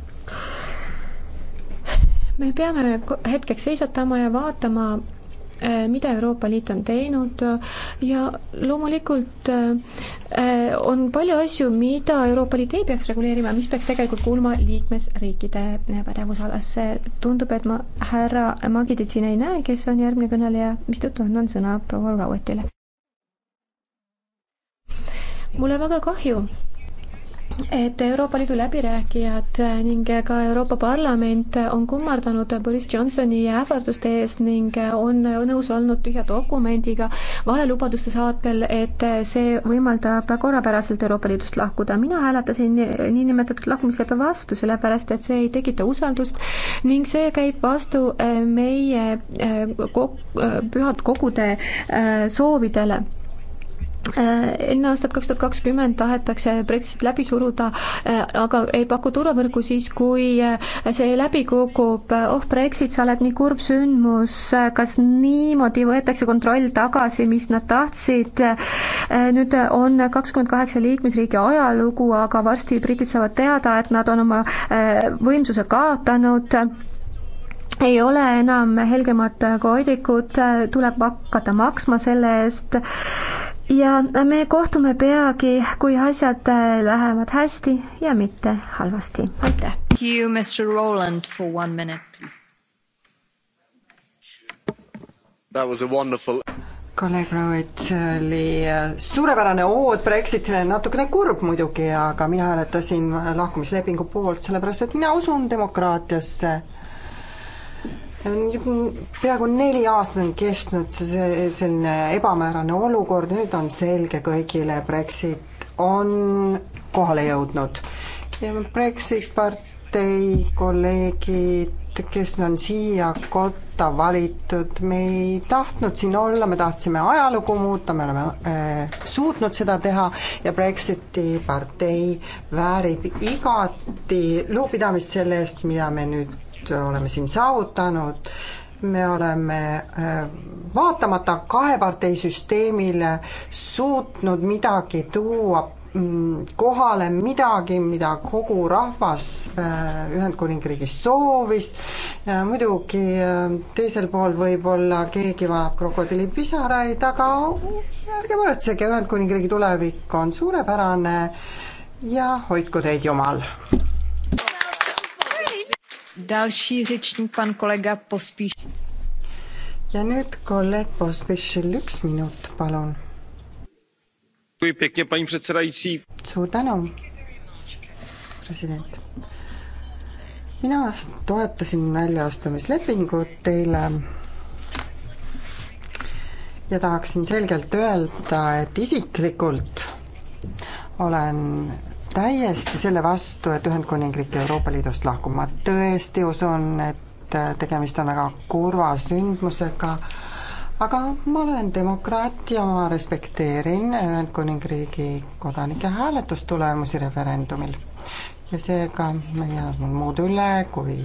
me peame hetkeks seisatama ja vaatama Äh, mida Euroopa Liit on teinud ja loomulikult äh, äh, on palju asju, mida Euroopa Liit ei peaks reguleerima, mis peaks tegelikult kuuluma liikmesriikide pädevusalasse. tundub, et ma härra Magidit siin ei näe, kes on järgmine kõneleja, mistõttu annan sõna proua Rauetile. mul on väga kahju et Euroopa Liidu läbirääkijad ning ka Euroopa Parlament on kummardanud Boris Johnsoni ähvarduste ees ning on nõus olnud tühja dokumendiga valelubaduste saatel, et see võimaldab korrapäraselt Euroopa Liidust lahkuda. mina hääletasin niinimetatud lahkumisleppe vastu, sellepärast et see ei tekita usaldust ning see käib vastu äh, meie äh, kok-, äh, pühad kogude soovidele Äh, enne aastat kaks tuhat kakskümmend tahetakse Brexit läbi suruda, äh, aga ei paku turvavõrgu siis, kui äh, see läbi kukub. oh Brexit, sa oled nii kurb sündmus, kas niimoodi võetakse kontroll tagasi, mis nad tahtsid? nüüd on kakskümmend kaheksa liikmesriigi ajalugu, aga varsti britid saavad teada, et nad on oma võimsuse kaotanud ei ole enam helgemat koodikut, tuleb hakata maksma selle eest ja me kohtume peagi, kui asjad lähevad hästi ja mitte halvasti, aitäh! Wonderful... kolleeg Rowett, see oli äh, suurepärane ood Brexitile, natukene kurb muidugi, aga mina hääletasin lahkumislepingu poolt, sellepärast et mina usun demokraatiasse peaaegu neli aastat on kestnud see selline ebamäärane olukord, nüüd on selge kõigile, Brexit on kohale jõudnud. ja Brexit partei kolleegid, kes on siia kotta valitud, me ei tahtnud siin olla, me tahtsime ajalugu muuta, me oleme äh, suutnud seda teha ja Brexiti partei väärib igati lugupidamist selle eest, mida me nüüd oleme siin saavutanud, me oleme äh, vaatamata kaheparteisüsteemile suutnud midagi tuua mm, kohale midagi, mida kogu rahvas äh, Ühendkuningriigis soovis. muidugi äh, teisel pool võib-olla keegi valab krokodillipisaraid, aga ärge muretsege, Ühendkuningriigi tulevik on suurepärane ja hoidku teid Jumal! Další řečník, pan kolega Pospíš. Ja nüüd kolleeg Pospišil üks minut, palun. suur tänu, president. mina toetasin väljaastumislepingut eile ja tahaksin selgelt öelda, et isiklikult olen täiesti selle vastu, et Ühendkuningriik Euroopa Liidust lahkub, ma tõesti usun, et äh, tegemist on väga kurva sündmusega, aga ma olen demokraat ja ma respekteerin Ühendkuningriigi kodanike hääletustulemusi referendumil. ja seega ei jäänud mul muud üle, kui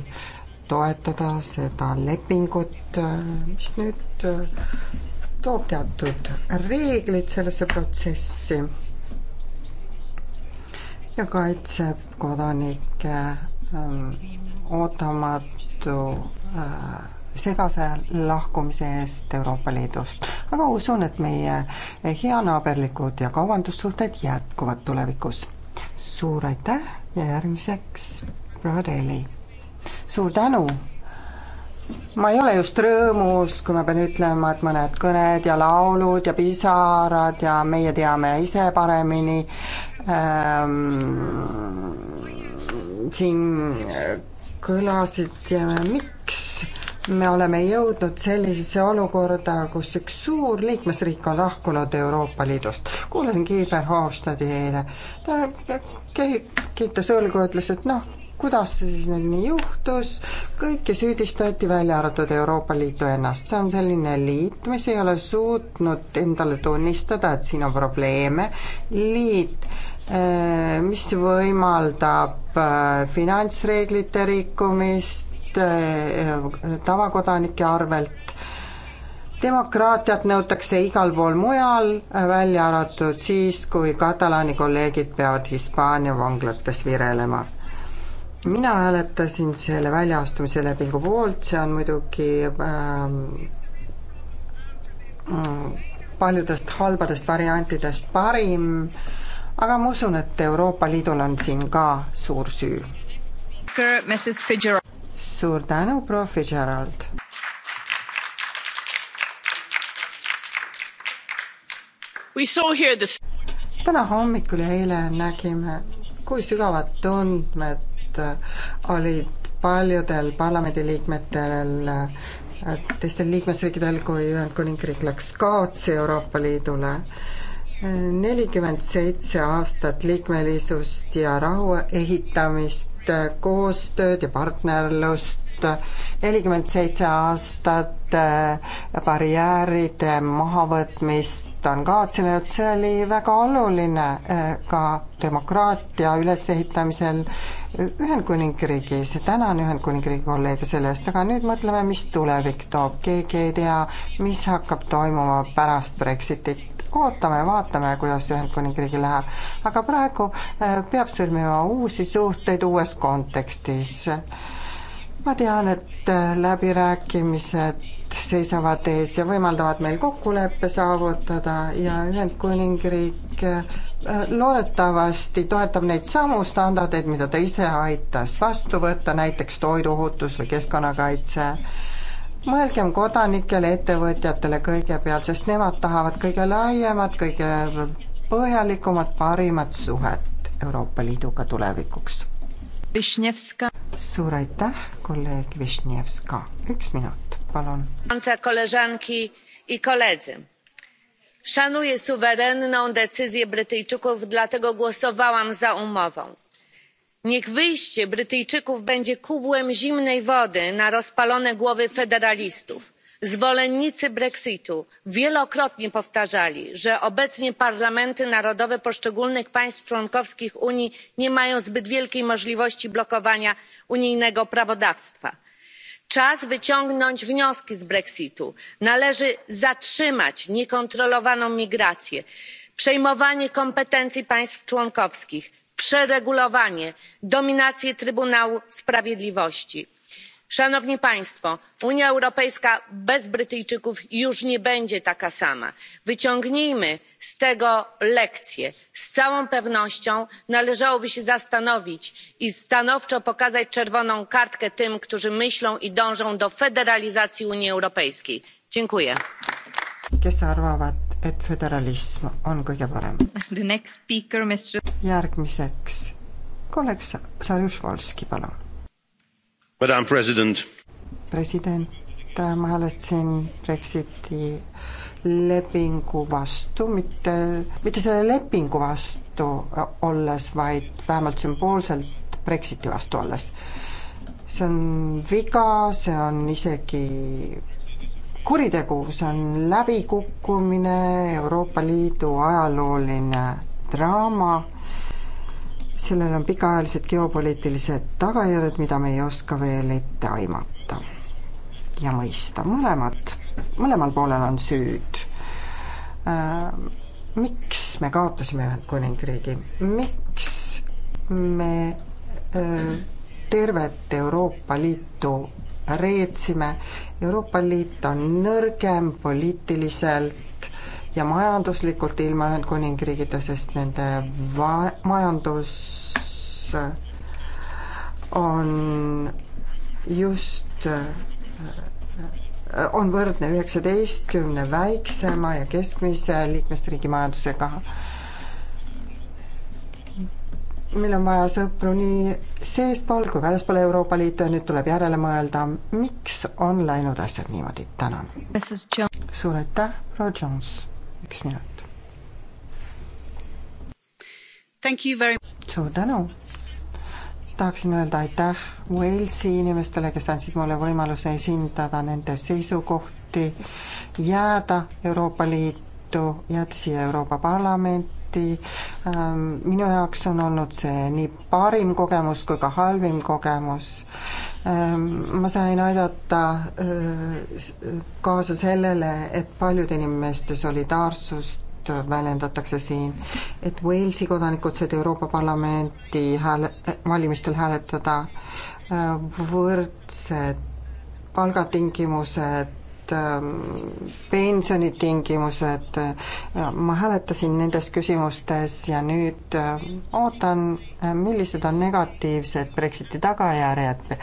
toetada seda lepingut, äh, mis nüüd äh, toob teatud reeglid sellesse protsessi ja kaitseb kodanike ähm, ootamatu äh, segase lahkumise eest Euroopa Liidust. aga usun, et meie heanaaberlikud ja kaubandussuhted jätkuvad tulevikus. suur aitäh ja järgmiseks Radeli. suur tänu! ma ei ole just rõõmus, kui ma pean ütlema, et mõned kõned ja laulud ja pisarad ja meie teame ise paremini, ähm, siin kõlasid ja miks me oleme jõudnud sellisesse olukorda, kus üks suur liikmesriik on lahkunud Euroopa Liidust. kuulasin Kiiber Hofstadi eile, ta kehitas õlgu, ütles, et noh, kuidas see siis nüüd nii juhtus, kõiki süüdistati, välja arvatud Euroopa Liitu ennast, see on selline liit, mis ei ole suutnud endale tunnistada, et siin on probleeme, liit Äh, mis võimaldab äh, finantsreeglite rikkumist äh, tavakodanike arvelt. demokraatiat nõutakse igal pool mujal, välja arvatud siis, kui katalaani kolleegid peavad Hispaania vanglates virelema mina hääletasin selle väljaastumise lepingu poolt, see on muidugi ähm, mm, paljudest halbadest variantidest parim äh,, aga ma usun, et Euroopa Liidul on siin ka suur süü. suur tänu, proua Fitzgerald. täna hommikul ja eile nägime, kui sügavad tundmed olid paljudel parlamendiliikmetel teistel liikmesriikidel, kui Ühendkuningriik läks kaotsi Euroopa Liidule nelikümmend seitse aastat liikmelisust ja rahu ehitamist, koostööd ja partnerlust, nelikümmend seitse aastat äh, barjääride mahavõtmist on kaotsenud, see oli väga oluline äh, ka demokraatia ülesehitamisel Ühendkuningriigis, tänan Ühendkuningriigi kolleege selle eest, aga nüüd mõtleme, mis tulevik toob, keegi ei tea, mis hakkab toimuma pärast Brexitit ootame, vaatame, kuidas Ühendkuningriigil läheb. aga praegu äh, peab sõlmima uusi suhteid uues kontekstis. ma tean, et äh, läbirääkimised seisavad ees ja võimaldavad meil kokkuleppe saavutada ja Ühendkuningriik äh, loodetavasti toetab neid samu standardeid, mida ta ise aitas vastu võtta, näiteks toiduohutus või keskkonnakaitse mõelgem kodanikele, ettevõtjatele kõigepealt, sest nemad tahavad kõige laiemat, kõige põhjalikumat, parimat suhet Euroopa Liiduga tulevikuks. suur aitäh, kolleeg Višnjevska, üks minut, palun. szanuję suwerenną decyzję brytyjczyków dlatego głosowałam za umową niech wyjście brytyjczyków będzie kubłem zimnej wody na rozpalone głowy federalistów. zwolennicy brexitu wielokrotnie powtarzali że obecnie parlamenty narodowe poszczególnych państw członkowskich unii nie mają zbyt wielkiej możliwości blokowania unijnego prawodawstwa. czas wyciągnąć wnioski z brexitu. należy zatrzymać niekontrolowaną migrację przejmowanie kompetencji państw członkowskich przeregulowanie dominację trybunału sprawiedliwości. unia europejska bez brytyjczyków już nie będzie taka sama. wyciągnijmy z tego lekcje. z całą pewnością należałoby się zastanowić i stanowczo pokazać czerwoną kartkę tym którzy myślą i dążą do federalizacji unii europejskiej. dziękuję. kes arvavad et föderalism on kõige parem. järgmiseks kolleeg Sarjušvalski, palun. president, president, ma hääletasin Brexiti lepingu vastu, mitte, mitte selle lepingu vastu olles, vaid vähemalt sümboolselt Brexiti vastu olles. see on viga, see on isegi kuritegu, see on läbikukkumine, Euroopa Liidu ajalooline draama, sellel on pikaajalised geopoliitilised tagajärjed, mida me ei oska veel ette aimata ja mõista, mõlemad, mõlemal poolel on süüd äh,. miks me kaotasime Ühendkuningriigi, miks me äh, tervet Euroopa Liitu reetsime Euroopa Liit on nõrgem poliitiliselt ja majanduslikult ilma Ühendkuningriigita, sest nende va-, majandus on just on võrdne üheksateistkümne väiksema ja keskmise liikmesriigi majandusega meil on vaja sõpru nii seestpool kui väljaspool Euroopa Liitu ja nüüd tuleb järele mõelda, miks on läinud asjad niimoodi, tänan. suur aitäh, proua Jones, üks minut. suur tänu. tahaksin öelda aitäh Walesi inimestele, kes andsid mulle võimaluse esindada nende seisukohti, jääda Euroopa Liitu, jääda siia Euroopa Parlamenti, samuti. Ähm, minu jaoks on olnud see nii parim kogemus kui ka halvim kogemus. Ähm, ma sain aidata äh, kaasa sellele, et paljude inimeste solidaarsust väljendatakse siin, et Walesi kodanikud said Euroopa Parlamenti hääle, valimistel hääletada äh, võrdsed palgatingimused, Ähm, pensionitingimused, äh, ma hääletasin nendes küsimustes ja nüüd äh, ootan, äh, millised on negatiivsed Brexiti tagajärjed.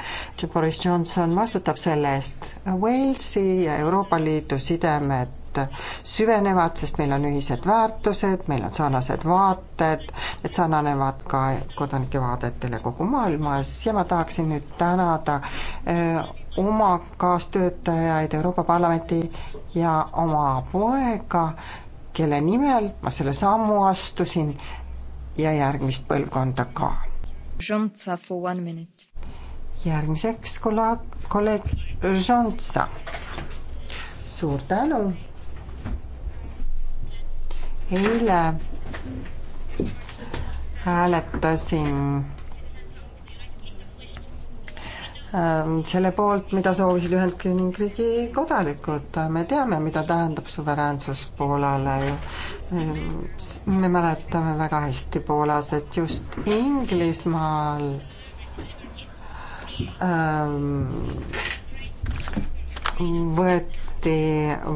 Boris Johnson vastutab selle eest, Walesi ja Euroopa Liidu sidemed süvenevad, sest meil on ühised väärtused, meil on sarnased vaated, need sarnanevad ka kodanike vaadetele kogu maailmas ja ma tahaksin nüüd tänada oma kaastöötajaid Euroopa Parlamenti ja oma poega, kelle nimel ma selle sammu astusin ja järgmist põlvkonda ka. järgmiseks kolleeg, kolleeg Žontsa. suur tänu. eile hääletasin Ähm, selle poolt, mida soovisid Ühendkuningriigi kodanikud. me teame, mida tähendab suveräänsus Poolale ju. Ähm, me mäletame väga hästi Poolas, et just Inglismaal ähm, võeti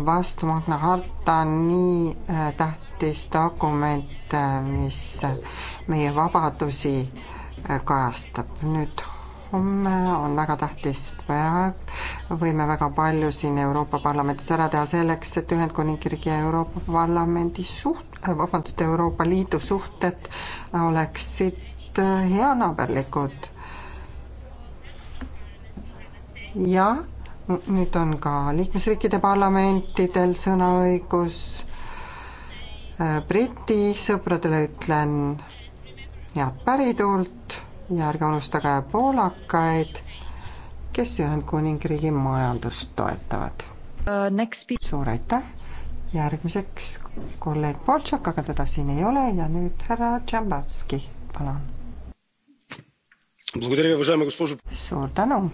vastu Magna harta nii äh, tähtis dokument, äh, mis meie vabadusi äh, kajastab. nüüd homme on väga tähtis päev, võime väga palju siin Euroopa Parlamendis ära teha selleks, et Ühendkuningriigi ja Euroopa Parlamendi suht-, äh, vabandust, Euroopa Liidu suhted oleksid äh, heanaaberlikud. ja nüüd on ka liikmesriikide parlamentidel sõnaõigus, äh, Briti sõpradele ütlen head pärituult ja ärge unustage poolakaid, kes Ühendkuningriigi majandust toetavad uh,. Next... suur aitäh, järgmiseks kolleeg Boltšak, aga teda siin ei ole ja nüüd härra Tšambatski, palun. suur tänu.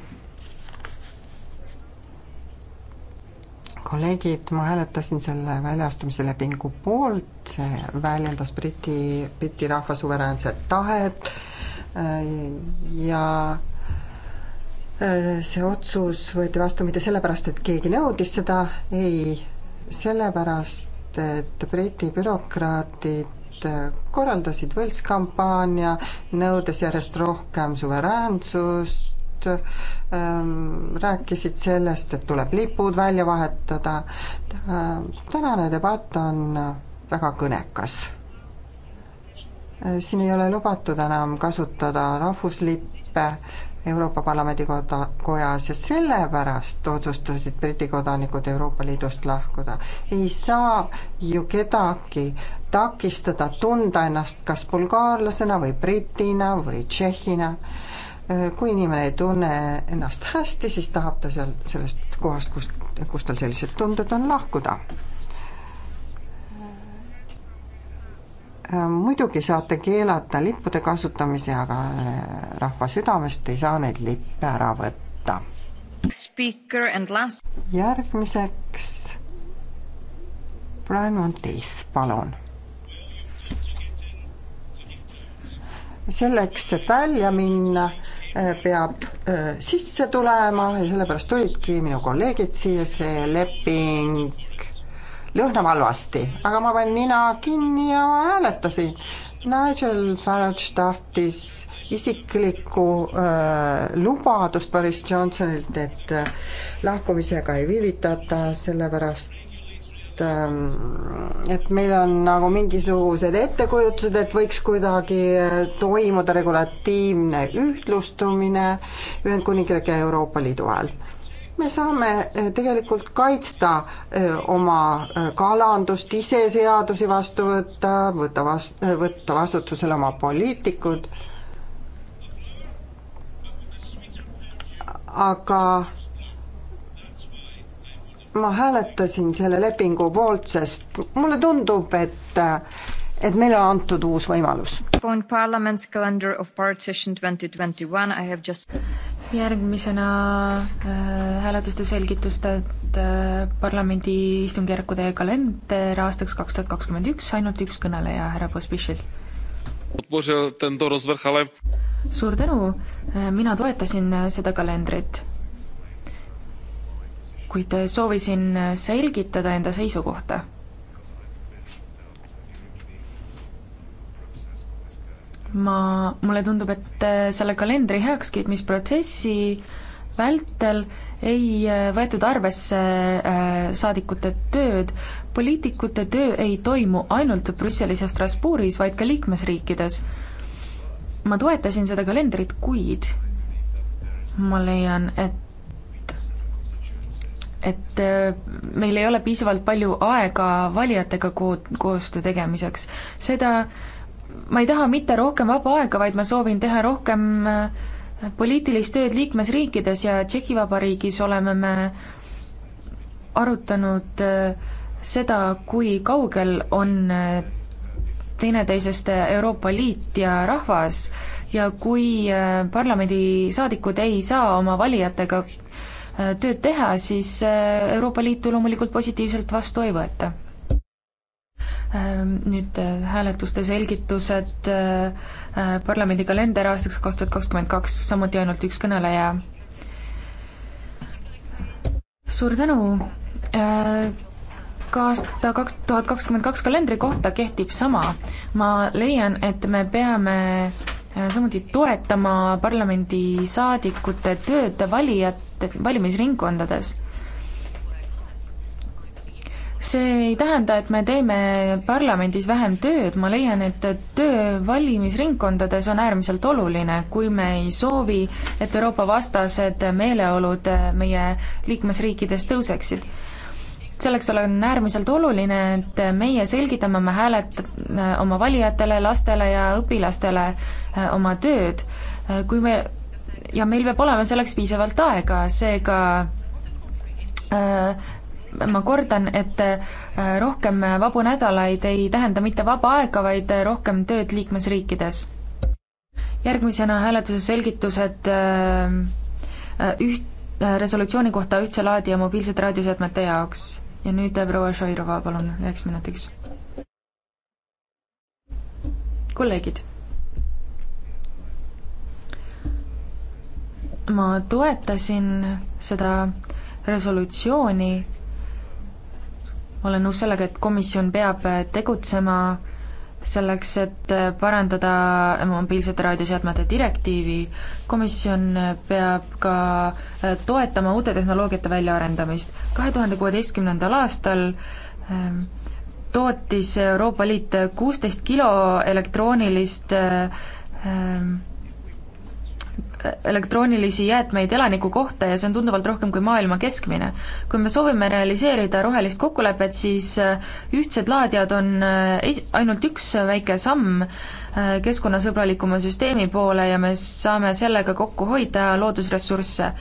kolleegid, ma hääletasin selle väljaastumise lepingu poolt, see väljendas Briti, Briti rahva suveräänset tahet Äh, ja äh, see otsus võeti vastu mitte sellepärast, et keegi nõudis seda, ei, sellepärast, et Briti bürokraadid äh, korraldasid võltskampaania, nõudes järjest rohkem suveräänsust, ähm, rääkisid sellest, et tuleb lipud välja vahetada, tänane debatt on väga kõnekas Äh, siin ei ole lubatud enam kasutada rahvuslippe Euroopa Parlamendi koda, kojas ja sellepärast otsustasid Briti kodanikud Euroopa Liidust lahkuda. ei saa ju kedagi takistada tunda ennast kas bulgaarlasena või britina või tšehhina. Äh, kui inimene ei tunne ennast hästi, siis tahab ta seal sellest kohast, kust, kus tal sellised tunded on, lahkuda Äh, muidugi saate keelata lippude kasutamise, aga äh, rahva südamest ei saa neid lippe ära võtta. Last... järgmiseks Brian Monteith, palun. selleks, et välja minna, äh, peab sisse tulema ja sellepärast tulidki minu kolleegid siia, see leping lõhnab halvasti, aga ma panin nina kinni ja hääletasin. Nigel Farage tahtis isiklikku äh, lubadust Boris Johnsonilt, et äh, lahkumisega ei viivitata, sellepärast ähm, et meil on nagu mingisugused ettekujutused, et võiks kuidagi äh, toimuda regulatiivne ühtlustumine Ühendkuningriigi ja Euroopa Liidu vahel me saame eh, tegelikult kaitsta eh, oma eh, kalandust, ise seadusi vastu võtta, võtta vast-, võtta vastutusele oma poliitikud, aga ma hääletasin selle lepingu poolt, sest mulle tundub, et et meile on antud uus võimalus. Just... järgmisena äh, hääletuste selgitused äh, parlamendi istungjärkude kalender aastaks kaks tuhat kakskümmend üks, ainult üks kõneleja, härra Pospišil. suur tänu, äh, mina toetasin seda kalendrit kuid soovisin selgitada enda seisukohta ma, mulle tundub, et äh, selle kalendri heakskiitmisprotsessi vältel ei äh, võetud arvesse äh, saadikute tööd. poliitikute töö ei toimu ainult Brüsselis ja Strasbourgis, vaid ka liikmesriikides. ma toetasin seda kalendrit, kuid ma leian, et et meil ei ole piisavalt palju aega valijatega kood, koostöö tegemiseks. seda äh, ma ei taha mitte rohkem vaba aega, vaid ma soovin teha rohkem äh, poliitilist tööd liikmesriikides ja Tšehhi Vabariigis oleme me arutanud äh, seda, kui kaugel on äh, teineteisest Euroopa Liit ja rahvas ja kui parlamendisaadikud ei saa oma valijatega tööd teha, siis Euroopa Liitu loomulikult positiivselt vastu ei võeta Ehm, nüüd äh, hääletuste selgitused äh, äh, parlamendi kalender aastaks kaks tuhat kakskümmend kaks, samuti ainult üks kõneleja. suur tänu ka aasta kaks tuhat kakskümmend kaks kalendri kohta kehtib sama. ma leian, et me peame samuti toetama parlamendisaadikute tööd valijate, valimisringkondades see ei tähenda, et me teeme parlamendis vähem tööd, ma leian, et töö valimisringkondades on äärmiselt oluline, kui me ei soovi, et Euroopa vastased meeleolud meie liikmesriikides tõuseksid. selleks on äärmiselt oluline, et meie selgitame oma häälet-, oma valijatele, lastele ja õpilastele äh, oma tööd, äh, kui me, ja meil peab olema selleks piisavalt aega, seega äh, ma kordan, et äh, rohkem vabu nädalaid ei tähenda mitte vaba aega, vaid rohkem tööd liikmesriikides. järgmisena hääletuse selgitused äh, äh, üht, resolutsiooni kohta ühtse laadi ja mobiilsete raadioseadmete jaoks. ja nüüd proua Šoirova, palun, üheks minutiks. kolleegid. ma toetasin seda resolutsiooni ma olen nõus sellega, et komisjon peab äh, tegutsema selleks, et äh, parandada mobiilsete raadioseadmete direktiivi, komisjon äh, peab ka toetama uute tehnoloogiate väljaarendamist. kahe tuhande kuueteistkümnendal aastal ähm, tootis Euroopa Liit kuusteist kilo elektroonilist ähm, elektroonilisi jäätmeid elaniku kohta ja see on tunduvalt rohkem kui maailma keskmine. kui me soovime realiseerida rohelist kokkulepet, siis äh, ühtsed laadijad on äh, es-, ainult üks väike samm äh, keskkonnasõbralikuma süsteemi poole ja me saame sellega kokku hoida loodusressursse.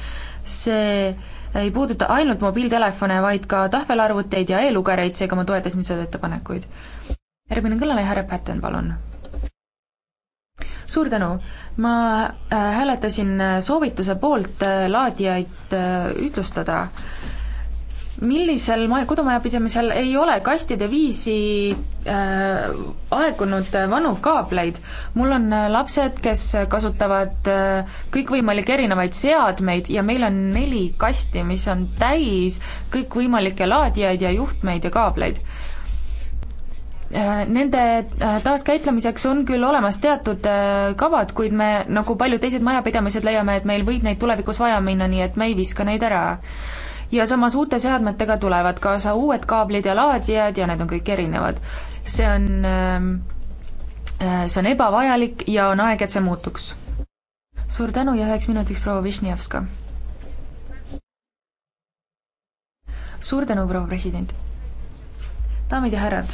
see ei puuduta ainult mobiiltelefone, vaid ka tahvelarvuteid ja e-lugereid, seega ma toetasin seda ettepanekuid. järgmine kõneleja, härra Patten, palun suur tänu, ma äh, hääletasin äh, soovituse poolt äh, laadijaid ütlustada millisel maja, kodumajapidamisel ei ole kastide viisi äh, aegunud vanu kaableid. mul on lapsed, kes kasutavad äh, kõikvõimalikke erinevaid seadmeid ja meil on neli kasti, mis on täis kõikvõimalikke laadijaid ja juhtmeid ja kaableid Äh, nende äh, taaskäitlemiseks on küll olemas teatud äh, kavad, kuid me, nagu paljud teised majapidamised, leiame, et meil võib neid tulevikus vaja minna, nii et me ei viska neid ära. ja samas uute seadmetega tulevad kaasa uued kaablid ja laadijad ja need on kõik erinevad. see on, ähm, see on ebavajalik ja on aeg, et see muutuks. suur tänu ja üheks minutiks proua Višnjevska. suur tänu, proua president. daamid ja härrad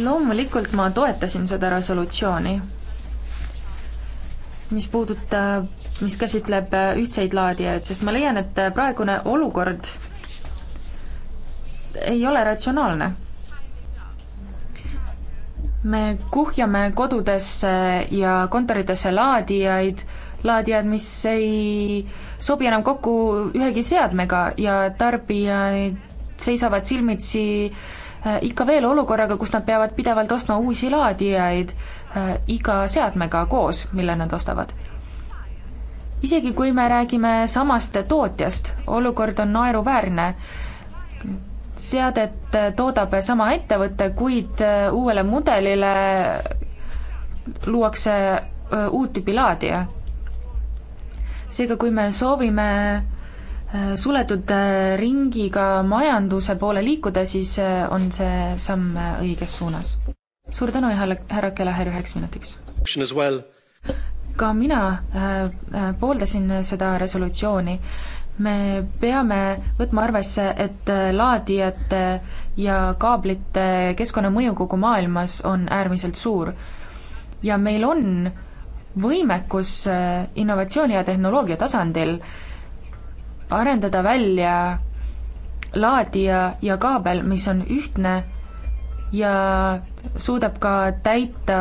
loomulikult ma toetasin seda resolutsiooni, mis puudutab, mis käsitleb ühtseid laadijaid, sest ma leian, et praegune olukord ei ole ratsionaalne. me kuhjame kodudesse ja kontoritesse laadijaid, laadijad, mis ei sobi enam kokku ühegi seadmega ja tarbijad seisavad silmitsi äh, Äh, ikka veel olukorraga, kus nad peavad pidevalt ostma uusi laadijaid äh, iga seadmega koos, mille nad ostavad. isegi kui me räägime samast tootjast, olukord on naeruväärne seadet äh, toodab sama ettevõte, kuid uuele mudelile luuakse uut tüüpi laadija. seega, kui me soovime suletud äh, ringiga majanduse poole liikuda, siis äh, on see samm äh, õiges suunas. suur tänu ja härra Kelaher üheks minutiks. ka mina pooldasin seda resolutsiooni. me peame võtma arvesse, et laadijate ja kaablite keskkonnamõju kogu maailmas on äärmiselt suur. ja meil on võimekus innovatsiooni ja tehnoloogia tasandil äh, arendada välja laadija ja kaabel, mis on ühtne ja suudab ka täita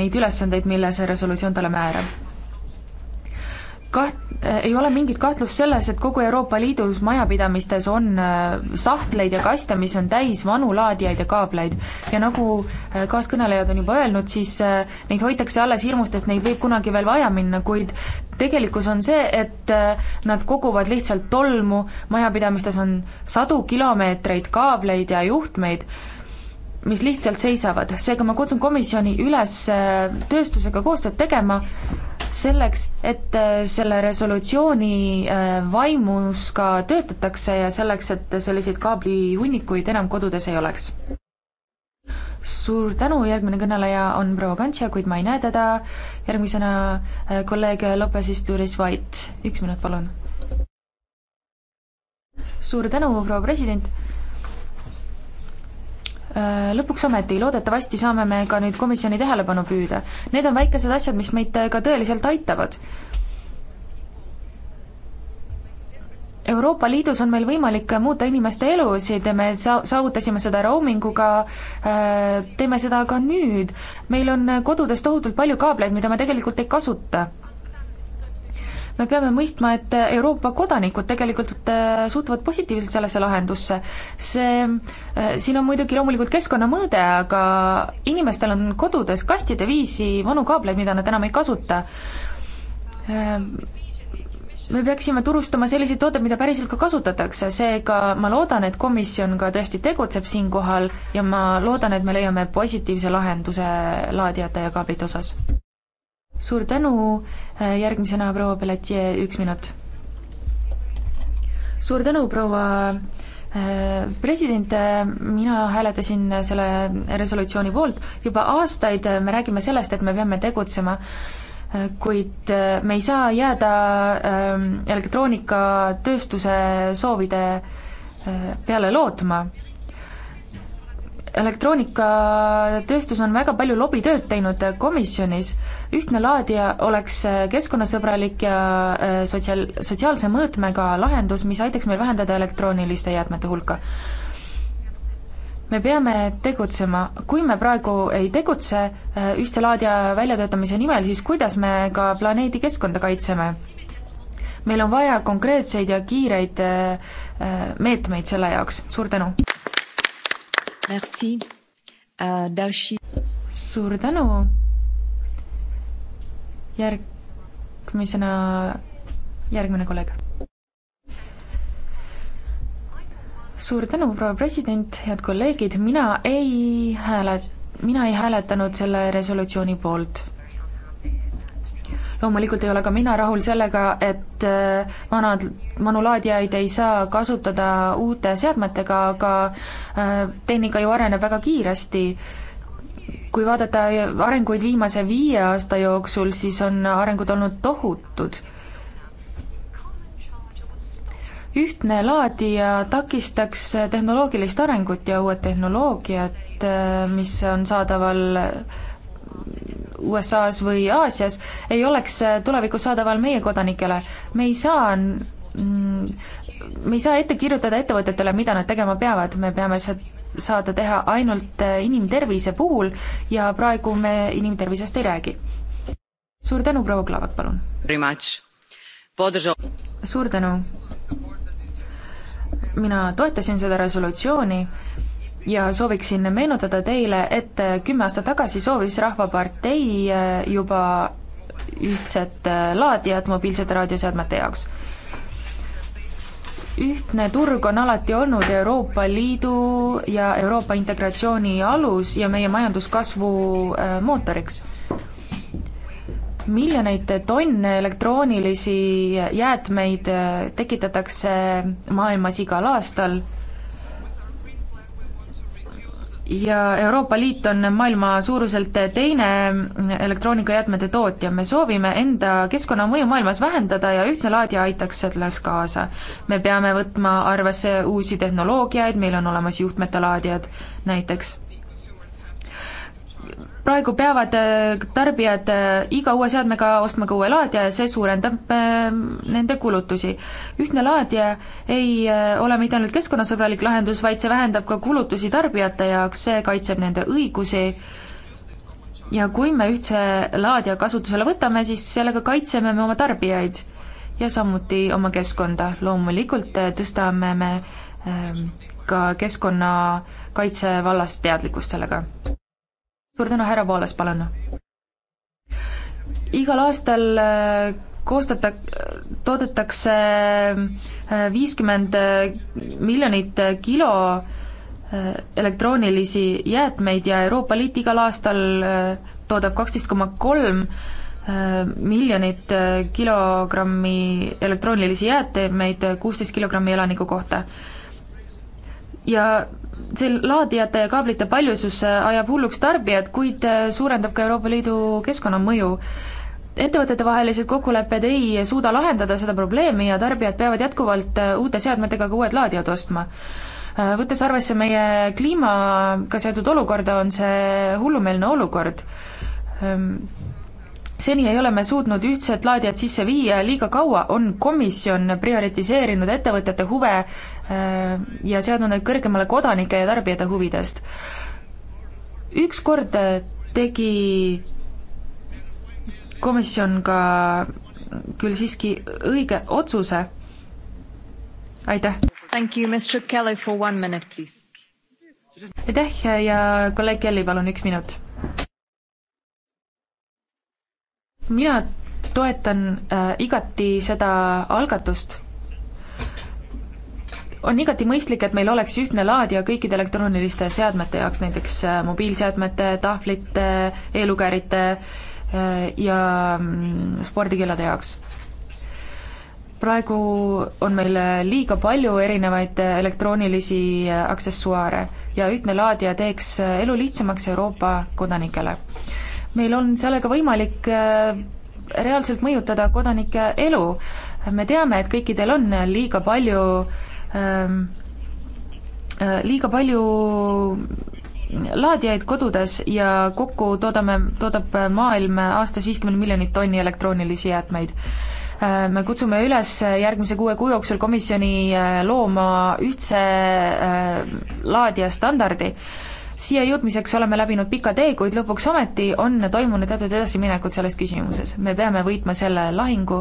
neid ülesandeid, mille see resolutsioon talle määrab kaht-, ei ole mingit kahtlust selles, et kogu Euroopa Liidus majapidamistes on äh, sahtleid ja kaste, mis on täis vanu laadijaid ja kaableid. ja nagu äh, kaaskõnelejad on juba öelnud, siis äh, neid hoitakse alles hirmust, et neid võib kunagi veel vaja minna, kuid tegelikkus on see, et nad koguvad lihtsalt tolmu, majapidamistes on sadu kilomeetreid kaableid ja juhtmeid, mis lihtsalt seisavad, seega ma kutsun komisjoni üles tööstusega koostööd tegema selleks, et äh, selle resolutsiooni äh, vaimus ka töötatakse ja selleks, et selliseid kaablihunnikuid enam kodudes ei oleks. suur tänu, järgmine kõneleja on proua Kantša, kuid ma ei näe teda, järgmisena äh, kolleeg Lopez Isturis Vait, üks minut palun. suur tänu, proua president Äh, lõpuks ometi, loodetavasti saame me ka nüüd komisjoni tähelepanu püüda. Need on väikesed asjad, mis meid äh, ka tõeliselt aitavad. Euroopa Liidus on meil võimalik äh, muuta inimeste elusid ja me sa-, saavutasime seda roaminguga, teeme seda ka nüüd. meil on kodudes tohutult palju kaableid, mida me tegelikult ei kasuta me peame mõistma, et Euroopa kodanikud tegelikult äh, suhtuvad positiivselt sellesse lahendusse. see, äh, siin on muidugi loomulikult keskkonnamõõde, aga inimestel on kodudes kastide viisi vanu kaableid, mida nad enam ei kasuta ähm, me peaksime turustama selliseid tooteid, mida päriselt ka kasutatakse, seega ma loodan, et komisjon ka tõesti tegutseb siinkohal ja ma loodan, et me leiame positiivse lahenduse laadijate ja kaablite osas suur tänu, äh, järgmisena proua Pelletier, üks minut. suur tänu, proua äh, president, mina hääletasin selle resolutsiooni poolt, juba aastaid me räägime sellest, et me peame tegutsema, äh, kuid me ei saa jääda ähm, elektroonikatööstuse soovide peale lootma elektroonikatööstus on väga palju lobitööd teinud komisjonis, ühtne laadija oleks keskkonnasõbralik ja äh, sotsiaal, sotsiaalse mõõtmega lahendus, mis aitaks meil vähendada elektrooniliste jäätmete hulka. me peame tegutsema, kui me praegu ei tegutse äh, ühtse laadija väljatöötamise nimel, siis kuidas me ka planeedi keskkonda kaitseme? meil on vaja konkreetseid ja kiireid äh, meetmeid selle jaoks, suur tänu! Euh, Další... suur tänu. järgmisena järgmine kolleeg. suur tänu, proua president, head kolleegid, mina ei hääle, mina ei hääletanud selle resolutsiooni poolt loomulikult ei ole ka mina rahul sellega, et äh, vanad, vanu laadijaid ei saa kasutada uute seadmetega, aga äh, tehnika ju areneb väga kiiresti kui vaadata arenguid viimase viie aasta jooksul, siis on arengud olnud tohutud. ühtne laadija takistaks tehnoloogilist arengut ja uued tehnoloogiad, äh, mis on saadaval USA-s või Aasias, ei oleks äh, tulevikus saadaval meie kodanikele. me ei saa mm, me ei saa ette kirjutada ettevõtetele, mida nad tegema peavad, me peame saada teha ainult äh, inimtervise puhul ja praegu me inimtervisest ei räägi. suur tänu, proua Klavak, palun! suur tänu! mina toetasin seda resolutsiooni ja sooviksin meenutada teile, et äh, kümme aastat tagasi soovis Rahvapartei äh, juba ühtset äh, laadijat mobiilsete raadioseadmete jaoks. ühtne turg on alati olnud Euroopa Liidu ja Euroopa integratsiooni alus ja meie majanduskasvu mootoriks miljoneid tonne elektroonilisi jäätmeid tekitatakse maailmas igal aastal ja Euroopa Liit on maailma suuruselt teine elektroonikajäätmete tootja, me soovime enda keskkonnamõju maailmas vähendada ja ühtne laadija aitaks selles kaasa. me peame võtma arvesse uusi tehnoloogiaid, meil on olemas juhtmete laadijad näiteks praegu peavad äh, tarbijad äh, iga uue seadmega ostma ka uue laadija ja see suurendab äh, nende kulutusi. ühtne laadija ei ole mitte ainult keskkonnasõbralik lahendus, vaid see vähendab ka kulutusi tarbijate jaoks, see kaitseb nende õigusi ja kui me ühtse laadija kasutusele võtame, siis sellega kaitseme me oma tarbijaid ja samuti oma keskkonda. loomulikult tõstame me ähm, ka keskkonnakaitse vallas teadlikkust sellega suur tänu, härra Poolas, palun. igal aastal äh, koostata, toodetakse äh, viiskümmend äh, miljonit kilo elektroonilisi jäätmeid ja Euroopa Liit igal aastal toodab kaksteist koma kolm miljonit kilogrammi elektroonilisi jäätmeid, kuusteist kilogrammi elaniku kohta. ja sel-, laadijate ja kaablite paljusus äh, ajab hulluks tarbijad, kuid äh, suurendab ka Euroopa Liidu keskkonnamõju. ettevõtetevahelised kokkulepped ei suuda lahendada seda probleemi ja tarbijad peavad jätkuvalt äh, uute seadmetega ka uued laadijad ostma. Võttes arvesse meie kliimaga seotud olukorda, on see hullumeelne olukord ehm, seni ei ole me suutnud ühtset laadijat sisse viia ja liiga kaua on komisjon prioritiseerinud ettevõtete huve äh, ja seadnud need kõrgemale kodanike ja tarbijate huvidest. ükskord äh, tegi komisjon ka küll siiski õige otsuse. aitäh. aitäh ja kolleeg Kelly, palun üks minut mina toetan äh, igati seda algatust. on igati mõistlik, et meil oleks ühtne laadija kõikide elektrooniliste seadmete jaoks, näiteks äh, mobiilseadmete, tahvlite, e-lugerite äh, ja mm, spordikellade jaoks praegu on meil äh, liiga palju erinevaid äh, elektroonilisi äh, aksessuaare ja ühtne laadija teeks elu lihtsamaks Euroopa kodanikele meil on sellega võimalik äh, reaalselt mõjutada kodanike elu. me teame, et kõikidel on liiga palju ähm,, äh, liiga palju laadijaid kodudes ja kokku toodame, toodab maailm aastas viiskümmend miljonit tonni elektroonilisi jäätmeid äh, me kutsume üles järgmise kuue kuu jooksul komisjoni looma ühtse laadija standardi siia jõudmiseks oleme läbinud pika tee, kuid lõpuks ometi on toimunud teatud edasiminekud selles küsimuses. me peame võitma selle lahingu,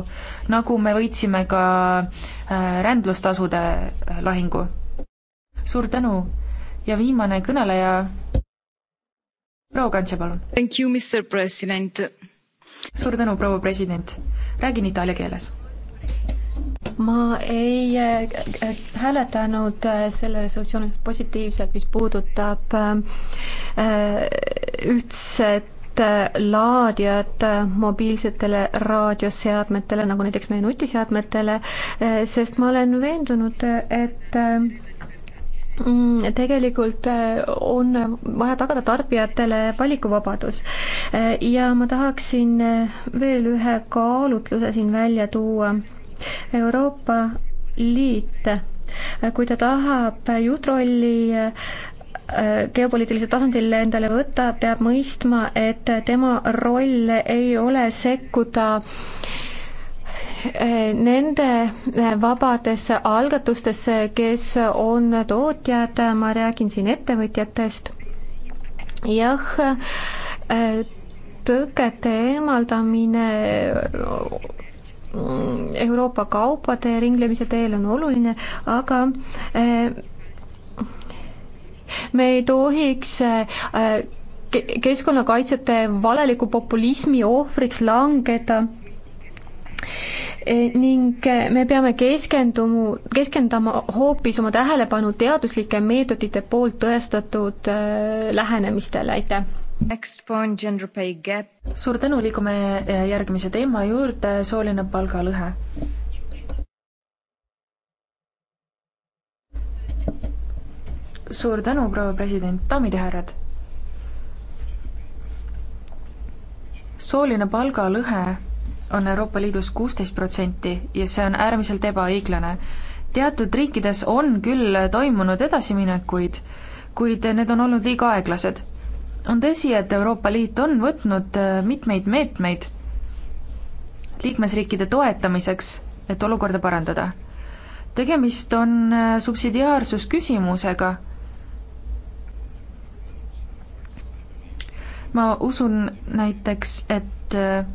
nagu me võitsime ka äh, rändlustasude äh, lahingu. suur tänu ja viimane kõneleja, proua Kantse, palun. Thank you, Mr President. suur tänu, proua president. räägin itaalia keeles ma ei äh, hääletanud äh, selle resolutsiooni positiivselt, mis puudutab äh, ühtset laadijad mobiilsetele raadioseadmetele, nagu näiteks meie nutiseadmetele, sest ma olen veendunud, et mm, tegelikult on vaja tagada tarbijatele valikuvabadus ja ma tahaksin veel ühe kaalutluse siin välja tuua Euroopa Liit, kui ta tahab juhtrolli äh, geopoliitilisel tasandil endale võtta, peab mõistma, et tema roll ei ole sekkuda äh, nende äh, vabadesse algatustesse, kes on tootjad, ma räägin siin ettevõtjatest, jah, tõkete eemaldamine Mm, Euroopa kaupade ringlemise teel on oluline, aga eh, me ei tohiks eh, keskkonnakaitsjate valeliku populismi ohvriks langeda eh, ning me peame keskendumu, keskenduma hoopis oma tähelepanu teaduslike meetodite poolt tõestatud lähenemistele, aitäh! suur tänu, liigume eh, järgmise teema juurde, sooline palgalõhe. suur tänu, proua president, daamid ja härrad. sooline palgalõhe on Euroopa Liidus kuusteist protsenti ja see on äärmiselt ebaõiglane. teatud riikides on küll toimunud edasiminekuid, kuid need on olnud liiga aeglased on tõsi, et Euroopa Liit on võtnud äh, mitmeid meetmeid liikmesriikide toetamiseks, et olukorda parandada. tegemist on äh, subsidiaarsusküsimusega. ma usun näiteks, et äh,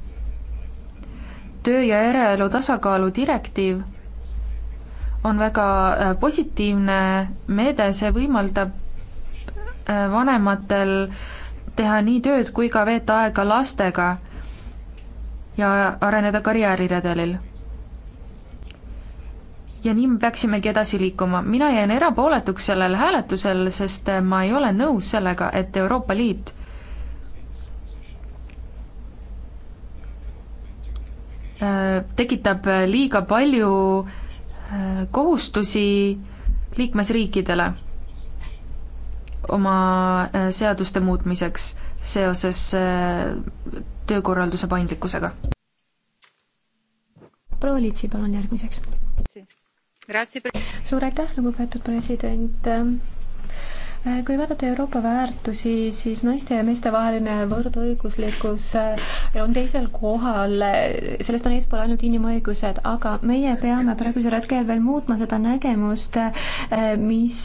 töö ja eraelu tasakaalu direktiiv on väga positiivne meede, see võimaldab Äh, vanematel teha nii tööd kui ka veeta aega lastega ja areneda karjääriredelil. ja nii me peaksimegi edasi liikuma, mina jään erapooletuks sellel hääletusel, sest äh, ma ei ole nõus sellega, et Euroopa Liit äh, tekitab liiga palju kohustusi liikmesriikidele oma äh, seaduste muutmiseks seoses äh, töökorralduse paindlikkusega. proua Litsi, palun järgmiseks. suur aitäh, lugupeetud president äh, kui vaadata Euroopa väärtusi, siis naiste ja meeste vaheline võrdõiguslikkus on teisel kohal, sellest on eespool ainult inimõigused, aga meie peame praegusel hetkel veel muutma seda nägemust, mis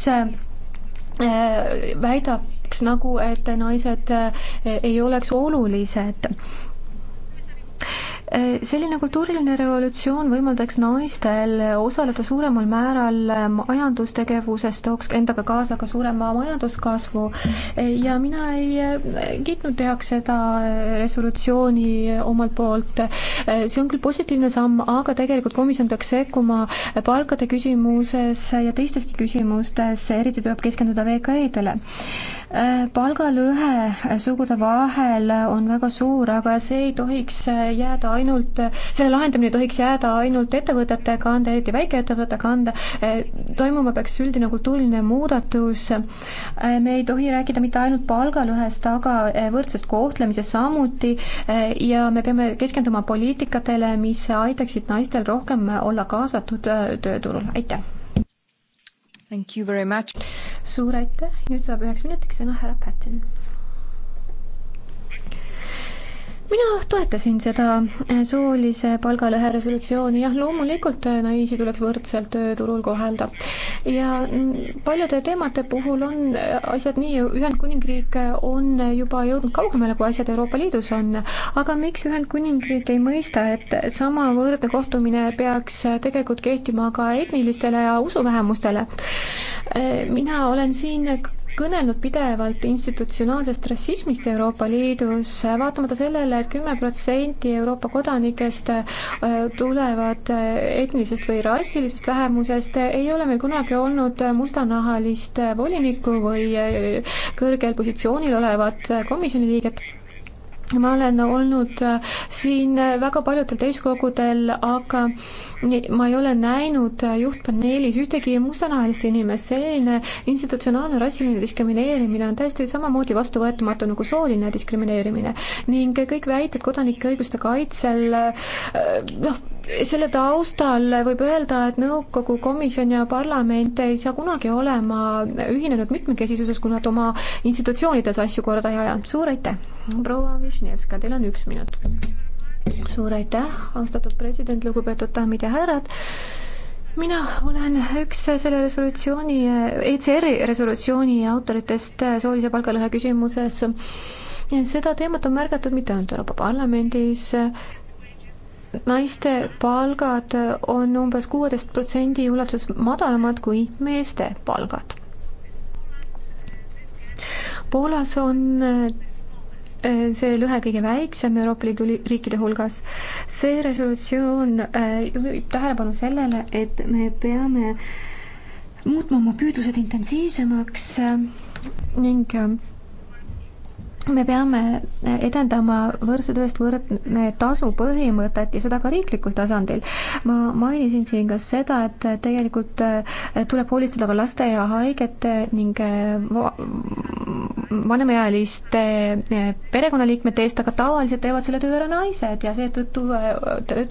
Äh, väidaks nagu, et naised äh, ei oleks olulised selline kultuuriline revolutsioon võimaldaks naistel osaleda suuremal määral majandustegevuses, tooks endaga kaasa ka suurema majanduskasvu ja mina ei eh, kiitnud heaks seda resolutsiooni omalt poolt. see on küll positiivne samm, aga tegelikult komisjon peaks sekkuma palkade küsimuses ja teisteski küsimustes, eriti tuleb keskenduda VKE-dele Äh, palgalõhe äh, sugude vahel on väga suur, aga see ei tohiks äh, jääda ainult, selle lahendamine ei tohiks jääda ainult ettevõtete kanda, eriti väikeettevõtete kanda, toimuma peaks üldine kultuuriline muudatus, me ei tohi rääkida mitte ainult palgalõhest, aga võrdsest kohtlemisest samuti ja me peame keskenduma poliitikatele, mis aitaksid naistel rohkem olla kaasatud tööturul, aitäh! Thank you very much. suur aitäh, nüüd saab üheks minutiks sõna härra Patten mina toetasin seda äh, soolise palgalõhe resolutsiooni, jah, loomulikult äh, naisi tuleks võrdselt tööturul äh, kohelda. ja mm, paljude teemade puhul on asjad nii, Ühendkuningriik on juba jõudnud kaugemale, kui asjad Euroopa Liidus on, aga miks Ühendkuningriik ei mõista, et samavõrdne kohtumine peaks tegelikult kehtima ka etnilistele ja usuvähemustele? mina olen siin kõnelnud pidevalt institutsionaalsest rassismist Euroopa Liidus, vaatamata sellele et, et kümme protsenti Euroopa kodanikest äh, tulevad äh, etnilisest või rassilisest vähemusest, ei ole meil kunagi olnud mustanahalist volinikku või äh, kõrgel positsioonil olevat komisjoni liiget ma olen olnud äh, siin äh, väga paljudel täiskogudel, aga ma ei ole näinud äh, juhtpaneelis ühtegi mustanahalist inimest. selline institutsionaalne rassiline diskrimineerimine on täiesti samamoodi vastuvõetamatu nagu sooline diskrimineerimine ning kõik väited kodanike õiguste kaitsel, noh, selle taustal võib öelda, et nõukogu komisjon ja parlament ei saa kunagi olema ühinenud mitmekesisuses, kui nad oma institutsioonides asju korda ei aja. suur aitäh, proua Višnevska, teil on üks minut. suur aitäh, austatud president, lugupeetud daamid ja härrad mina olen üks selle resolutsiooni, ECR-i resolutsiooni autoritest soolise palgalõhe küsimuses. seda teemat on märgatud mitte ainult Euroopa Parlamendis, naiste palgad on umbes kuueteist protsendi ulatuses madalamad kui meeste palgad. Poolas on eh, see lõhe kõige väiksem Euroopa Liidu riikide hulgas. see resolutsioon eh, juhib tähelepanu sellele, et me peame muutma oma püüdlused intensiivsemaks eh, ning me peame eh, edendama võrdse tööst võrdne tasu põhimõtet ja seda ka riiklikul tasandil. ma mainisin siin ka seda, et tegelikult eh, tuleb hoolitseda ka laste ja haigete ning eh, vanemaealiste perekonnaliikmete eest, aga tavaliselt teevad selle töö ära naised ja seetõttu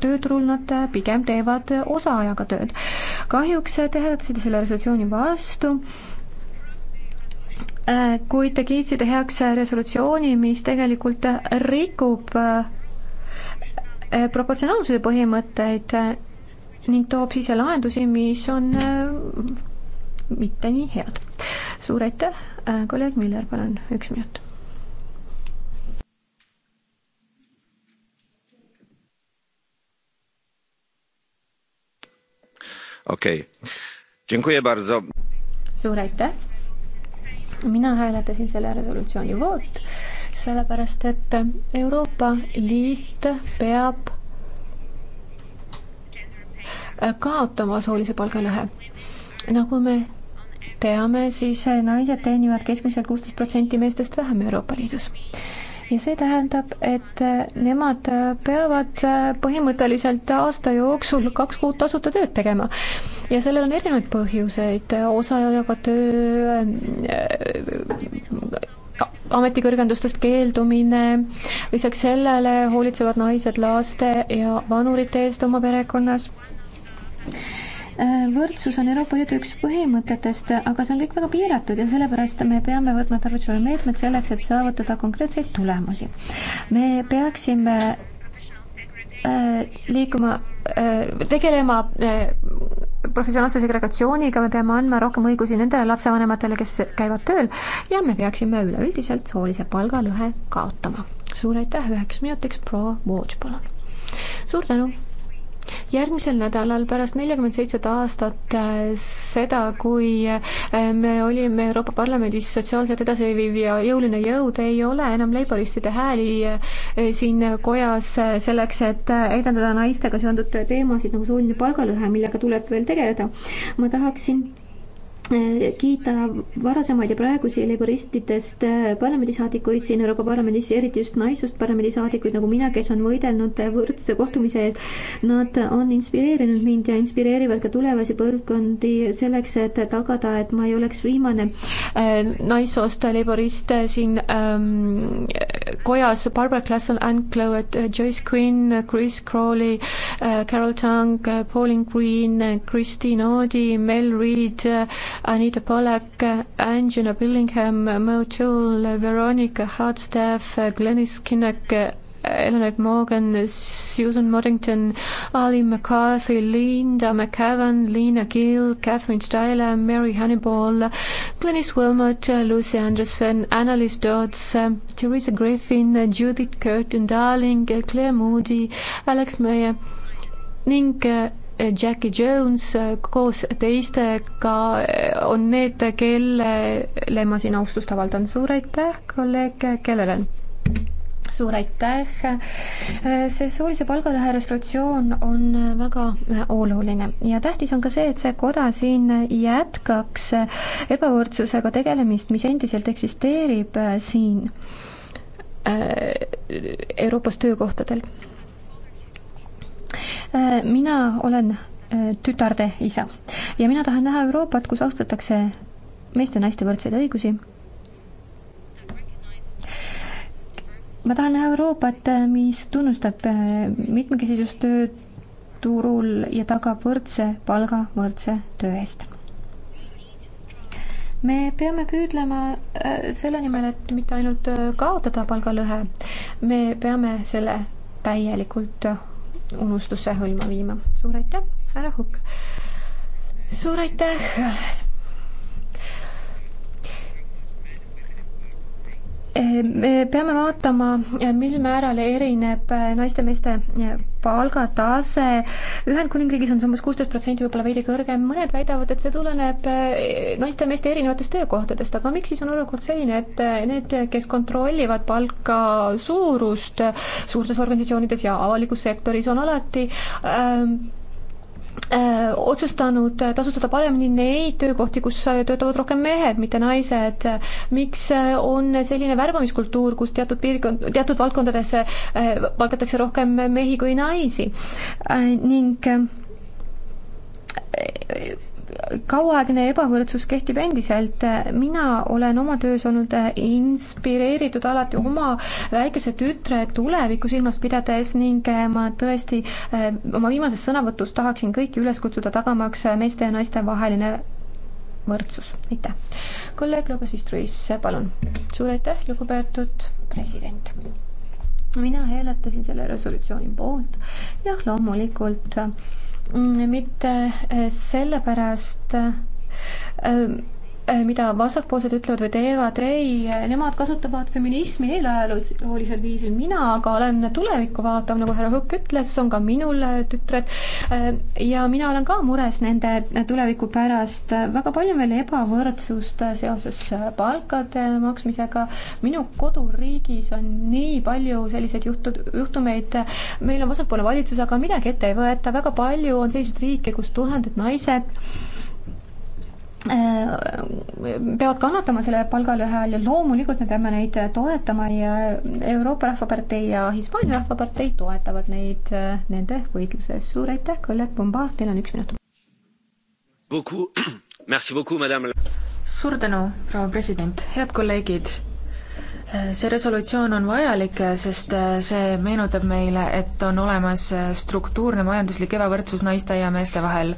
tööturul nad pigem teevad osaajaga tööd. kahjuks te hääletasite selle resolutsiooni vastu Äh, kuid te kiitsite heaks resolutsiooni, mis tegelikult rikub äh, proportsionaalsuse põhimõtteid äh, ning toob sisse lahendusi, mis on mitte nii head. suur aitäh, kolleeg Miller, palun üks minut. okei okay., suur aitäh mina hääletasin selle resolutsiooni poolt, sellepärast et Euroopa Liit peab kaotama soolise palgalõhe. nagu me teame, siis naised teenivad keskmiselt kuusteist protsenti meestest vähem Euroopa Liidus ja see tähendab, et äh, nemad äh, peavad äh, põhimõtteliselt aasta jooksul kaks kuud tasuta tööd tegema. ja sellel on erinevaid põhjuseid, osaajaga töö, ametikõrgendustest keeldumine, lisaks sellele hoolitsevad naised laste ja vanurite eest oma perekonnas Äh, võrdsus on Euroopa Liidu üks põhimõtetest, aga see on kõik väga piiratud ja sellepärast me peame võtma tarvitusele meetmed selleks, et saavutada konkreetseid tulemusi. me peaksime äh, liikuma äh,, tegelema äh, professionaalse segregatsiooniga, me peame andma rohkem õigusi nendele lapsevanematele, kes käivad tööl ja me peaksime üleüldiselt soolise palgalõhe kaotama. suur aitäh, üheks minutiks, proua Voodž, palun. suur tänu järgmisel nädalal pärast neljakümmend seitset aastat äh, seda, kui äh, me olime Euroopa Parlamendis sotsiaalselt edasiviiv ja jõuline jõud, ei ole enam leiboristide hääli äh, siin kojas selleks, et edendada naistega seonduvaid teemasid nagu sooline palgalõhe, millega tuleb veel tegeleda. ma tahaksin kiita varasemaid ja praegusi laboristidest eh, parlamendisaadikuid siin Euroopa Parlamendis, eriti just naissoost parlamendisaadikuid nagu mina, kes on võidelnud eh, võrdse kohtumise eest. Nad on inspireerinud mind ja inspireerivad ka tulevasi põlvkondi selleks, et tagada, et ma ei oleks viimane eh, naissoost laborist siin ähm, kojas. Barbara Classel, Anne Clowet, Joyce Quinn, Chris Crawley äh,, Carol Tang, Pauline Green, Christine Audi, Mel Reed äh,, Anita Pollack, Angela Billingham, Mo Toole, Veronica Hardstaff, Glenis Kinnock, Eleanor Morgan, Susan Moddington, Ali McCarthy, Linda McCavan, Lena Gill, Catherine Styler, Mary Hannibal, Glenys Wilmot, Lucy Anderson, Annalise Dodds, Teresa Griffin, Judith Curtin Darling, Claire Moody, Alex Mayer ning Jackie Jones äh, koos teistega äh, on need, kellele ma siin austust avaldan. suur aitäh, kolleeg Kellelen! suur aitäh! Äh, see soolise palgalõhe resolutsioon on väga oluline ja tähtis on ka see, et see koda siin jätkaks ebavõrdsusega tegelemist, mis endiselt eksisteerib siin Euroopas töökohtadel Äh, mina olen äh, tütarde isa ja mina tahan näha Euroopat, kus austatakse meeste ja naiste võrdseid õigusi. ma tahan näha Euroopat, äh, mis tunnustab mitmekesisust tööturul ja tagab võrdse palga võrdse töö eest. me peame püüdlema selle nimel, et mitte ainult kaotada palgalõhe, me peame selle täielikult unustusse hõlma viima. suur aitäh, härra Hukk! suur aitäh me ehm, eh, peame vaatama, eh, mil määral erineb eh, naiste, meeste palgatase. Ühendkuningriigis on see umbes kuusteist protsenti, võib-olla veidi kõrgem, mõned väidavad, et see tuleneb naiste ja meeste erinevatest töökohtadest, aga miks siis on olukord selline, et need, kes kontrollivad palka suurust suurtes organisatsioonides ja avalikus sektoris, on alati ähm, Äh, otsustanud tasustada paremini neid töökohti, kus töötavad rohkem mehed, mitte naised. miks on selline värbamiskultuur, kus teatud piirkond, teatud valdkondades äh, palgatakse rohkem mehi kui naisi äh, ning kauaaegne ebavõrdsus kehtib endiselt. mina olen oma töös olnud inspireeritud alati oma väikese tütre tulevikku silmas pidades ning ma tõesti eh, oma viimases sõnavõtus tahaksin kõiki üles kutsuda tagamaks meeste ja naiste vaheline võrdsus. aitäh. kolleeg Lobes-Istruis, palun. suur aitäh, lugupeetud president mina hääletasin selle resolutsiooni poolt. jah, loomulikult äh, Mm, mitte äh, sellepärast, äh, Eh, mida vasakpoolsed ütlevad või teevad, ei, nemad kasutavad feminismi eelajaloolisel viisil, mina aga olen tulevikku vaatav, nagu härra Hõkk ütles, on ka minul eh, tütred eh, ja mina olen ka mures nende tuleviku pärast, väga palju on veel ebavõrdsust seoses palkade maksmisega, minu koduriigis on nii palju selliseid juhtu-, juhtumeid, meil on vasakpoolne valitsus, aga midagi ette ei võeta, väga palju on selliseid riike, kus tuhanded naised Äh, peavad kannatama selle palgalõhe all ja loomulikult me peame neid äh, toetama ja Euroopa Rahvapartei ja Hispaania Rahvapartei toetavad neid äh, nende võitluses. suur aitäh, kolleeg Pumba, teil on üks minut. suur tänu, proua president, head kolleegid see resolutsioon on vajalik, sest see meenutab meile, et on olemas struktuurne majanduslik ebavõrdsus naiste ja meeste vahel.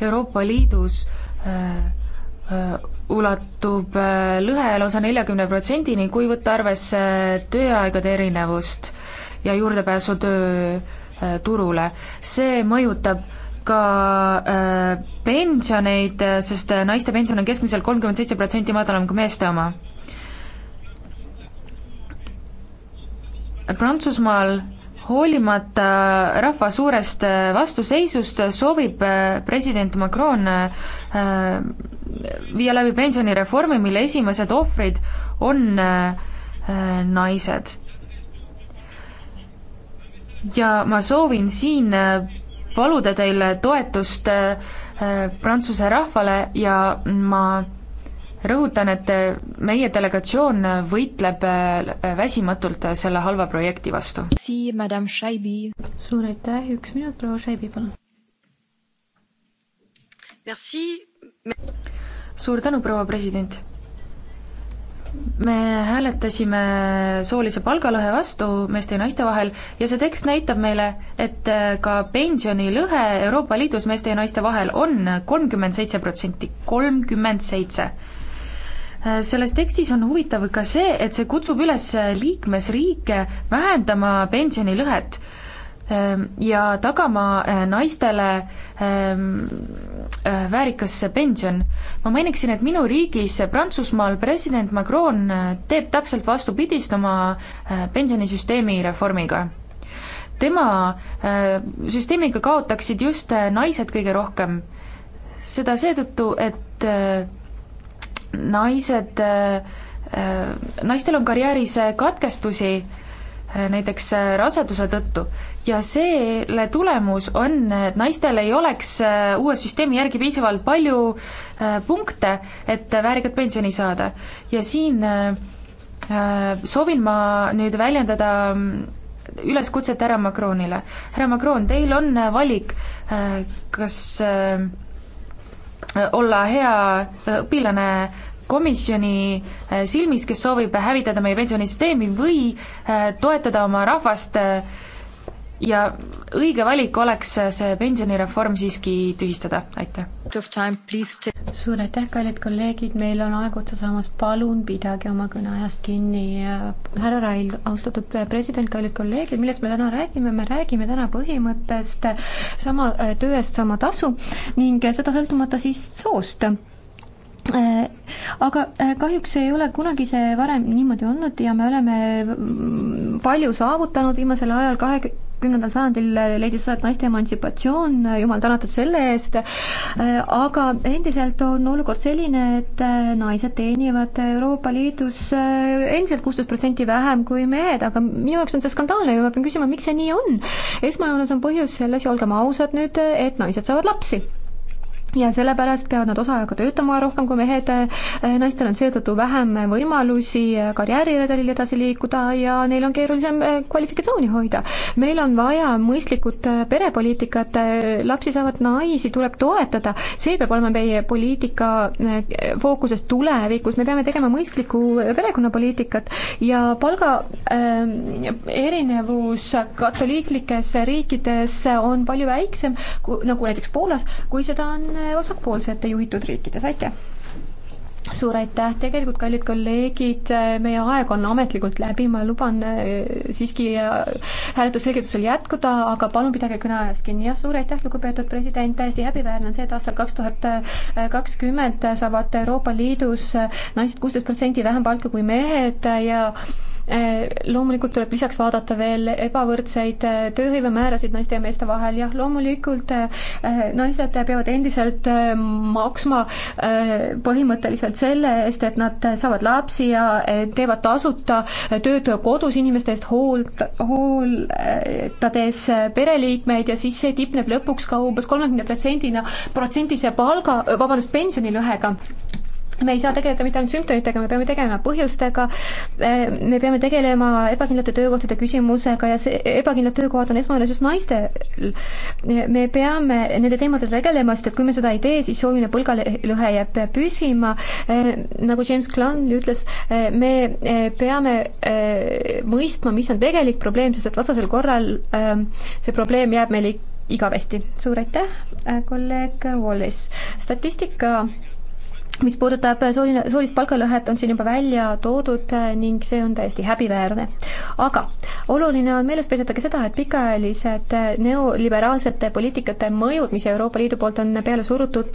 Euroopa Liidus äh, Äh, ulatub äh, lõhe lausa neljakümne protsendini, kui võtta arvesse äh, tööaegade erinevust ja juurdepääsu tööturule. see mõjutab ka pensioneid, sest naiste pension on keskmiselt kolmkümmend seitse protsenti madalam kui meeste oma. Prantsusmaal hoolimata rahva suurest äh, vastuseisust äh, soovib äh, president Macron viia läbi pensionireformi, mille esimesed ohvrid on naised. ja ma soovin siin paluda teile toetust Prantsuse rahvale ja ma rõhutan, et meie delegatsioon võitleb äh, väsimatult selle halva projekti vastu. suur aitäh, üks minut, proua Šaibi, palun. suur tänu, proua president. me hääletasime soolise palgalõhe vastu meeste ja naiste vahel ja see tekst näitab meile, et äh, ka pensionilõhe Euroopa Liidus meeste ja naiste vahel on kolmkümmend seitse protsenti, kolmkümmend seitse Äh, selles tekstis on huvitav ka see, et see kutsub üles liikmesriike vähendama pensionilõhet ähm, ja tagama äh, naistele ähm, äh, väärikas pension. ma mainiksin, et minu riigis, Prantsusmaal, president Macron teeb täpselt vastupidist oma pensionisüsteemi reformiga. tema süsteemiga kaotaksid just naised kõige rohkem. seda seetõttu, et naised, äh, naistel on karjääris äh, katkestusi, äh, näiteks raseduse tõttu, ja selle tulemus on, et naistel ei oleks uue süsteemi järgi piisavalt palju punkte, et väärikat pensioni saada. ja siin soovin ma nüüd väljendada mm, üleskutset härra Macronile. härra Macron, teil on valik, kas olla hea äh, õpilane komisjoni äh, silmis, kes soovib hävitada meie pensionisüsteemi või äh, toetada oma rahvast ja õige valik oleks see pensionireform siiski tühistada, aitäh. suur aitäh, kallid kolleegid, meil on aeg otsa saamas, palun pidage oma kõneajast kinni. härra Rail, austatud president, kallid kolleegid, millest me täna räägime, me räägime täna põhimõttest sama äh, töö eest sama tasu ning seda sõltumata siis soost äh, aga äh, kahjuks ei ole kunagi see varem niimoodi olnud ja me oleme mm, palju saavutanud viimasel ajal kahe kümnendal sajandil leidis aset naiste emantsipatsioon, jumal tänatud selle eest, aga endiselt on olukord selline, et naised teenivad Euroopa Liidus endiselt kuusteist protsenti vähem kui mehed, aga minu jaoks on see skandaalne ja ma pean küsima, miks see nii on. esmajoones on põhjus selles ja olgem ausad nüüd, et naised saavad lapsi ja sellepärast peavad nad osaajaga töötama rohkem kui mehed, äh, naistel on seetõttu vähem võimalusi äh, karjääriredelil edasi liikuda ja neil on keerulisem äh, kvalifikatsiooni hoida. meil on vaja mõistlikud perepoliitikat, lapsi saavad naisi tuleb toetada, see peab olema meie poliitika fookuses tulevikus, me peame tegema mõistlikku perekonnapoliitikat ja palga äh, erinevus katoliiklikes riikides on palju väiksem, nagu näiteks Poolas, kui seda on vasakpoolsete äh, juhitud riikides, aitäh! suur aitäh, tegelikult kallid kolleegid, äh, meie aeg on ametlikult läbi, ma luban äh, siiski hääletusselgitusel jätkuda, aga palun pidage kõneajast kinni, jah, suur aitäh, lugupeetud president, täiesti häbiväärne on see, et aastal kaks tuhat kakskümmend saavad Euroopa Liidus naised kuusteist protsenti vähem palka kui mehed ja Äh, loomulikult tuleb lisaks vaadata veel ebavõrdseid äh, tööhõivemäärasid naiste ja meeste vahel, jah, loomulikult äh, naised peavad endiselt maksma põhimõtteliselt selle eest, et nad saavad lapsi ja teevad tasuta tööd kodus inimeste eest hoolt, hooldades pereliikmeid ja siis see tipneb lõpuks ka umbes kolmekümne protsendina, protsendise palga, vabandust, pensionilõhega me ei saa tegeleda mitte ainult sümptomitega, me peame tegelema põhjustega, äh, me peame tegelema ebakindlate töökohtade küsimusega ja see, ebakindlad töökohad on esmane just naistel. me peame nende teemadega tegelema, sest et kui me seda ei tee, siis sooline põlgalõhe jääb püsima, äh, nagu James Clun ütles, äh, me peame mõistma, mis on tegelik probleem, sest et vastasel korral see probleem jääb meil igavesti. suur aitäh, kolleeg Wallis. statistika mis puudutab eh, sooline, soolist palgalõhet, on siin juba välja toodud eh, ning see on täiesti häbiväärne. aga oluline on meeles pidada ka seda, et pikaajalised eh, neoliberaalsete poliitikate mõjud, mis Euroopa Liidu poolt on peale surutud,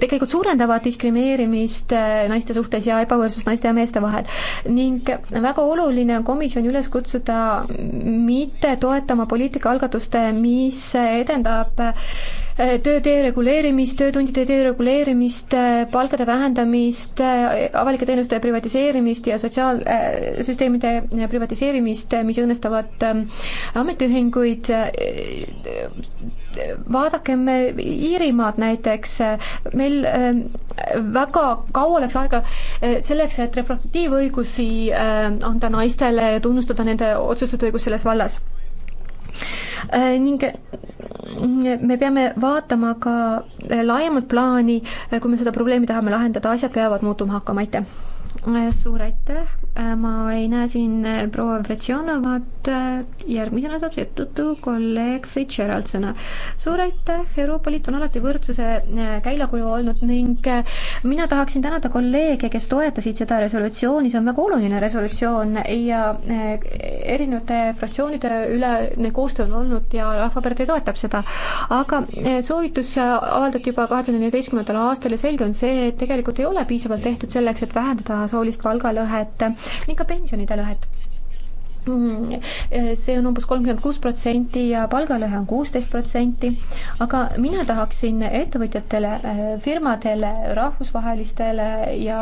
tegelikult suurendavad diskrimineerimist naiste suhtes ja ebavõrdsust naiste ja meeste vahel. ning väga oluline on komisjoni üles kutsuda mitte toetama poliitikaalgatust, mis edendab töö dereguleerimist, töötundide dereguleerimist, palkade vähendamist, avalike teenuste privatiseerimist ja sotsiaalsüsteemide äh, privatiseerimist, mis õõnestavad ähm, ametiühinguid. vaadakem Iirimaad näiteks, meil ähm, väga kaua läks aega äh, selleks, et reproduktiivõigusi äh, anda naistele ja tunnustada nende otsustusõigust selles vallas Äh, ning äh, me peame vaatama ka äh, laiemat plaani, kui me seda probleemi tahame lahendada, asjad peavad muutuma hakkama, aitäh! Eh, suur aitäh, eh, ma ei näe siin eh, proua Vretšonovat, järgmisena saab seetõttu kolleeg Fitzgerald sõna. suur aitäh, Euroopa Liit on alati võrdsuse käilakuju olnud ning mina tahaksin tänada kolleege, kes toetasid seda resolutsiooni, see on väga oluline resolutsioon ja erinevate fraktsioonide ülene koostöö on olnud ja Rahvapartei toetab seda. aga soovitus avaldati juba kahe tuhande neljateistkümnendal aastal ja selge on see, et tegelikult ei ole piisavalt tehtud selleks, et vähendada soolist palgalõhet ning ka pensionide lõhet Mm, see on umbes kolmkümmend kuus protsenti ja palgalõhe on kuusteist protsenti. aga mina tahaksin ettevõtjatele, eh, firmadele, rahvusvahelistele ja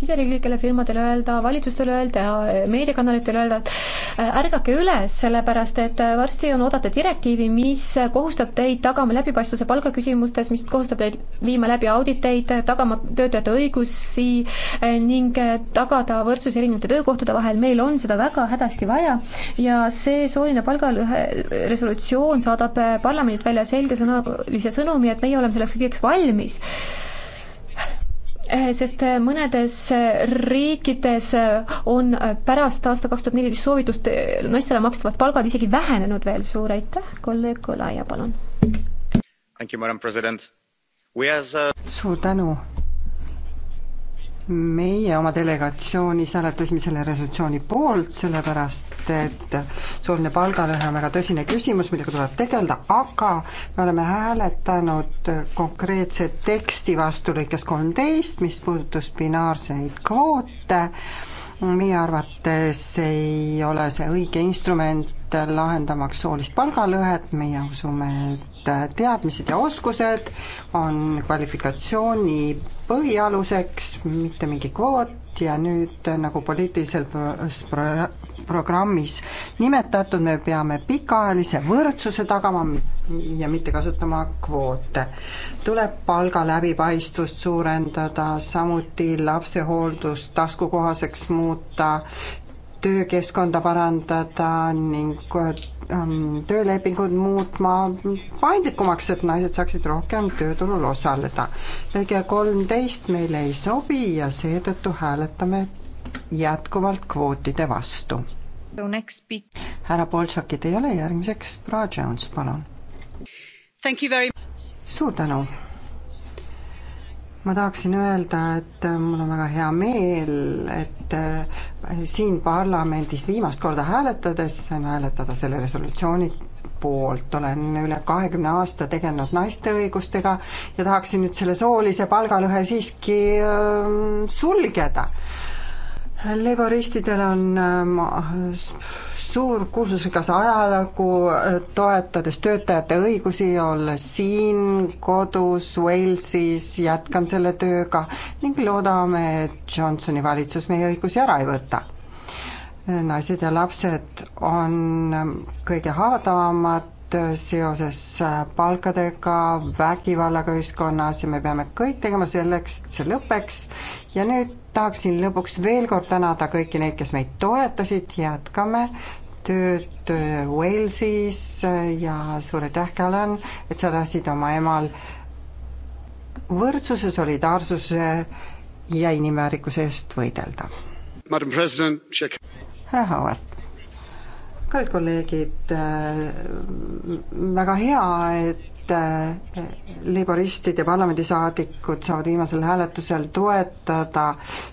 siseriiklikele firmadele öelda, valitsustele öelda ja meediakanalitele öelda, et eh, ärgake üles, sellepärast et eh, varsti on oodata direktiivi, mis kohustab teid tagama läbipaistvuse palgaküsimustes, mis kohustab teid viima läbi auditeid, tagama töötajate õigusi ning tagada võrdsus erinevate töökohtade vahel, meil on seda väga hädasti vaja vaja ja see sooline palgalõhe resolutsioon saadab äh, parlamendilt välja selgesõnalise sõnumi, et meie oleme selleks kõigeks valmis äh, sest äh, mõnedes riikides on pärast aasta kaks tuhat neliteist soovitust naistele makstavad palgad isegi vähenenud veel. suur aitäh, kolleeg Kolaja, palun! A... suur tänu! meie oma delegatsioonis hääletasime selle resolutsiooni poolt, sellepärast et sooline palgalõhe on väga tõsine küsimus, millega tuleb tegeleda, aga me oleme hääletanud konkreetse teksti vastu lõikes kolmteist, mis puudutas binaarseid kvoote, meie arvates ei ole see õige instrument lahendamaks soolist palgalõhet, meie usume, et teadmised ja oskused on kvalifikatsiooni põhialuseks, mitte mingi kvoot ja nüüd nagu poliitilisel pro-, programmis nimetatud, me peame pikaajalise võrdsuse tagama ja mitte kasutama kvoote. tuleb palga läbipaistvust suurendada, samuti lapsehooldust taskukohaseks muuta töökeskkonda parandada ning ähm, töölepingud muutma paindlikumaks, et naised saaksid rohkem tööturul osaleda. lõige kolmteist meile ei sobi ja seetõttu hääletame jätkuvalt kvootide vastu. härra Boltšakit ei ole, järgmiseks Bra Jones, palun. suur tänu ma tahaksin öelda, et äh, mul on väga hea meel, et äh, siin parlamendis viimast korda hääletades saime hääletada selle resolutsiooni poolt, olen üle kahekümne aasta tegelenud naiste õigustega ja tahaksin nüüd selle soolise palgalõhe siiski äh, sulgeda. Laboristidel on äh, suur kursusekas ajalugu, toetades töötajate õigusi, olles siin kodus Walesis, jätkan selle tööga ning loodame, et Johnsoni valitsus meie õigusi ära ei võta. naised ja lapsed on kõige haavatavamad seoses palkadega, vägivallaga ühiskonnas ja me peame kõik tegema selleks, et see lõpeks. ja nüüd tahaksin lõpuks veel kord tänada kõiki neid, kes meid toetasid, jätkame tööd Walesis ja suur aitäh, Callan, et sa lasid oma emal võrdsuse, solidaarsuse ja inimväärikuse eest võidelda. härra Howard kallid kolleegid, äh, väga hea, et äh, laboristid ja parlamendisaadikud saavad viimasel hääletusel toetada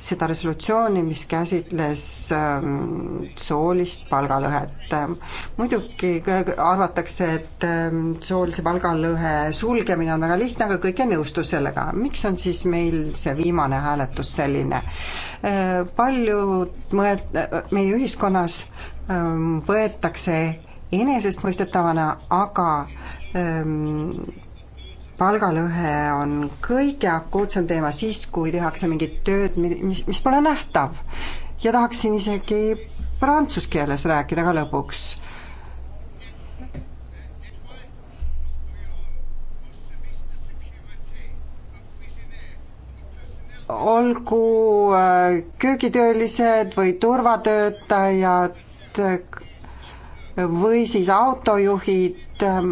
seda resolutsiooni, mis käsitles ähm, soolist palgalõhet. muidugi arvatakse, et ähm, soolise palgalõhe sulgemine on väga lihtne, aga kõik ei nõustu sellega. miks on siis meil see viimane hääletus selline? paljud mõelt-, meie ühiskonnas ähm, võetakse enesestmõistetavana, aga ähm, palgalõhe on kõige akuutsem teema siis, kui tehakse mingit tööd, mis, mis pole nähtav. ja tahaksin isegi prantsuse keeles rääkida ka lõpuks olgu äh, köögitöölised või turvatöötajad või siis autojuhid ähm,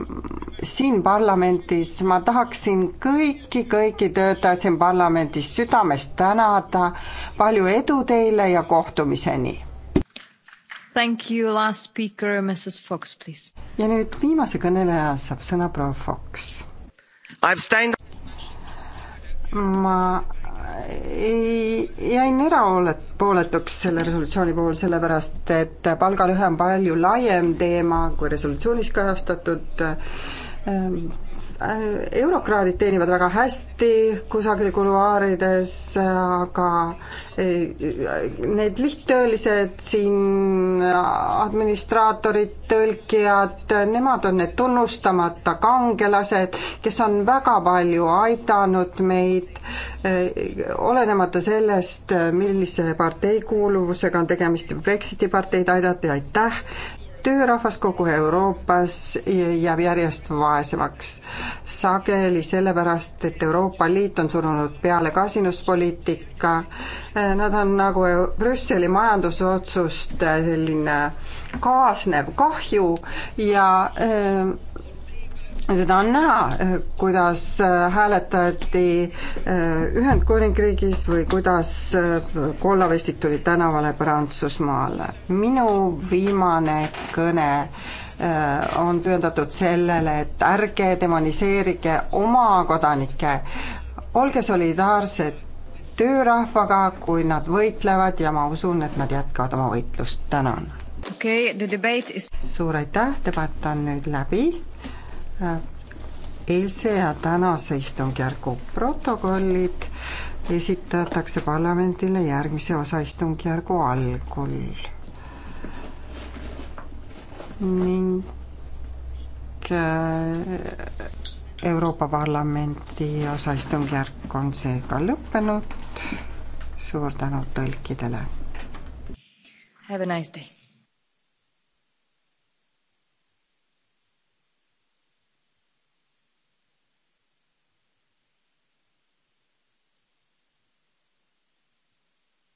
siin parlamendis, ma tahaksin kõiki, kõiki töötajaid siin parlamendis südamest tänada, palju edu teile ja kohtumiseni! Thank you, last speaker, Mrs Fox, please. ja nüüd viimase kõneleja saab sõna proua Fox. ma jäin erapooletuks selle resolutsiooni puhul, sellepärast et palgalõhe on palju laiem teema kui resolutsioonis kajastatud ähm, Äh, eurokraadid teenivad väga hästi kusagil kuluaarides, aga äh, need lihttöölised siin, administraatorid, tõlkijad, nemad on need tunnustamata kangelased, kes on väga palju aidanud meid, äh, olenemata sellest, millise partei kuuluvusega on tegemist, Brexiti parteid aidati, aitäh, töörahvas kogu Euroopas jääb järjest vaesemaks. sageli sellepärast, et Euroopa Liit on surunud peale kasinuspoliitika, nad on nagu Brüsseli majandusotsuste selline kaasnev kahju ja äh, seda on näha, eh, kuidas eh, hääletati eh, Ühendkuningriigis või kuidas kollavestid tulid tänavale Prantsusmaale. minu viimane kõne on pühendatud sellele, et ärge demoniseerige oma kodanikke, olge solidaarsed töörahvaga, kui nad võitlevad ja ma usun, et nad jätkavad oma võitlust, tänan. okei okay,, the debate is suur aitäh, debatt on nüüd läbi Äh, eilse ja tänase istungjärgu protokollid esitatakse parlamendile järgmise osa istungjärgu algul. ning äh, Euroopa Parlamendi osa istungjärk on seega lõppenud. suur tänu tõlkidele. Have a nice day.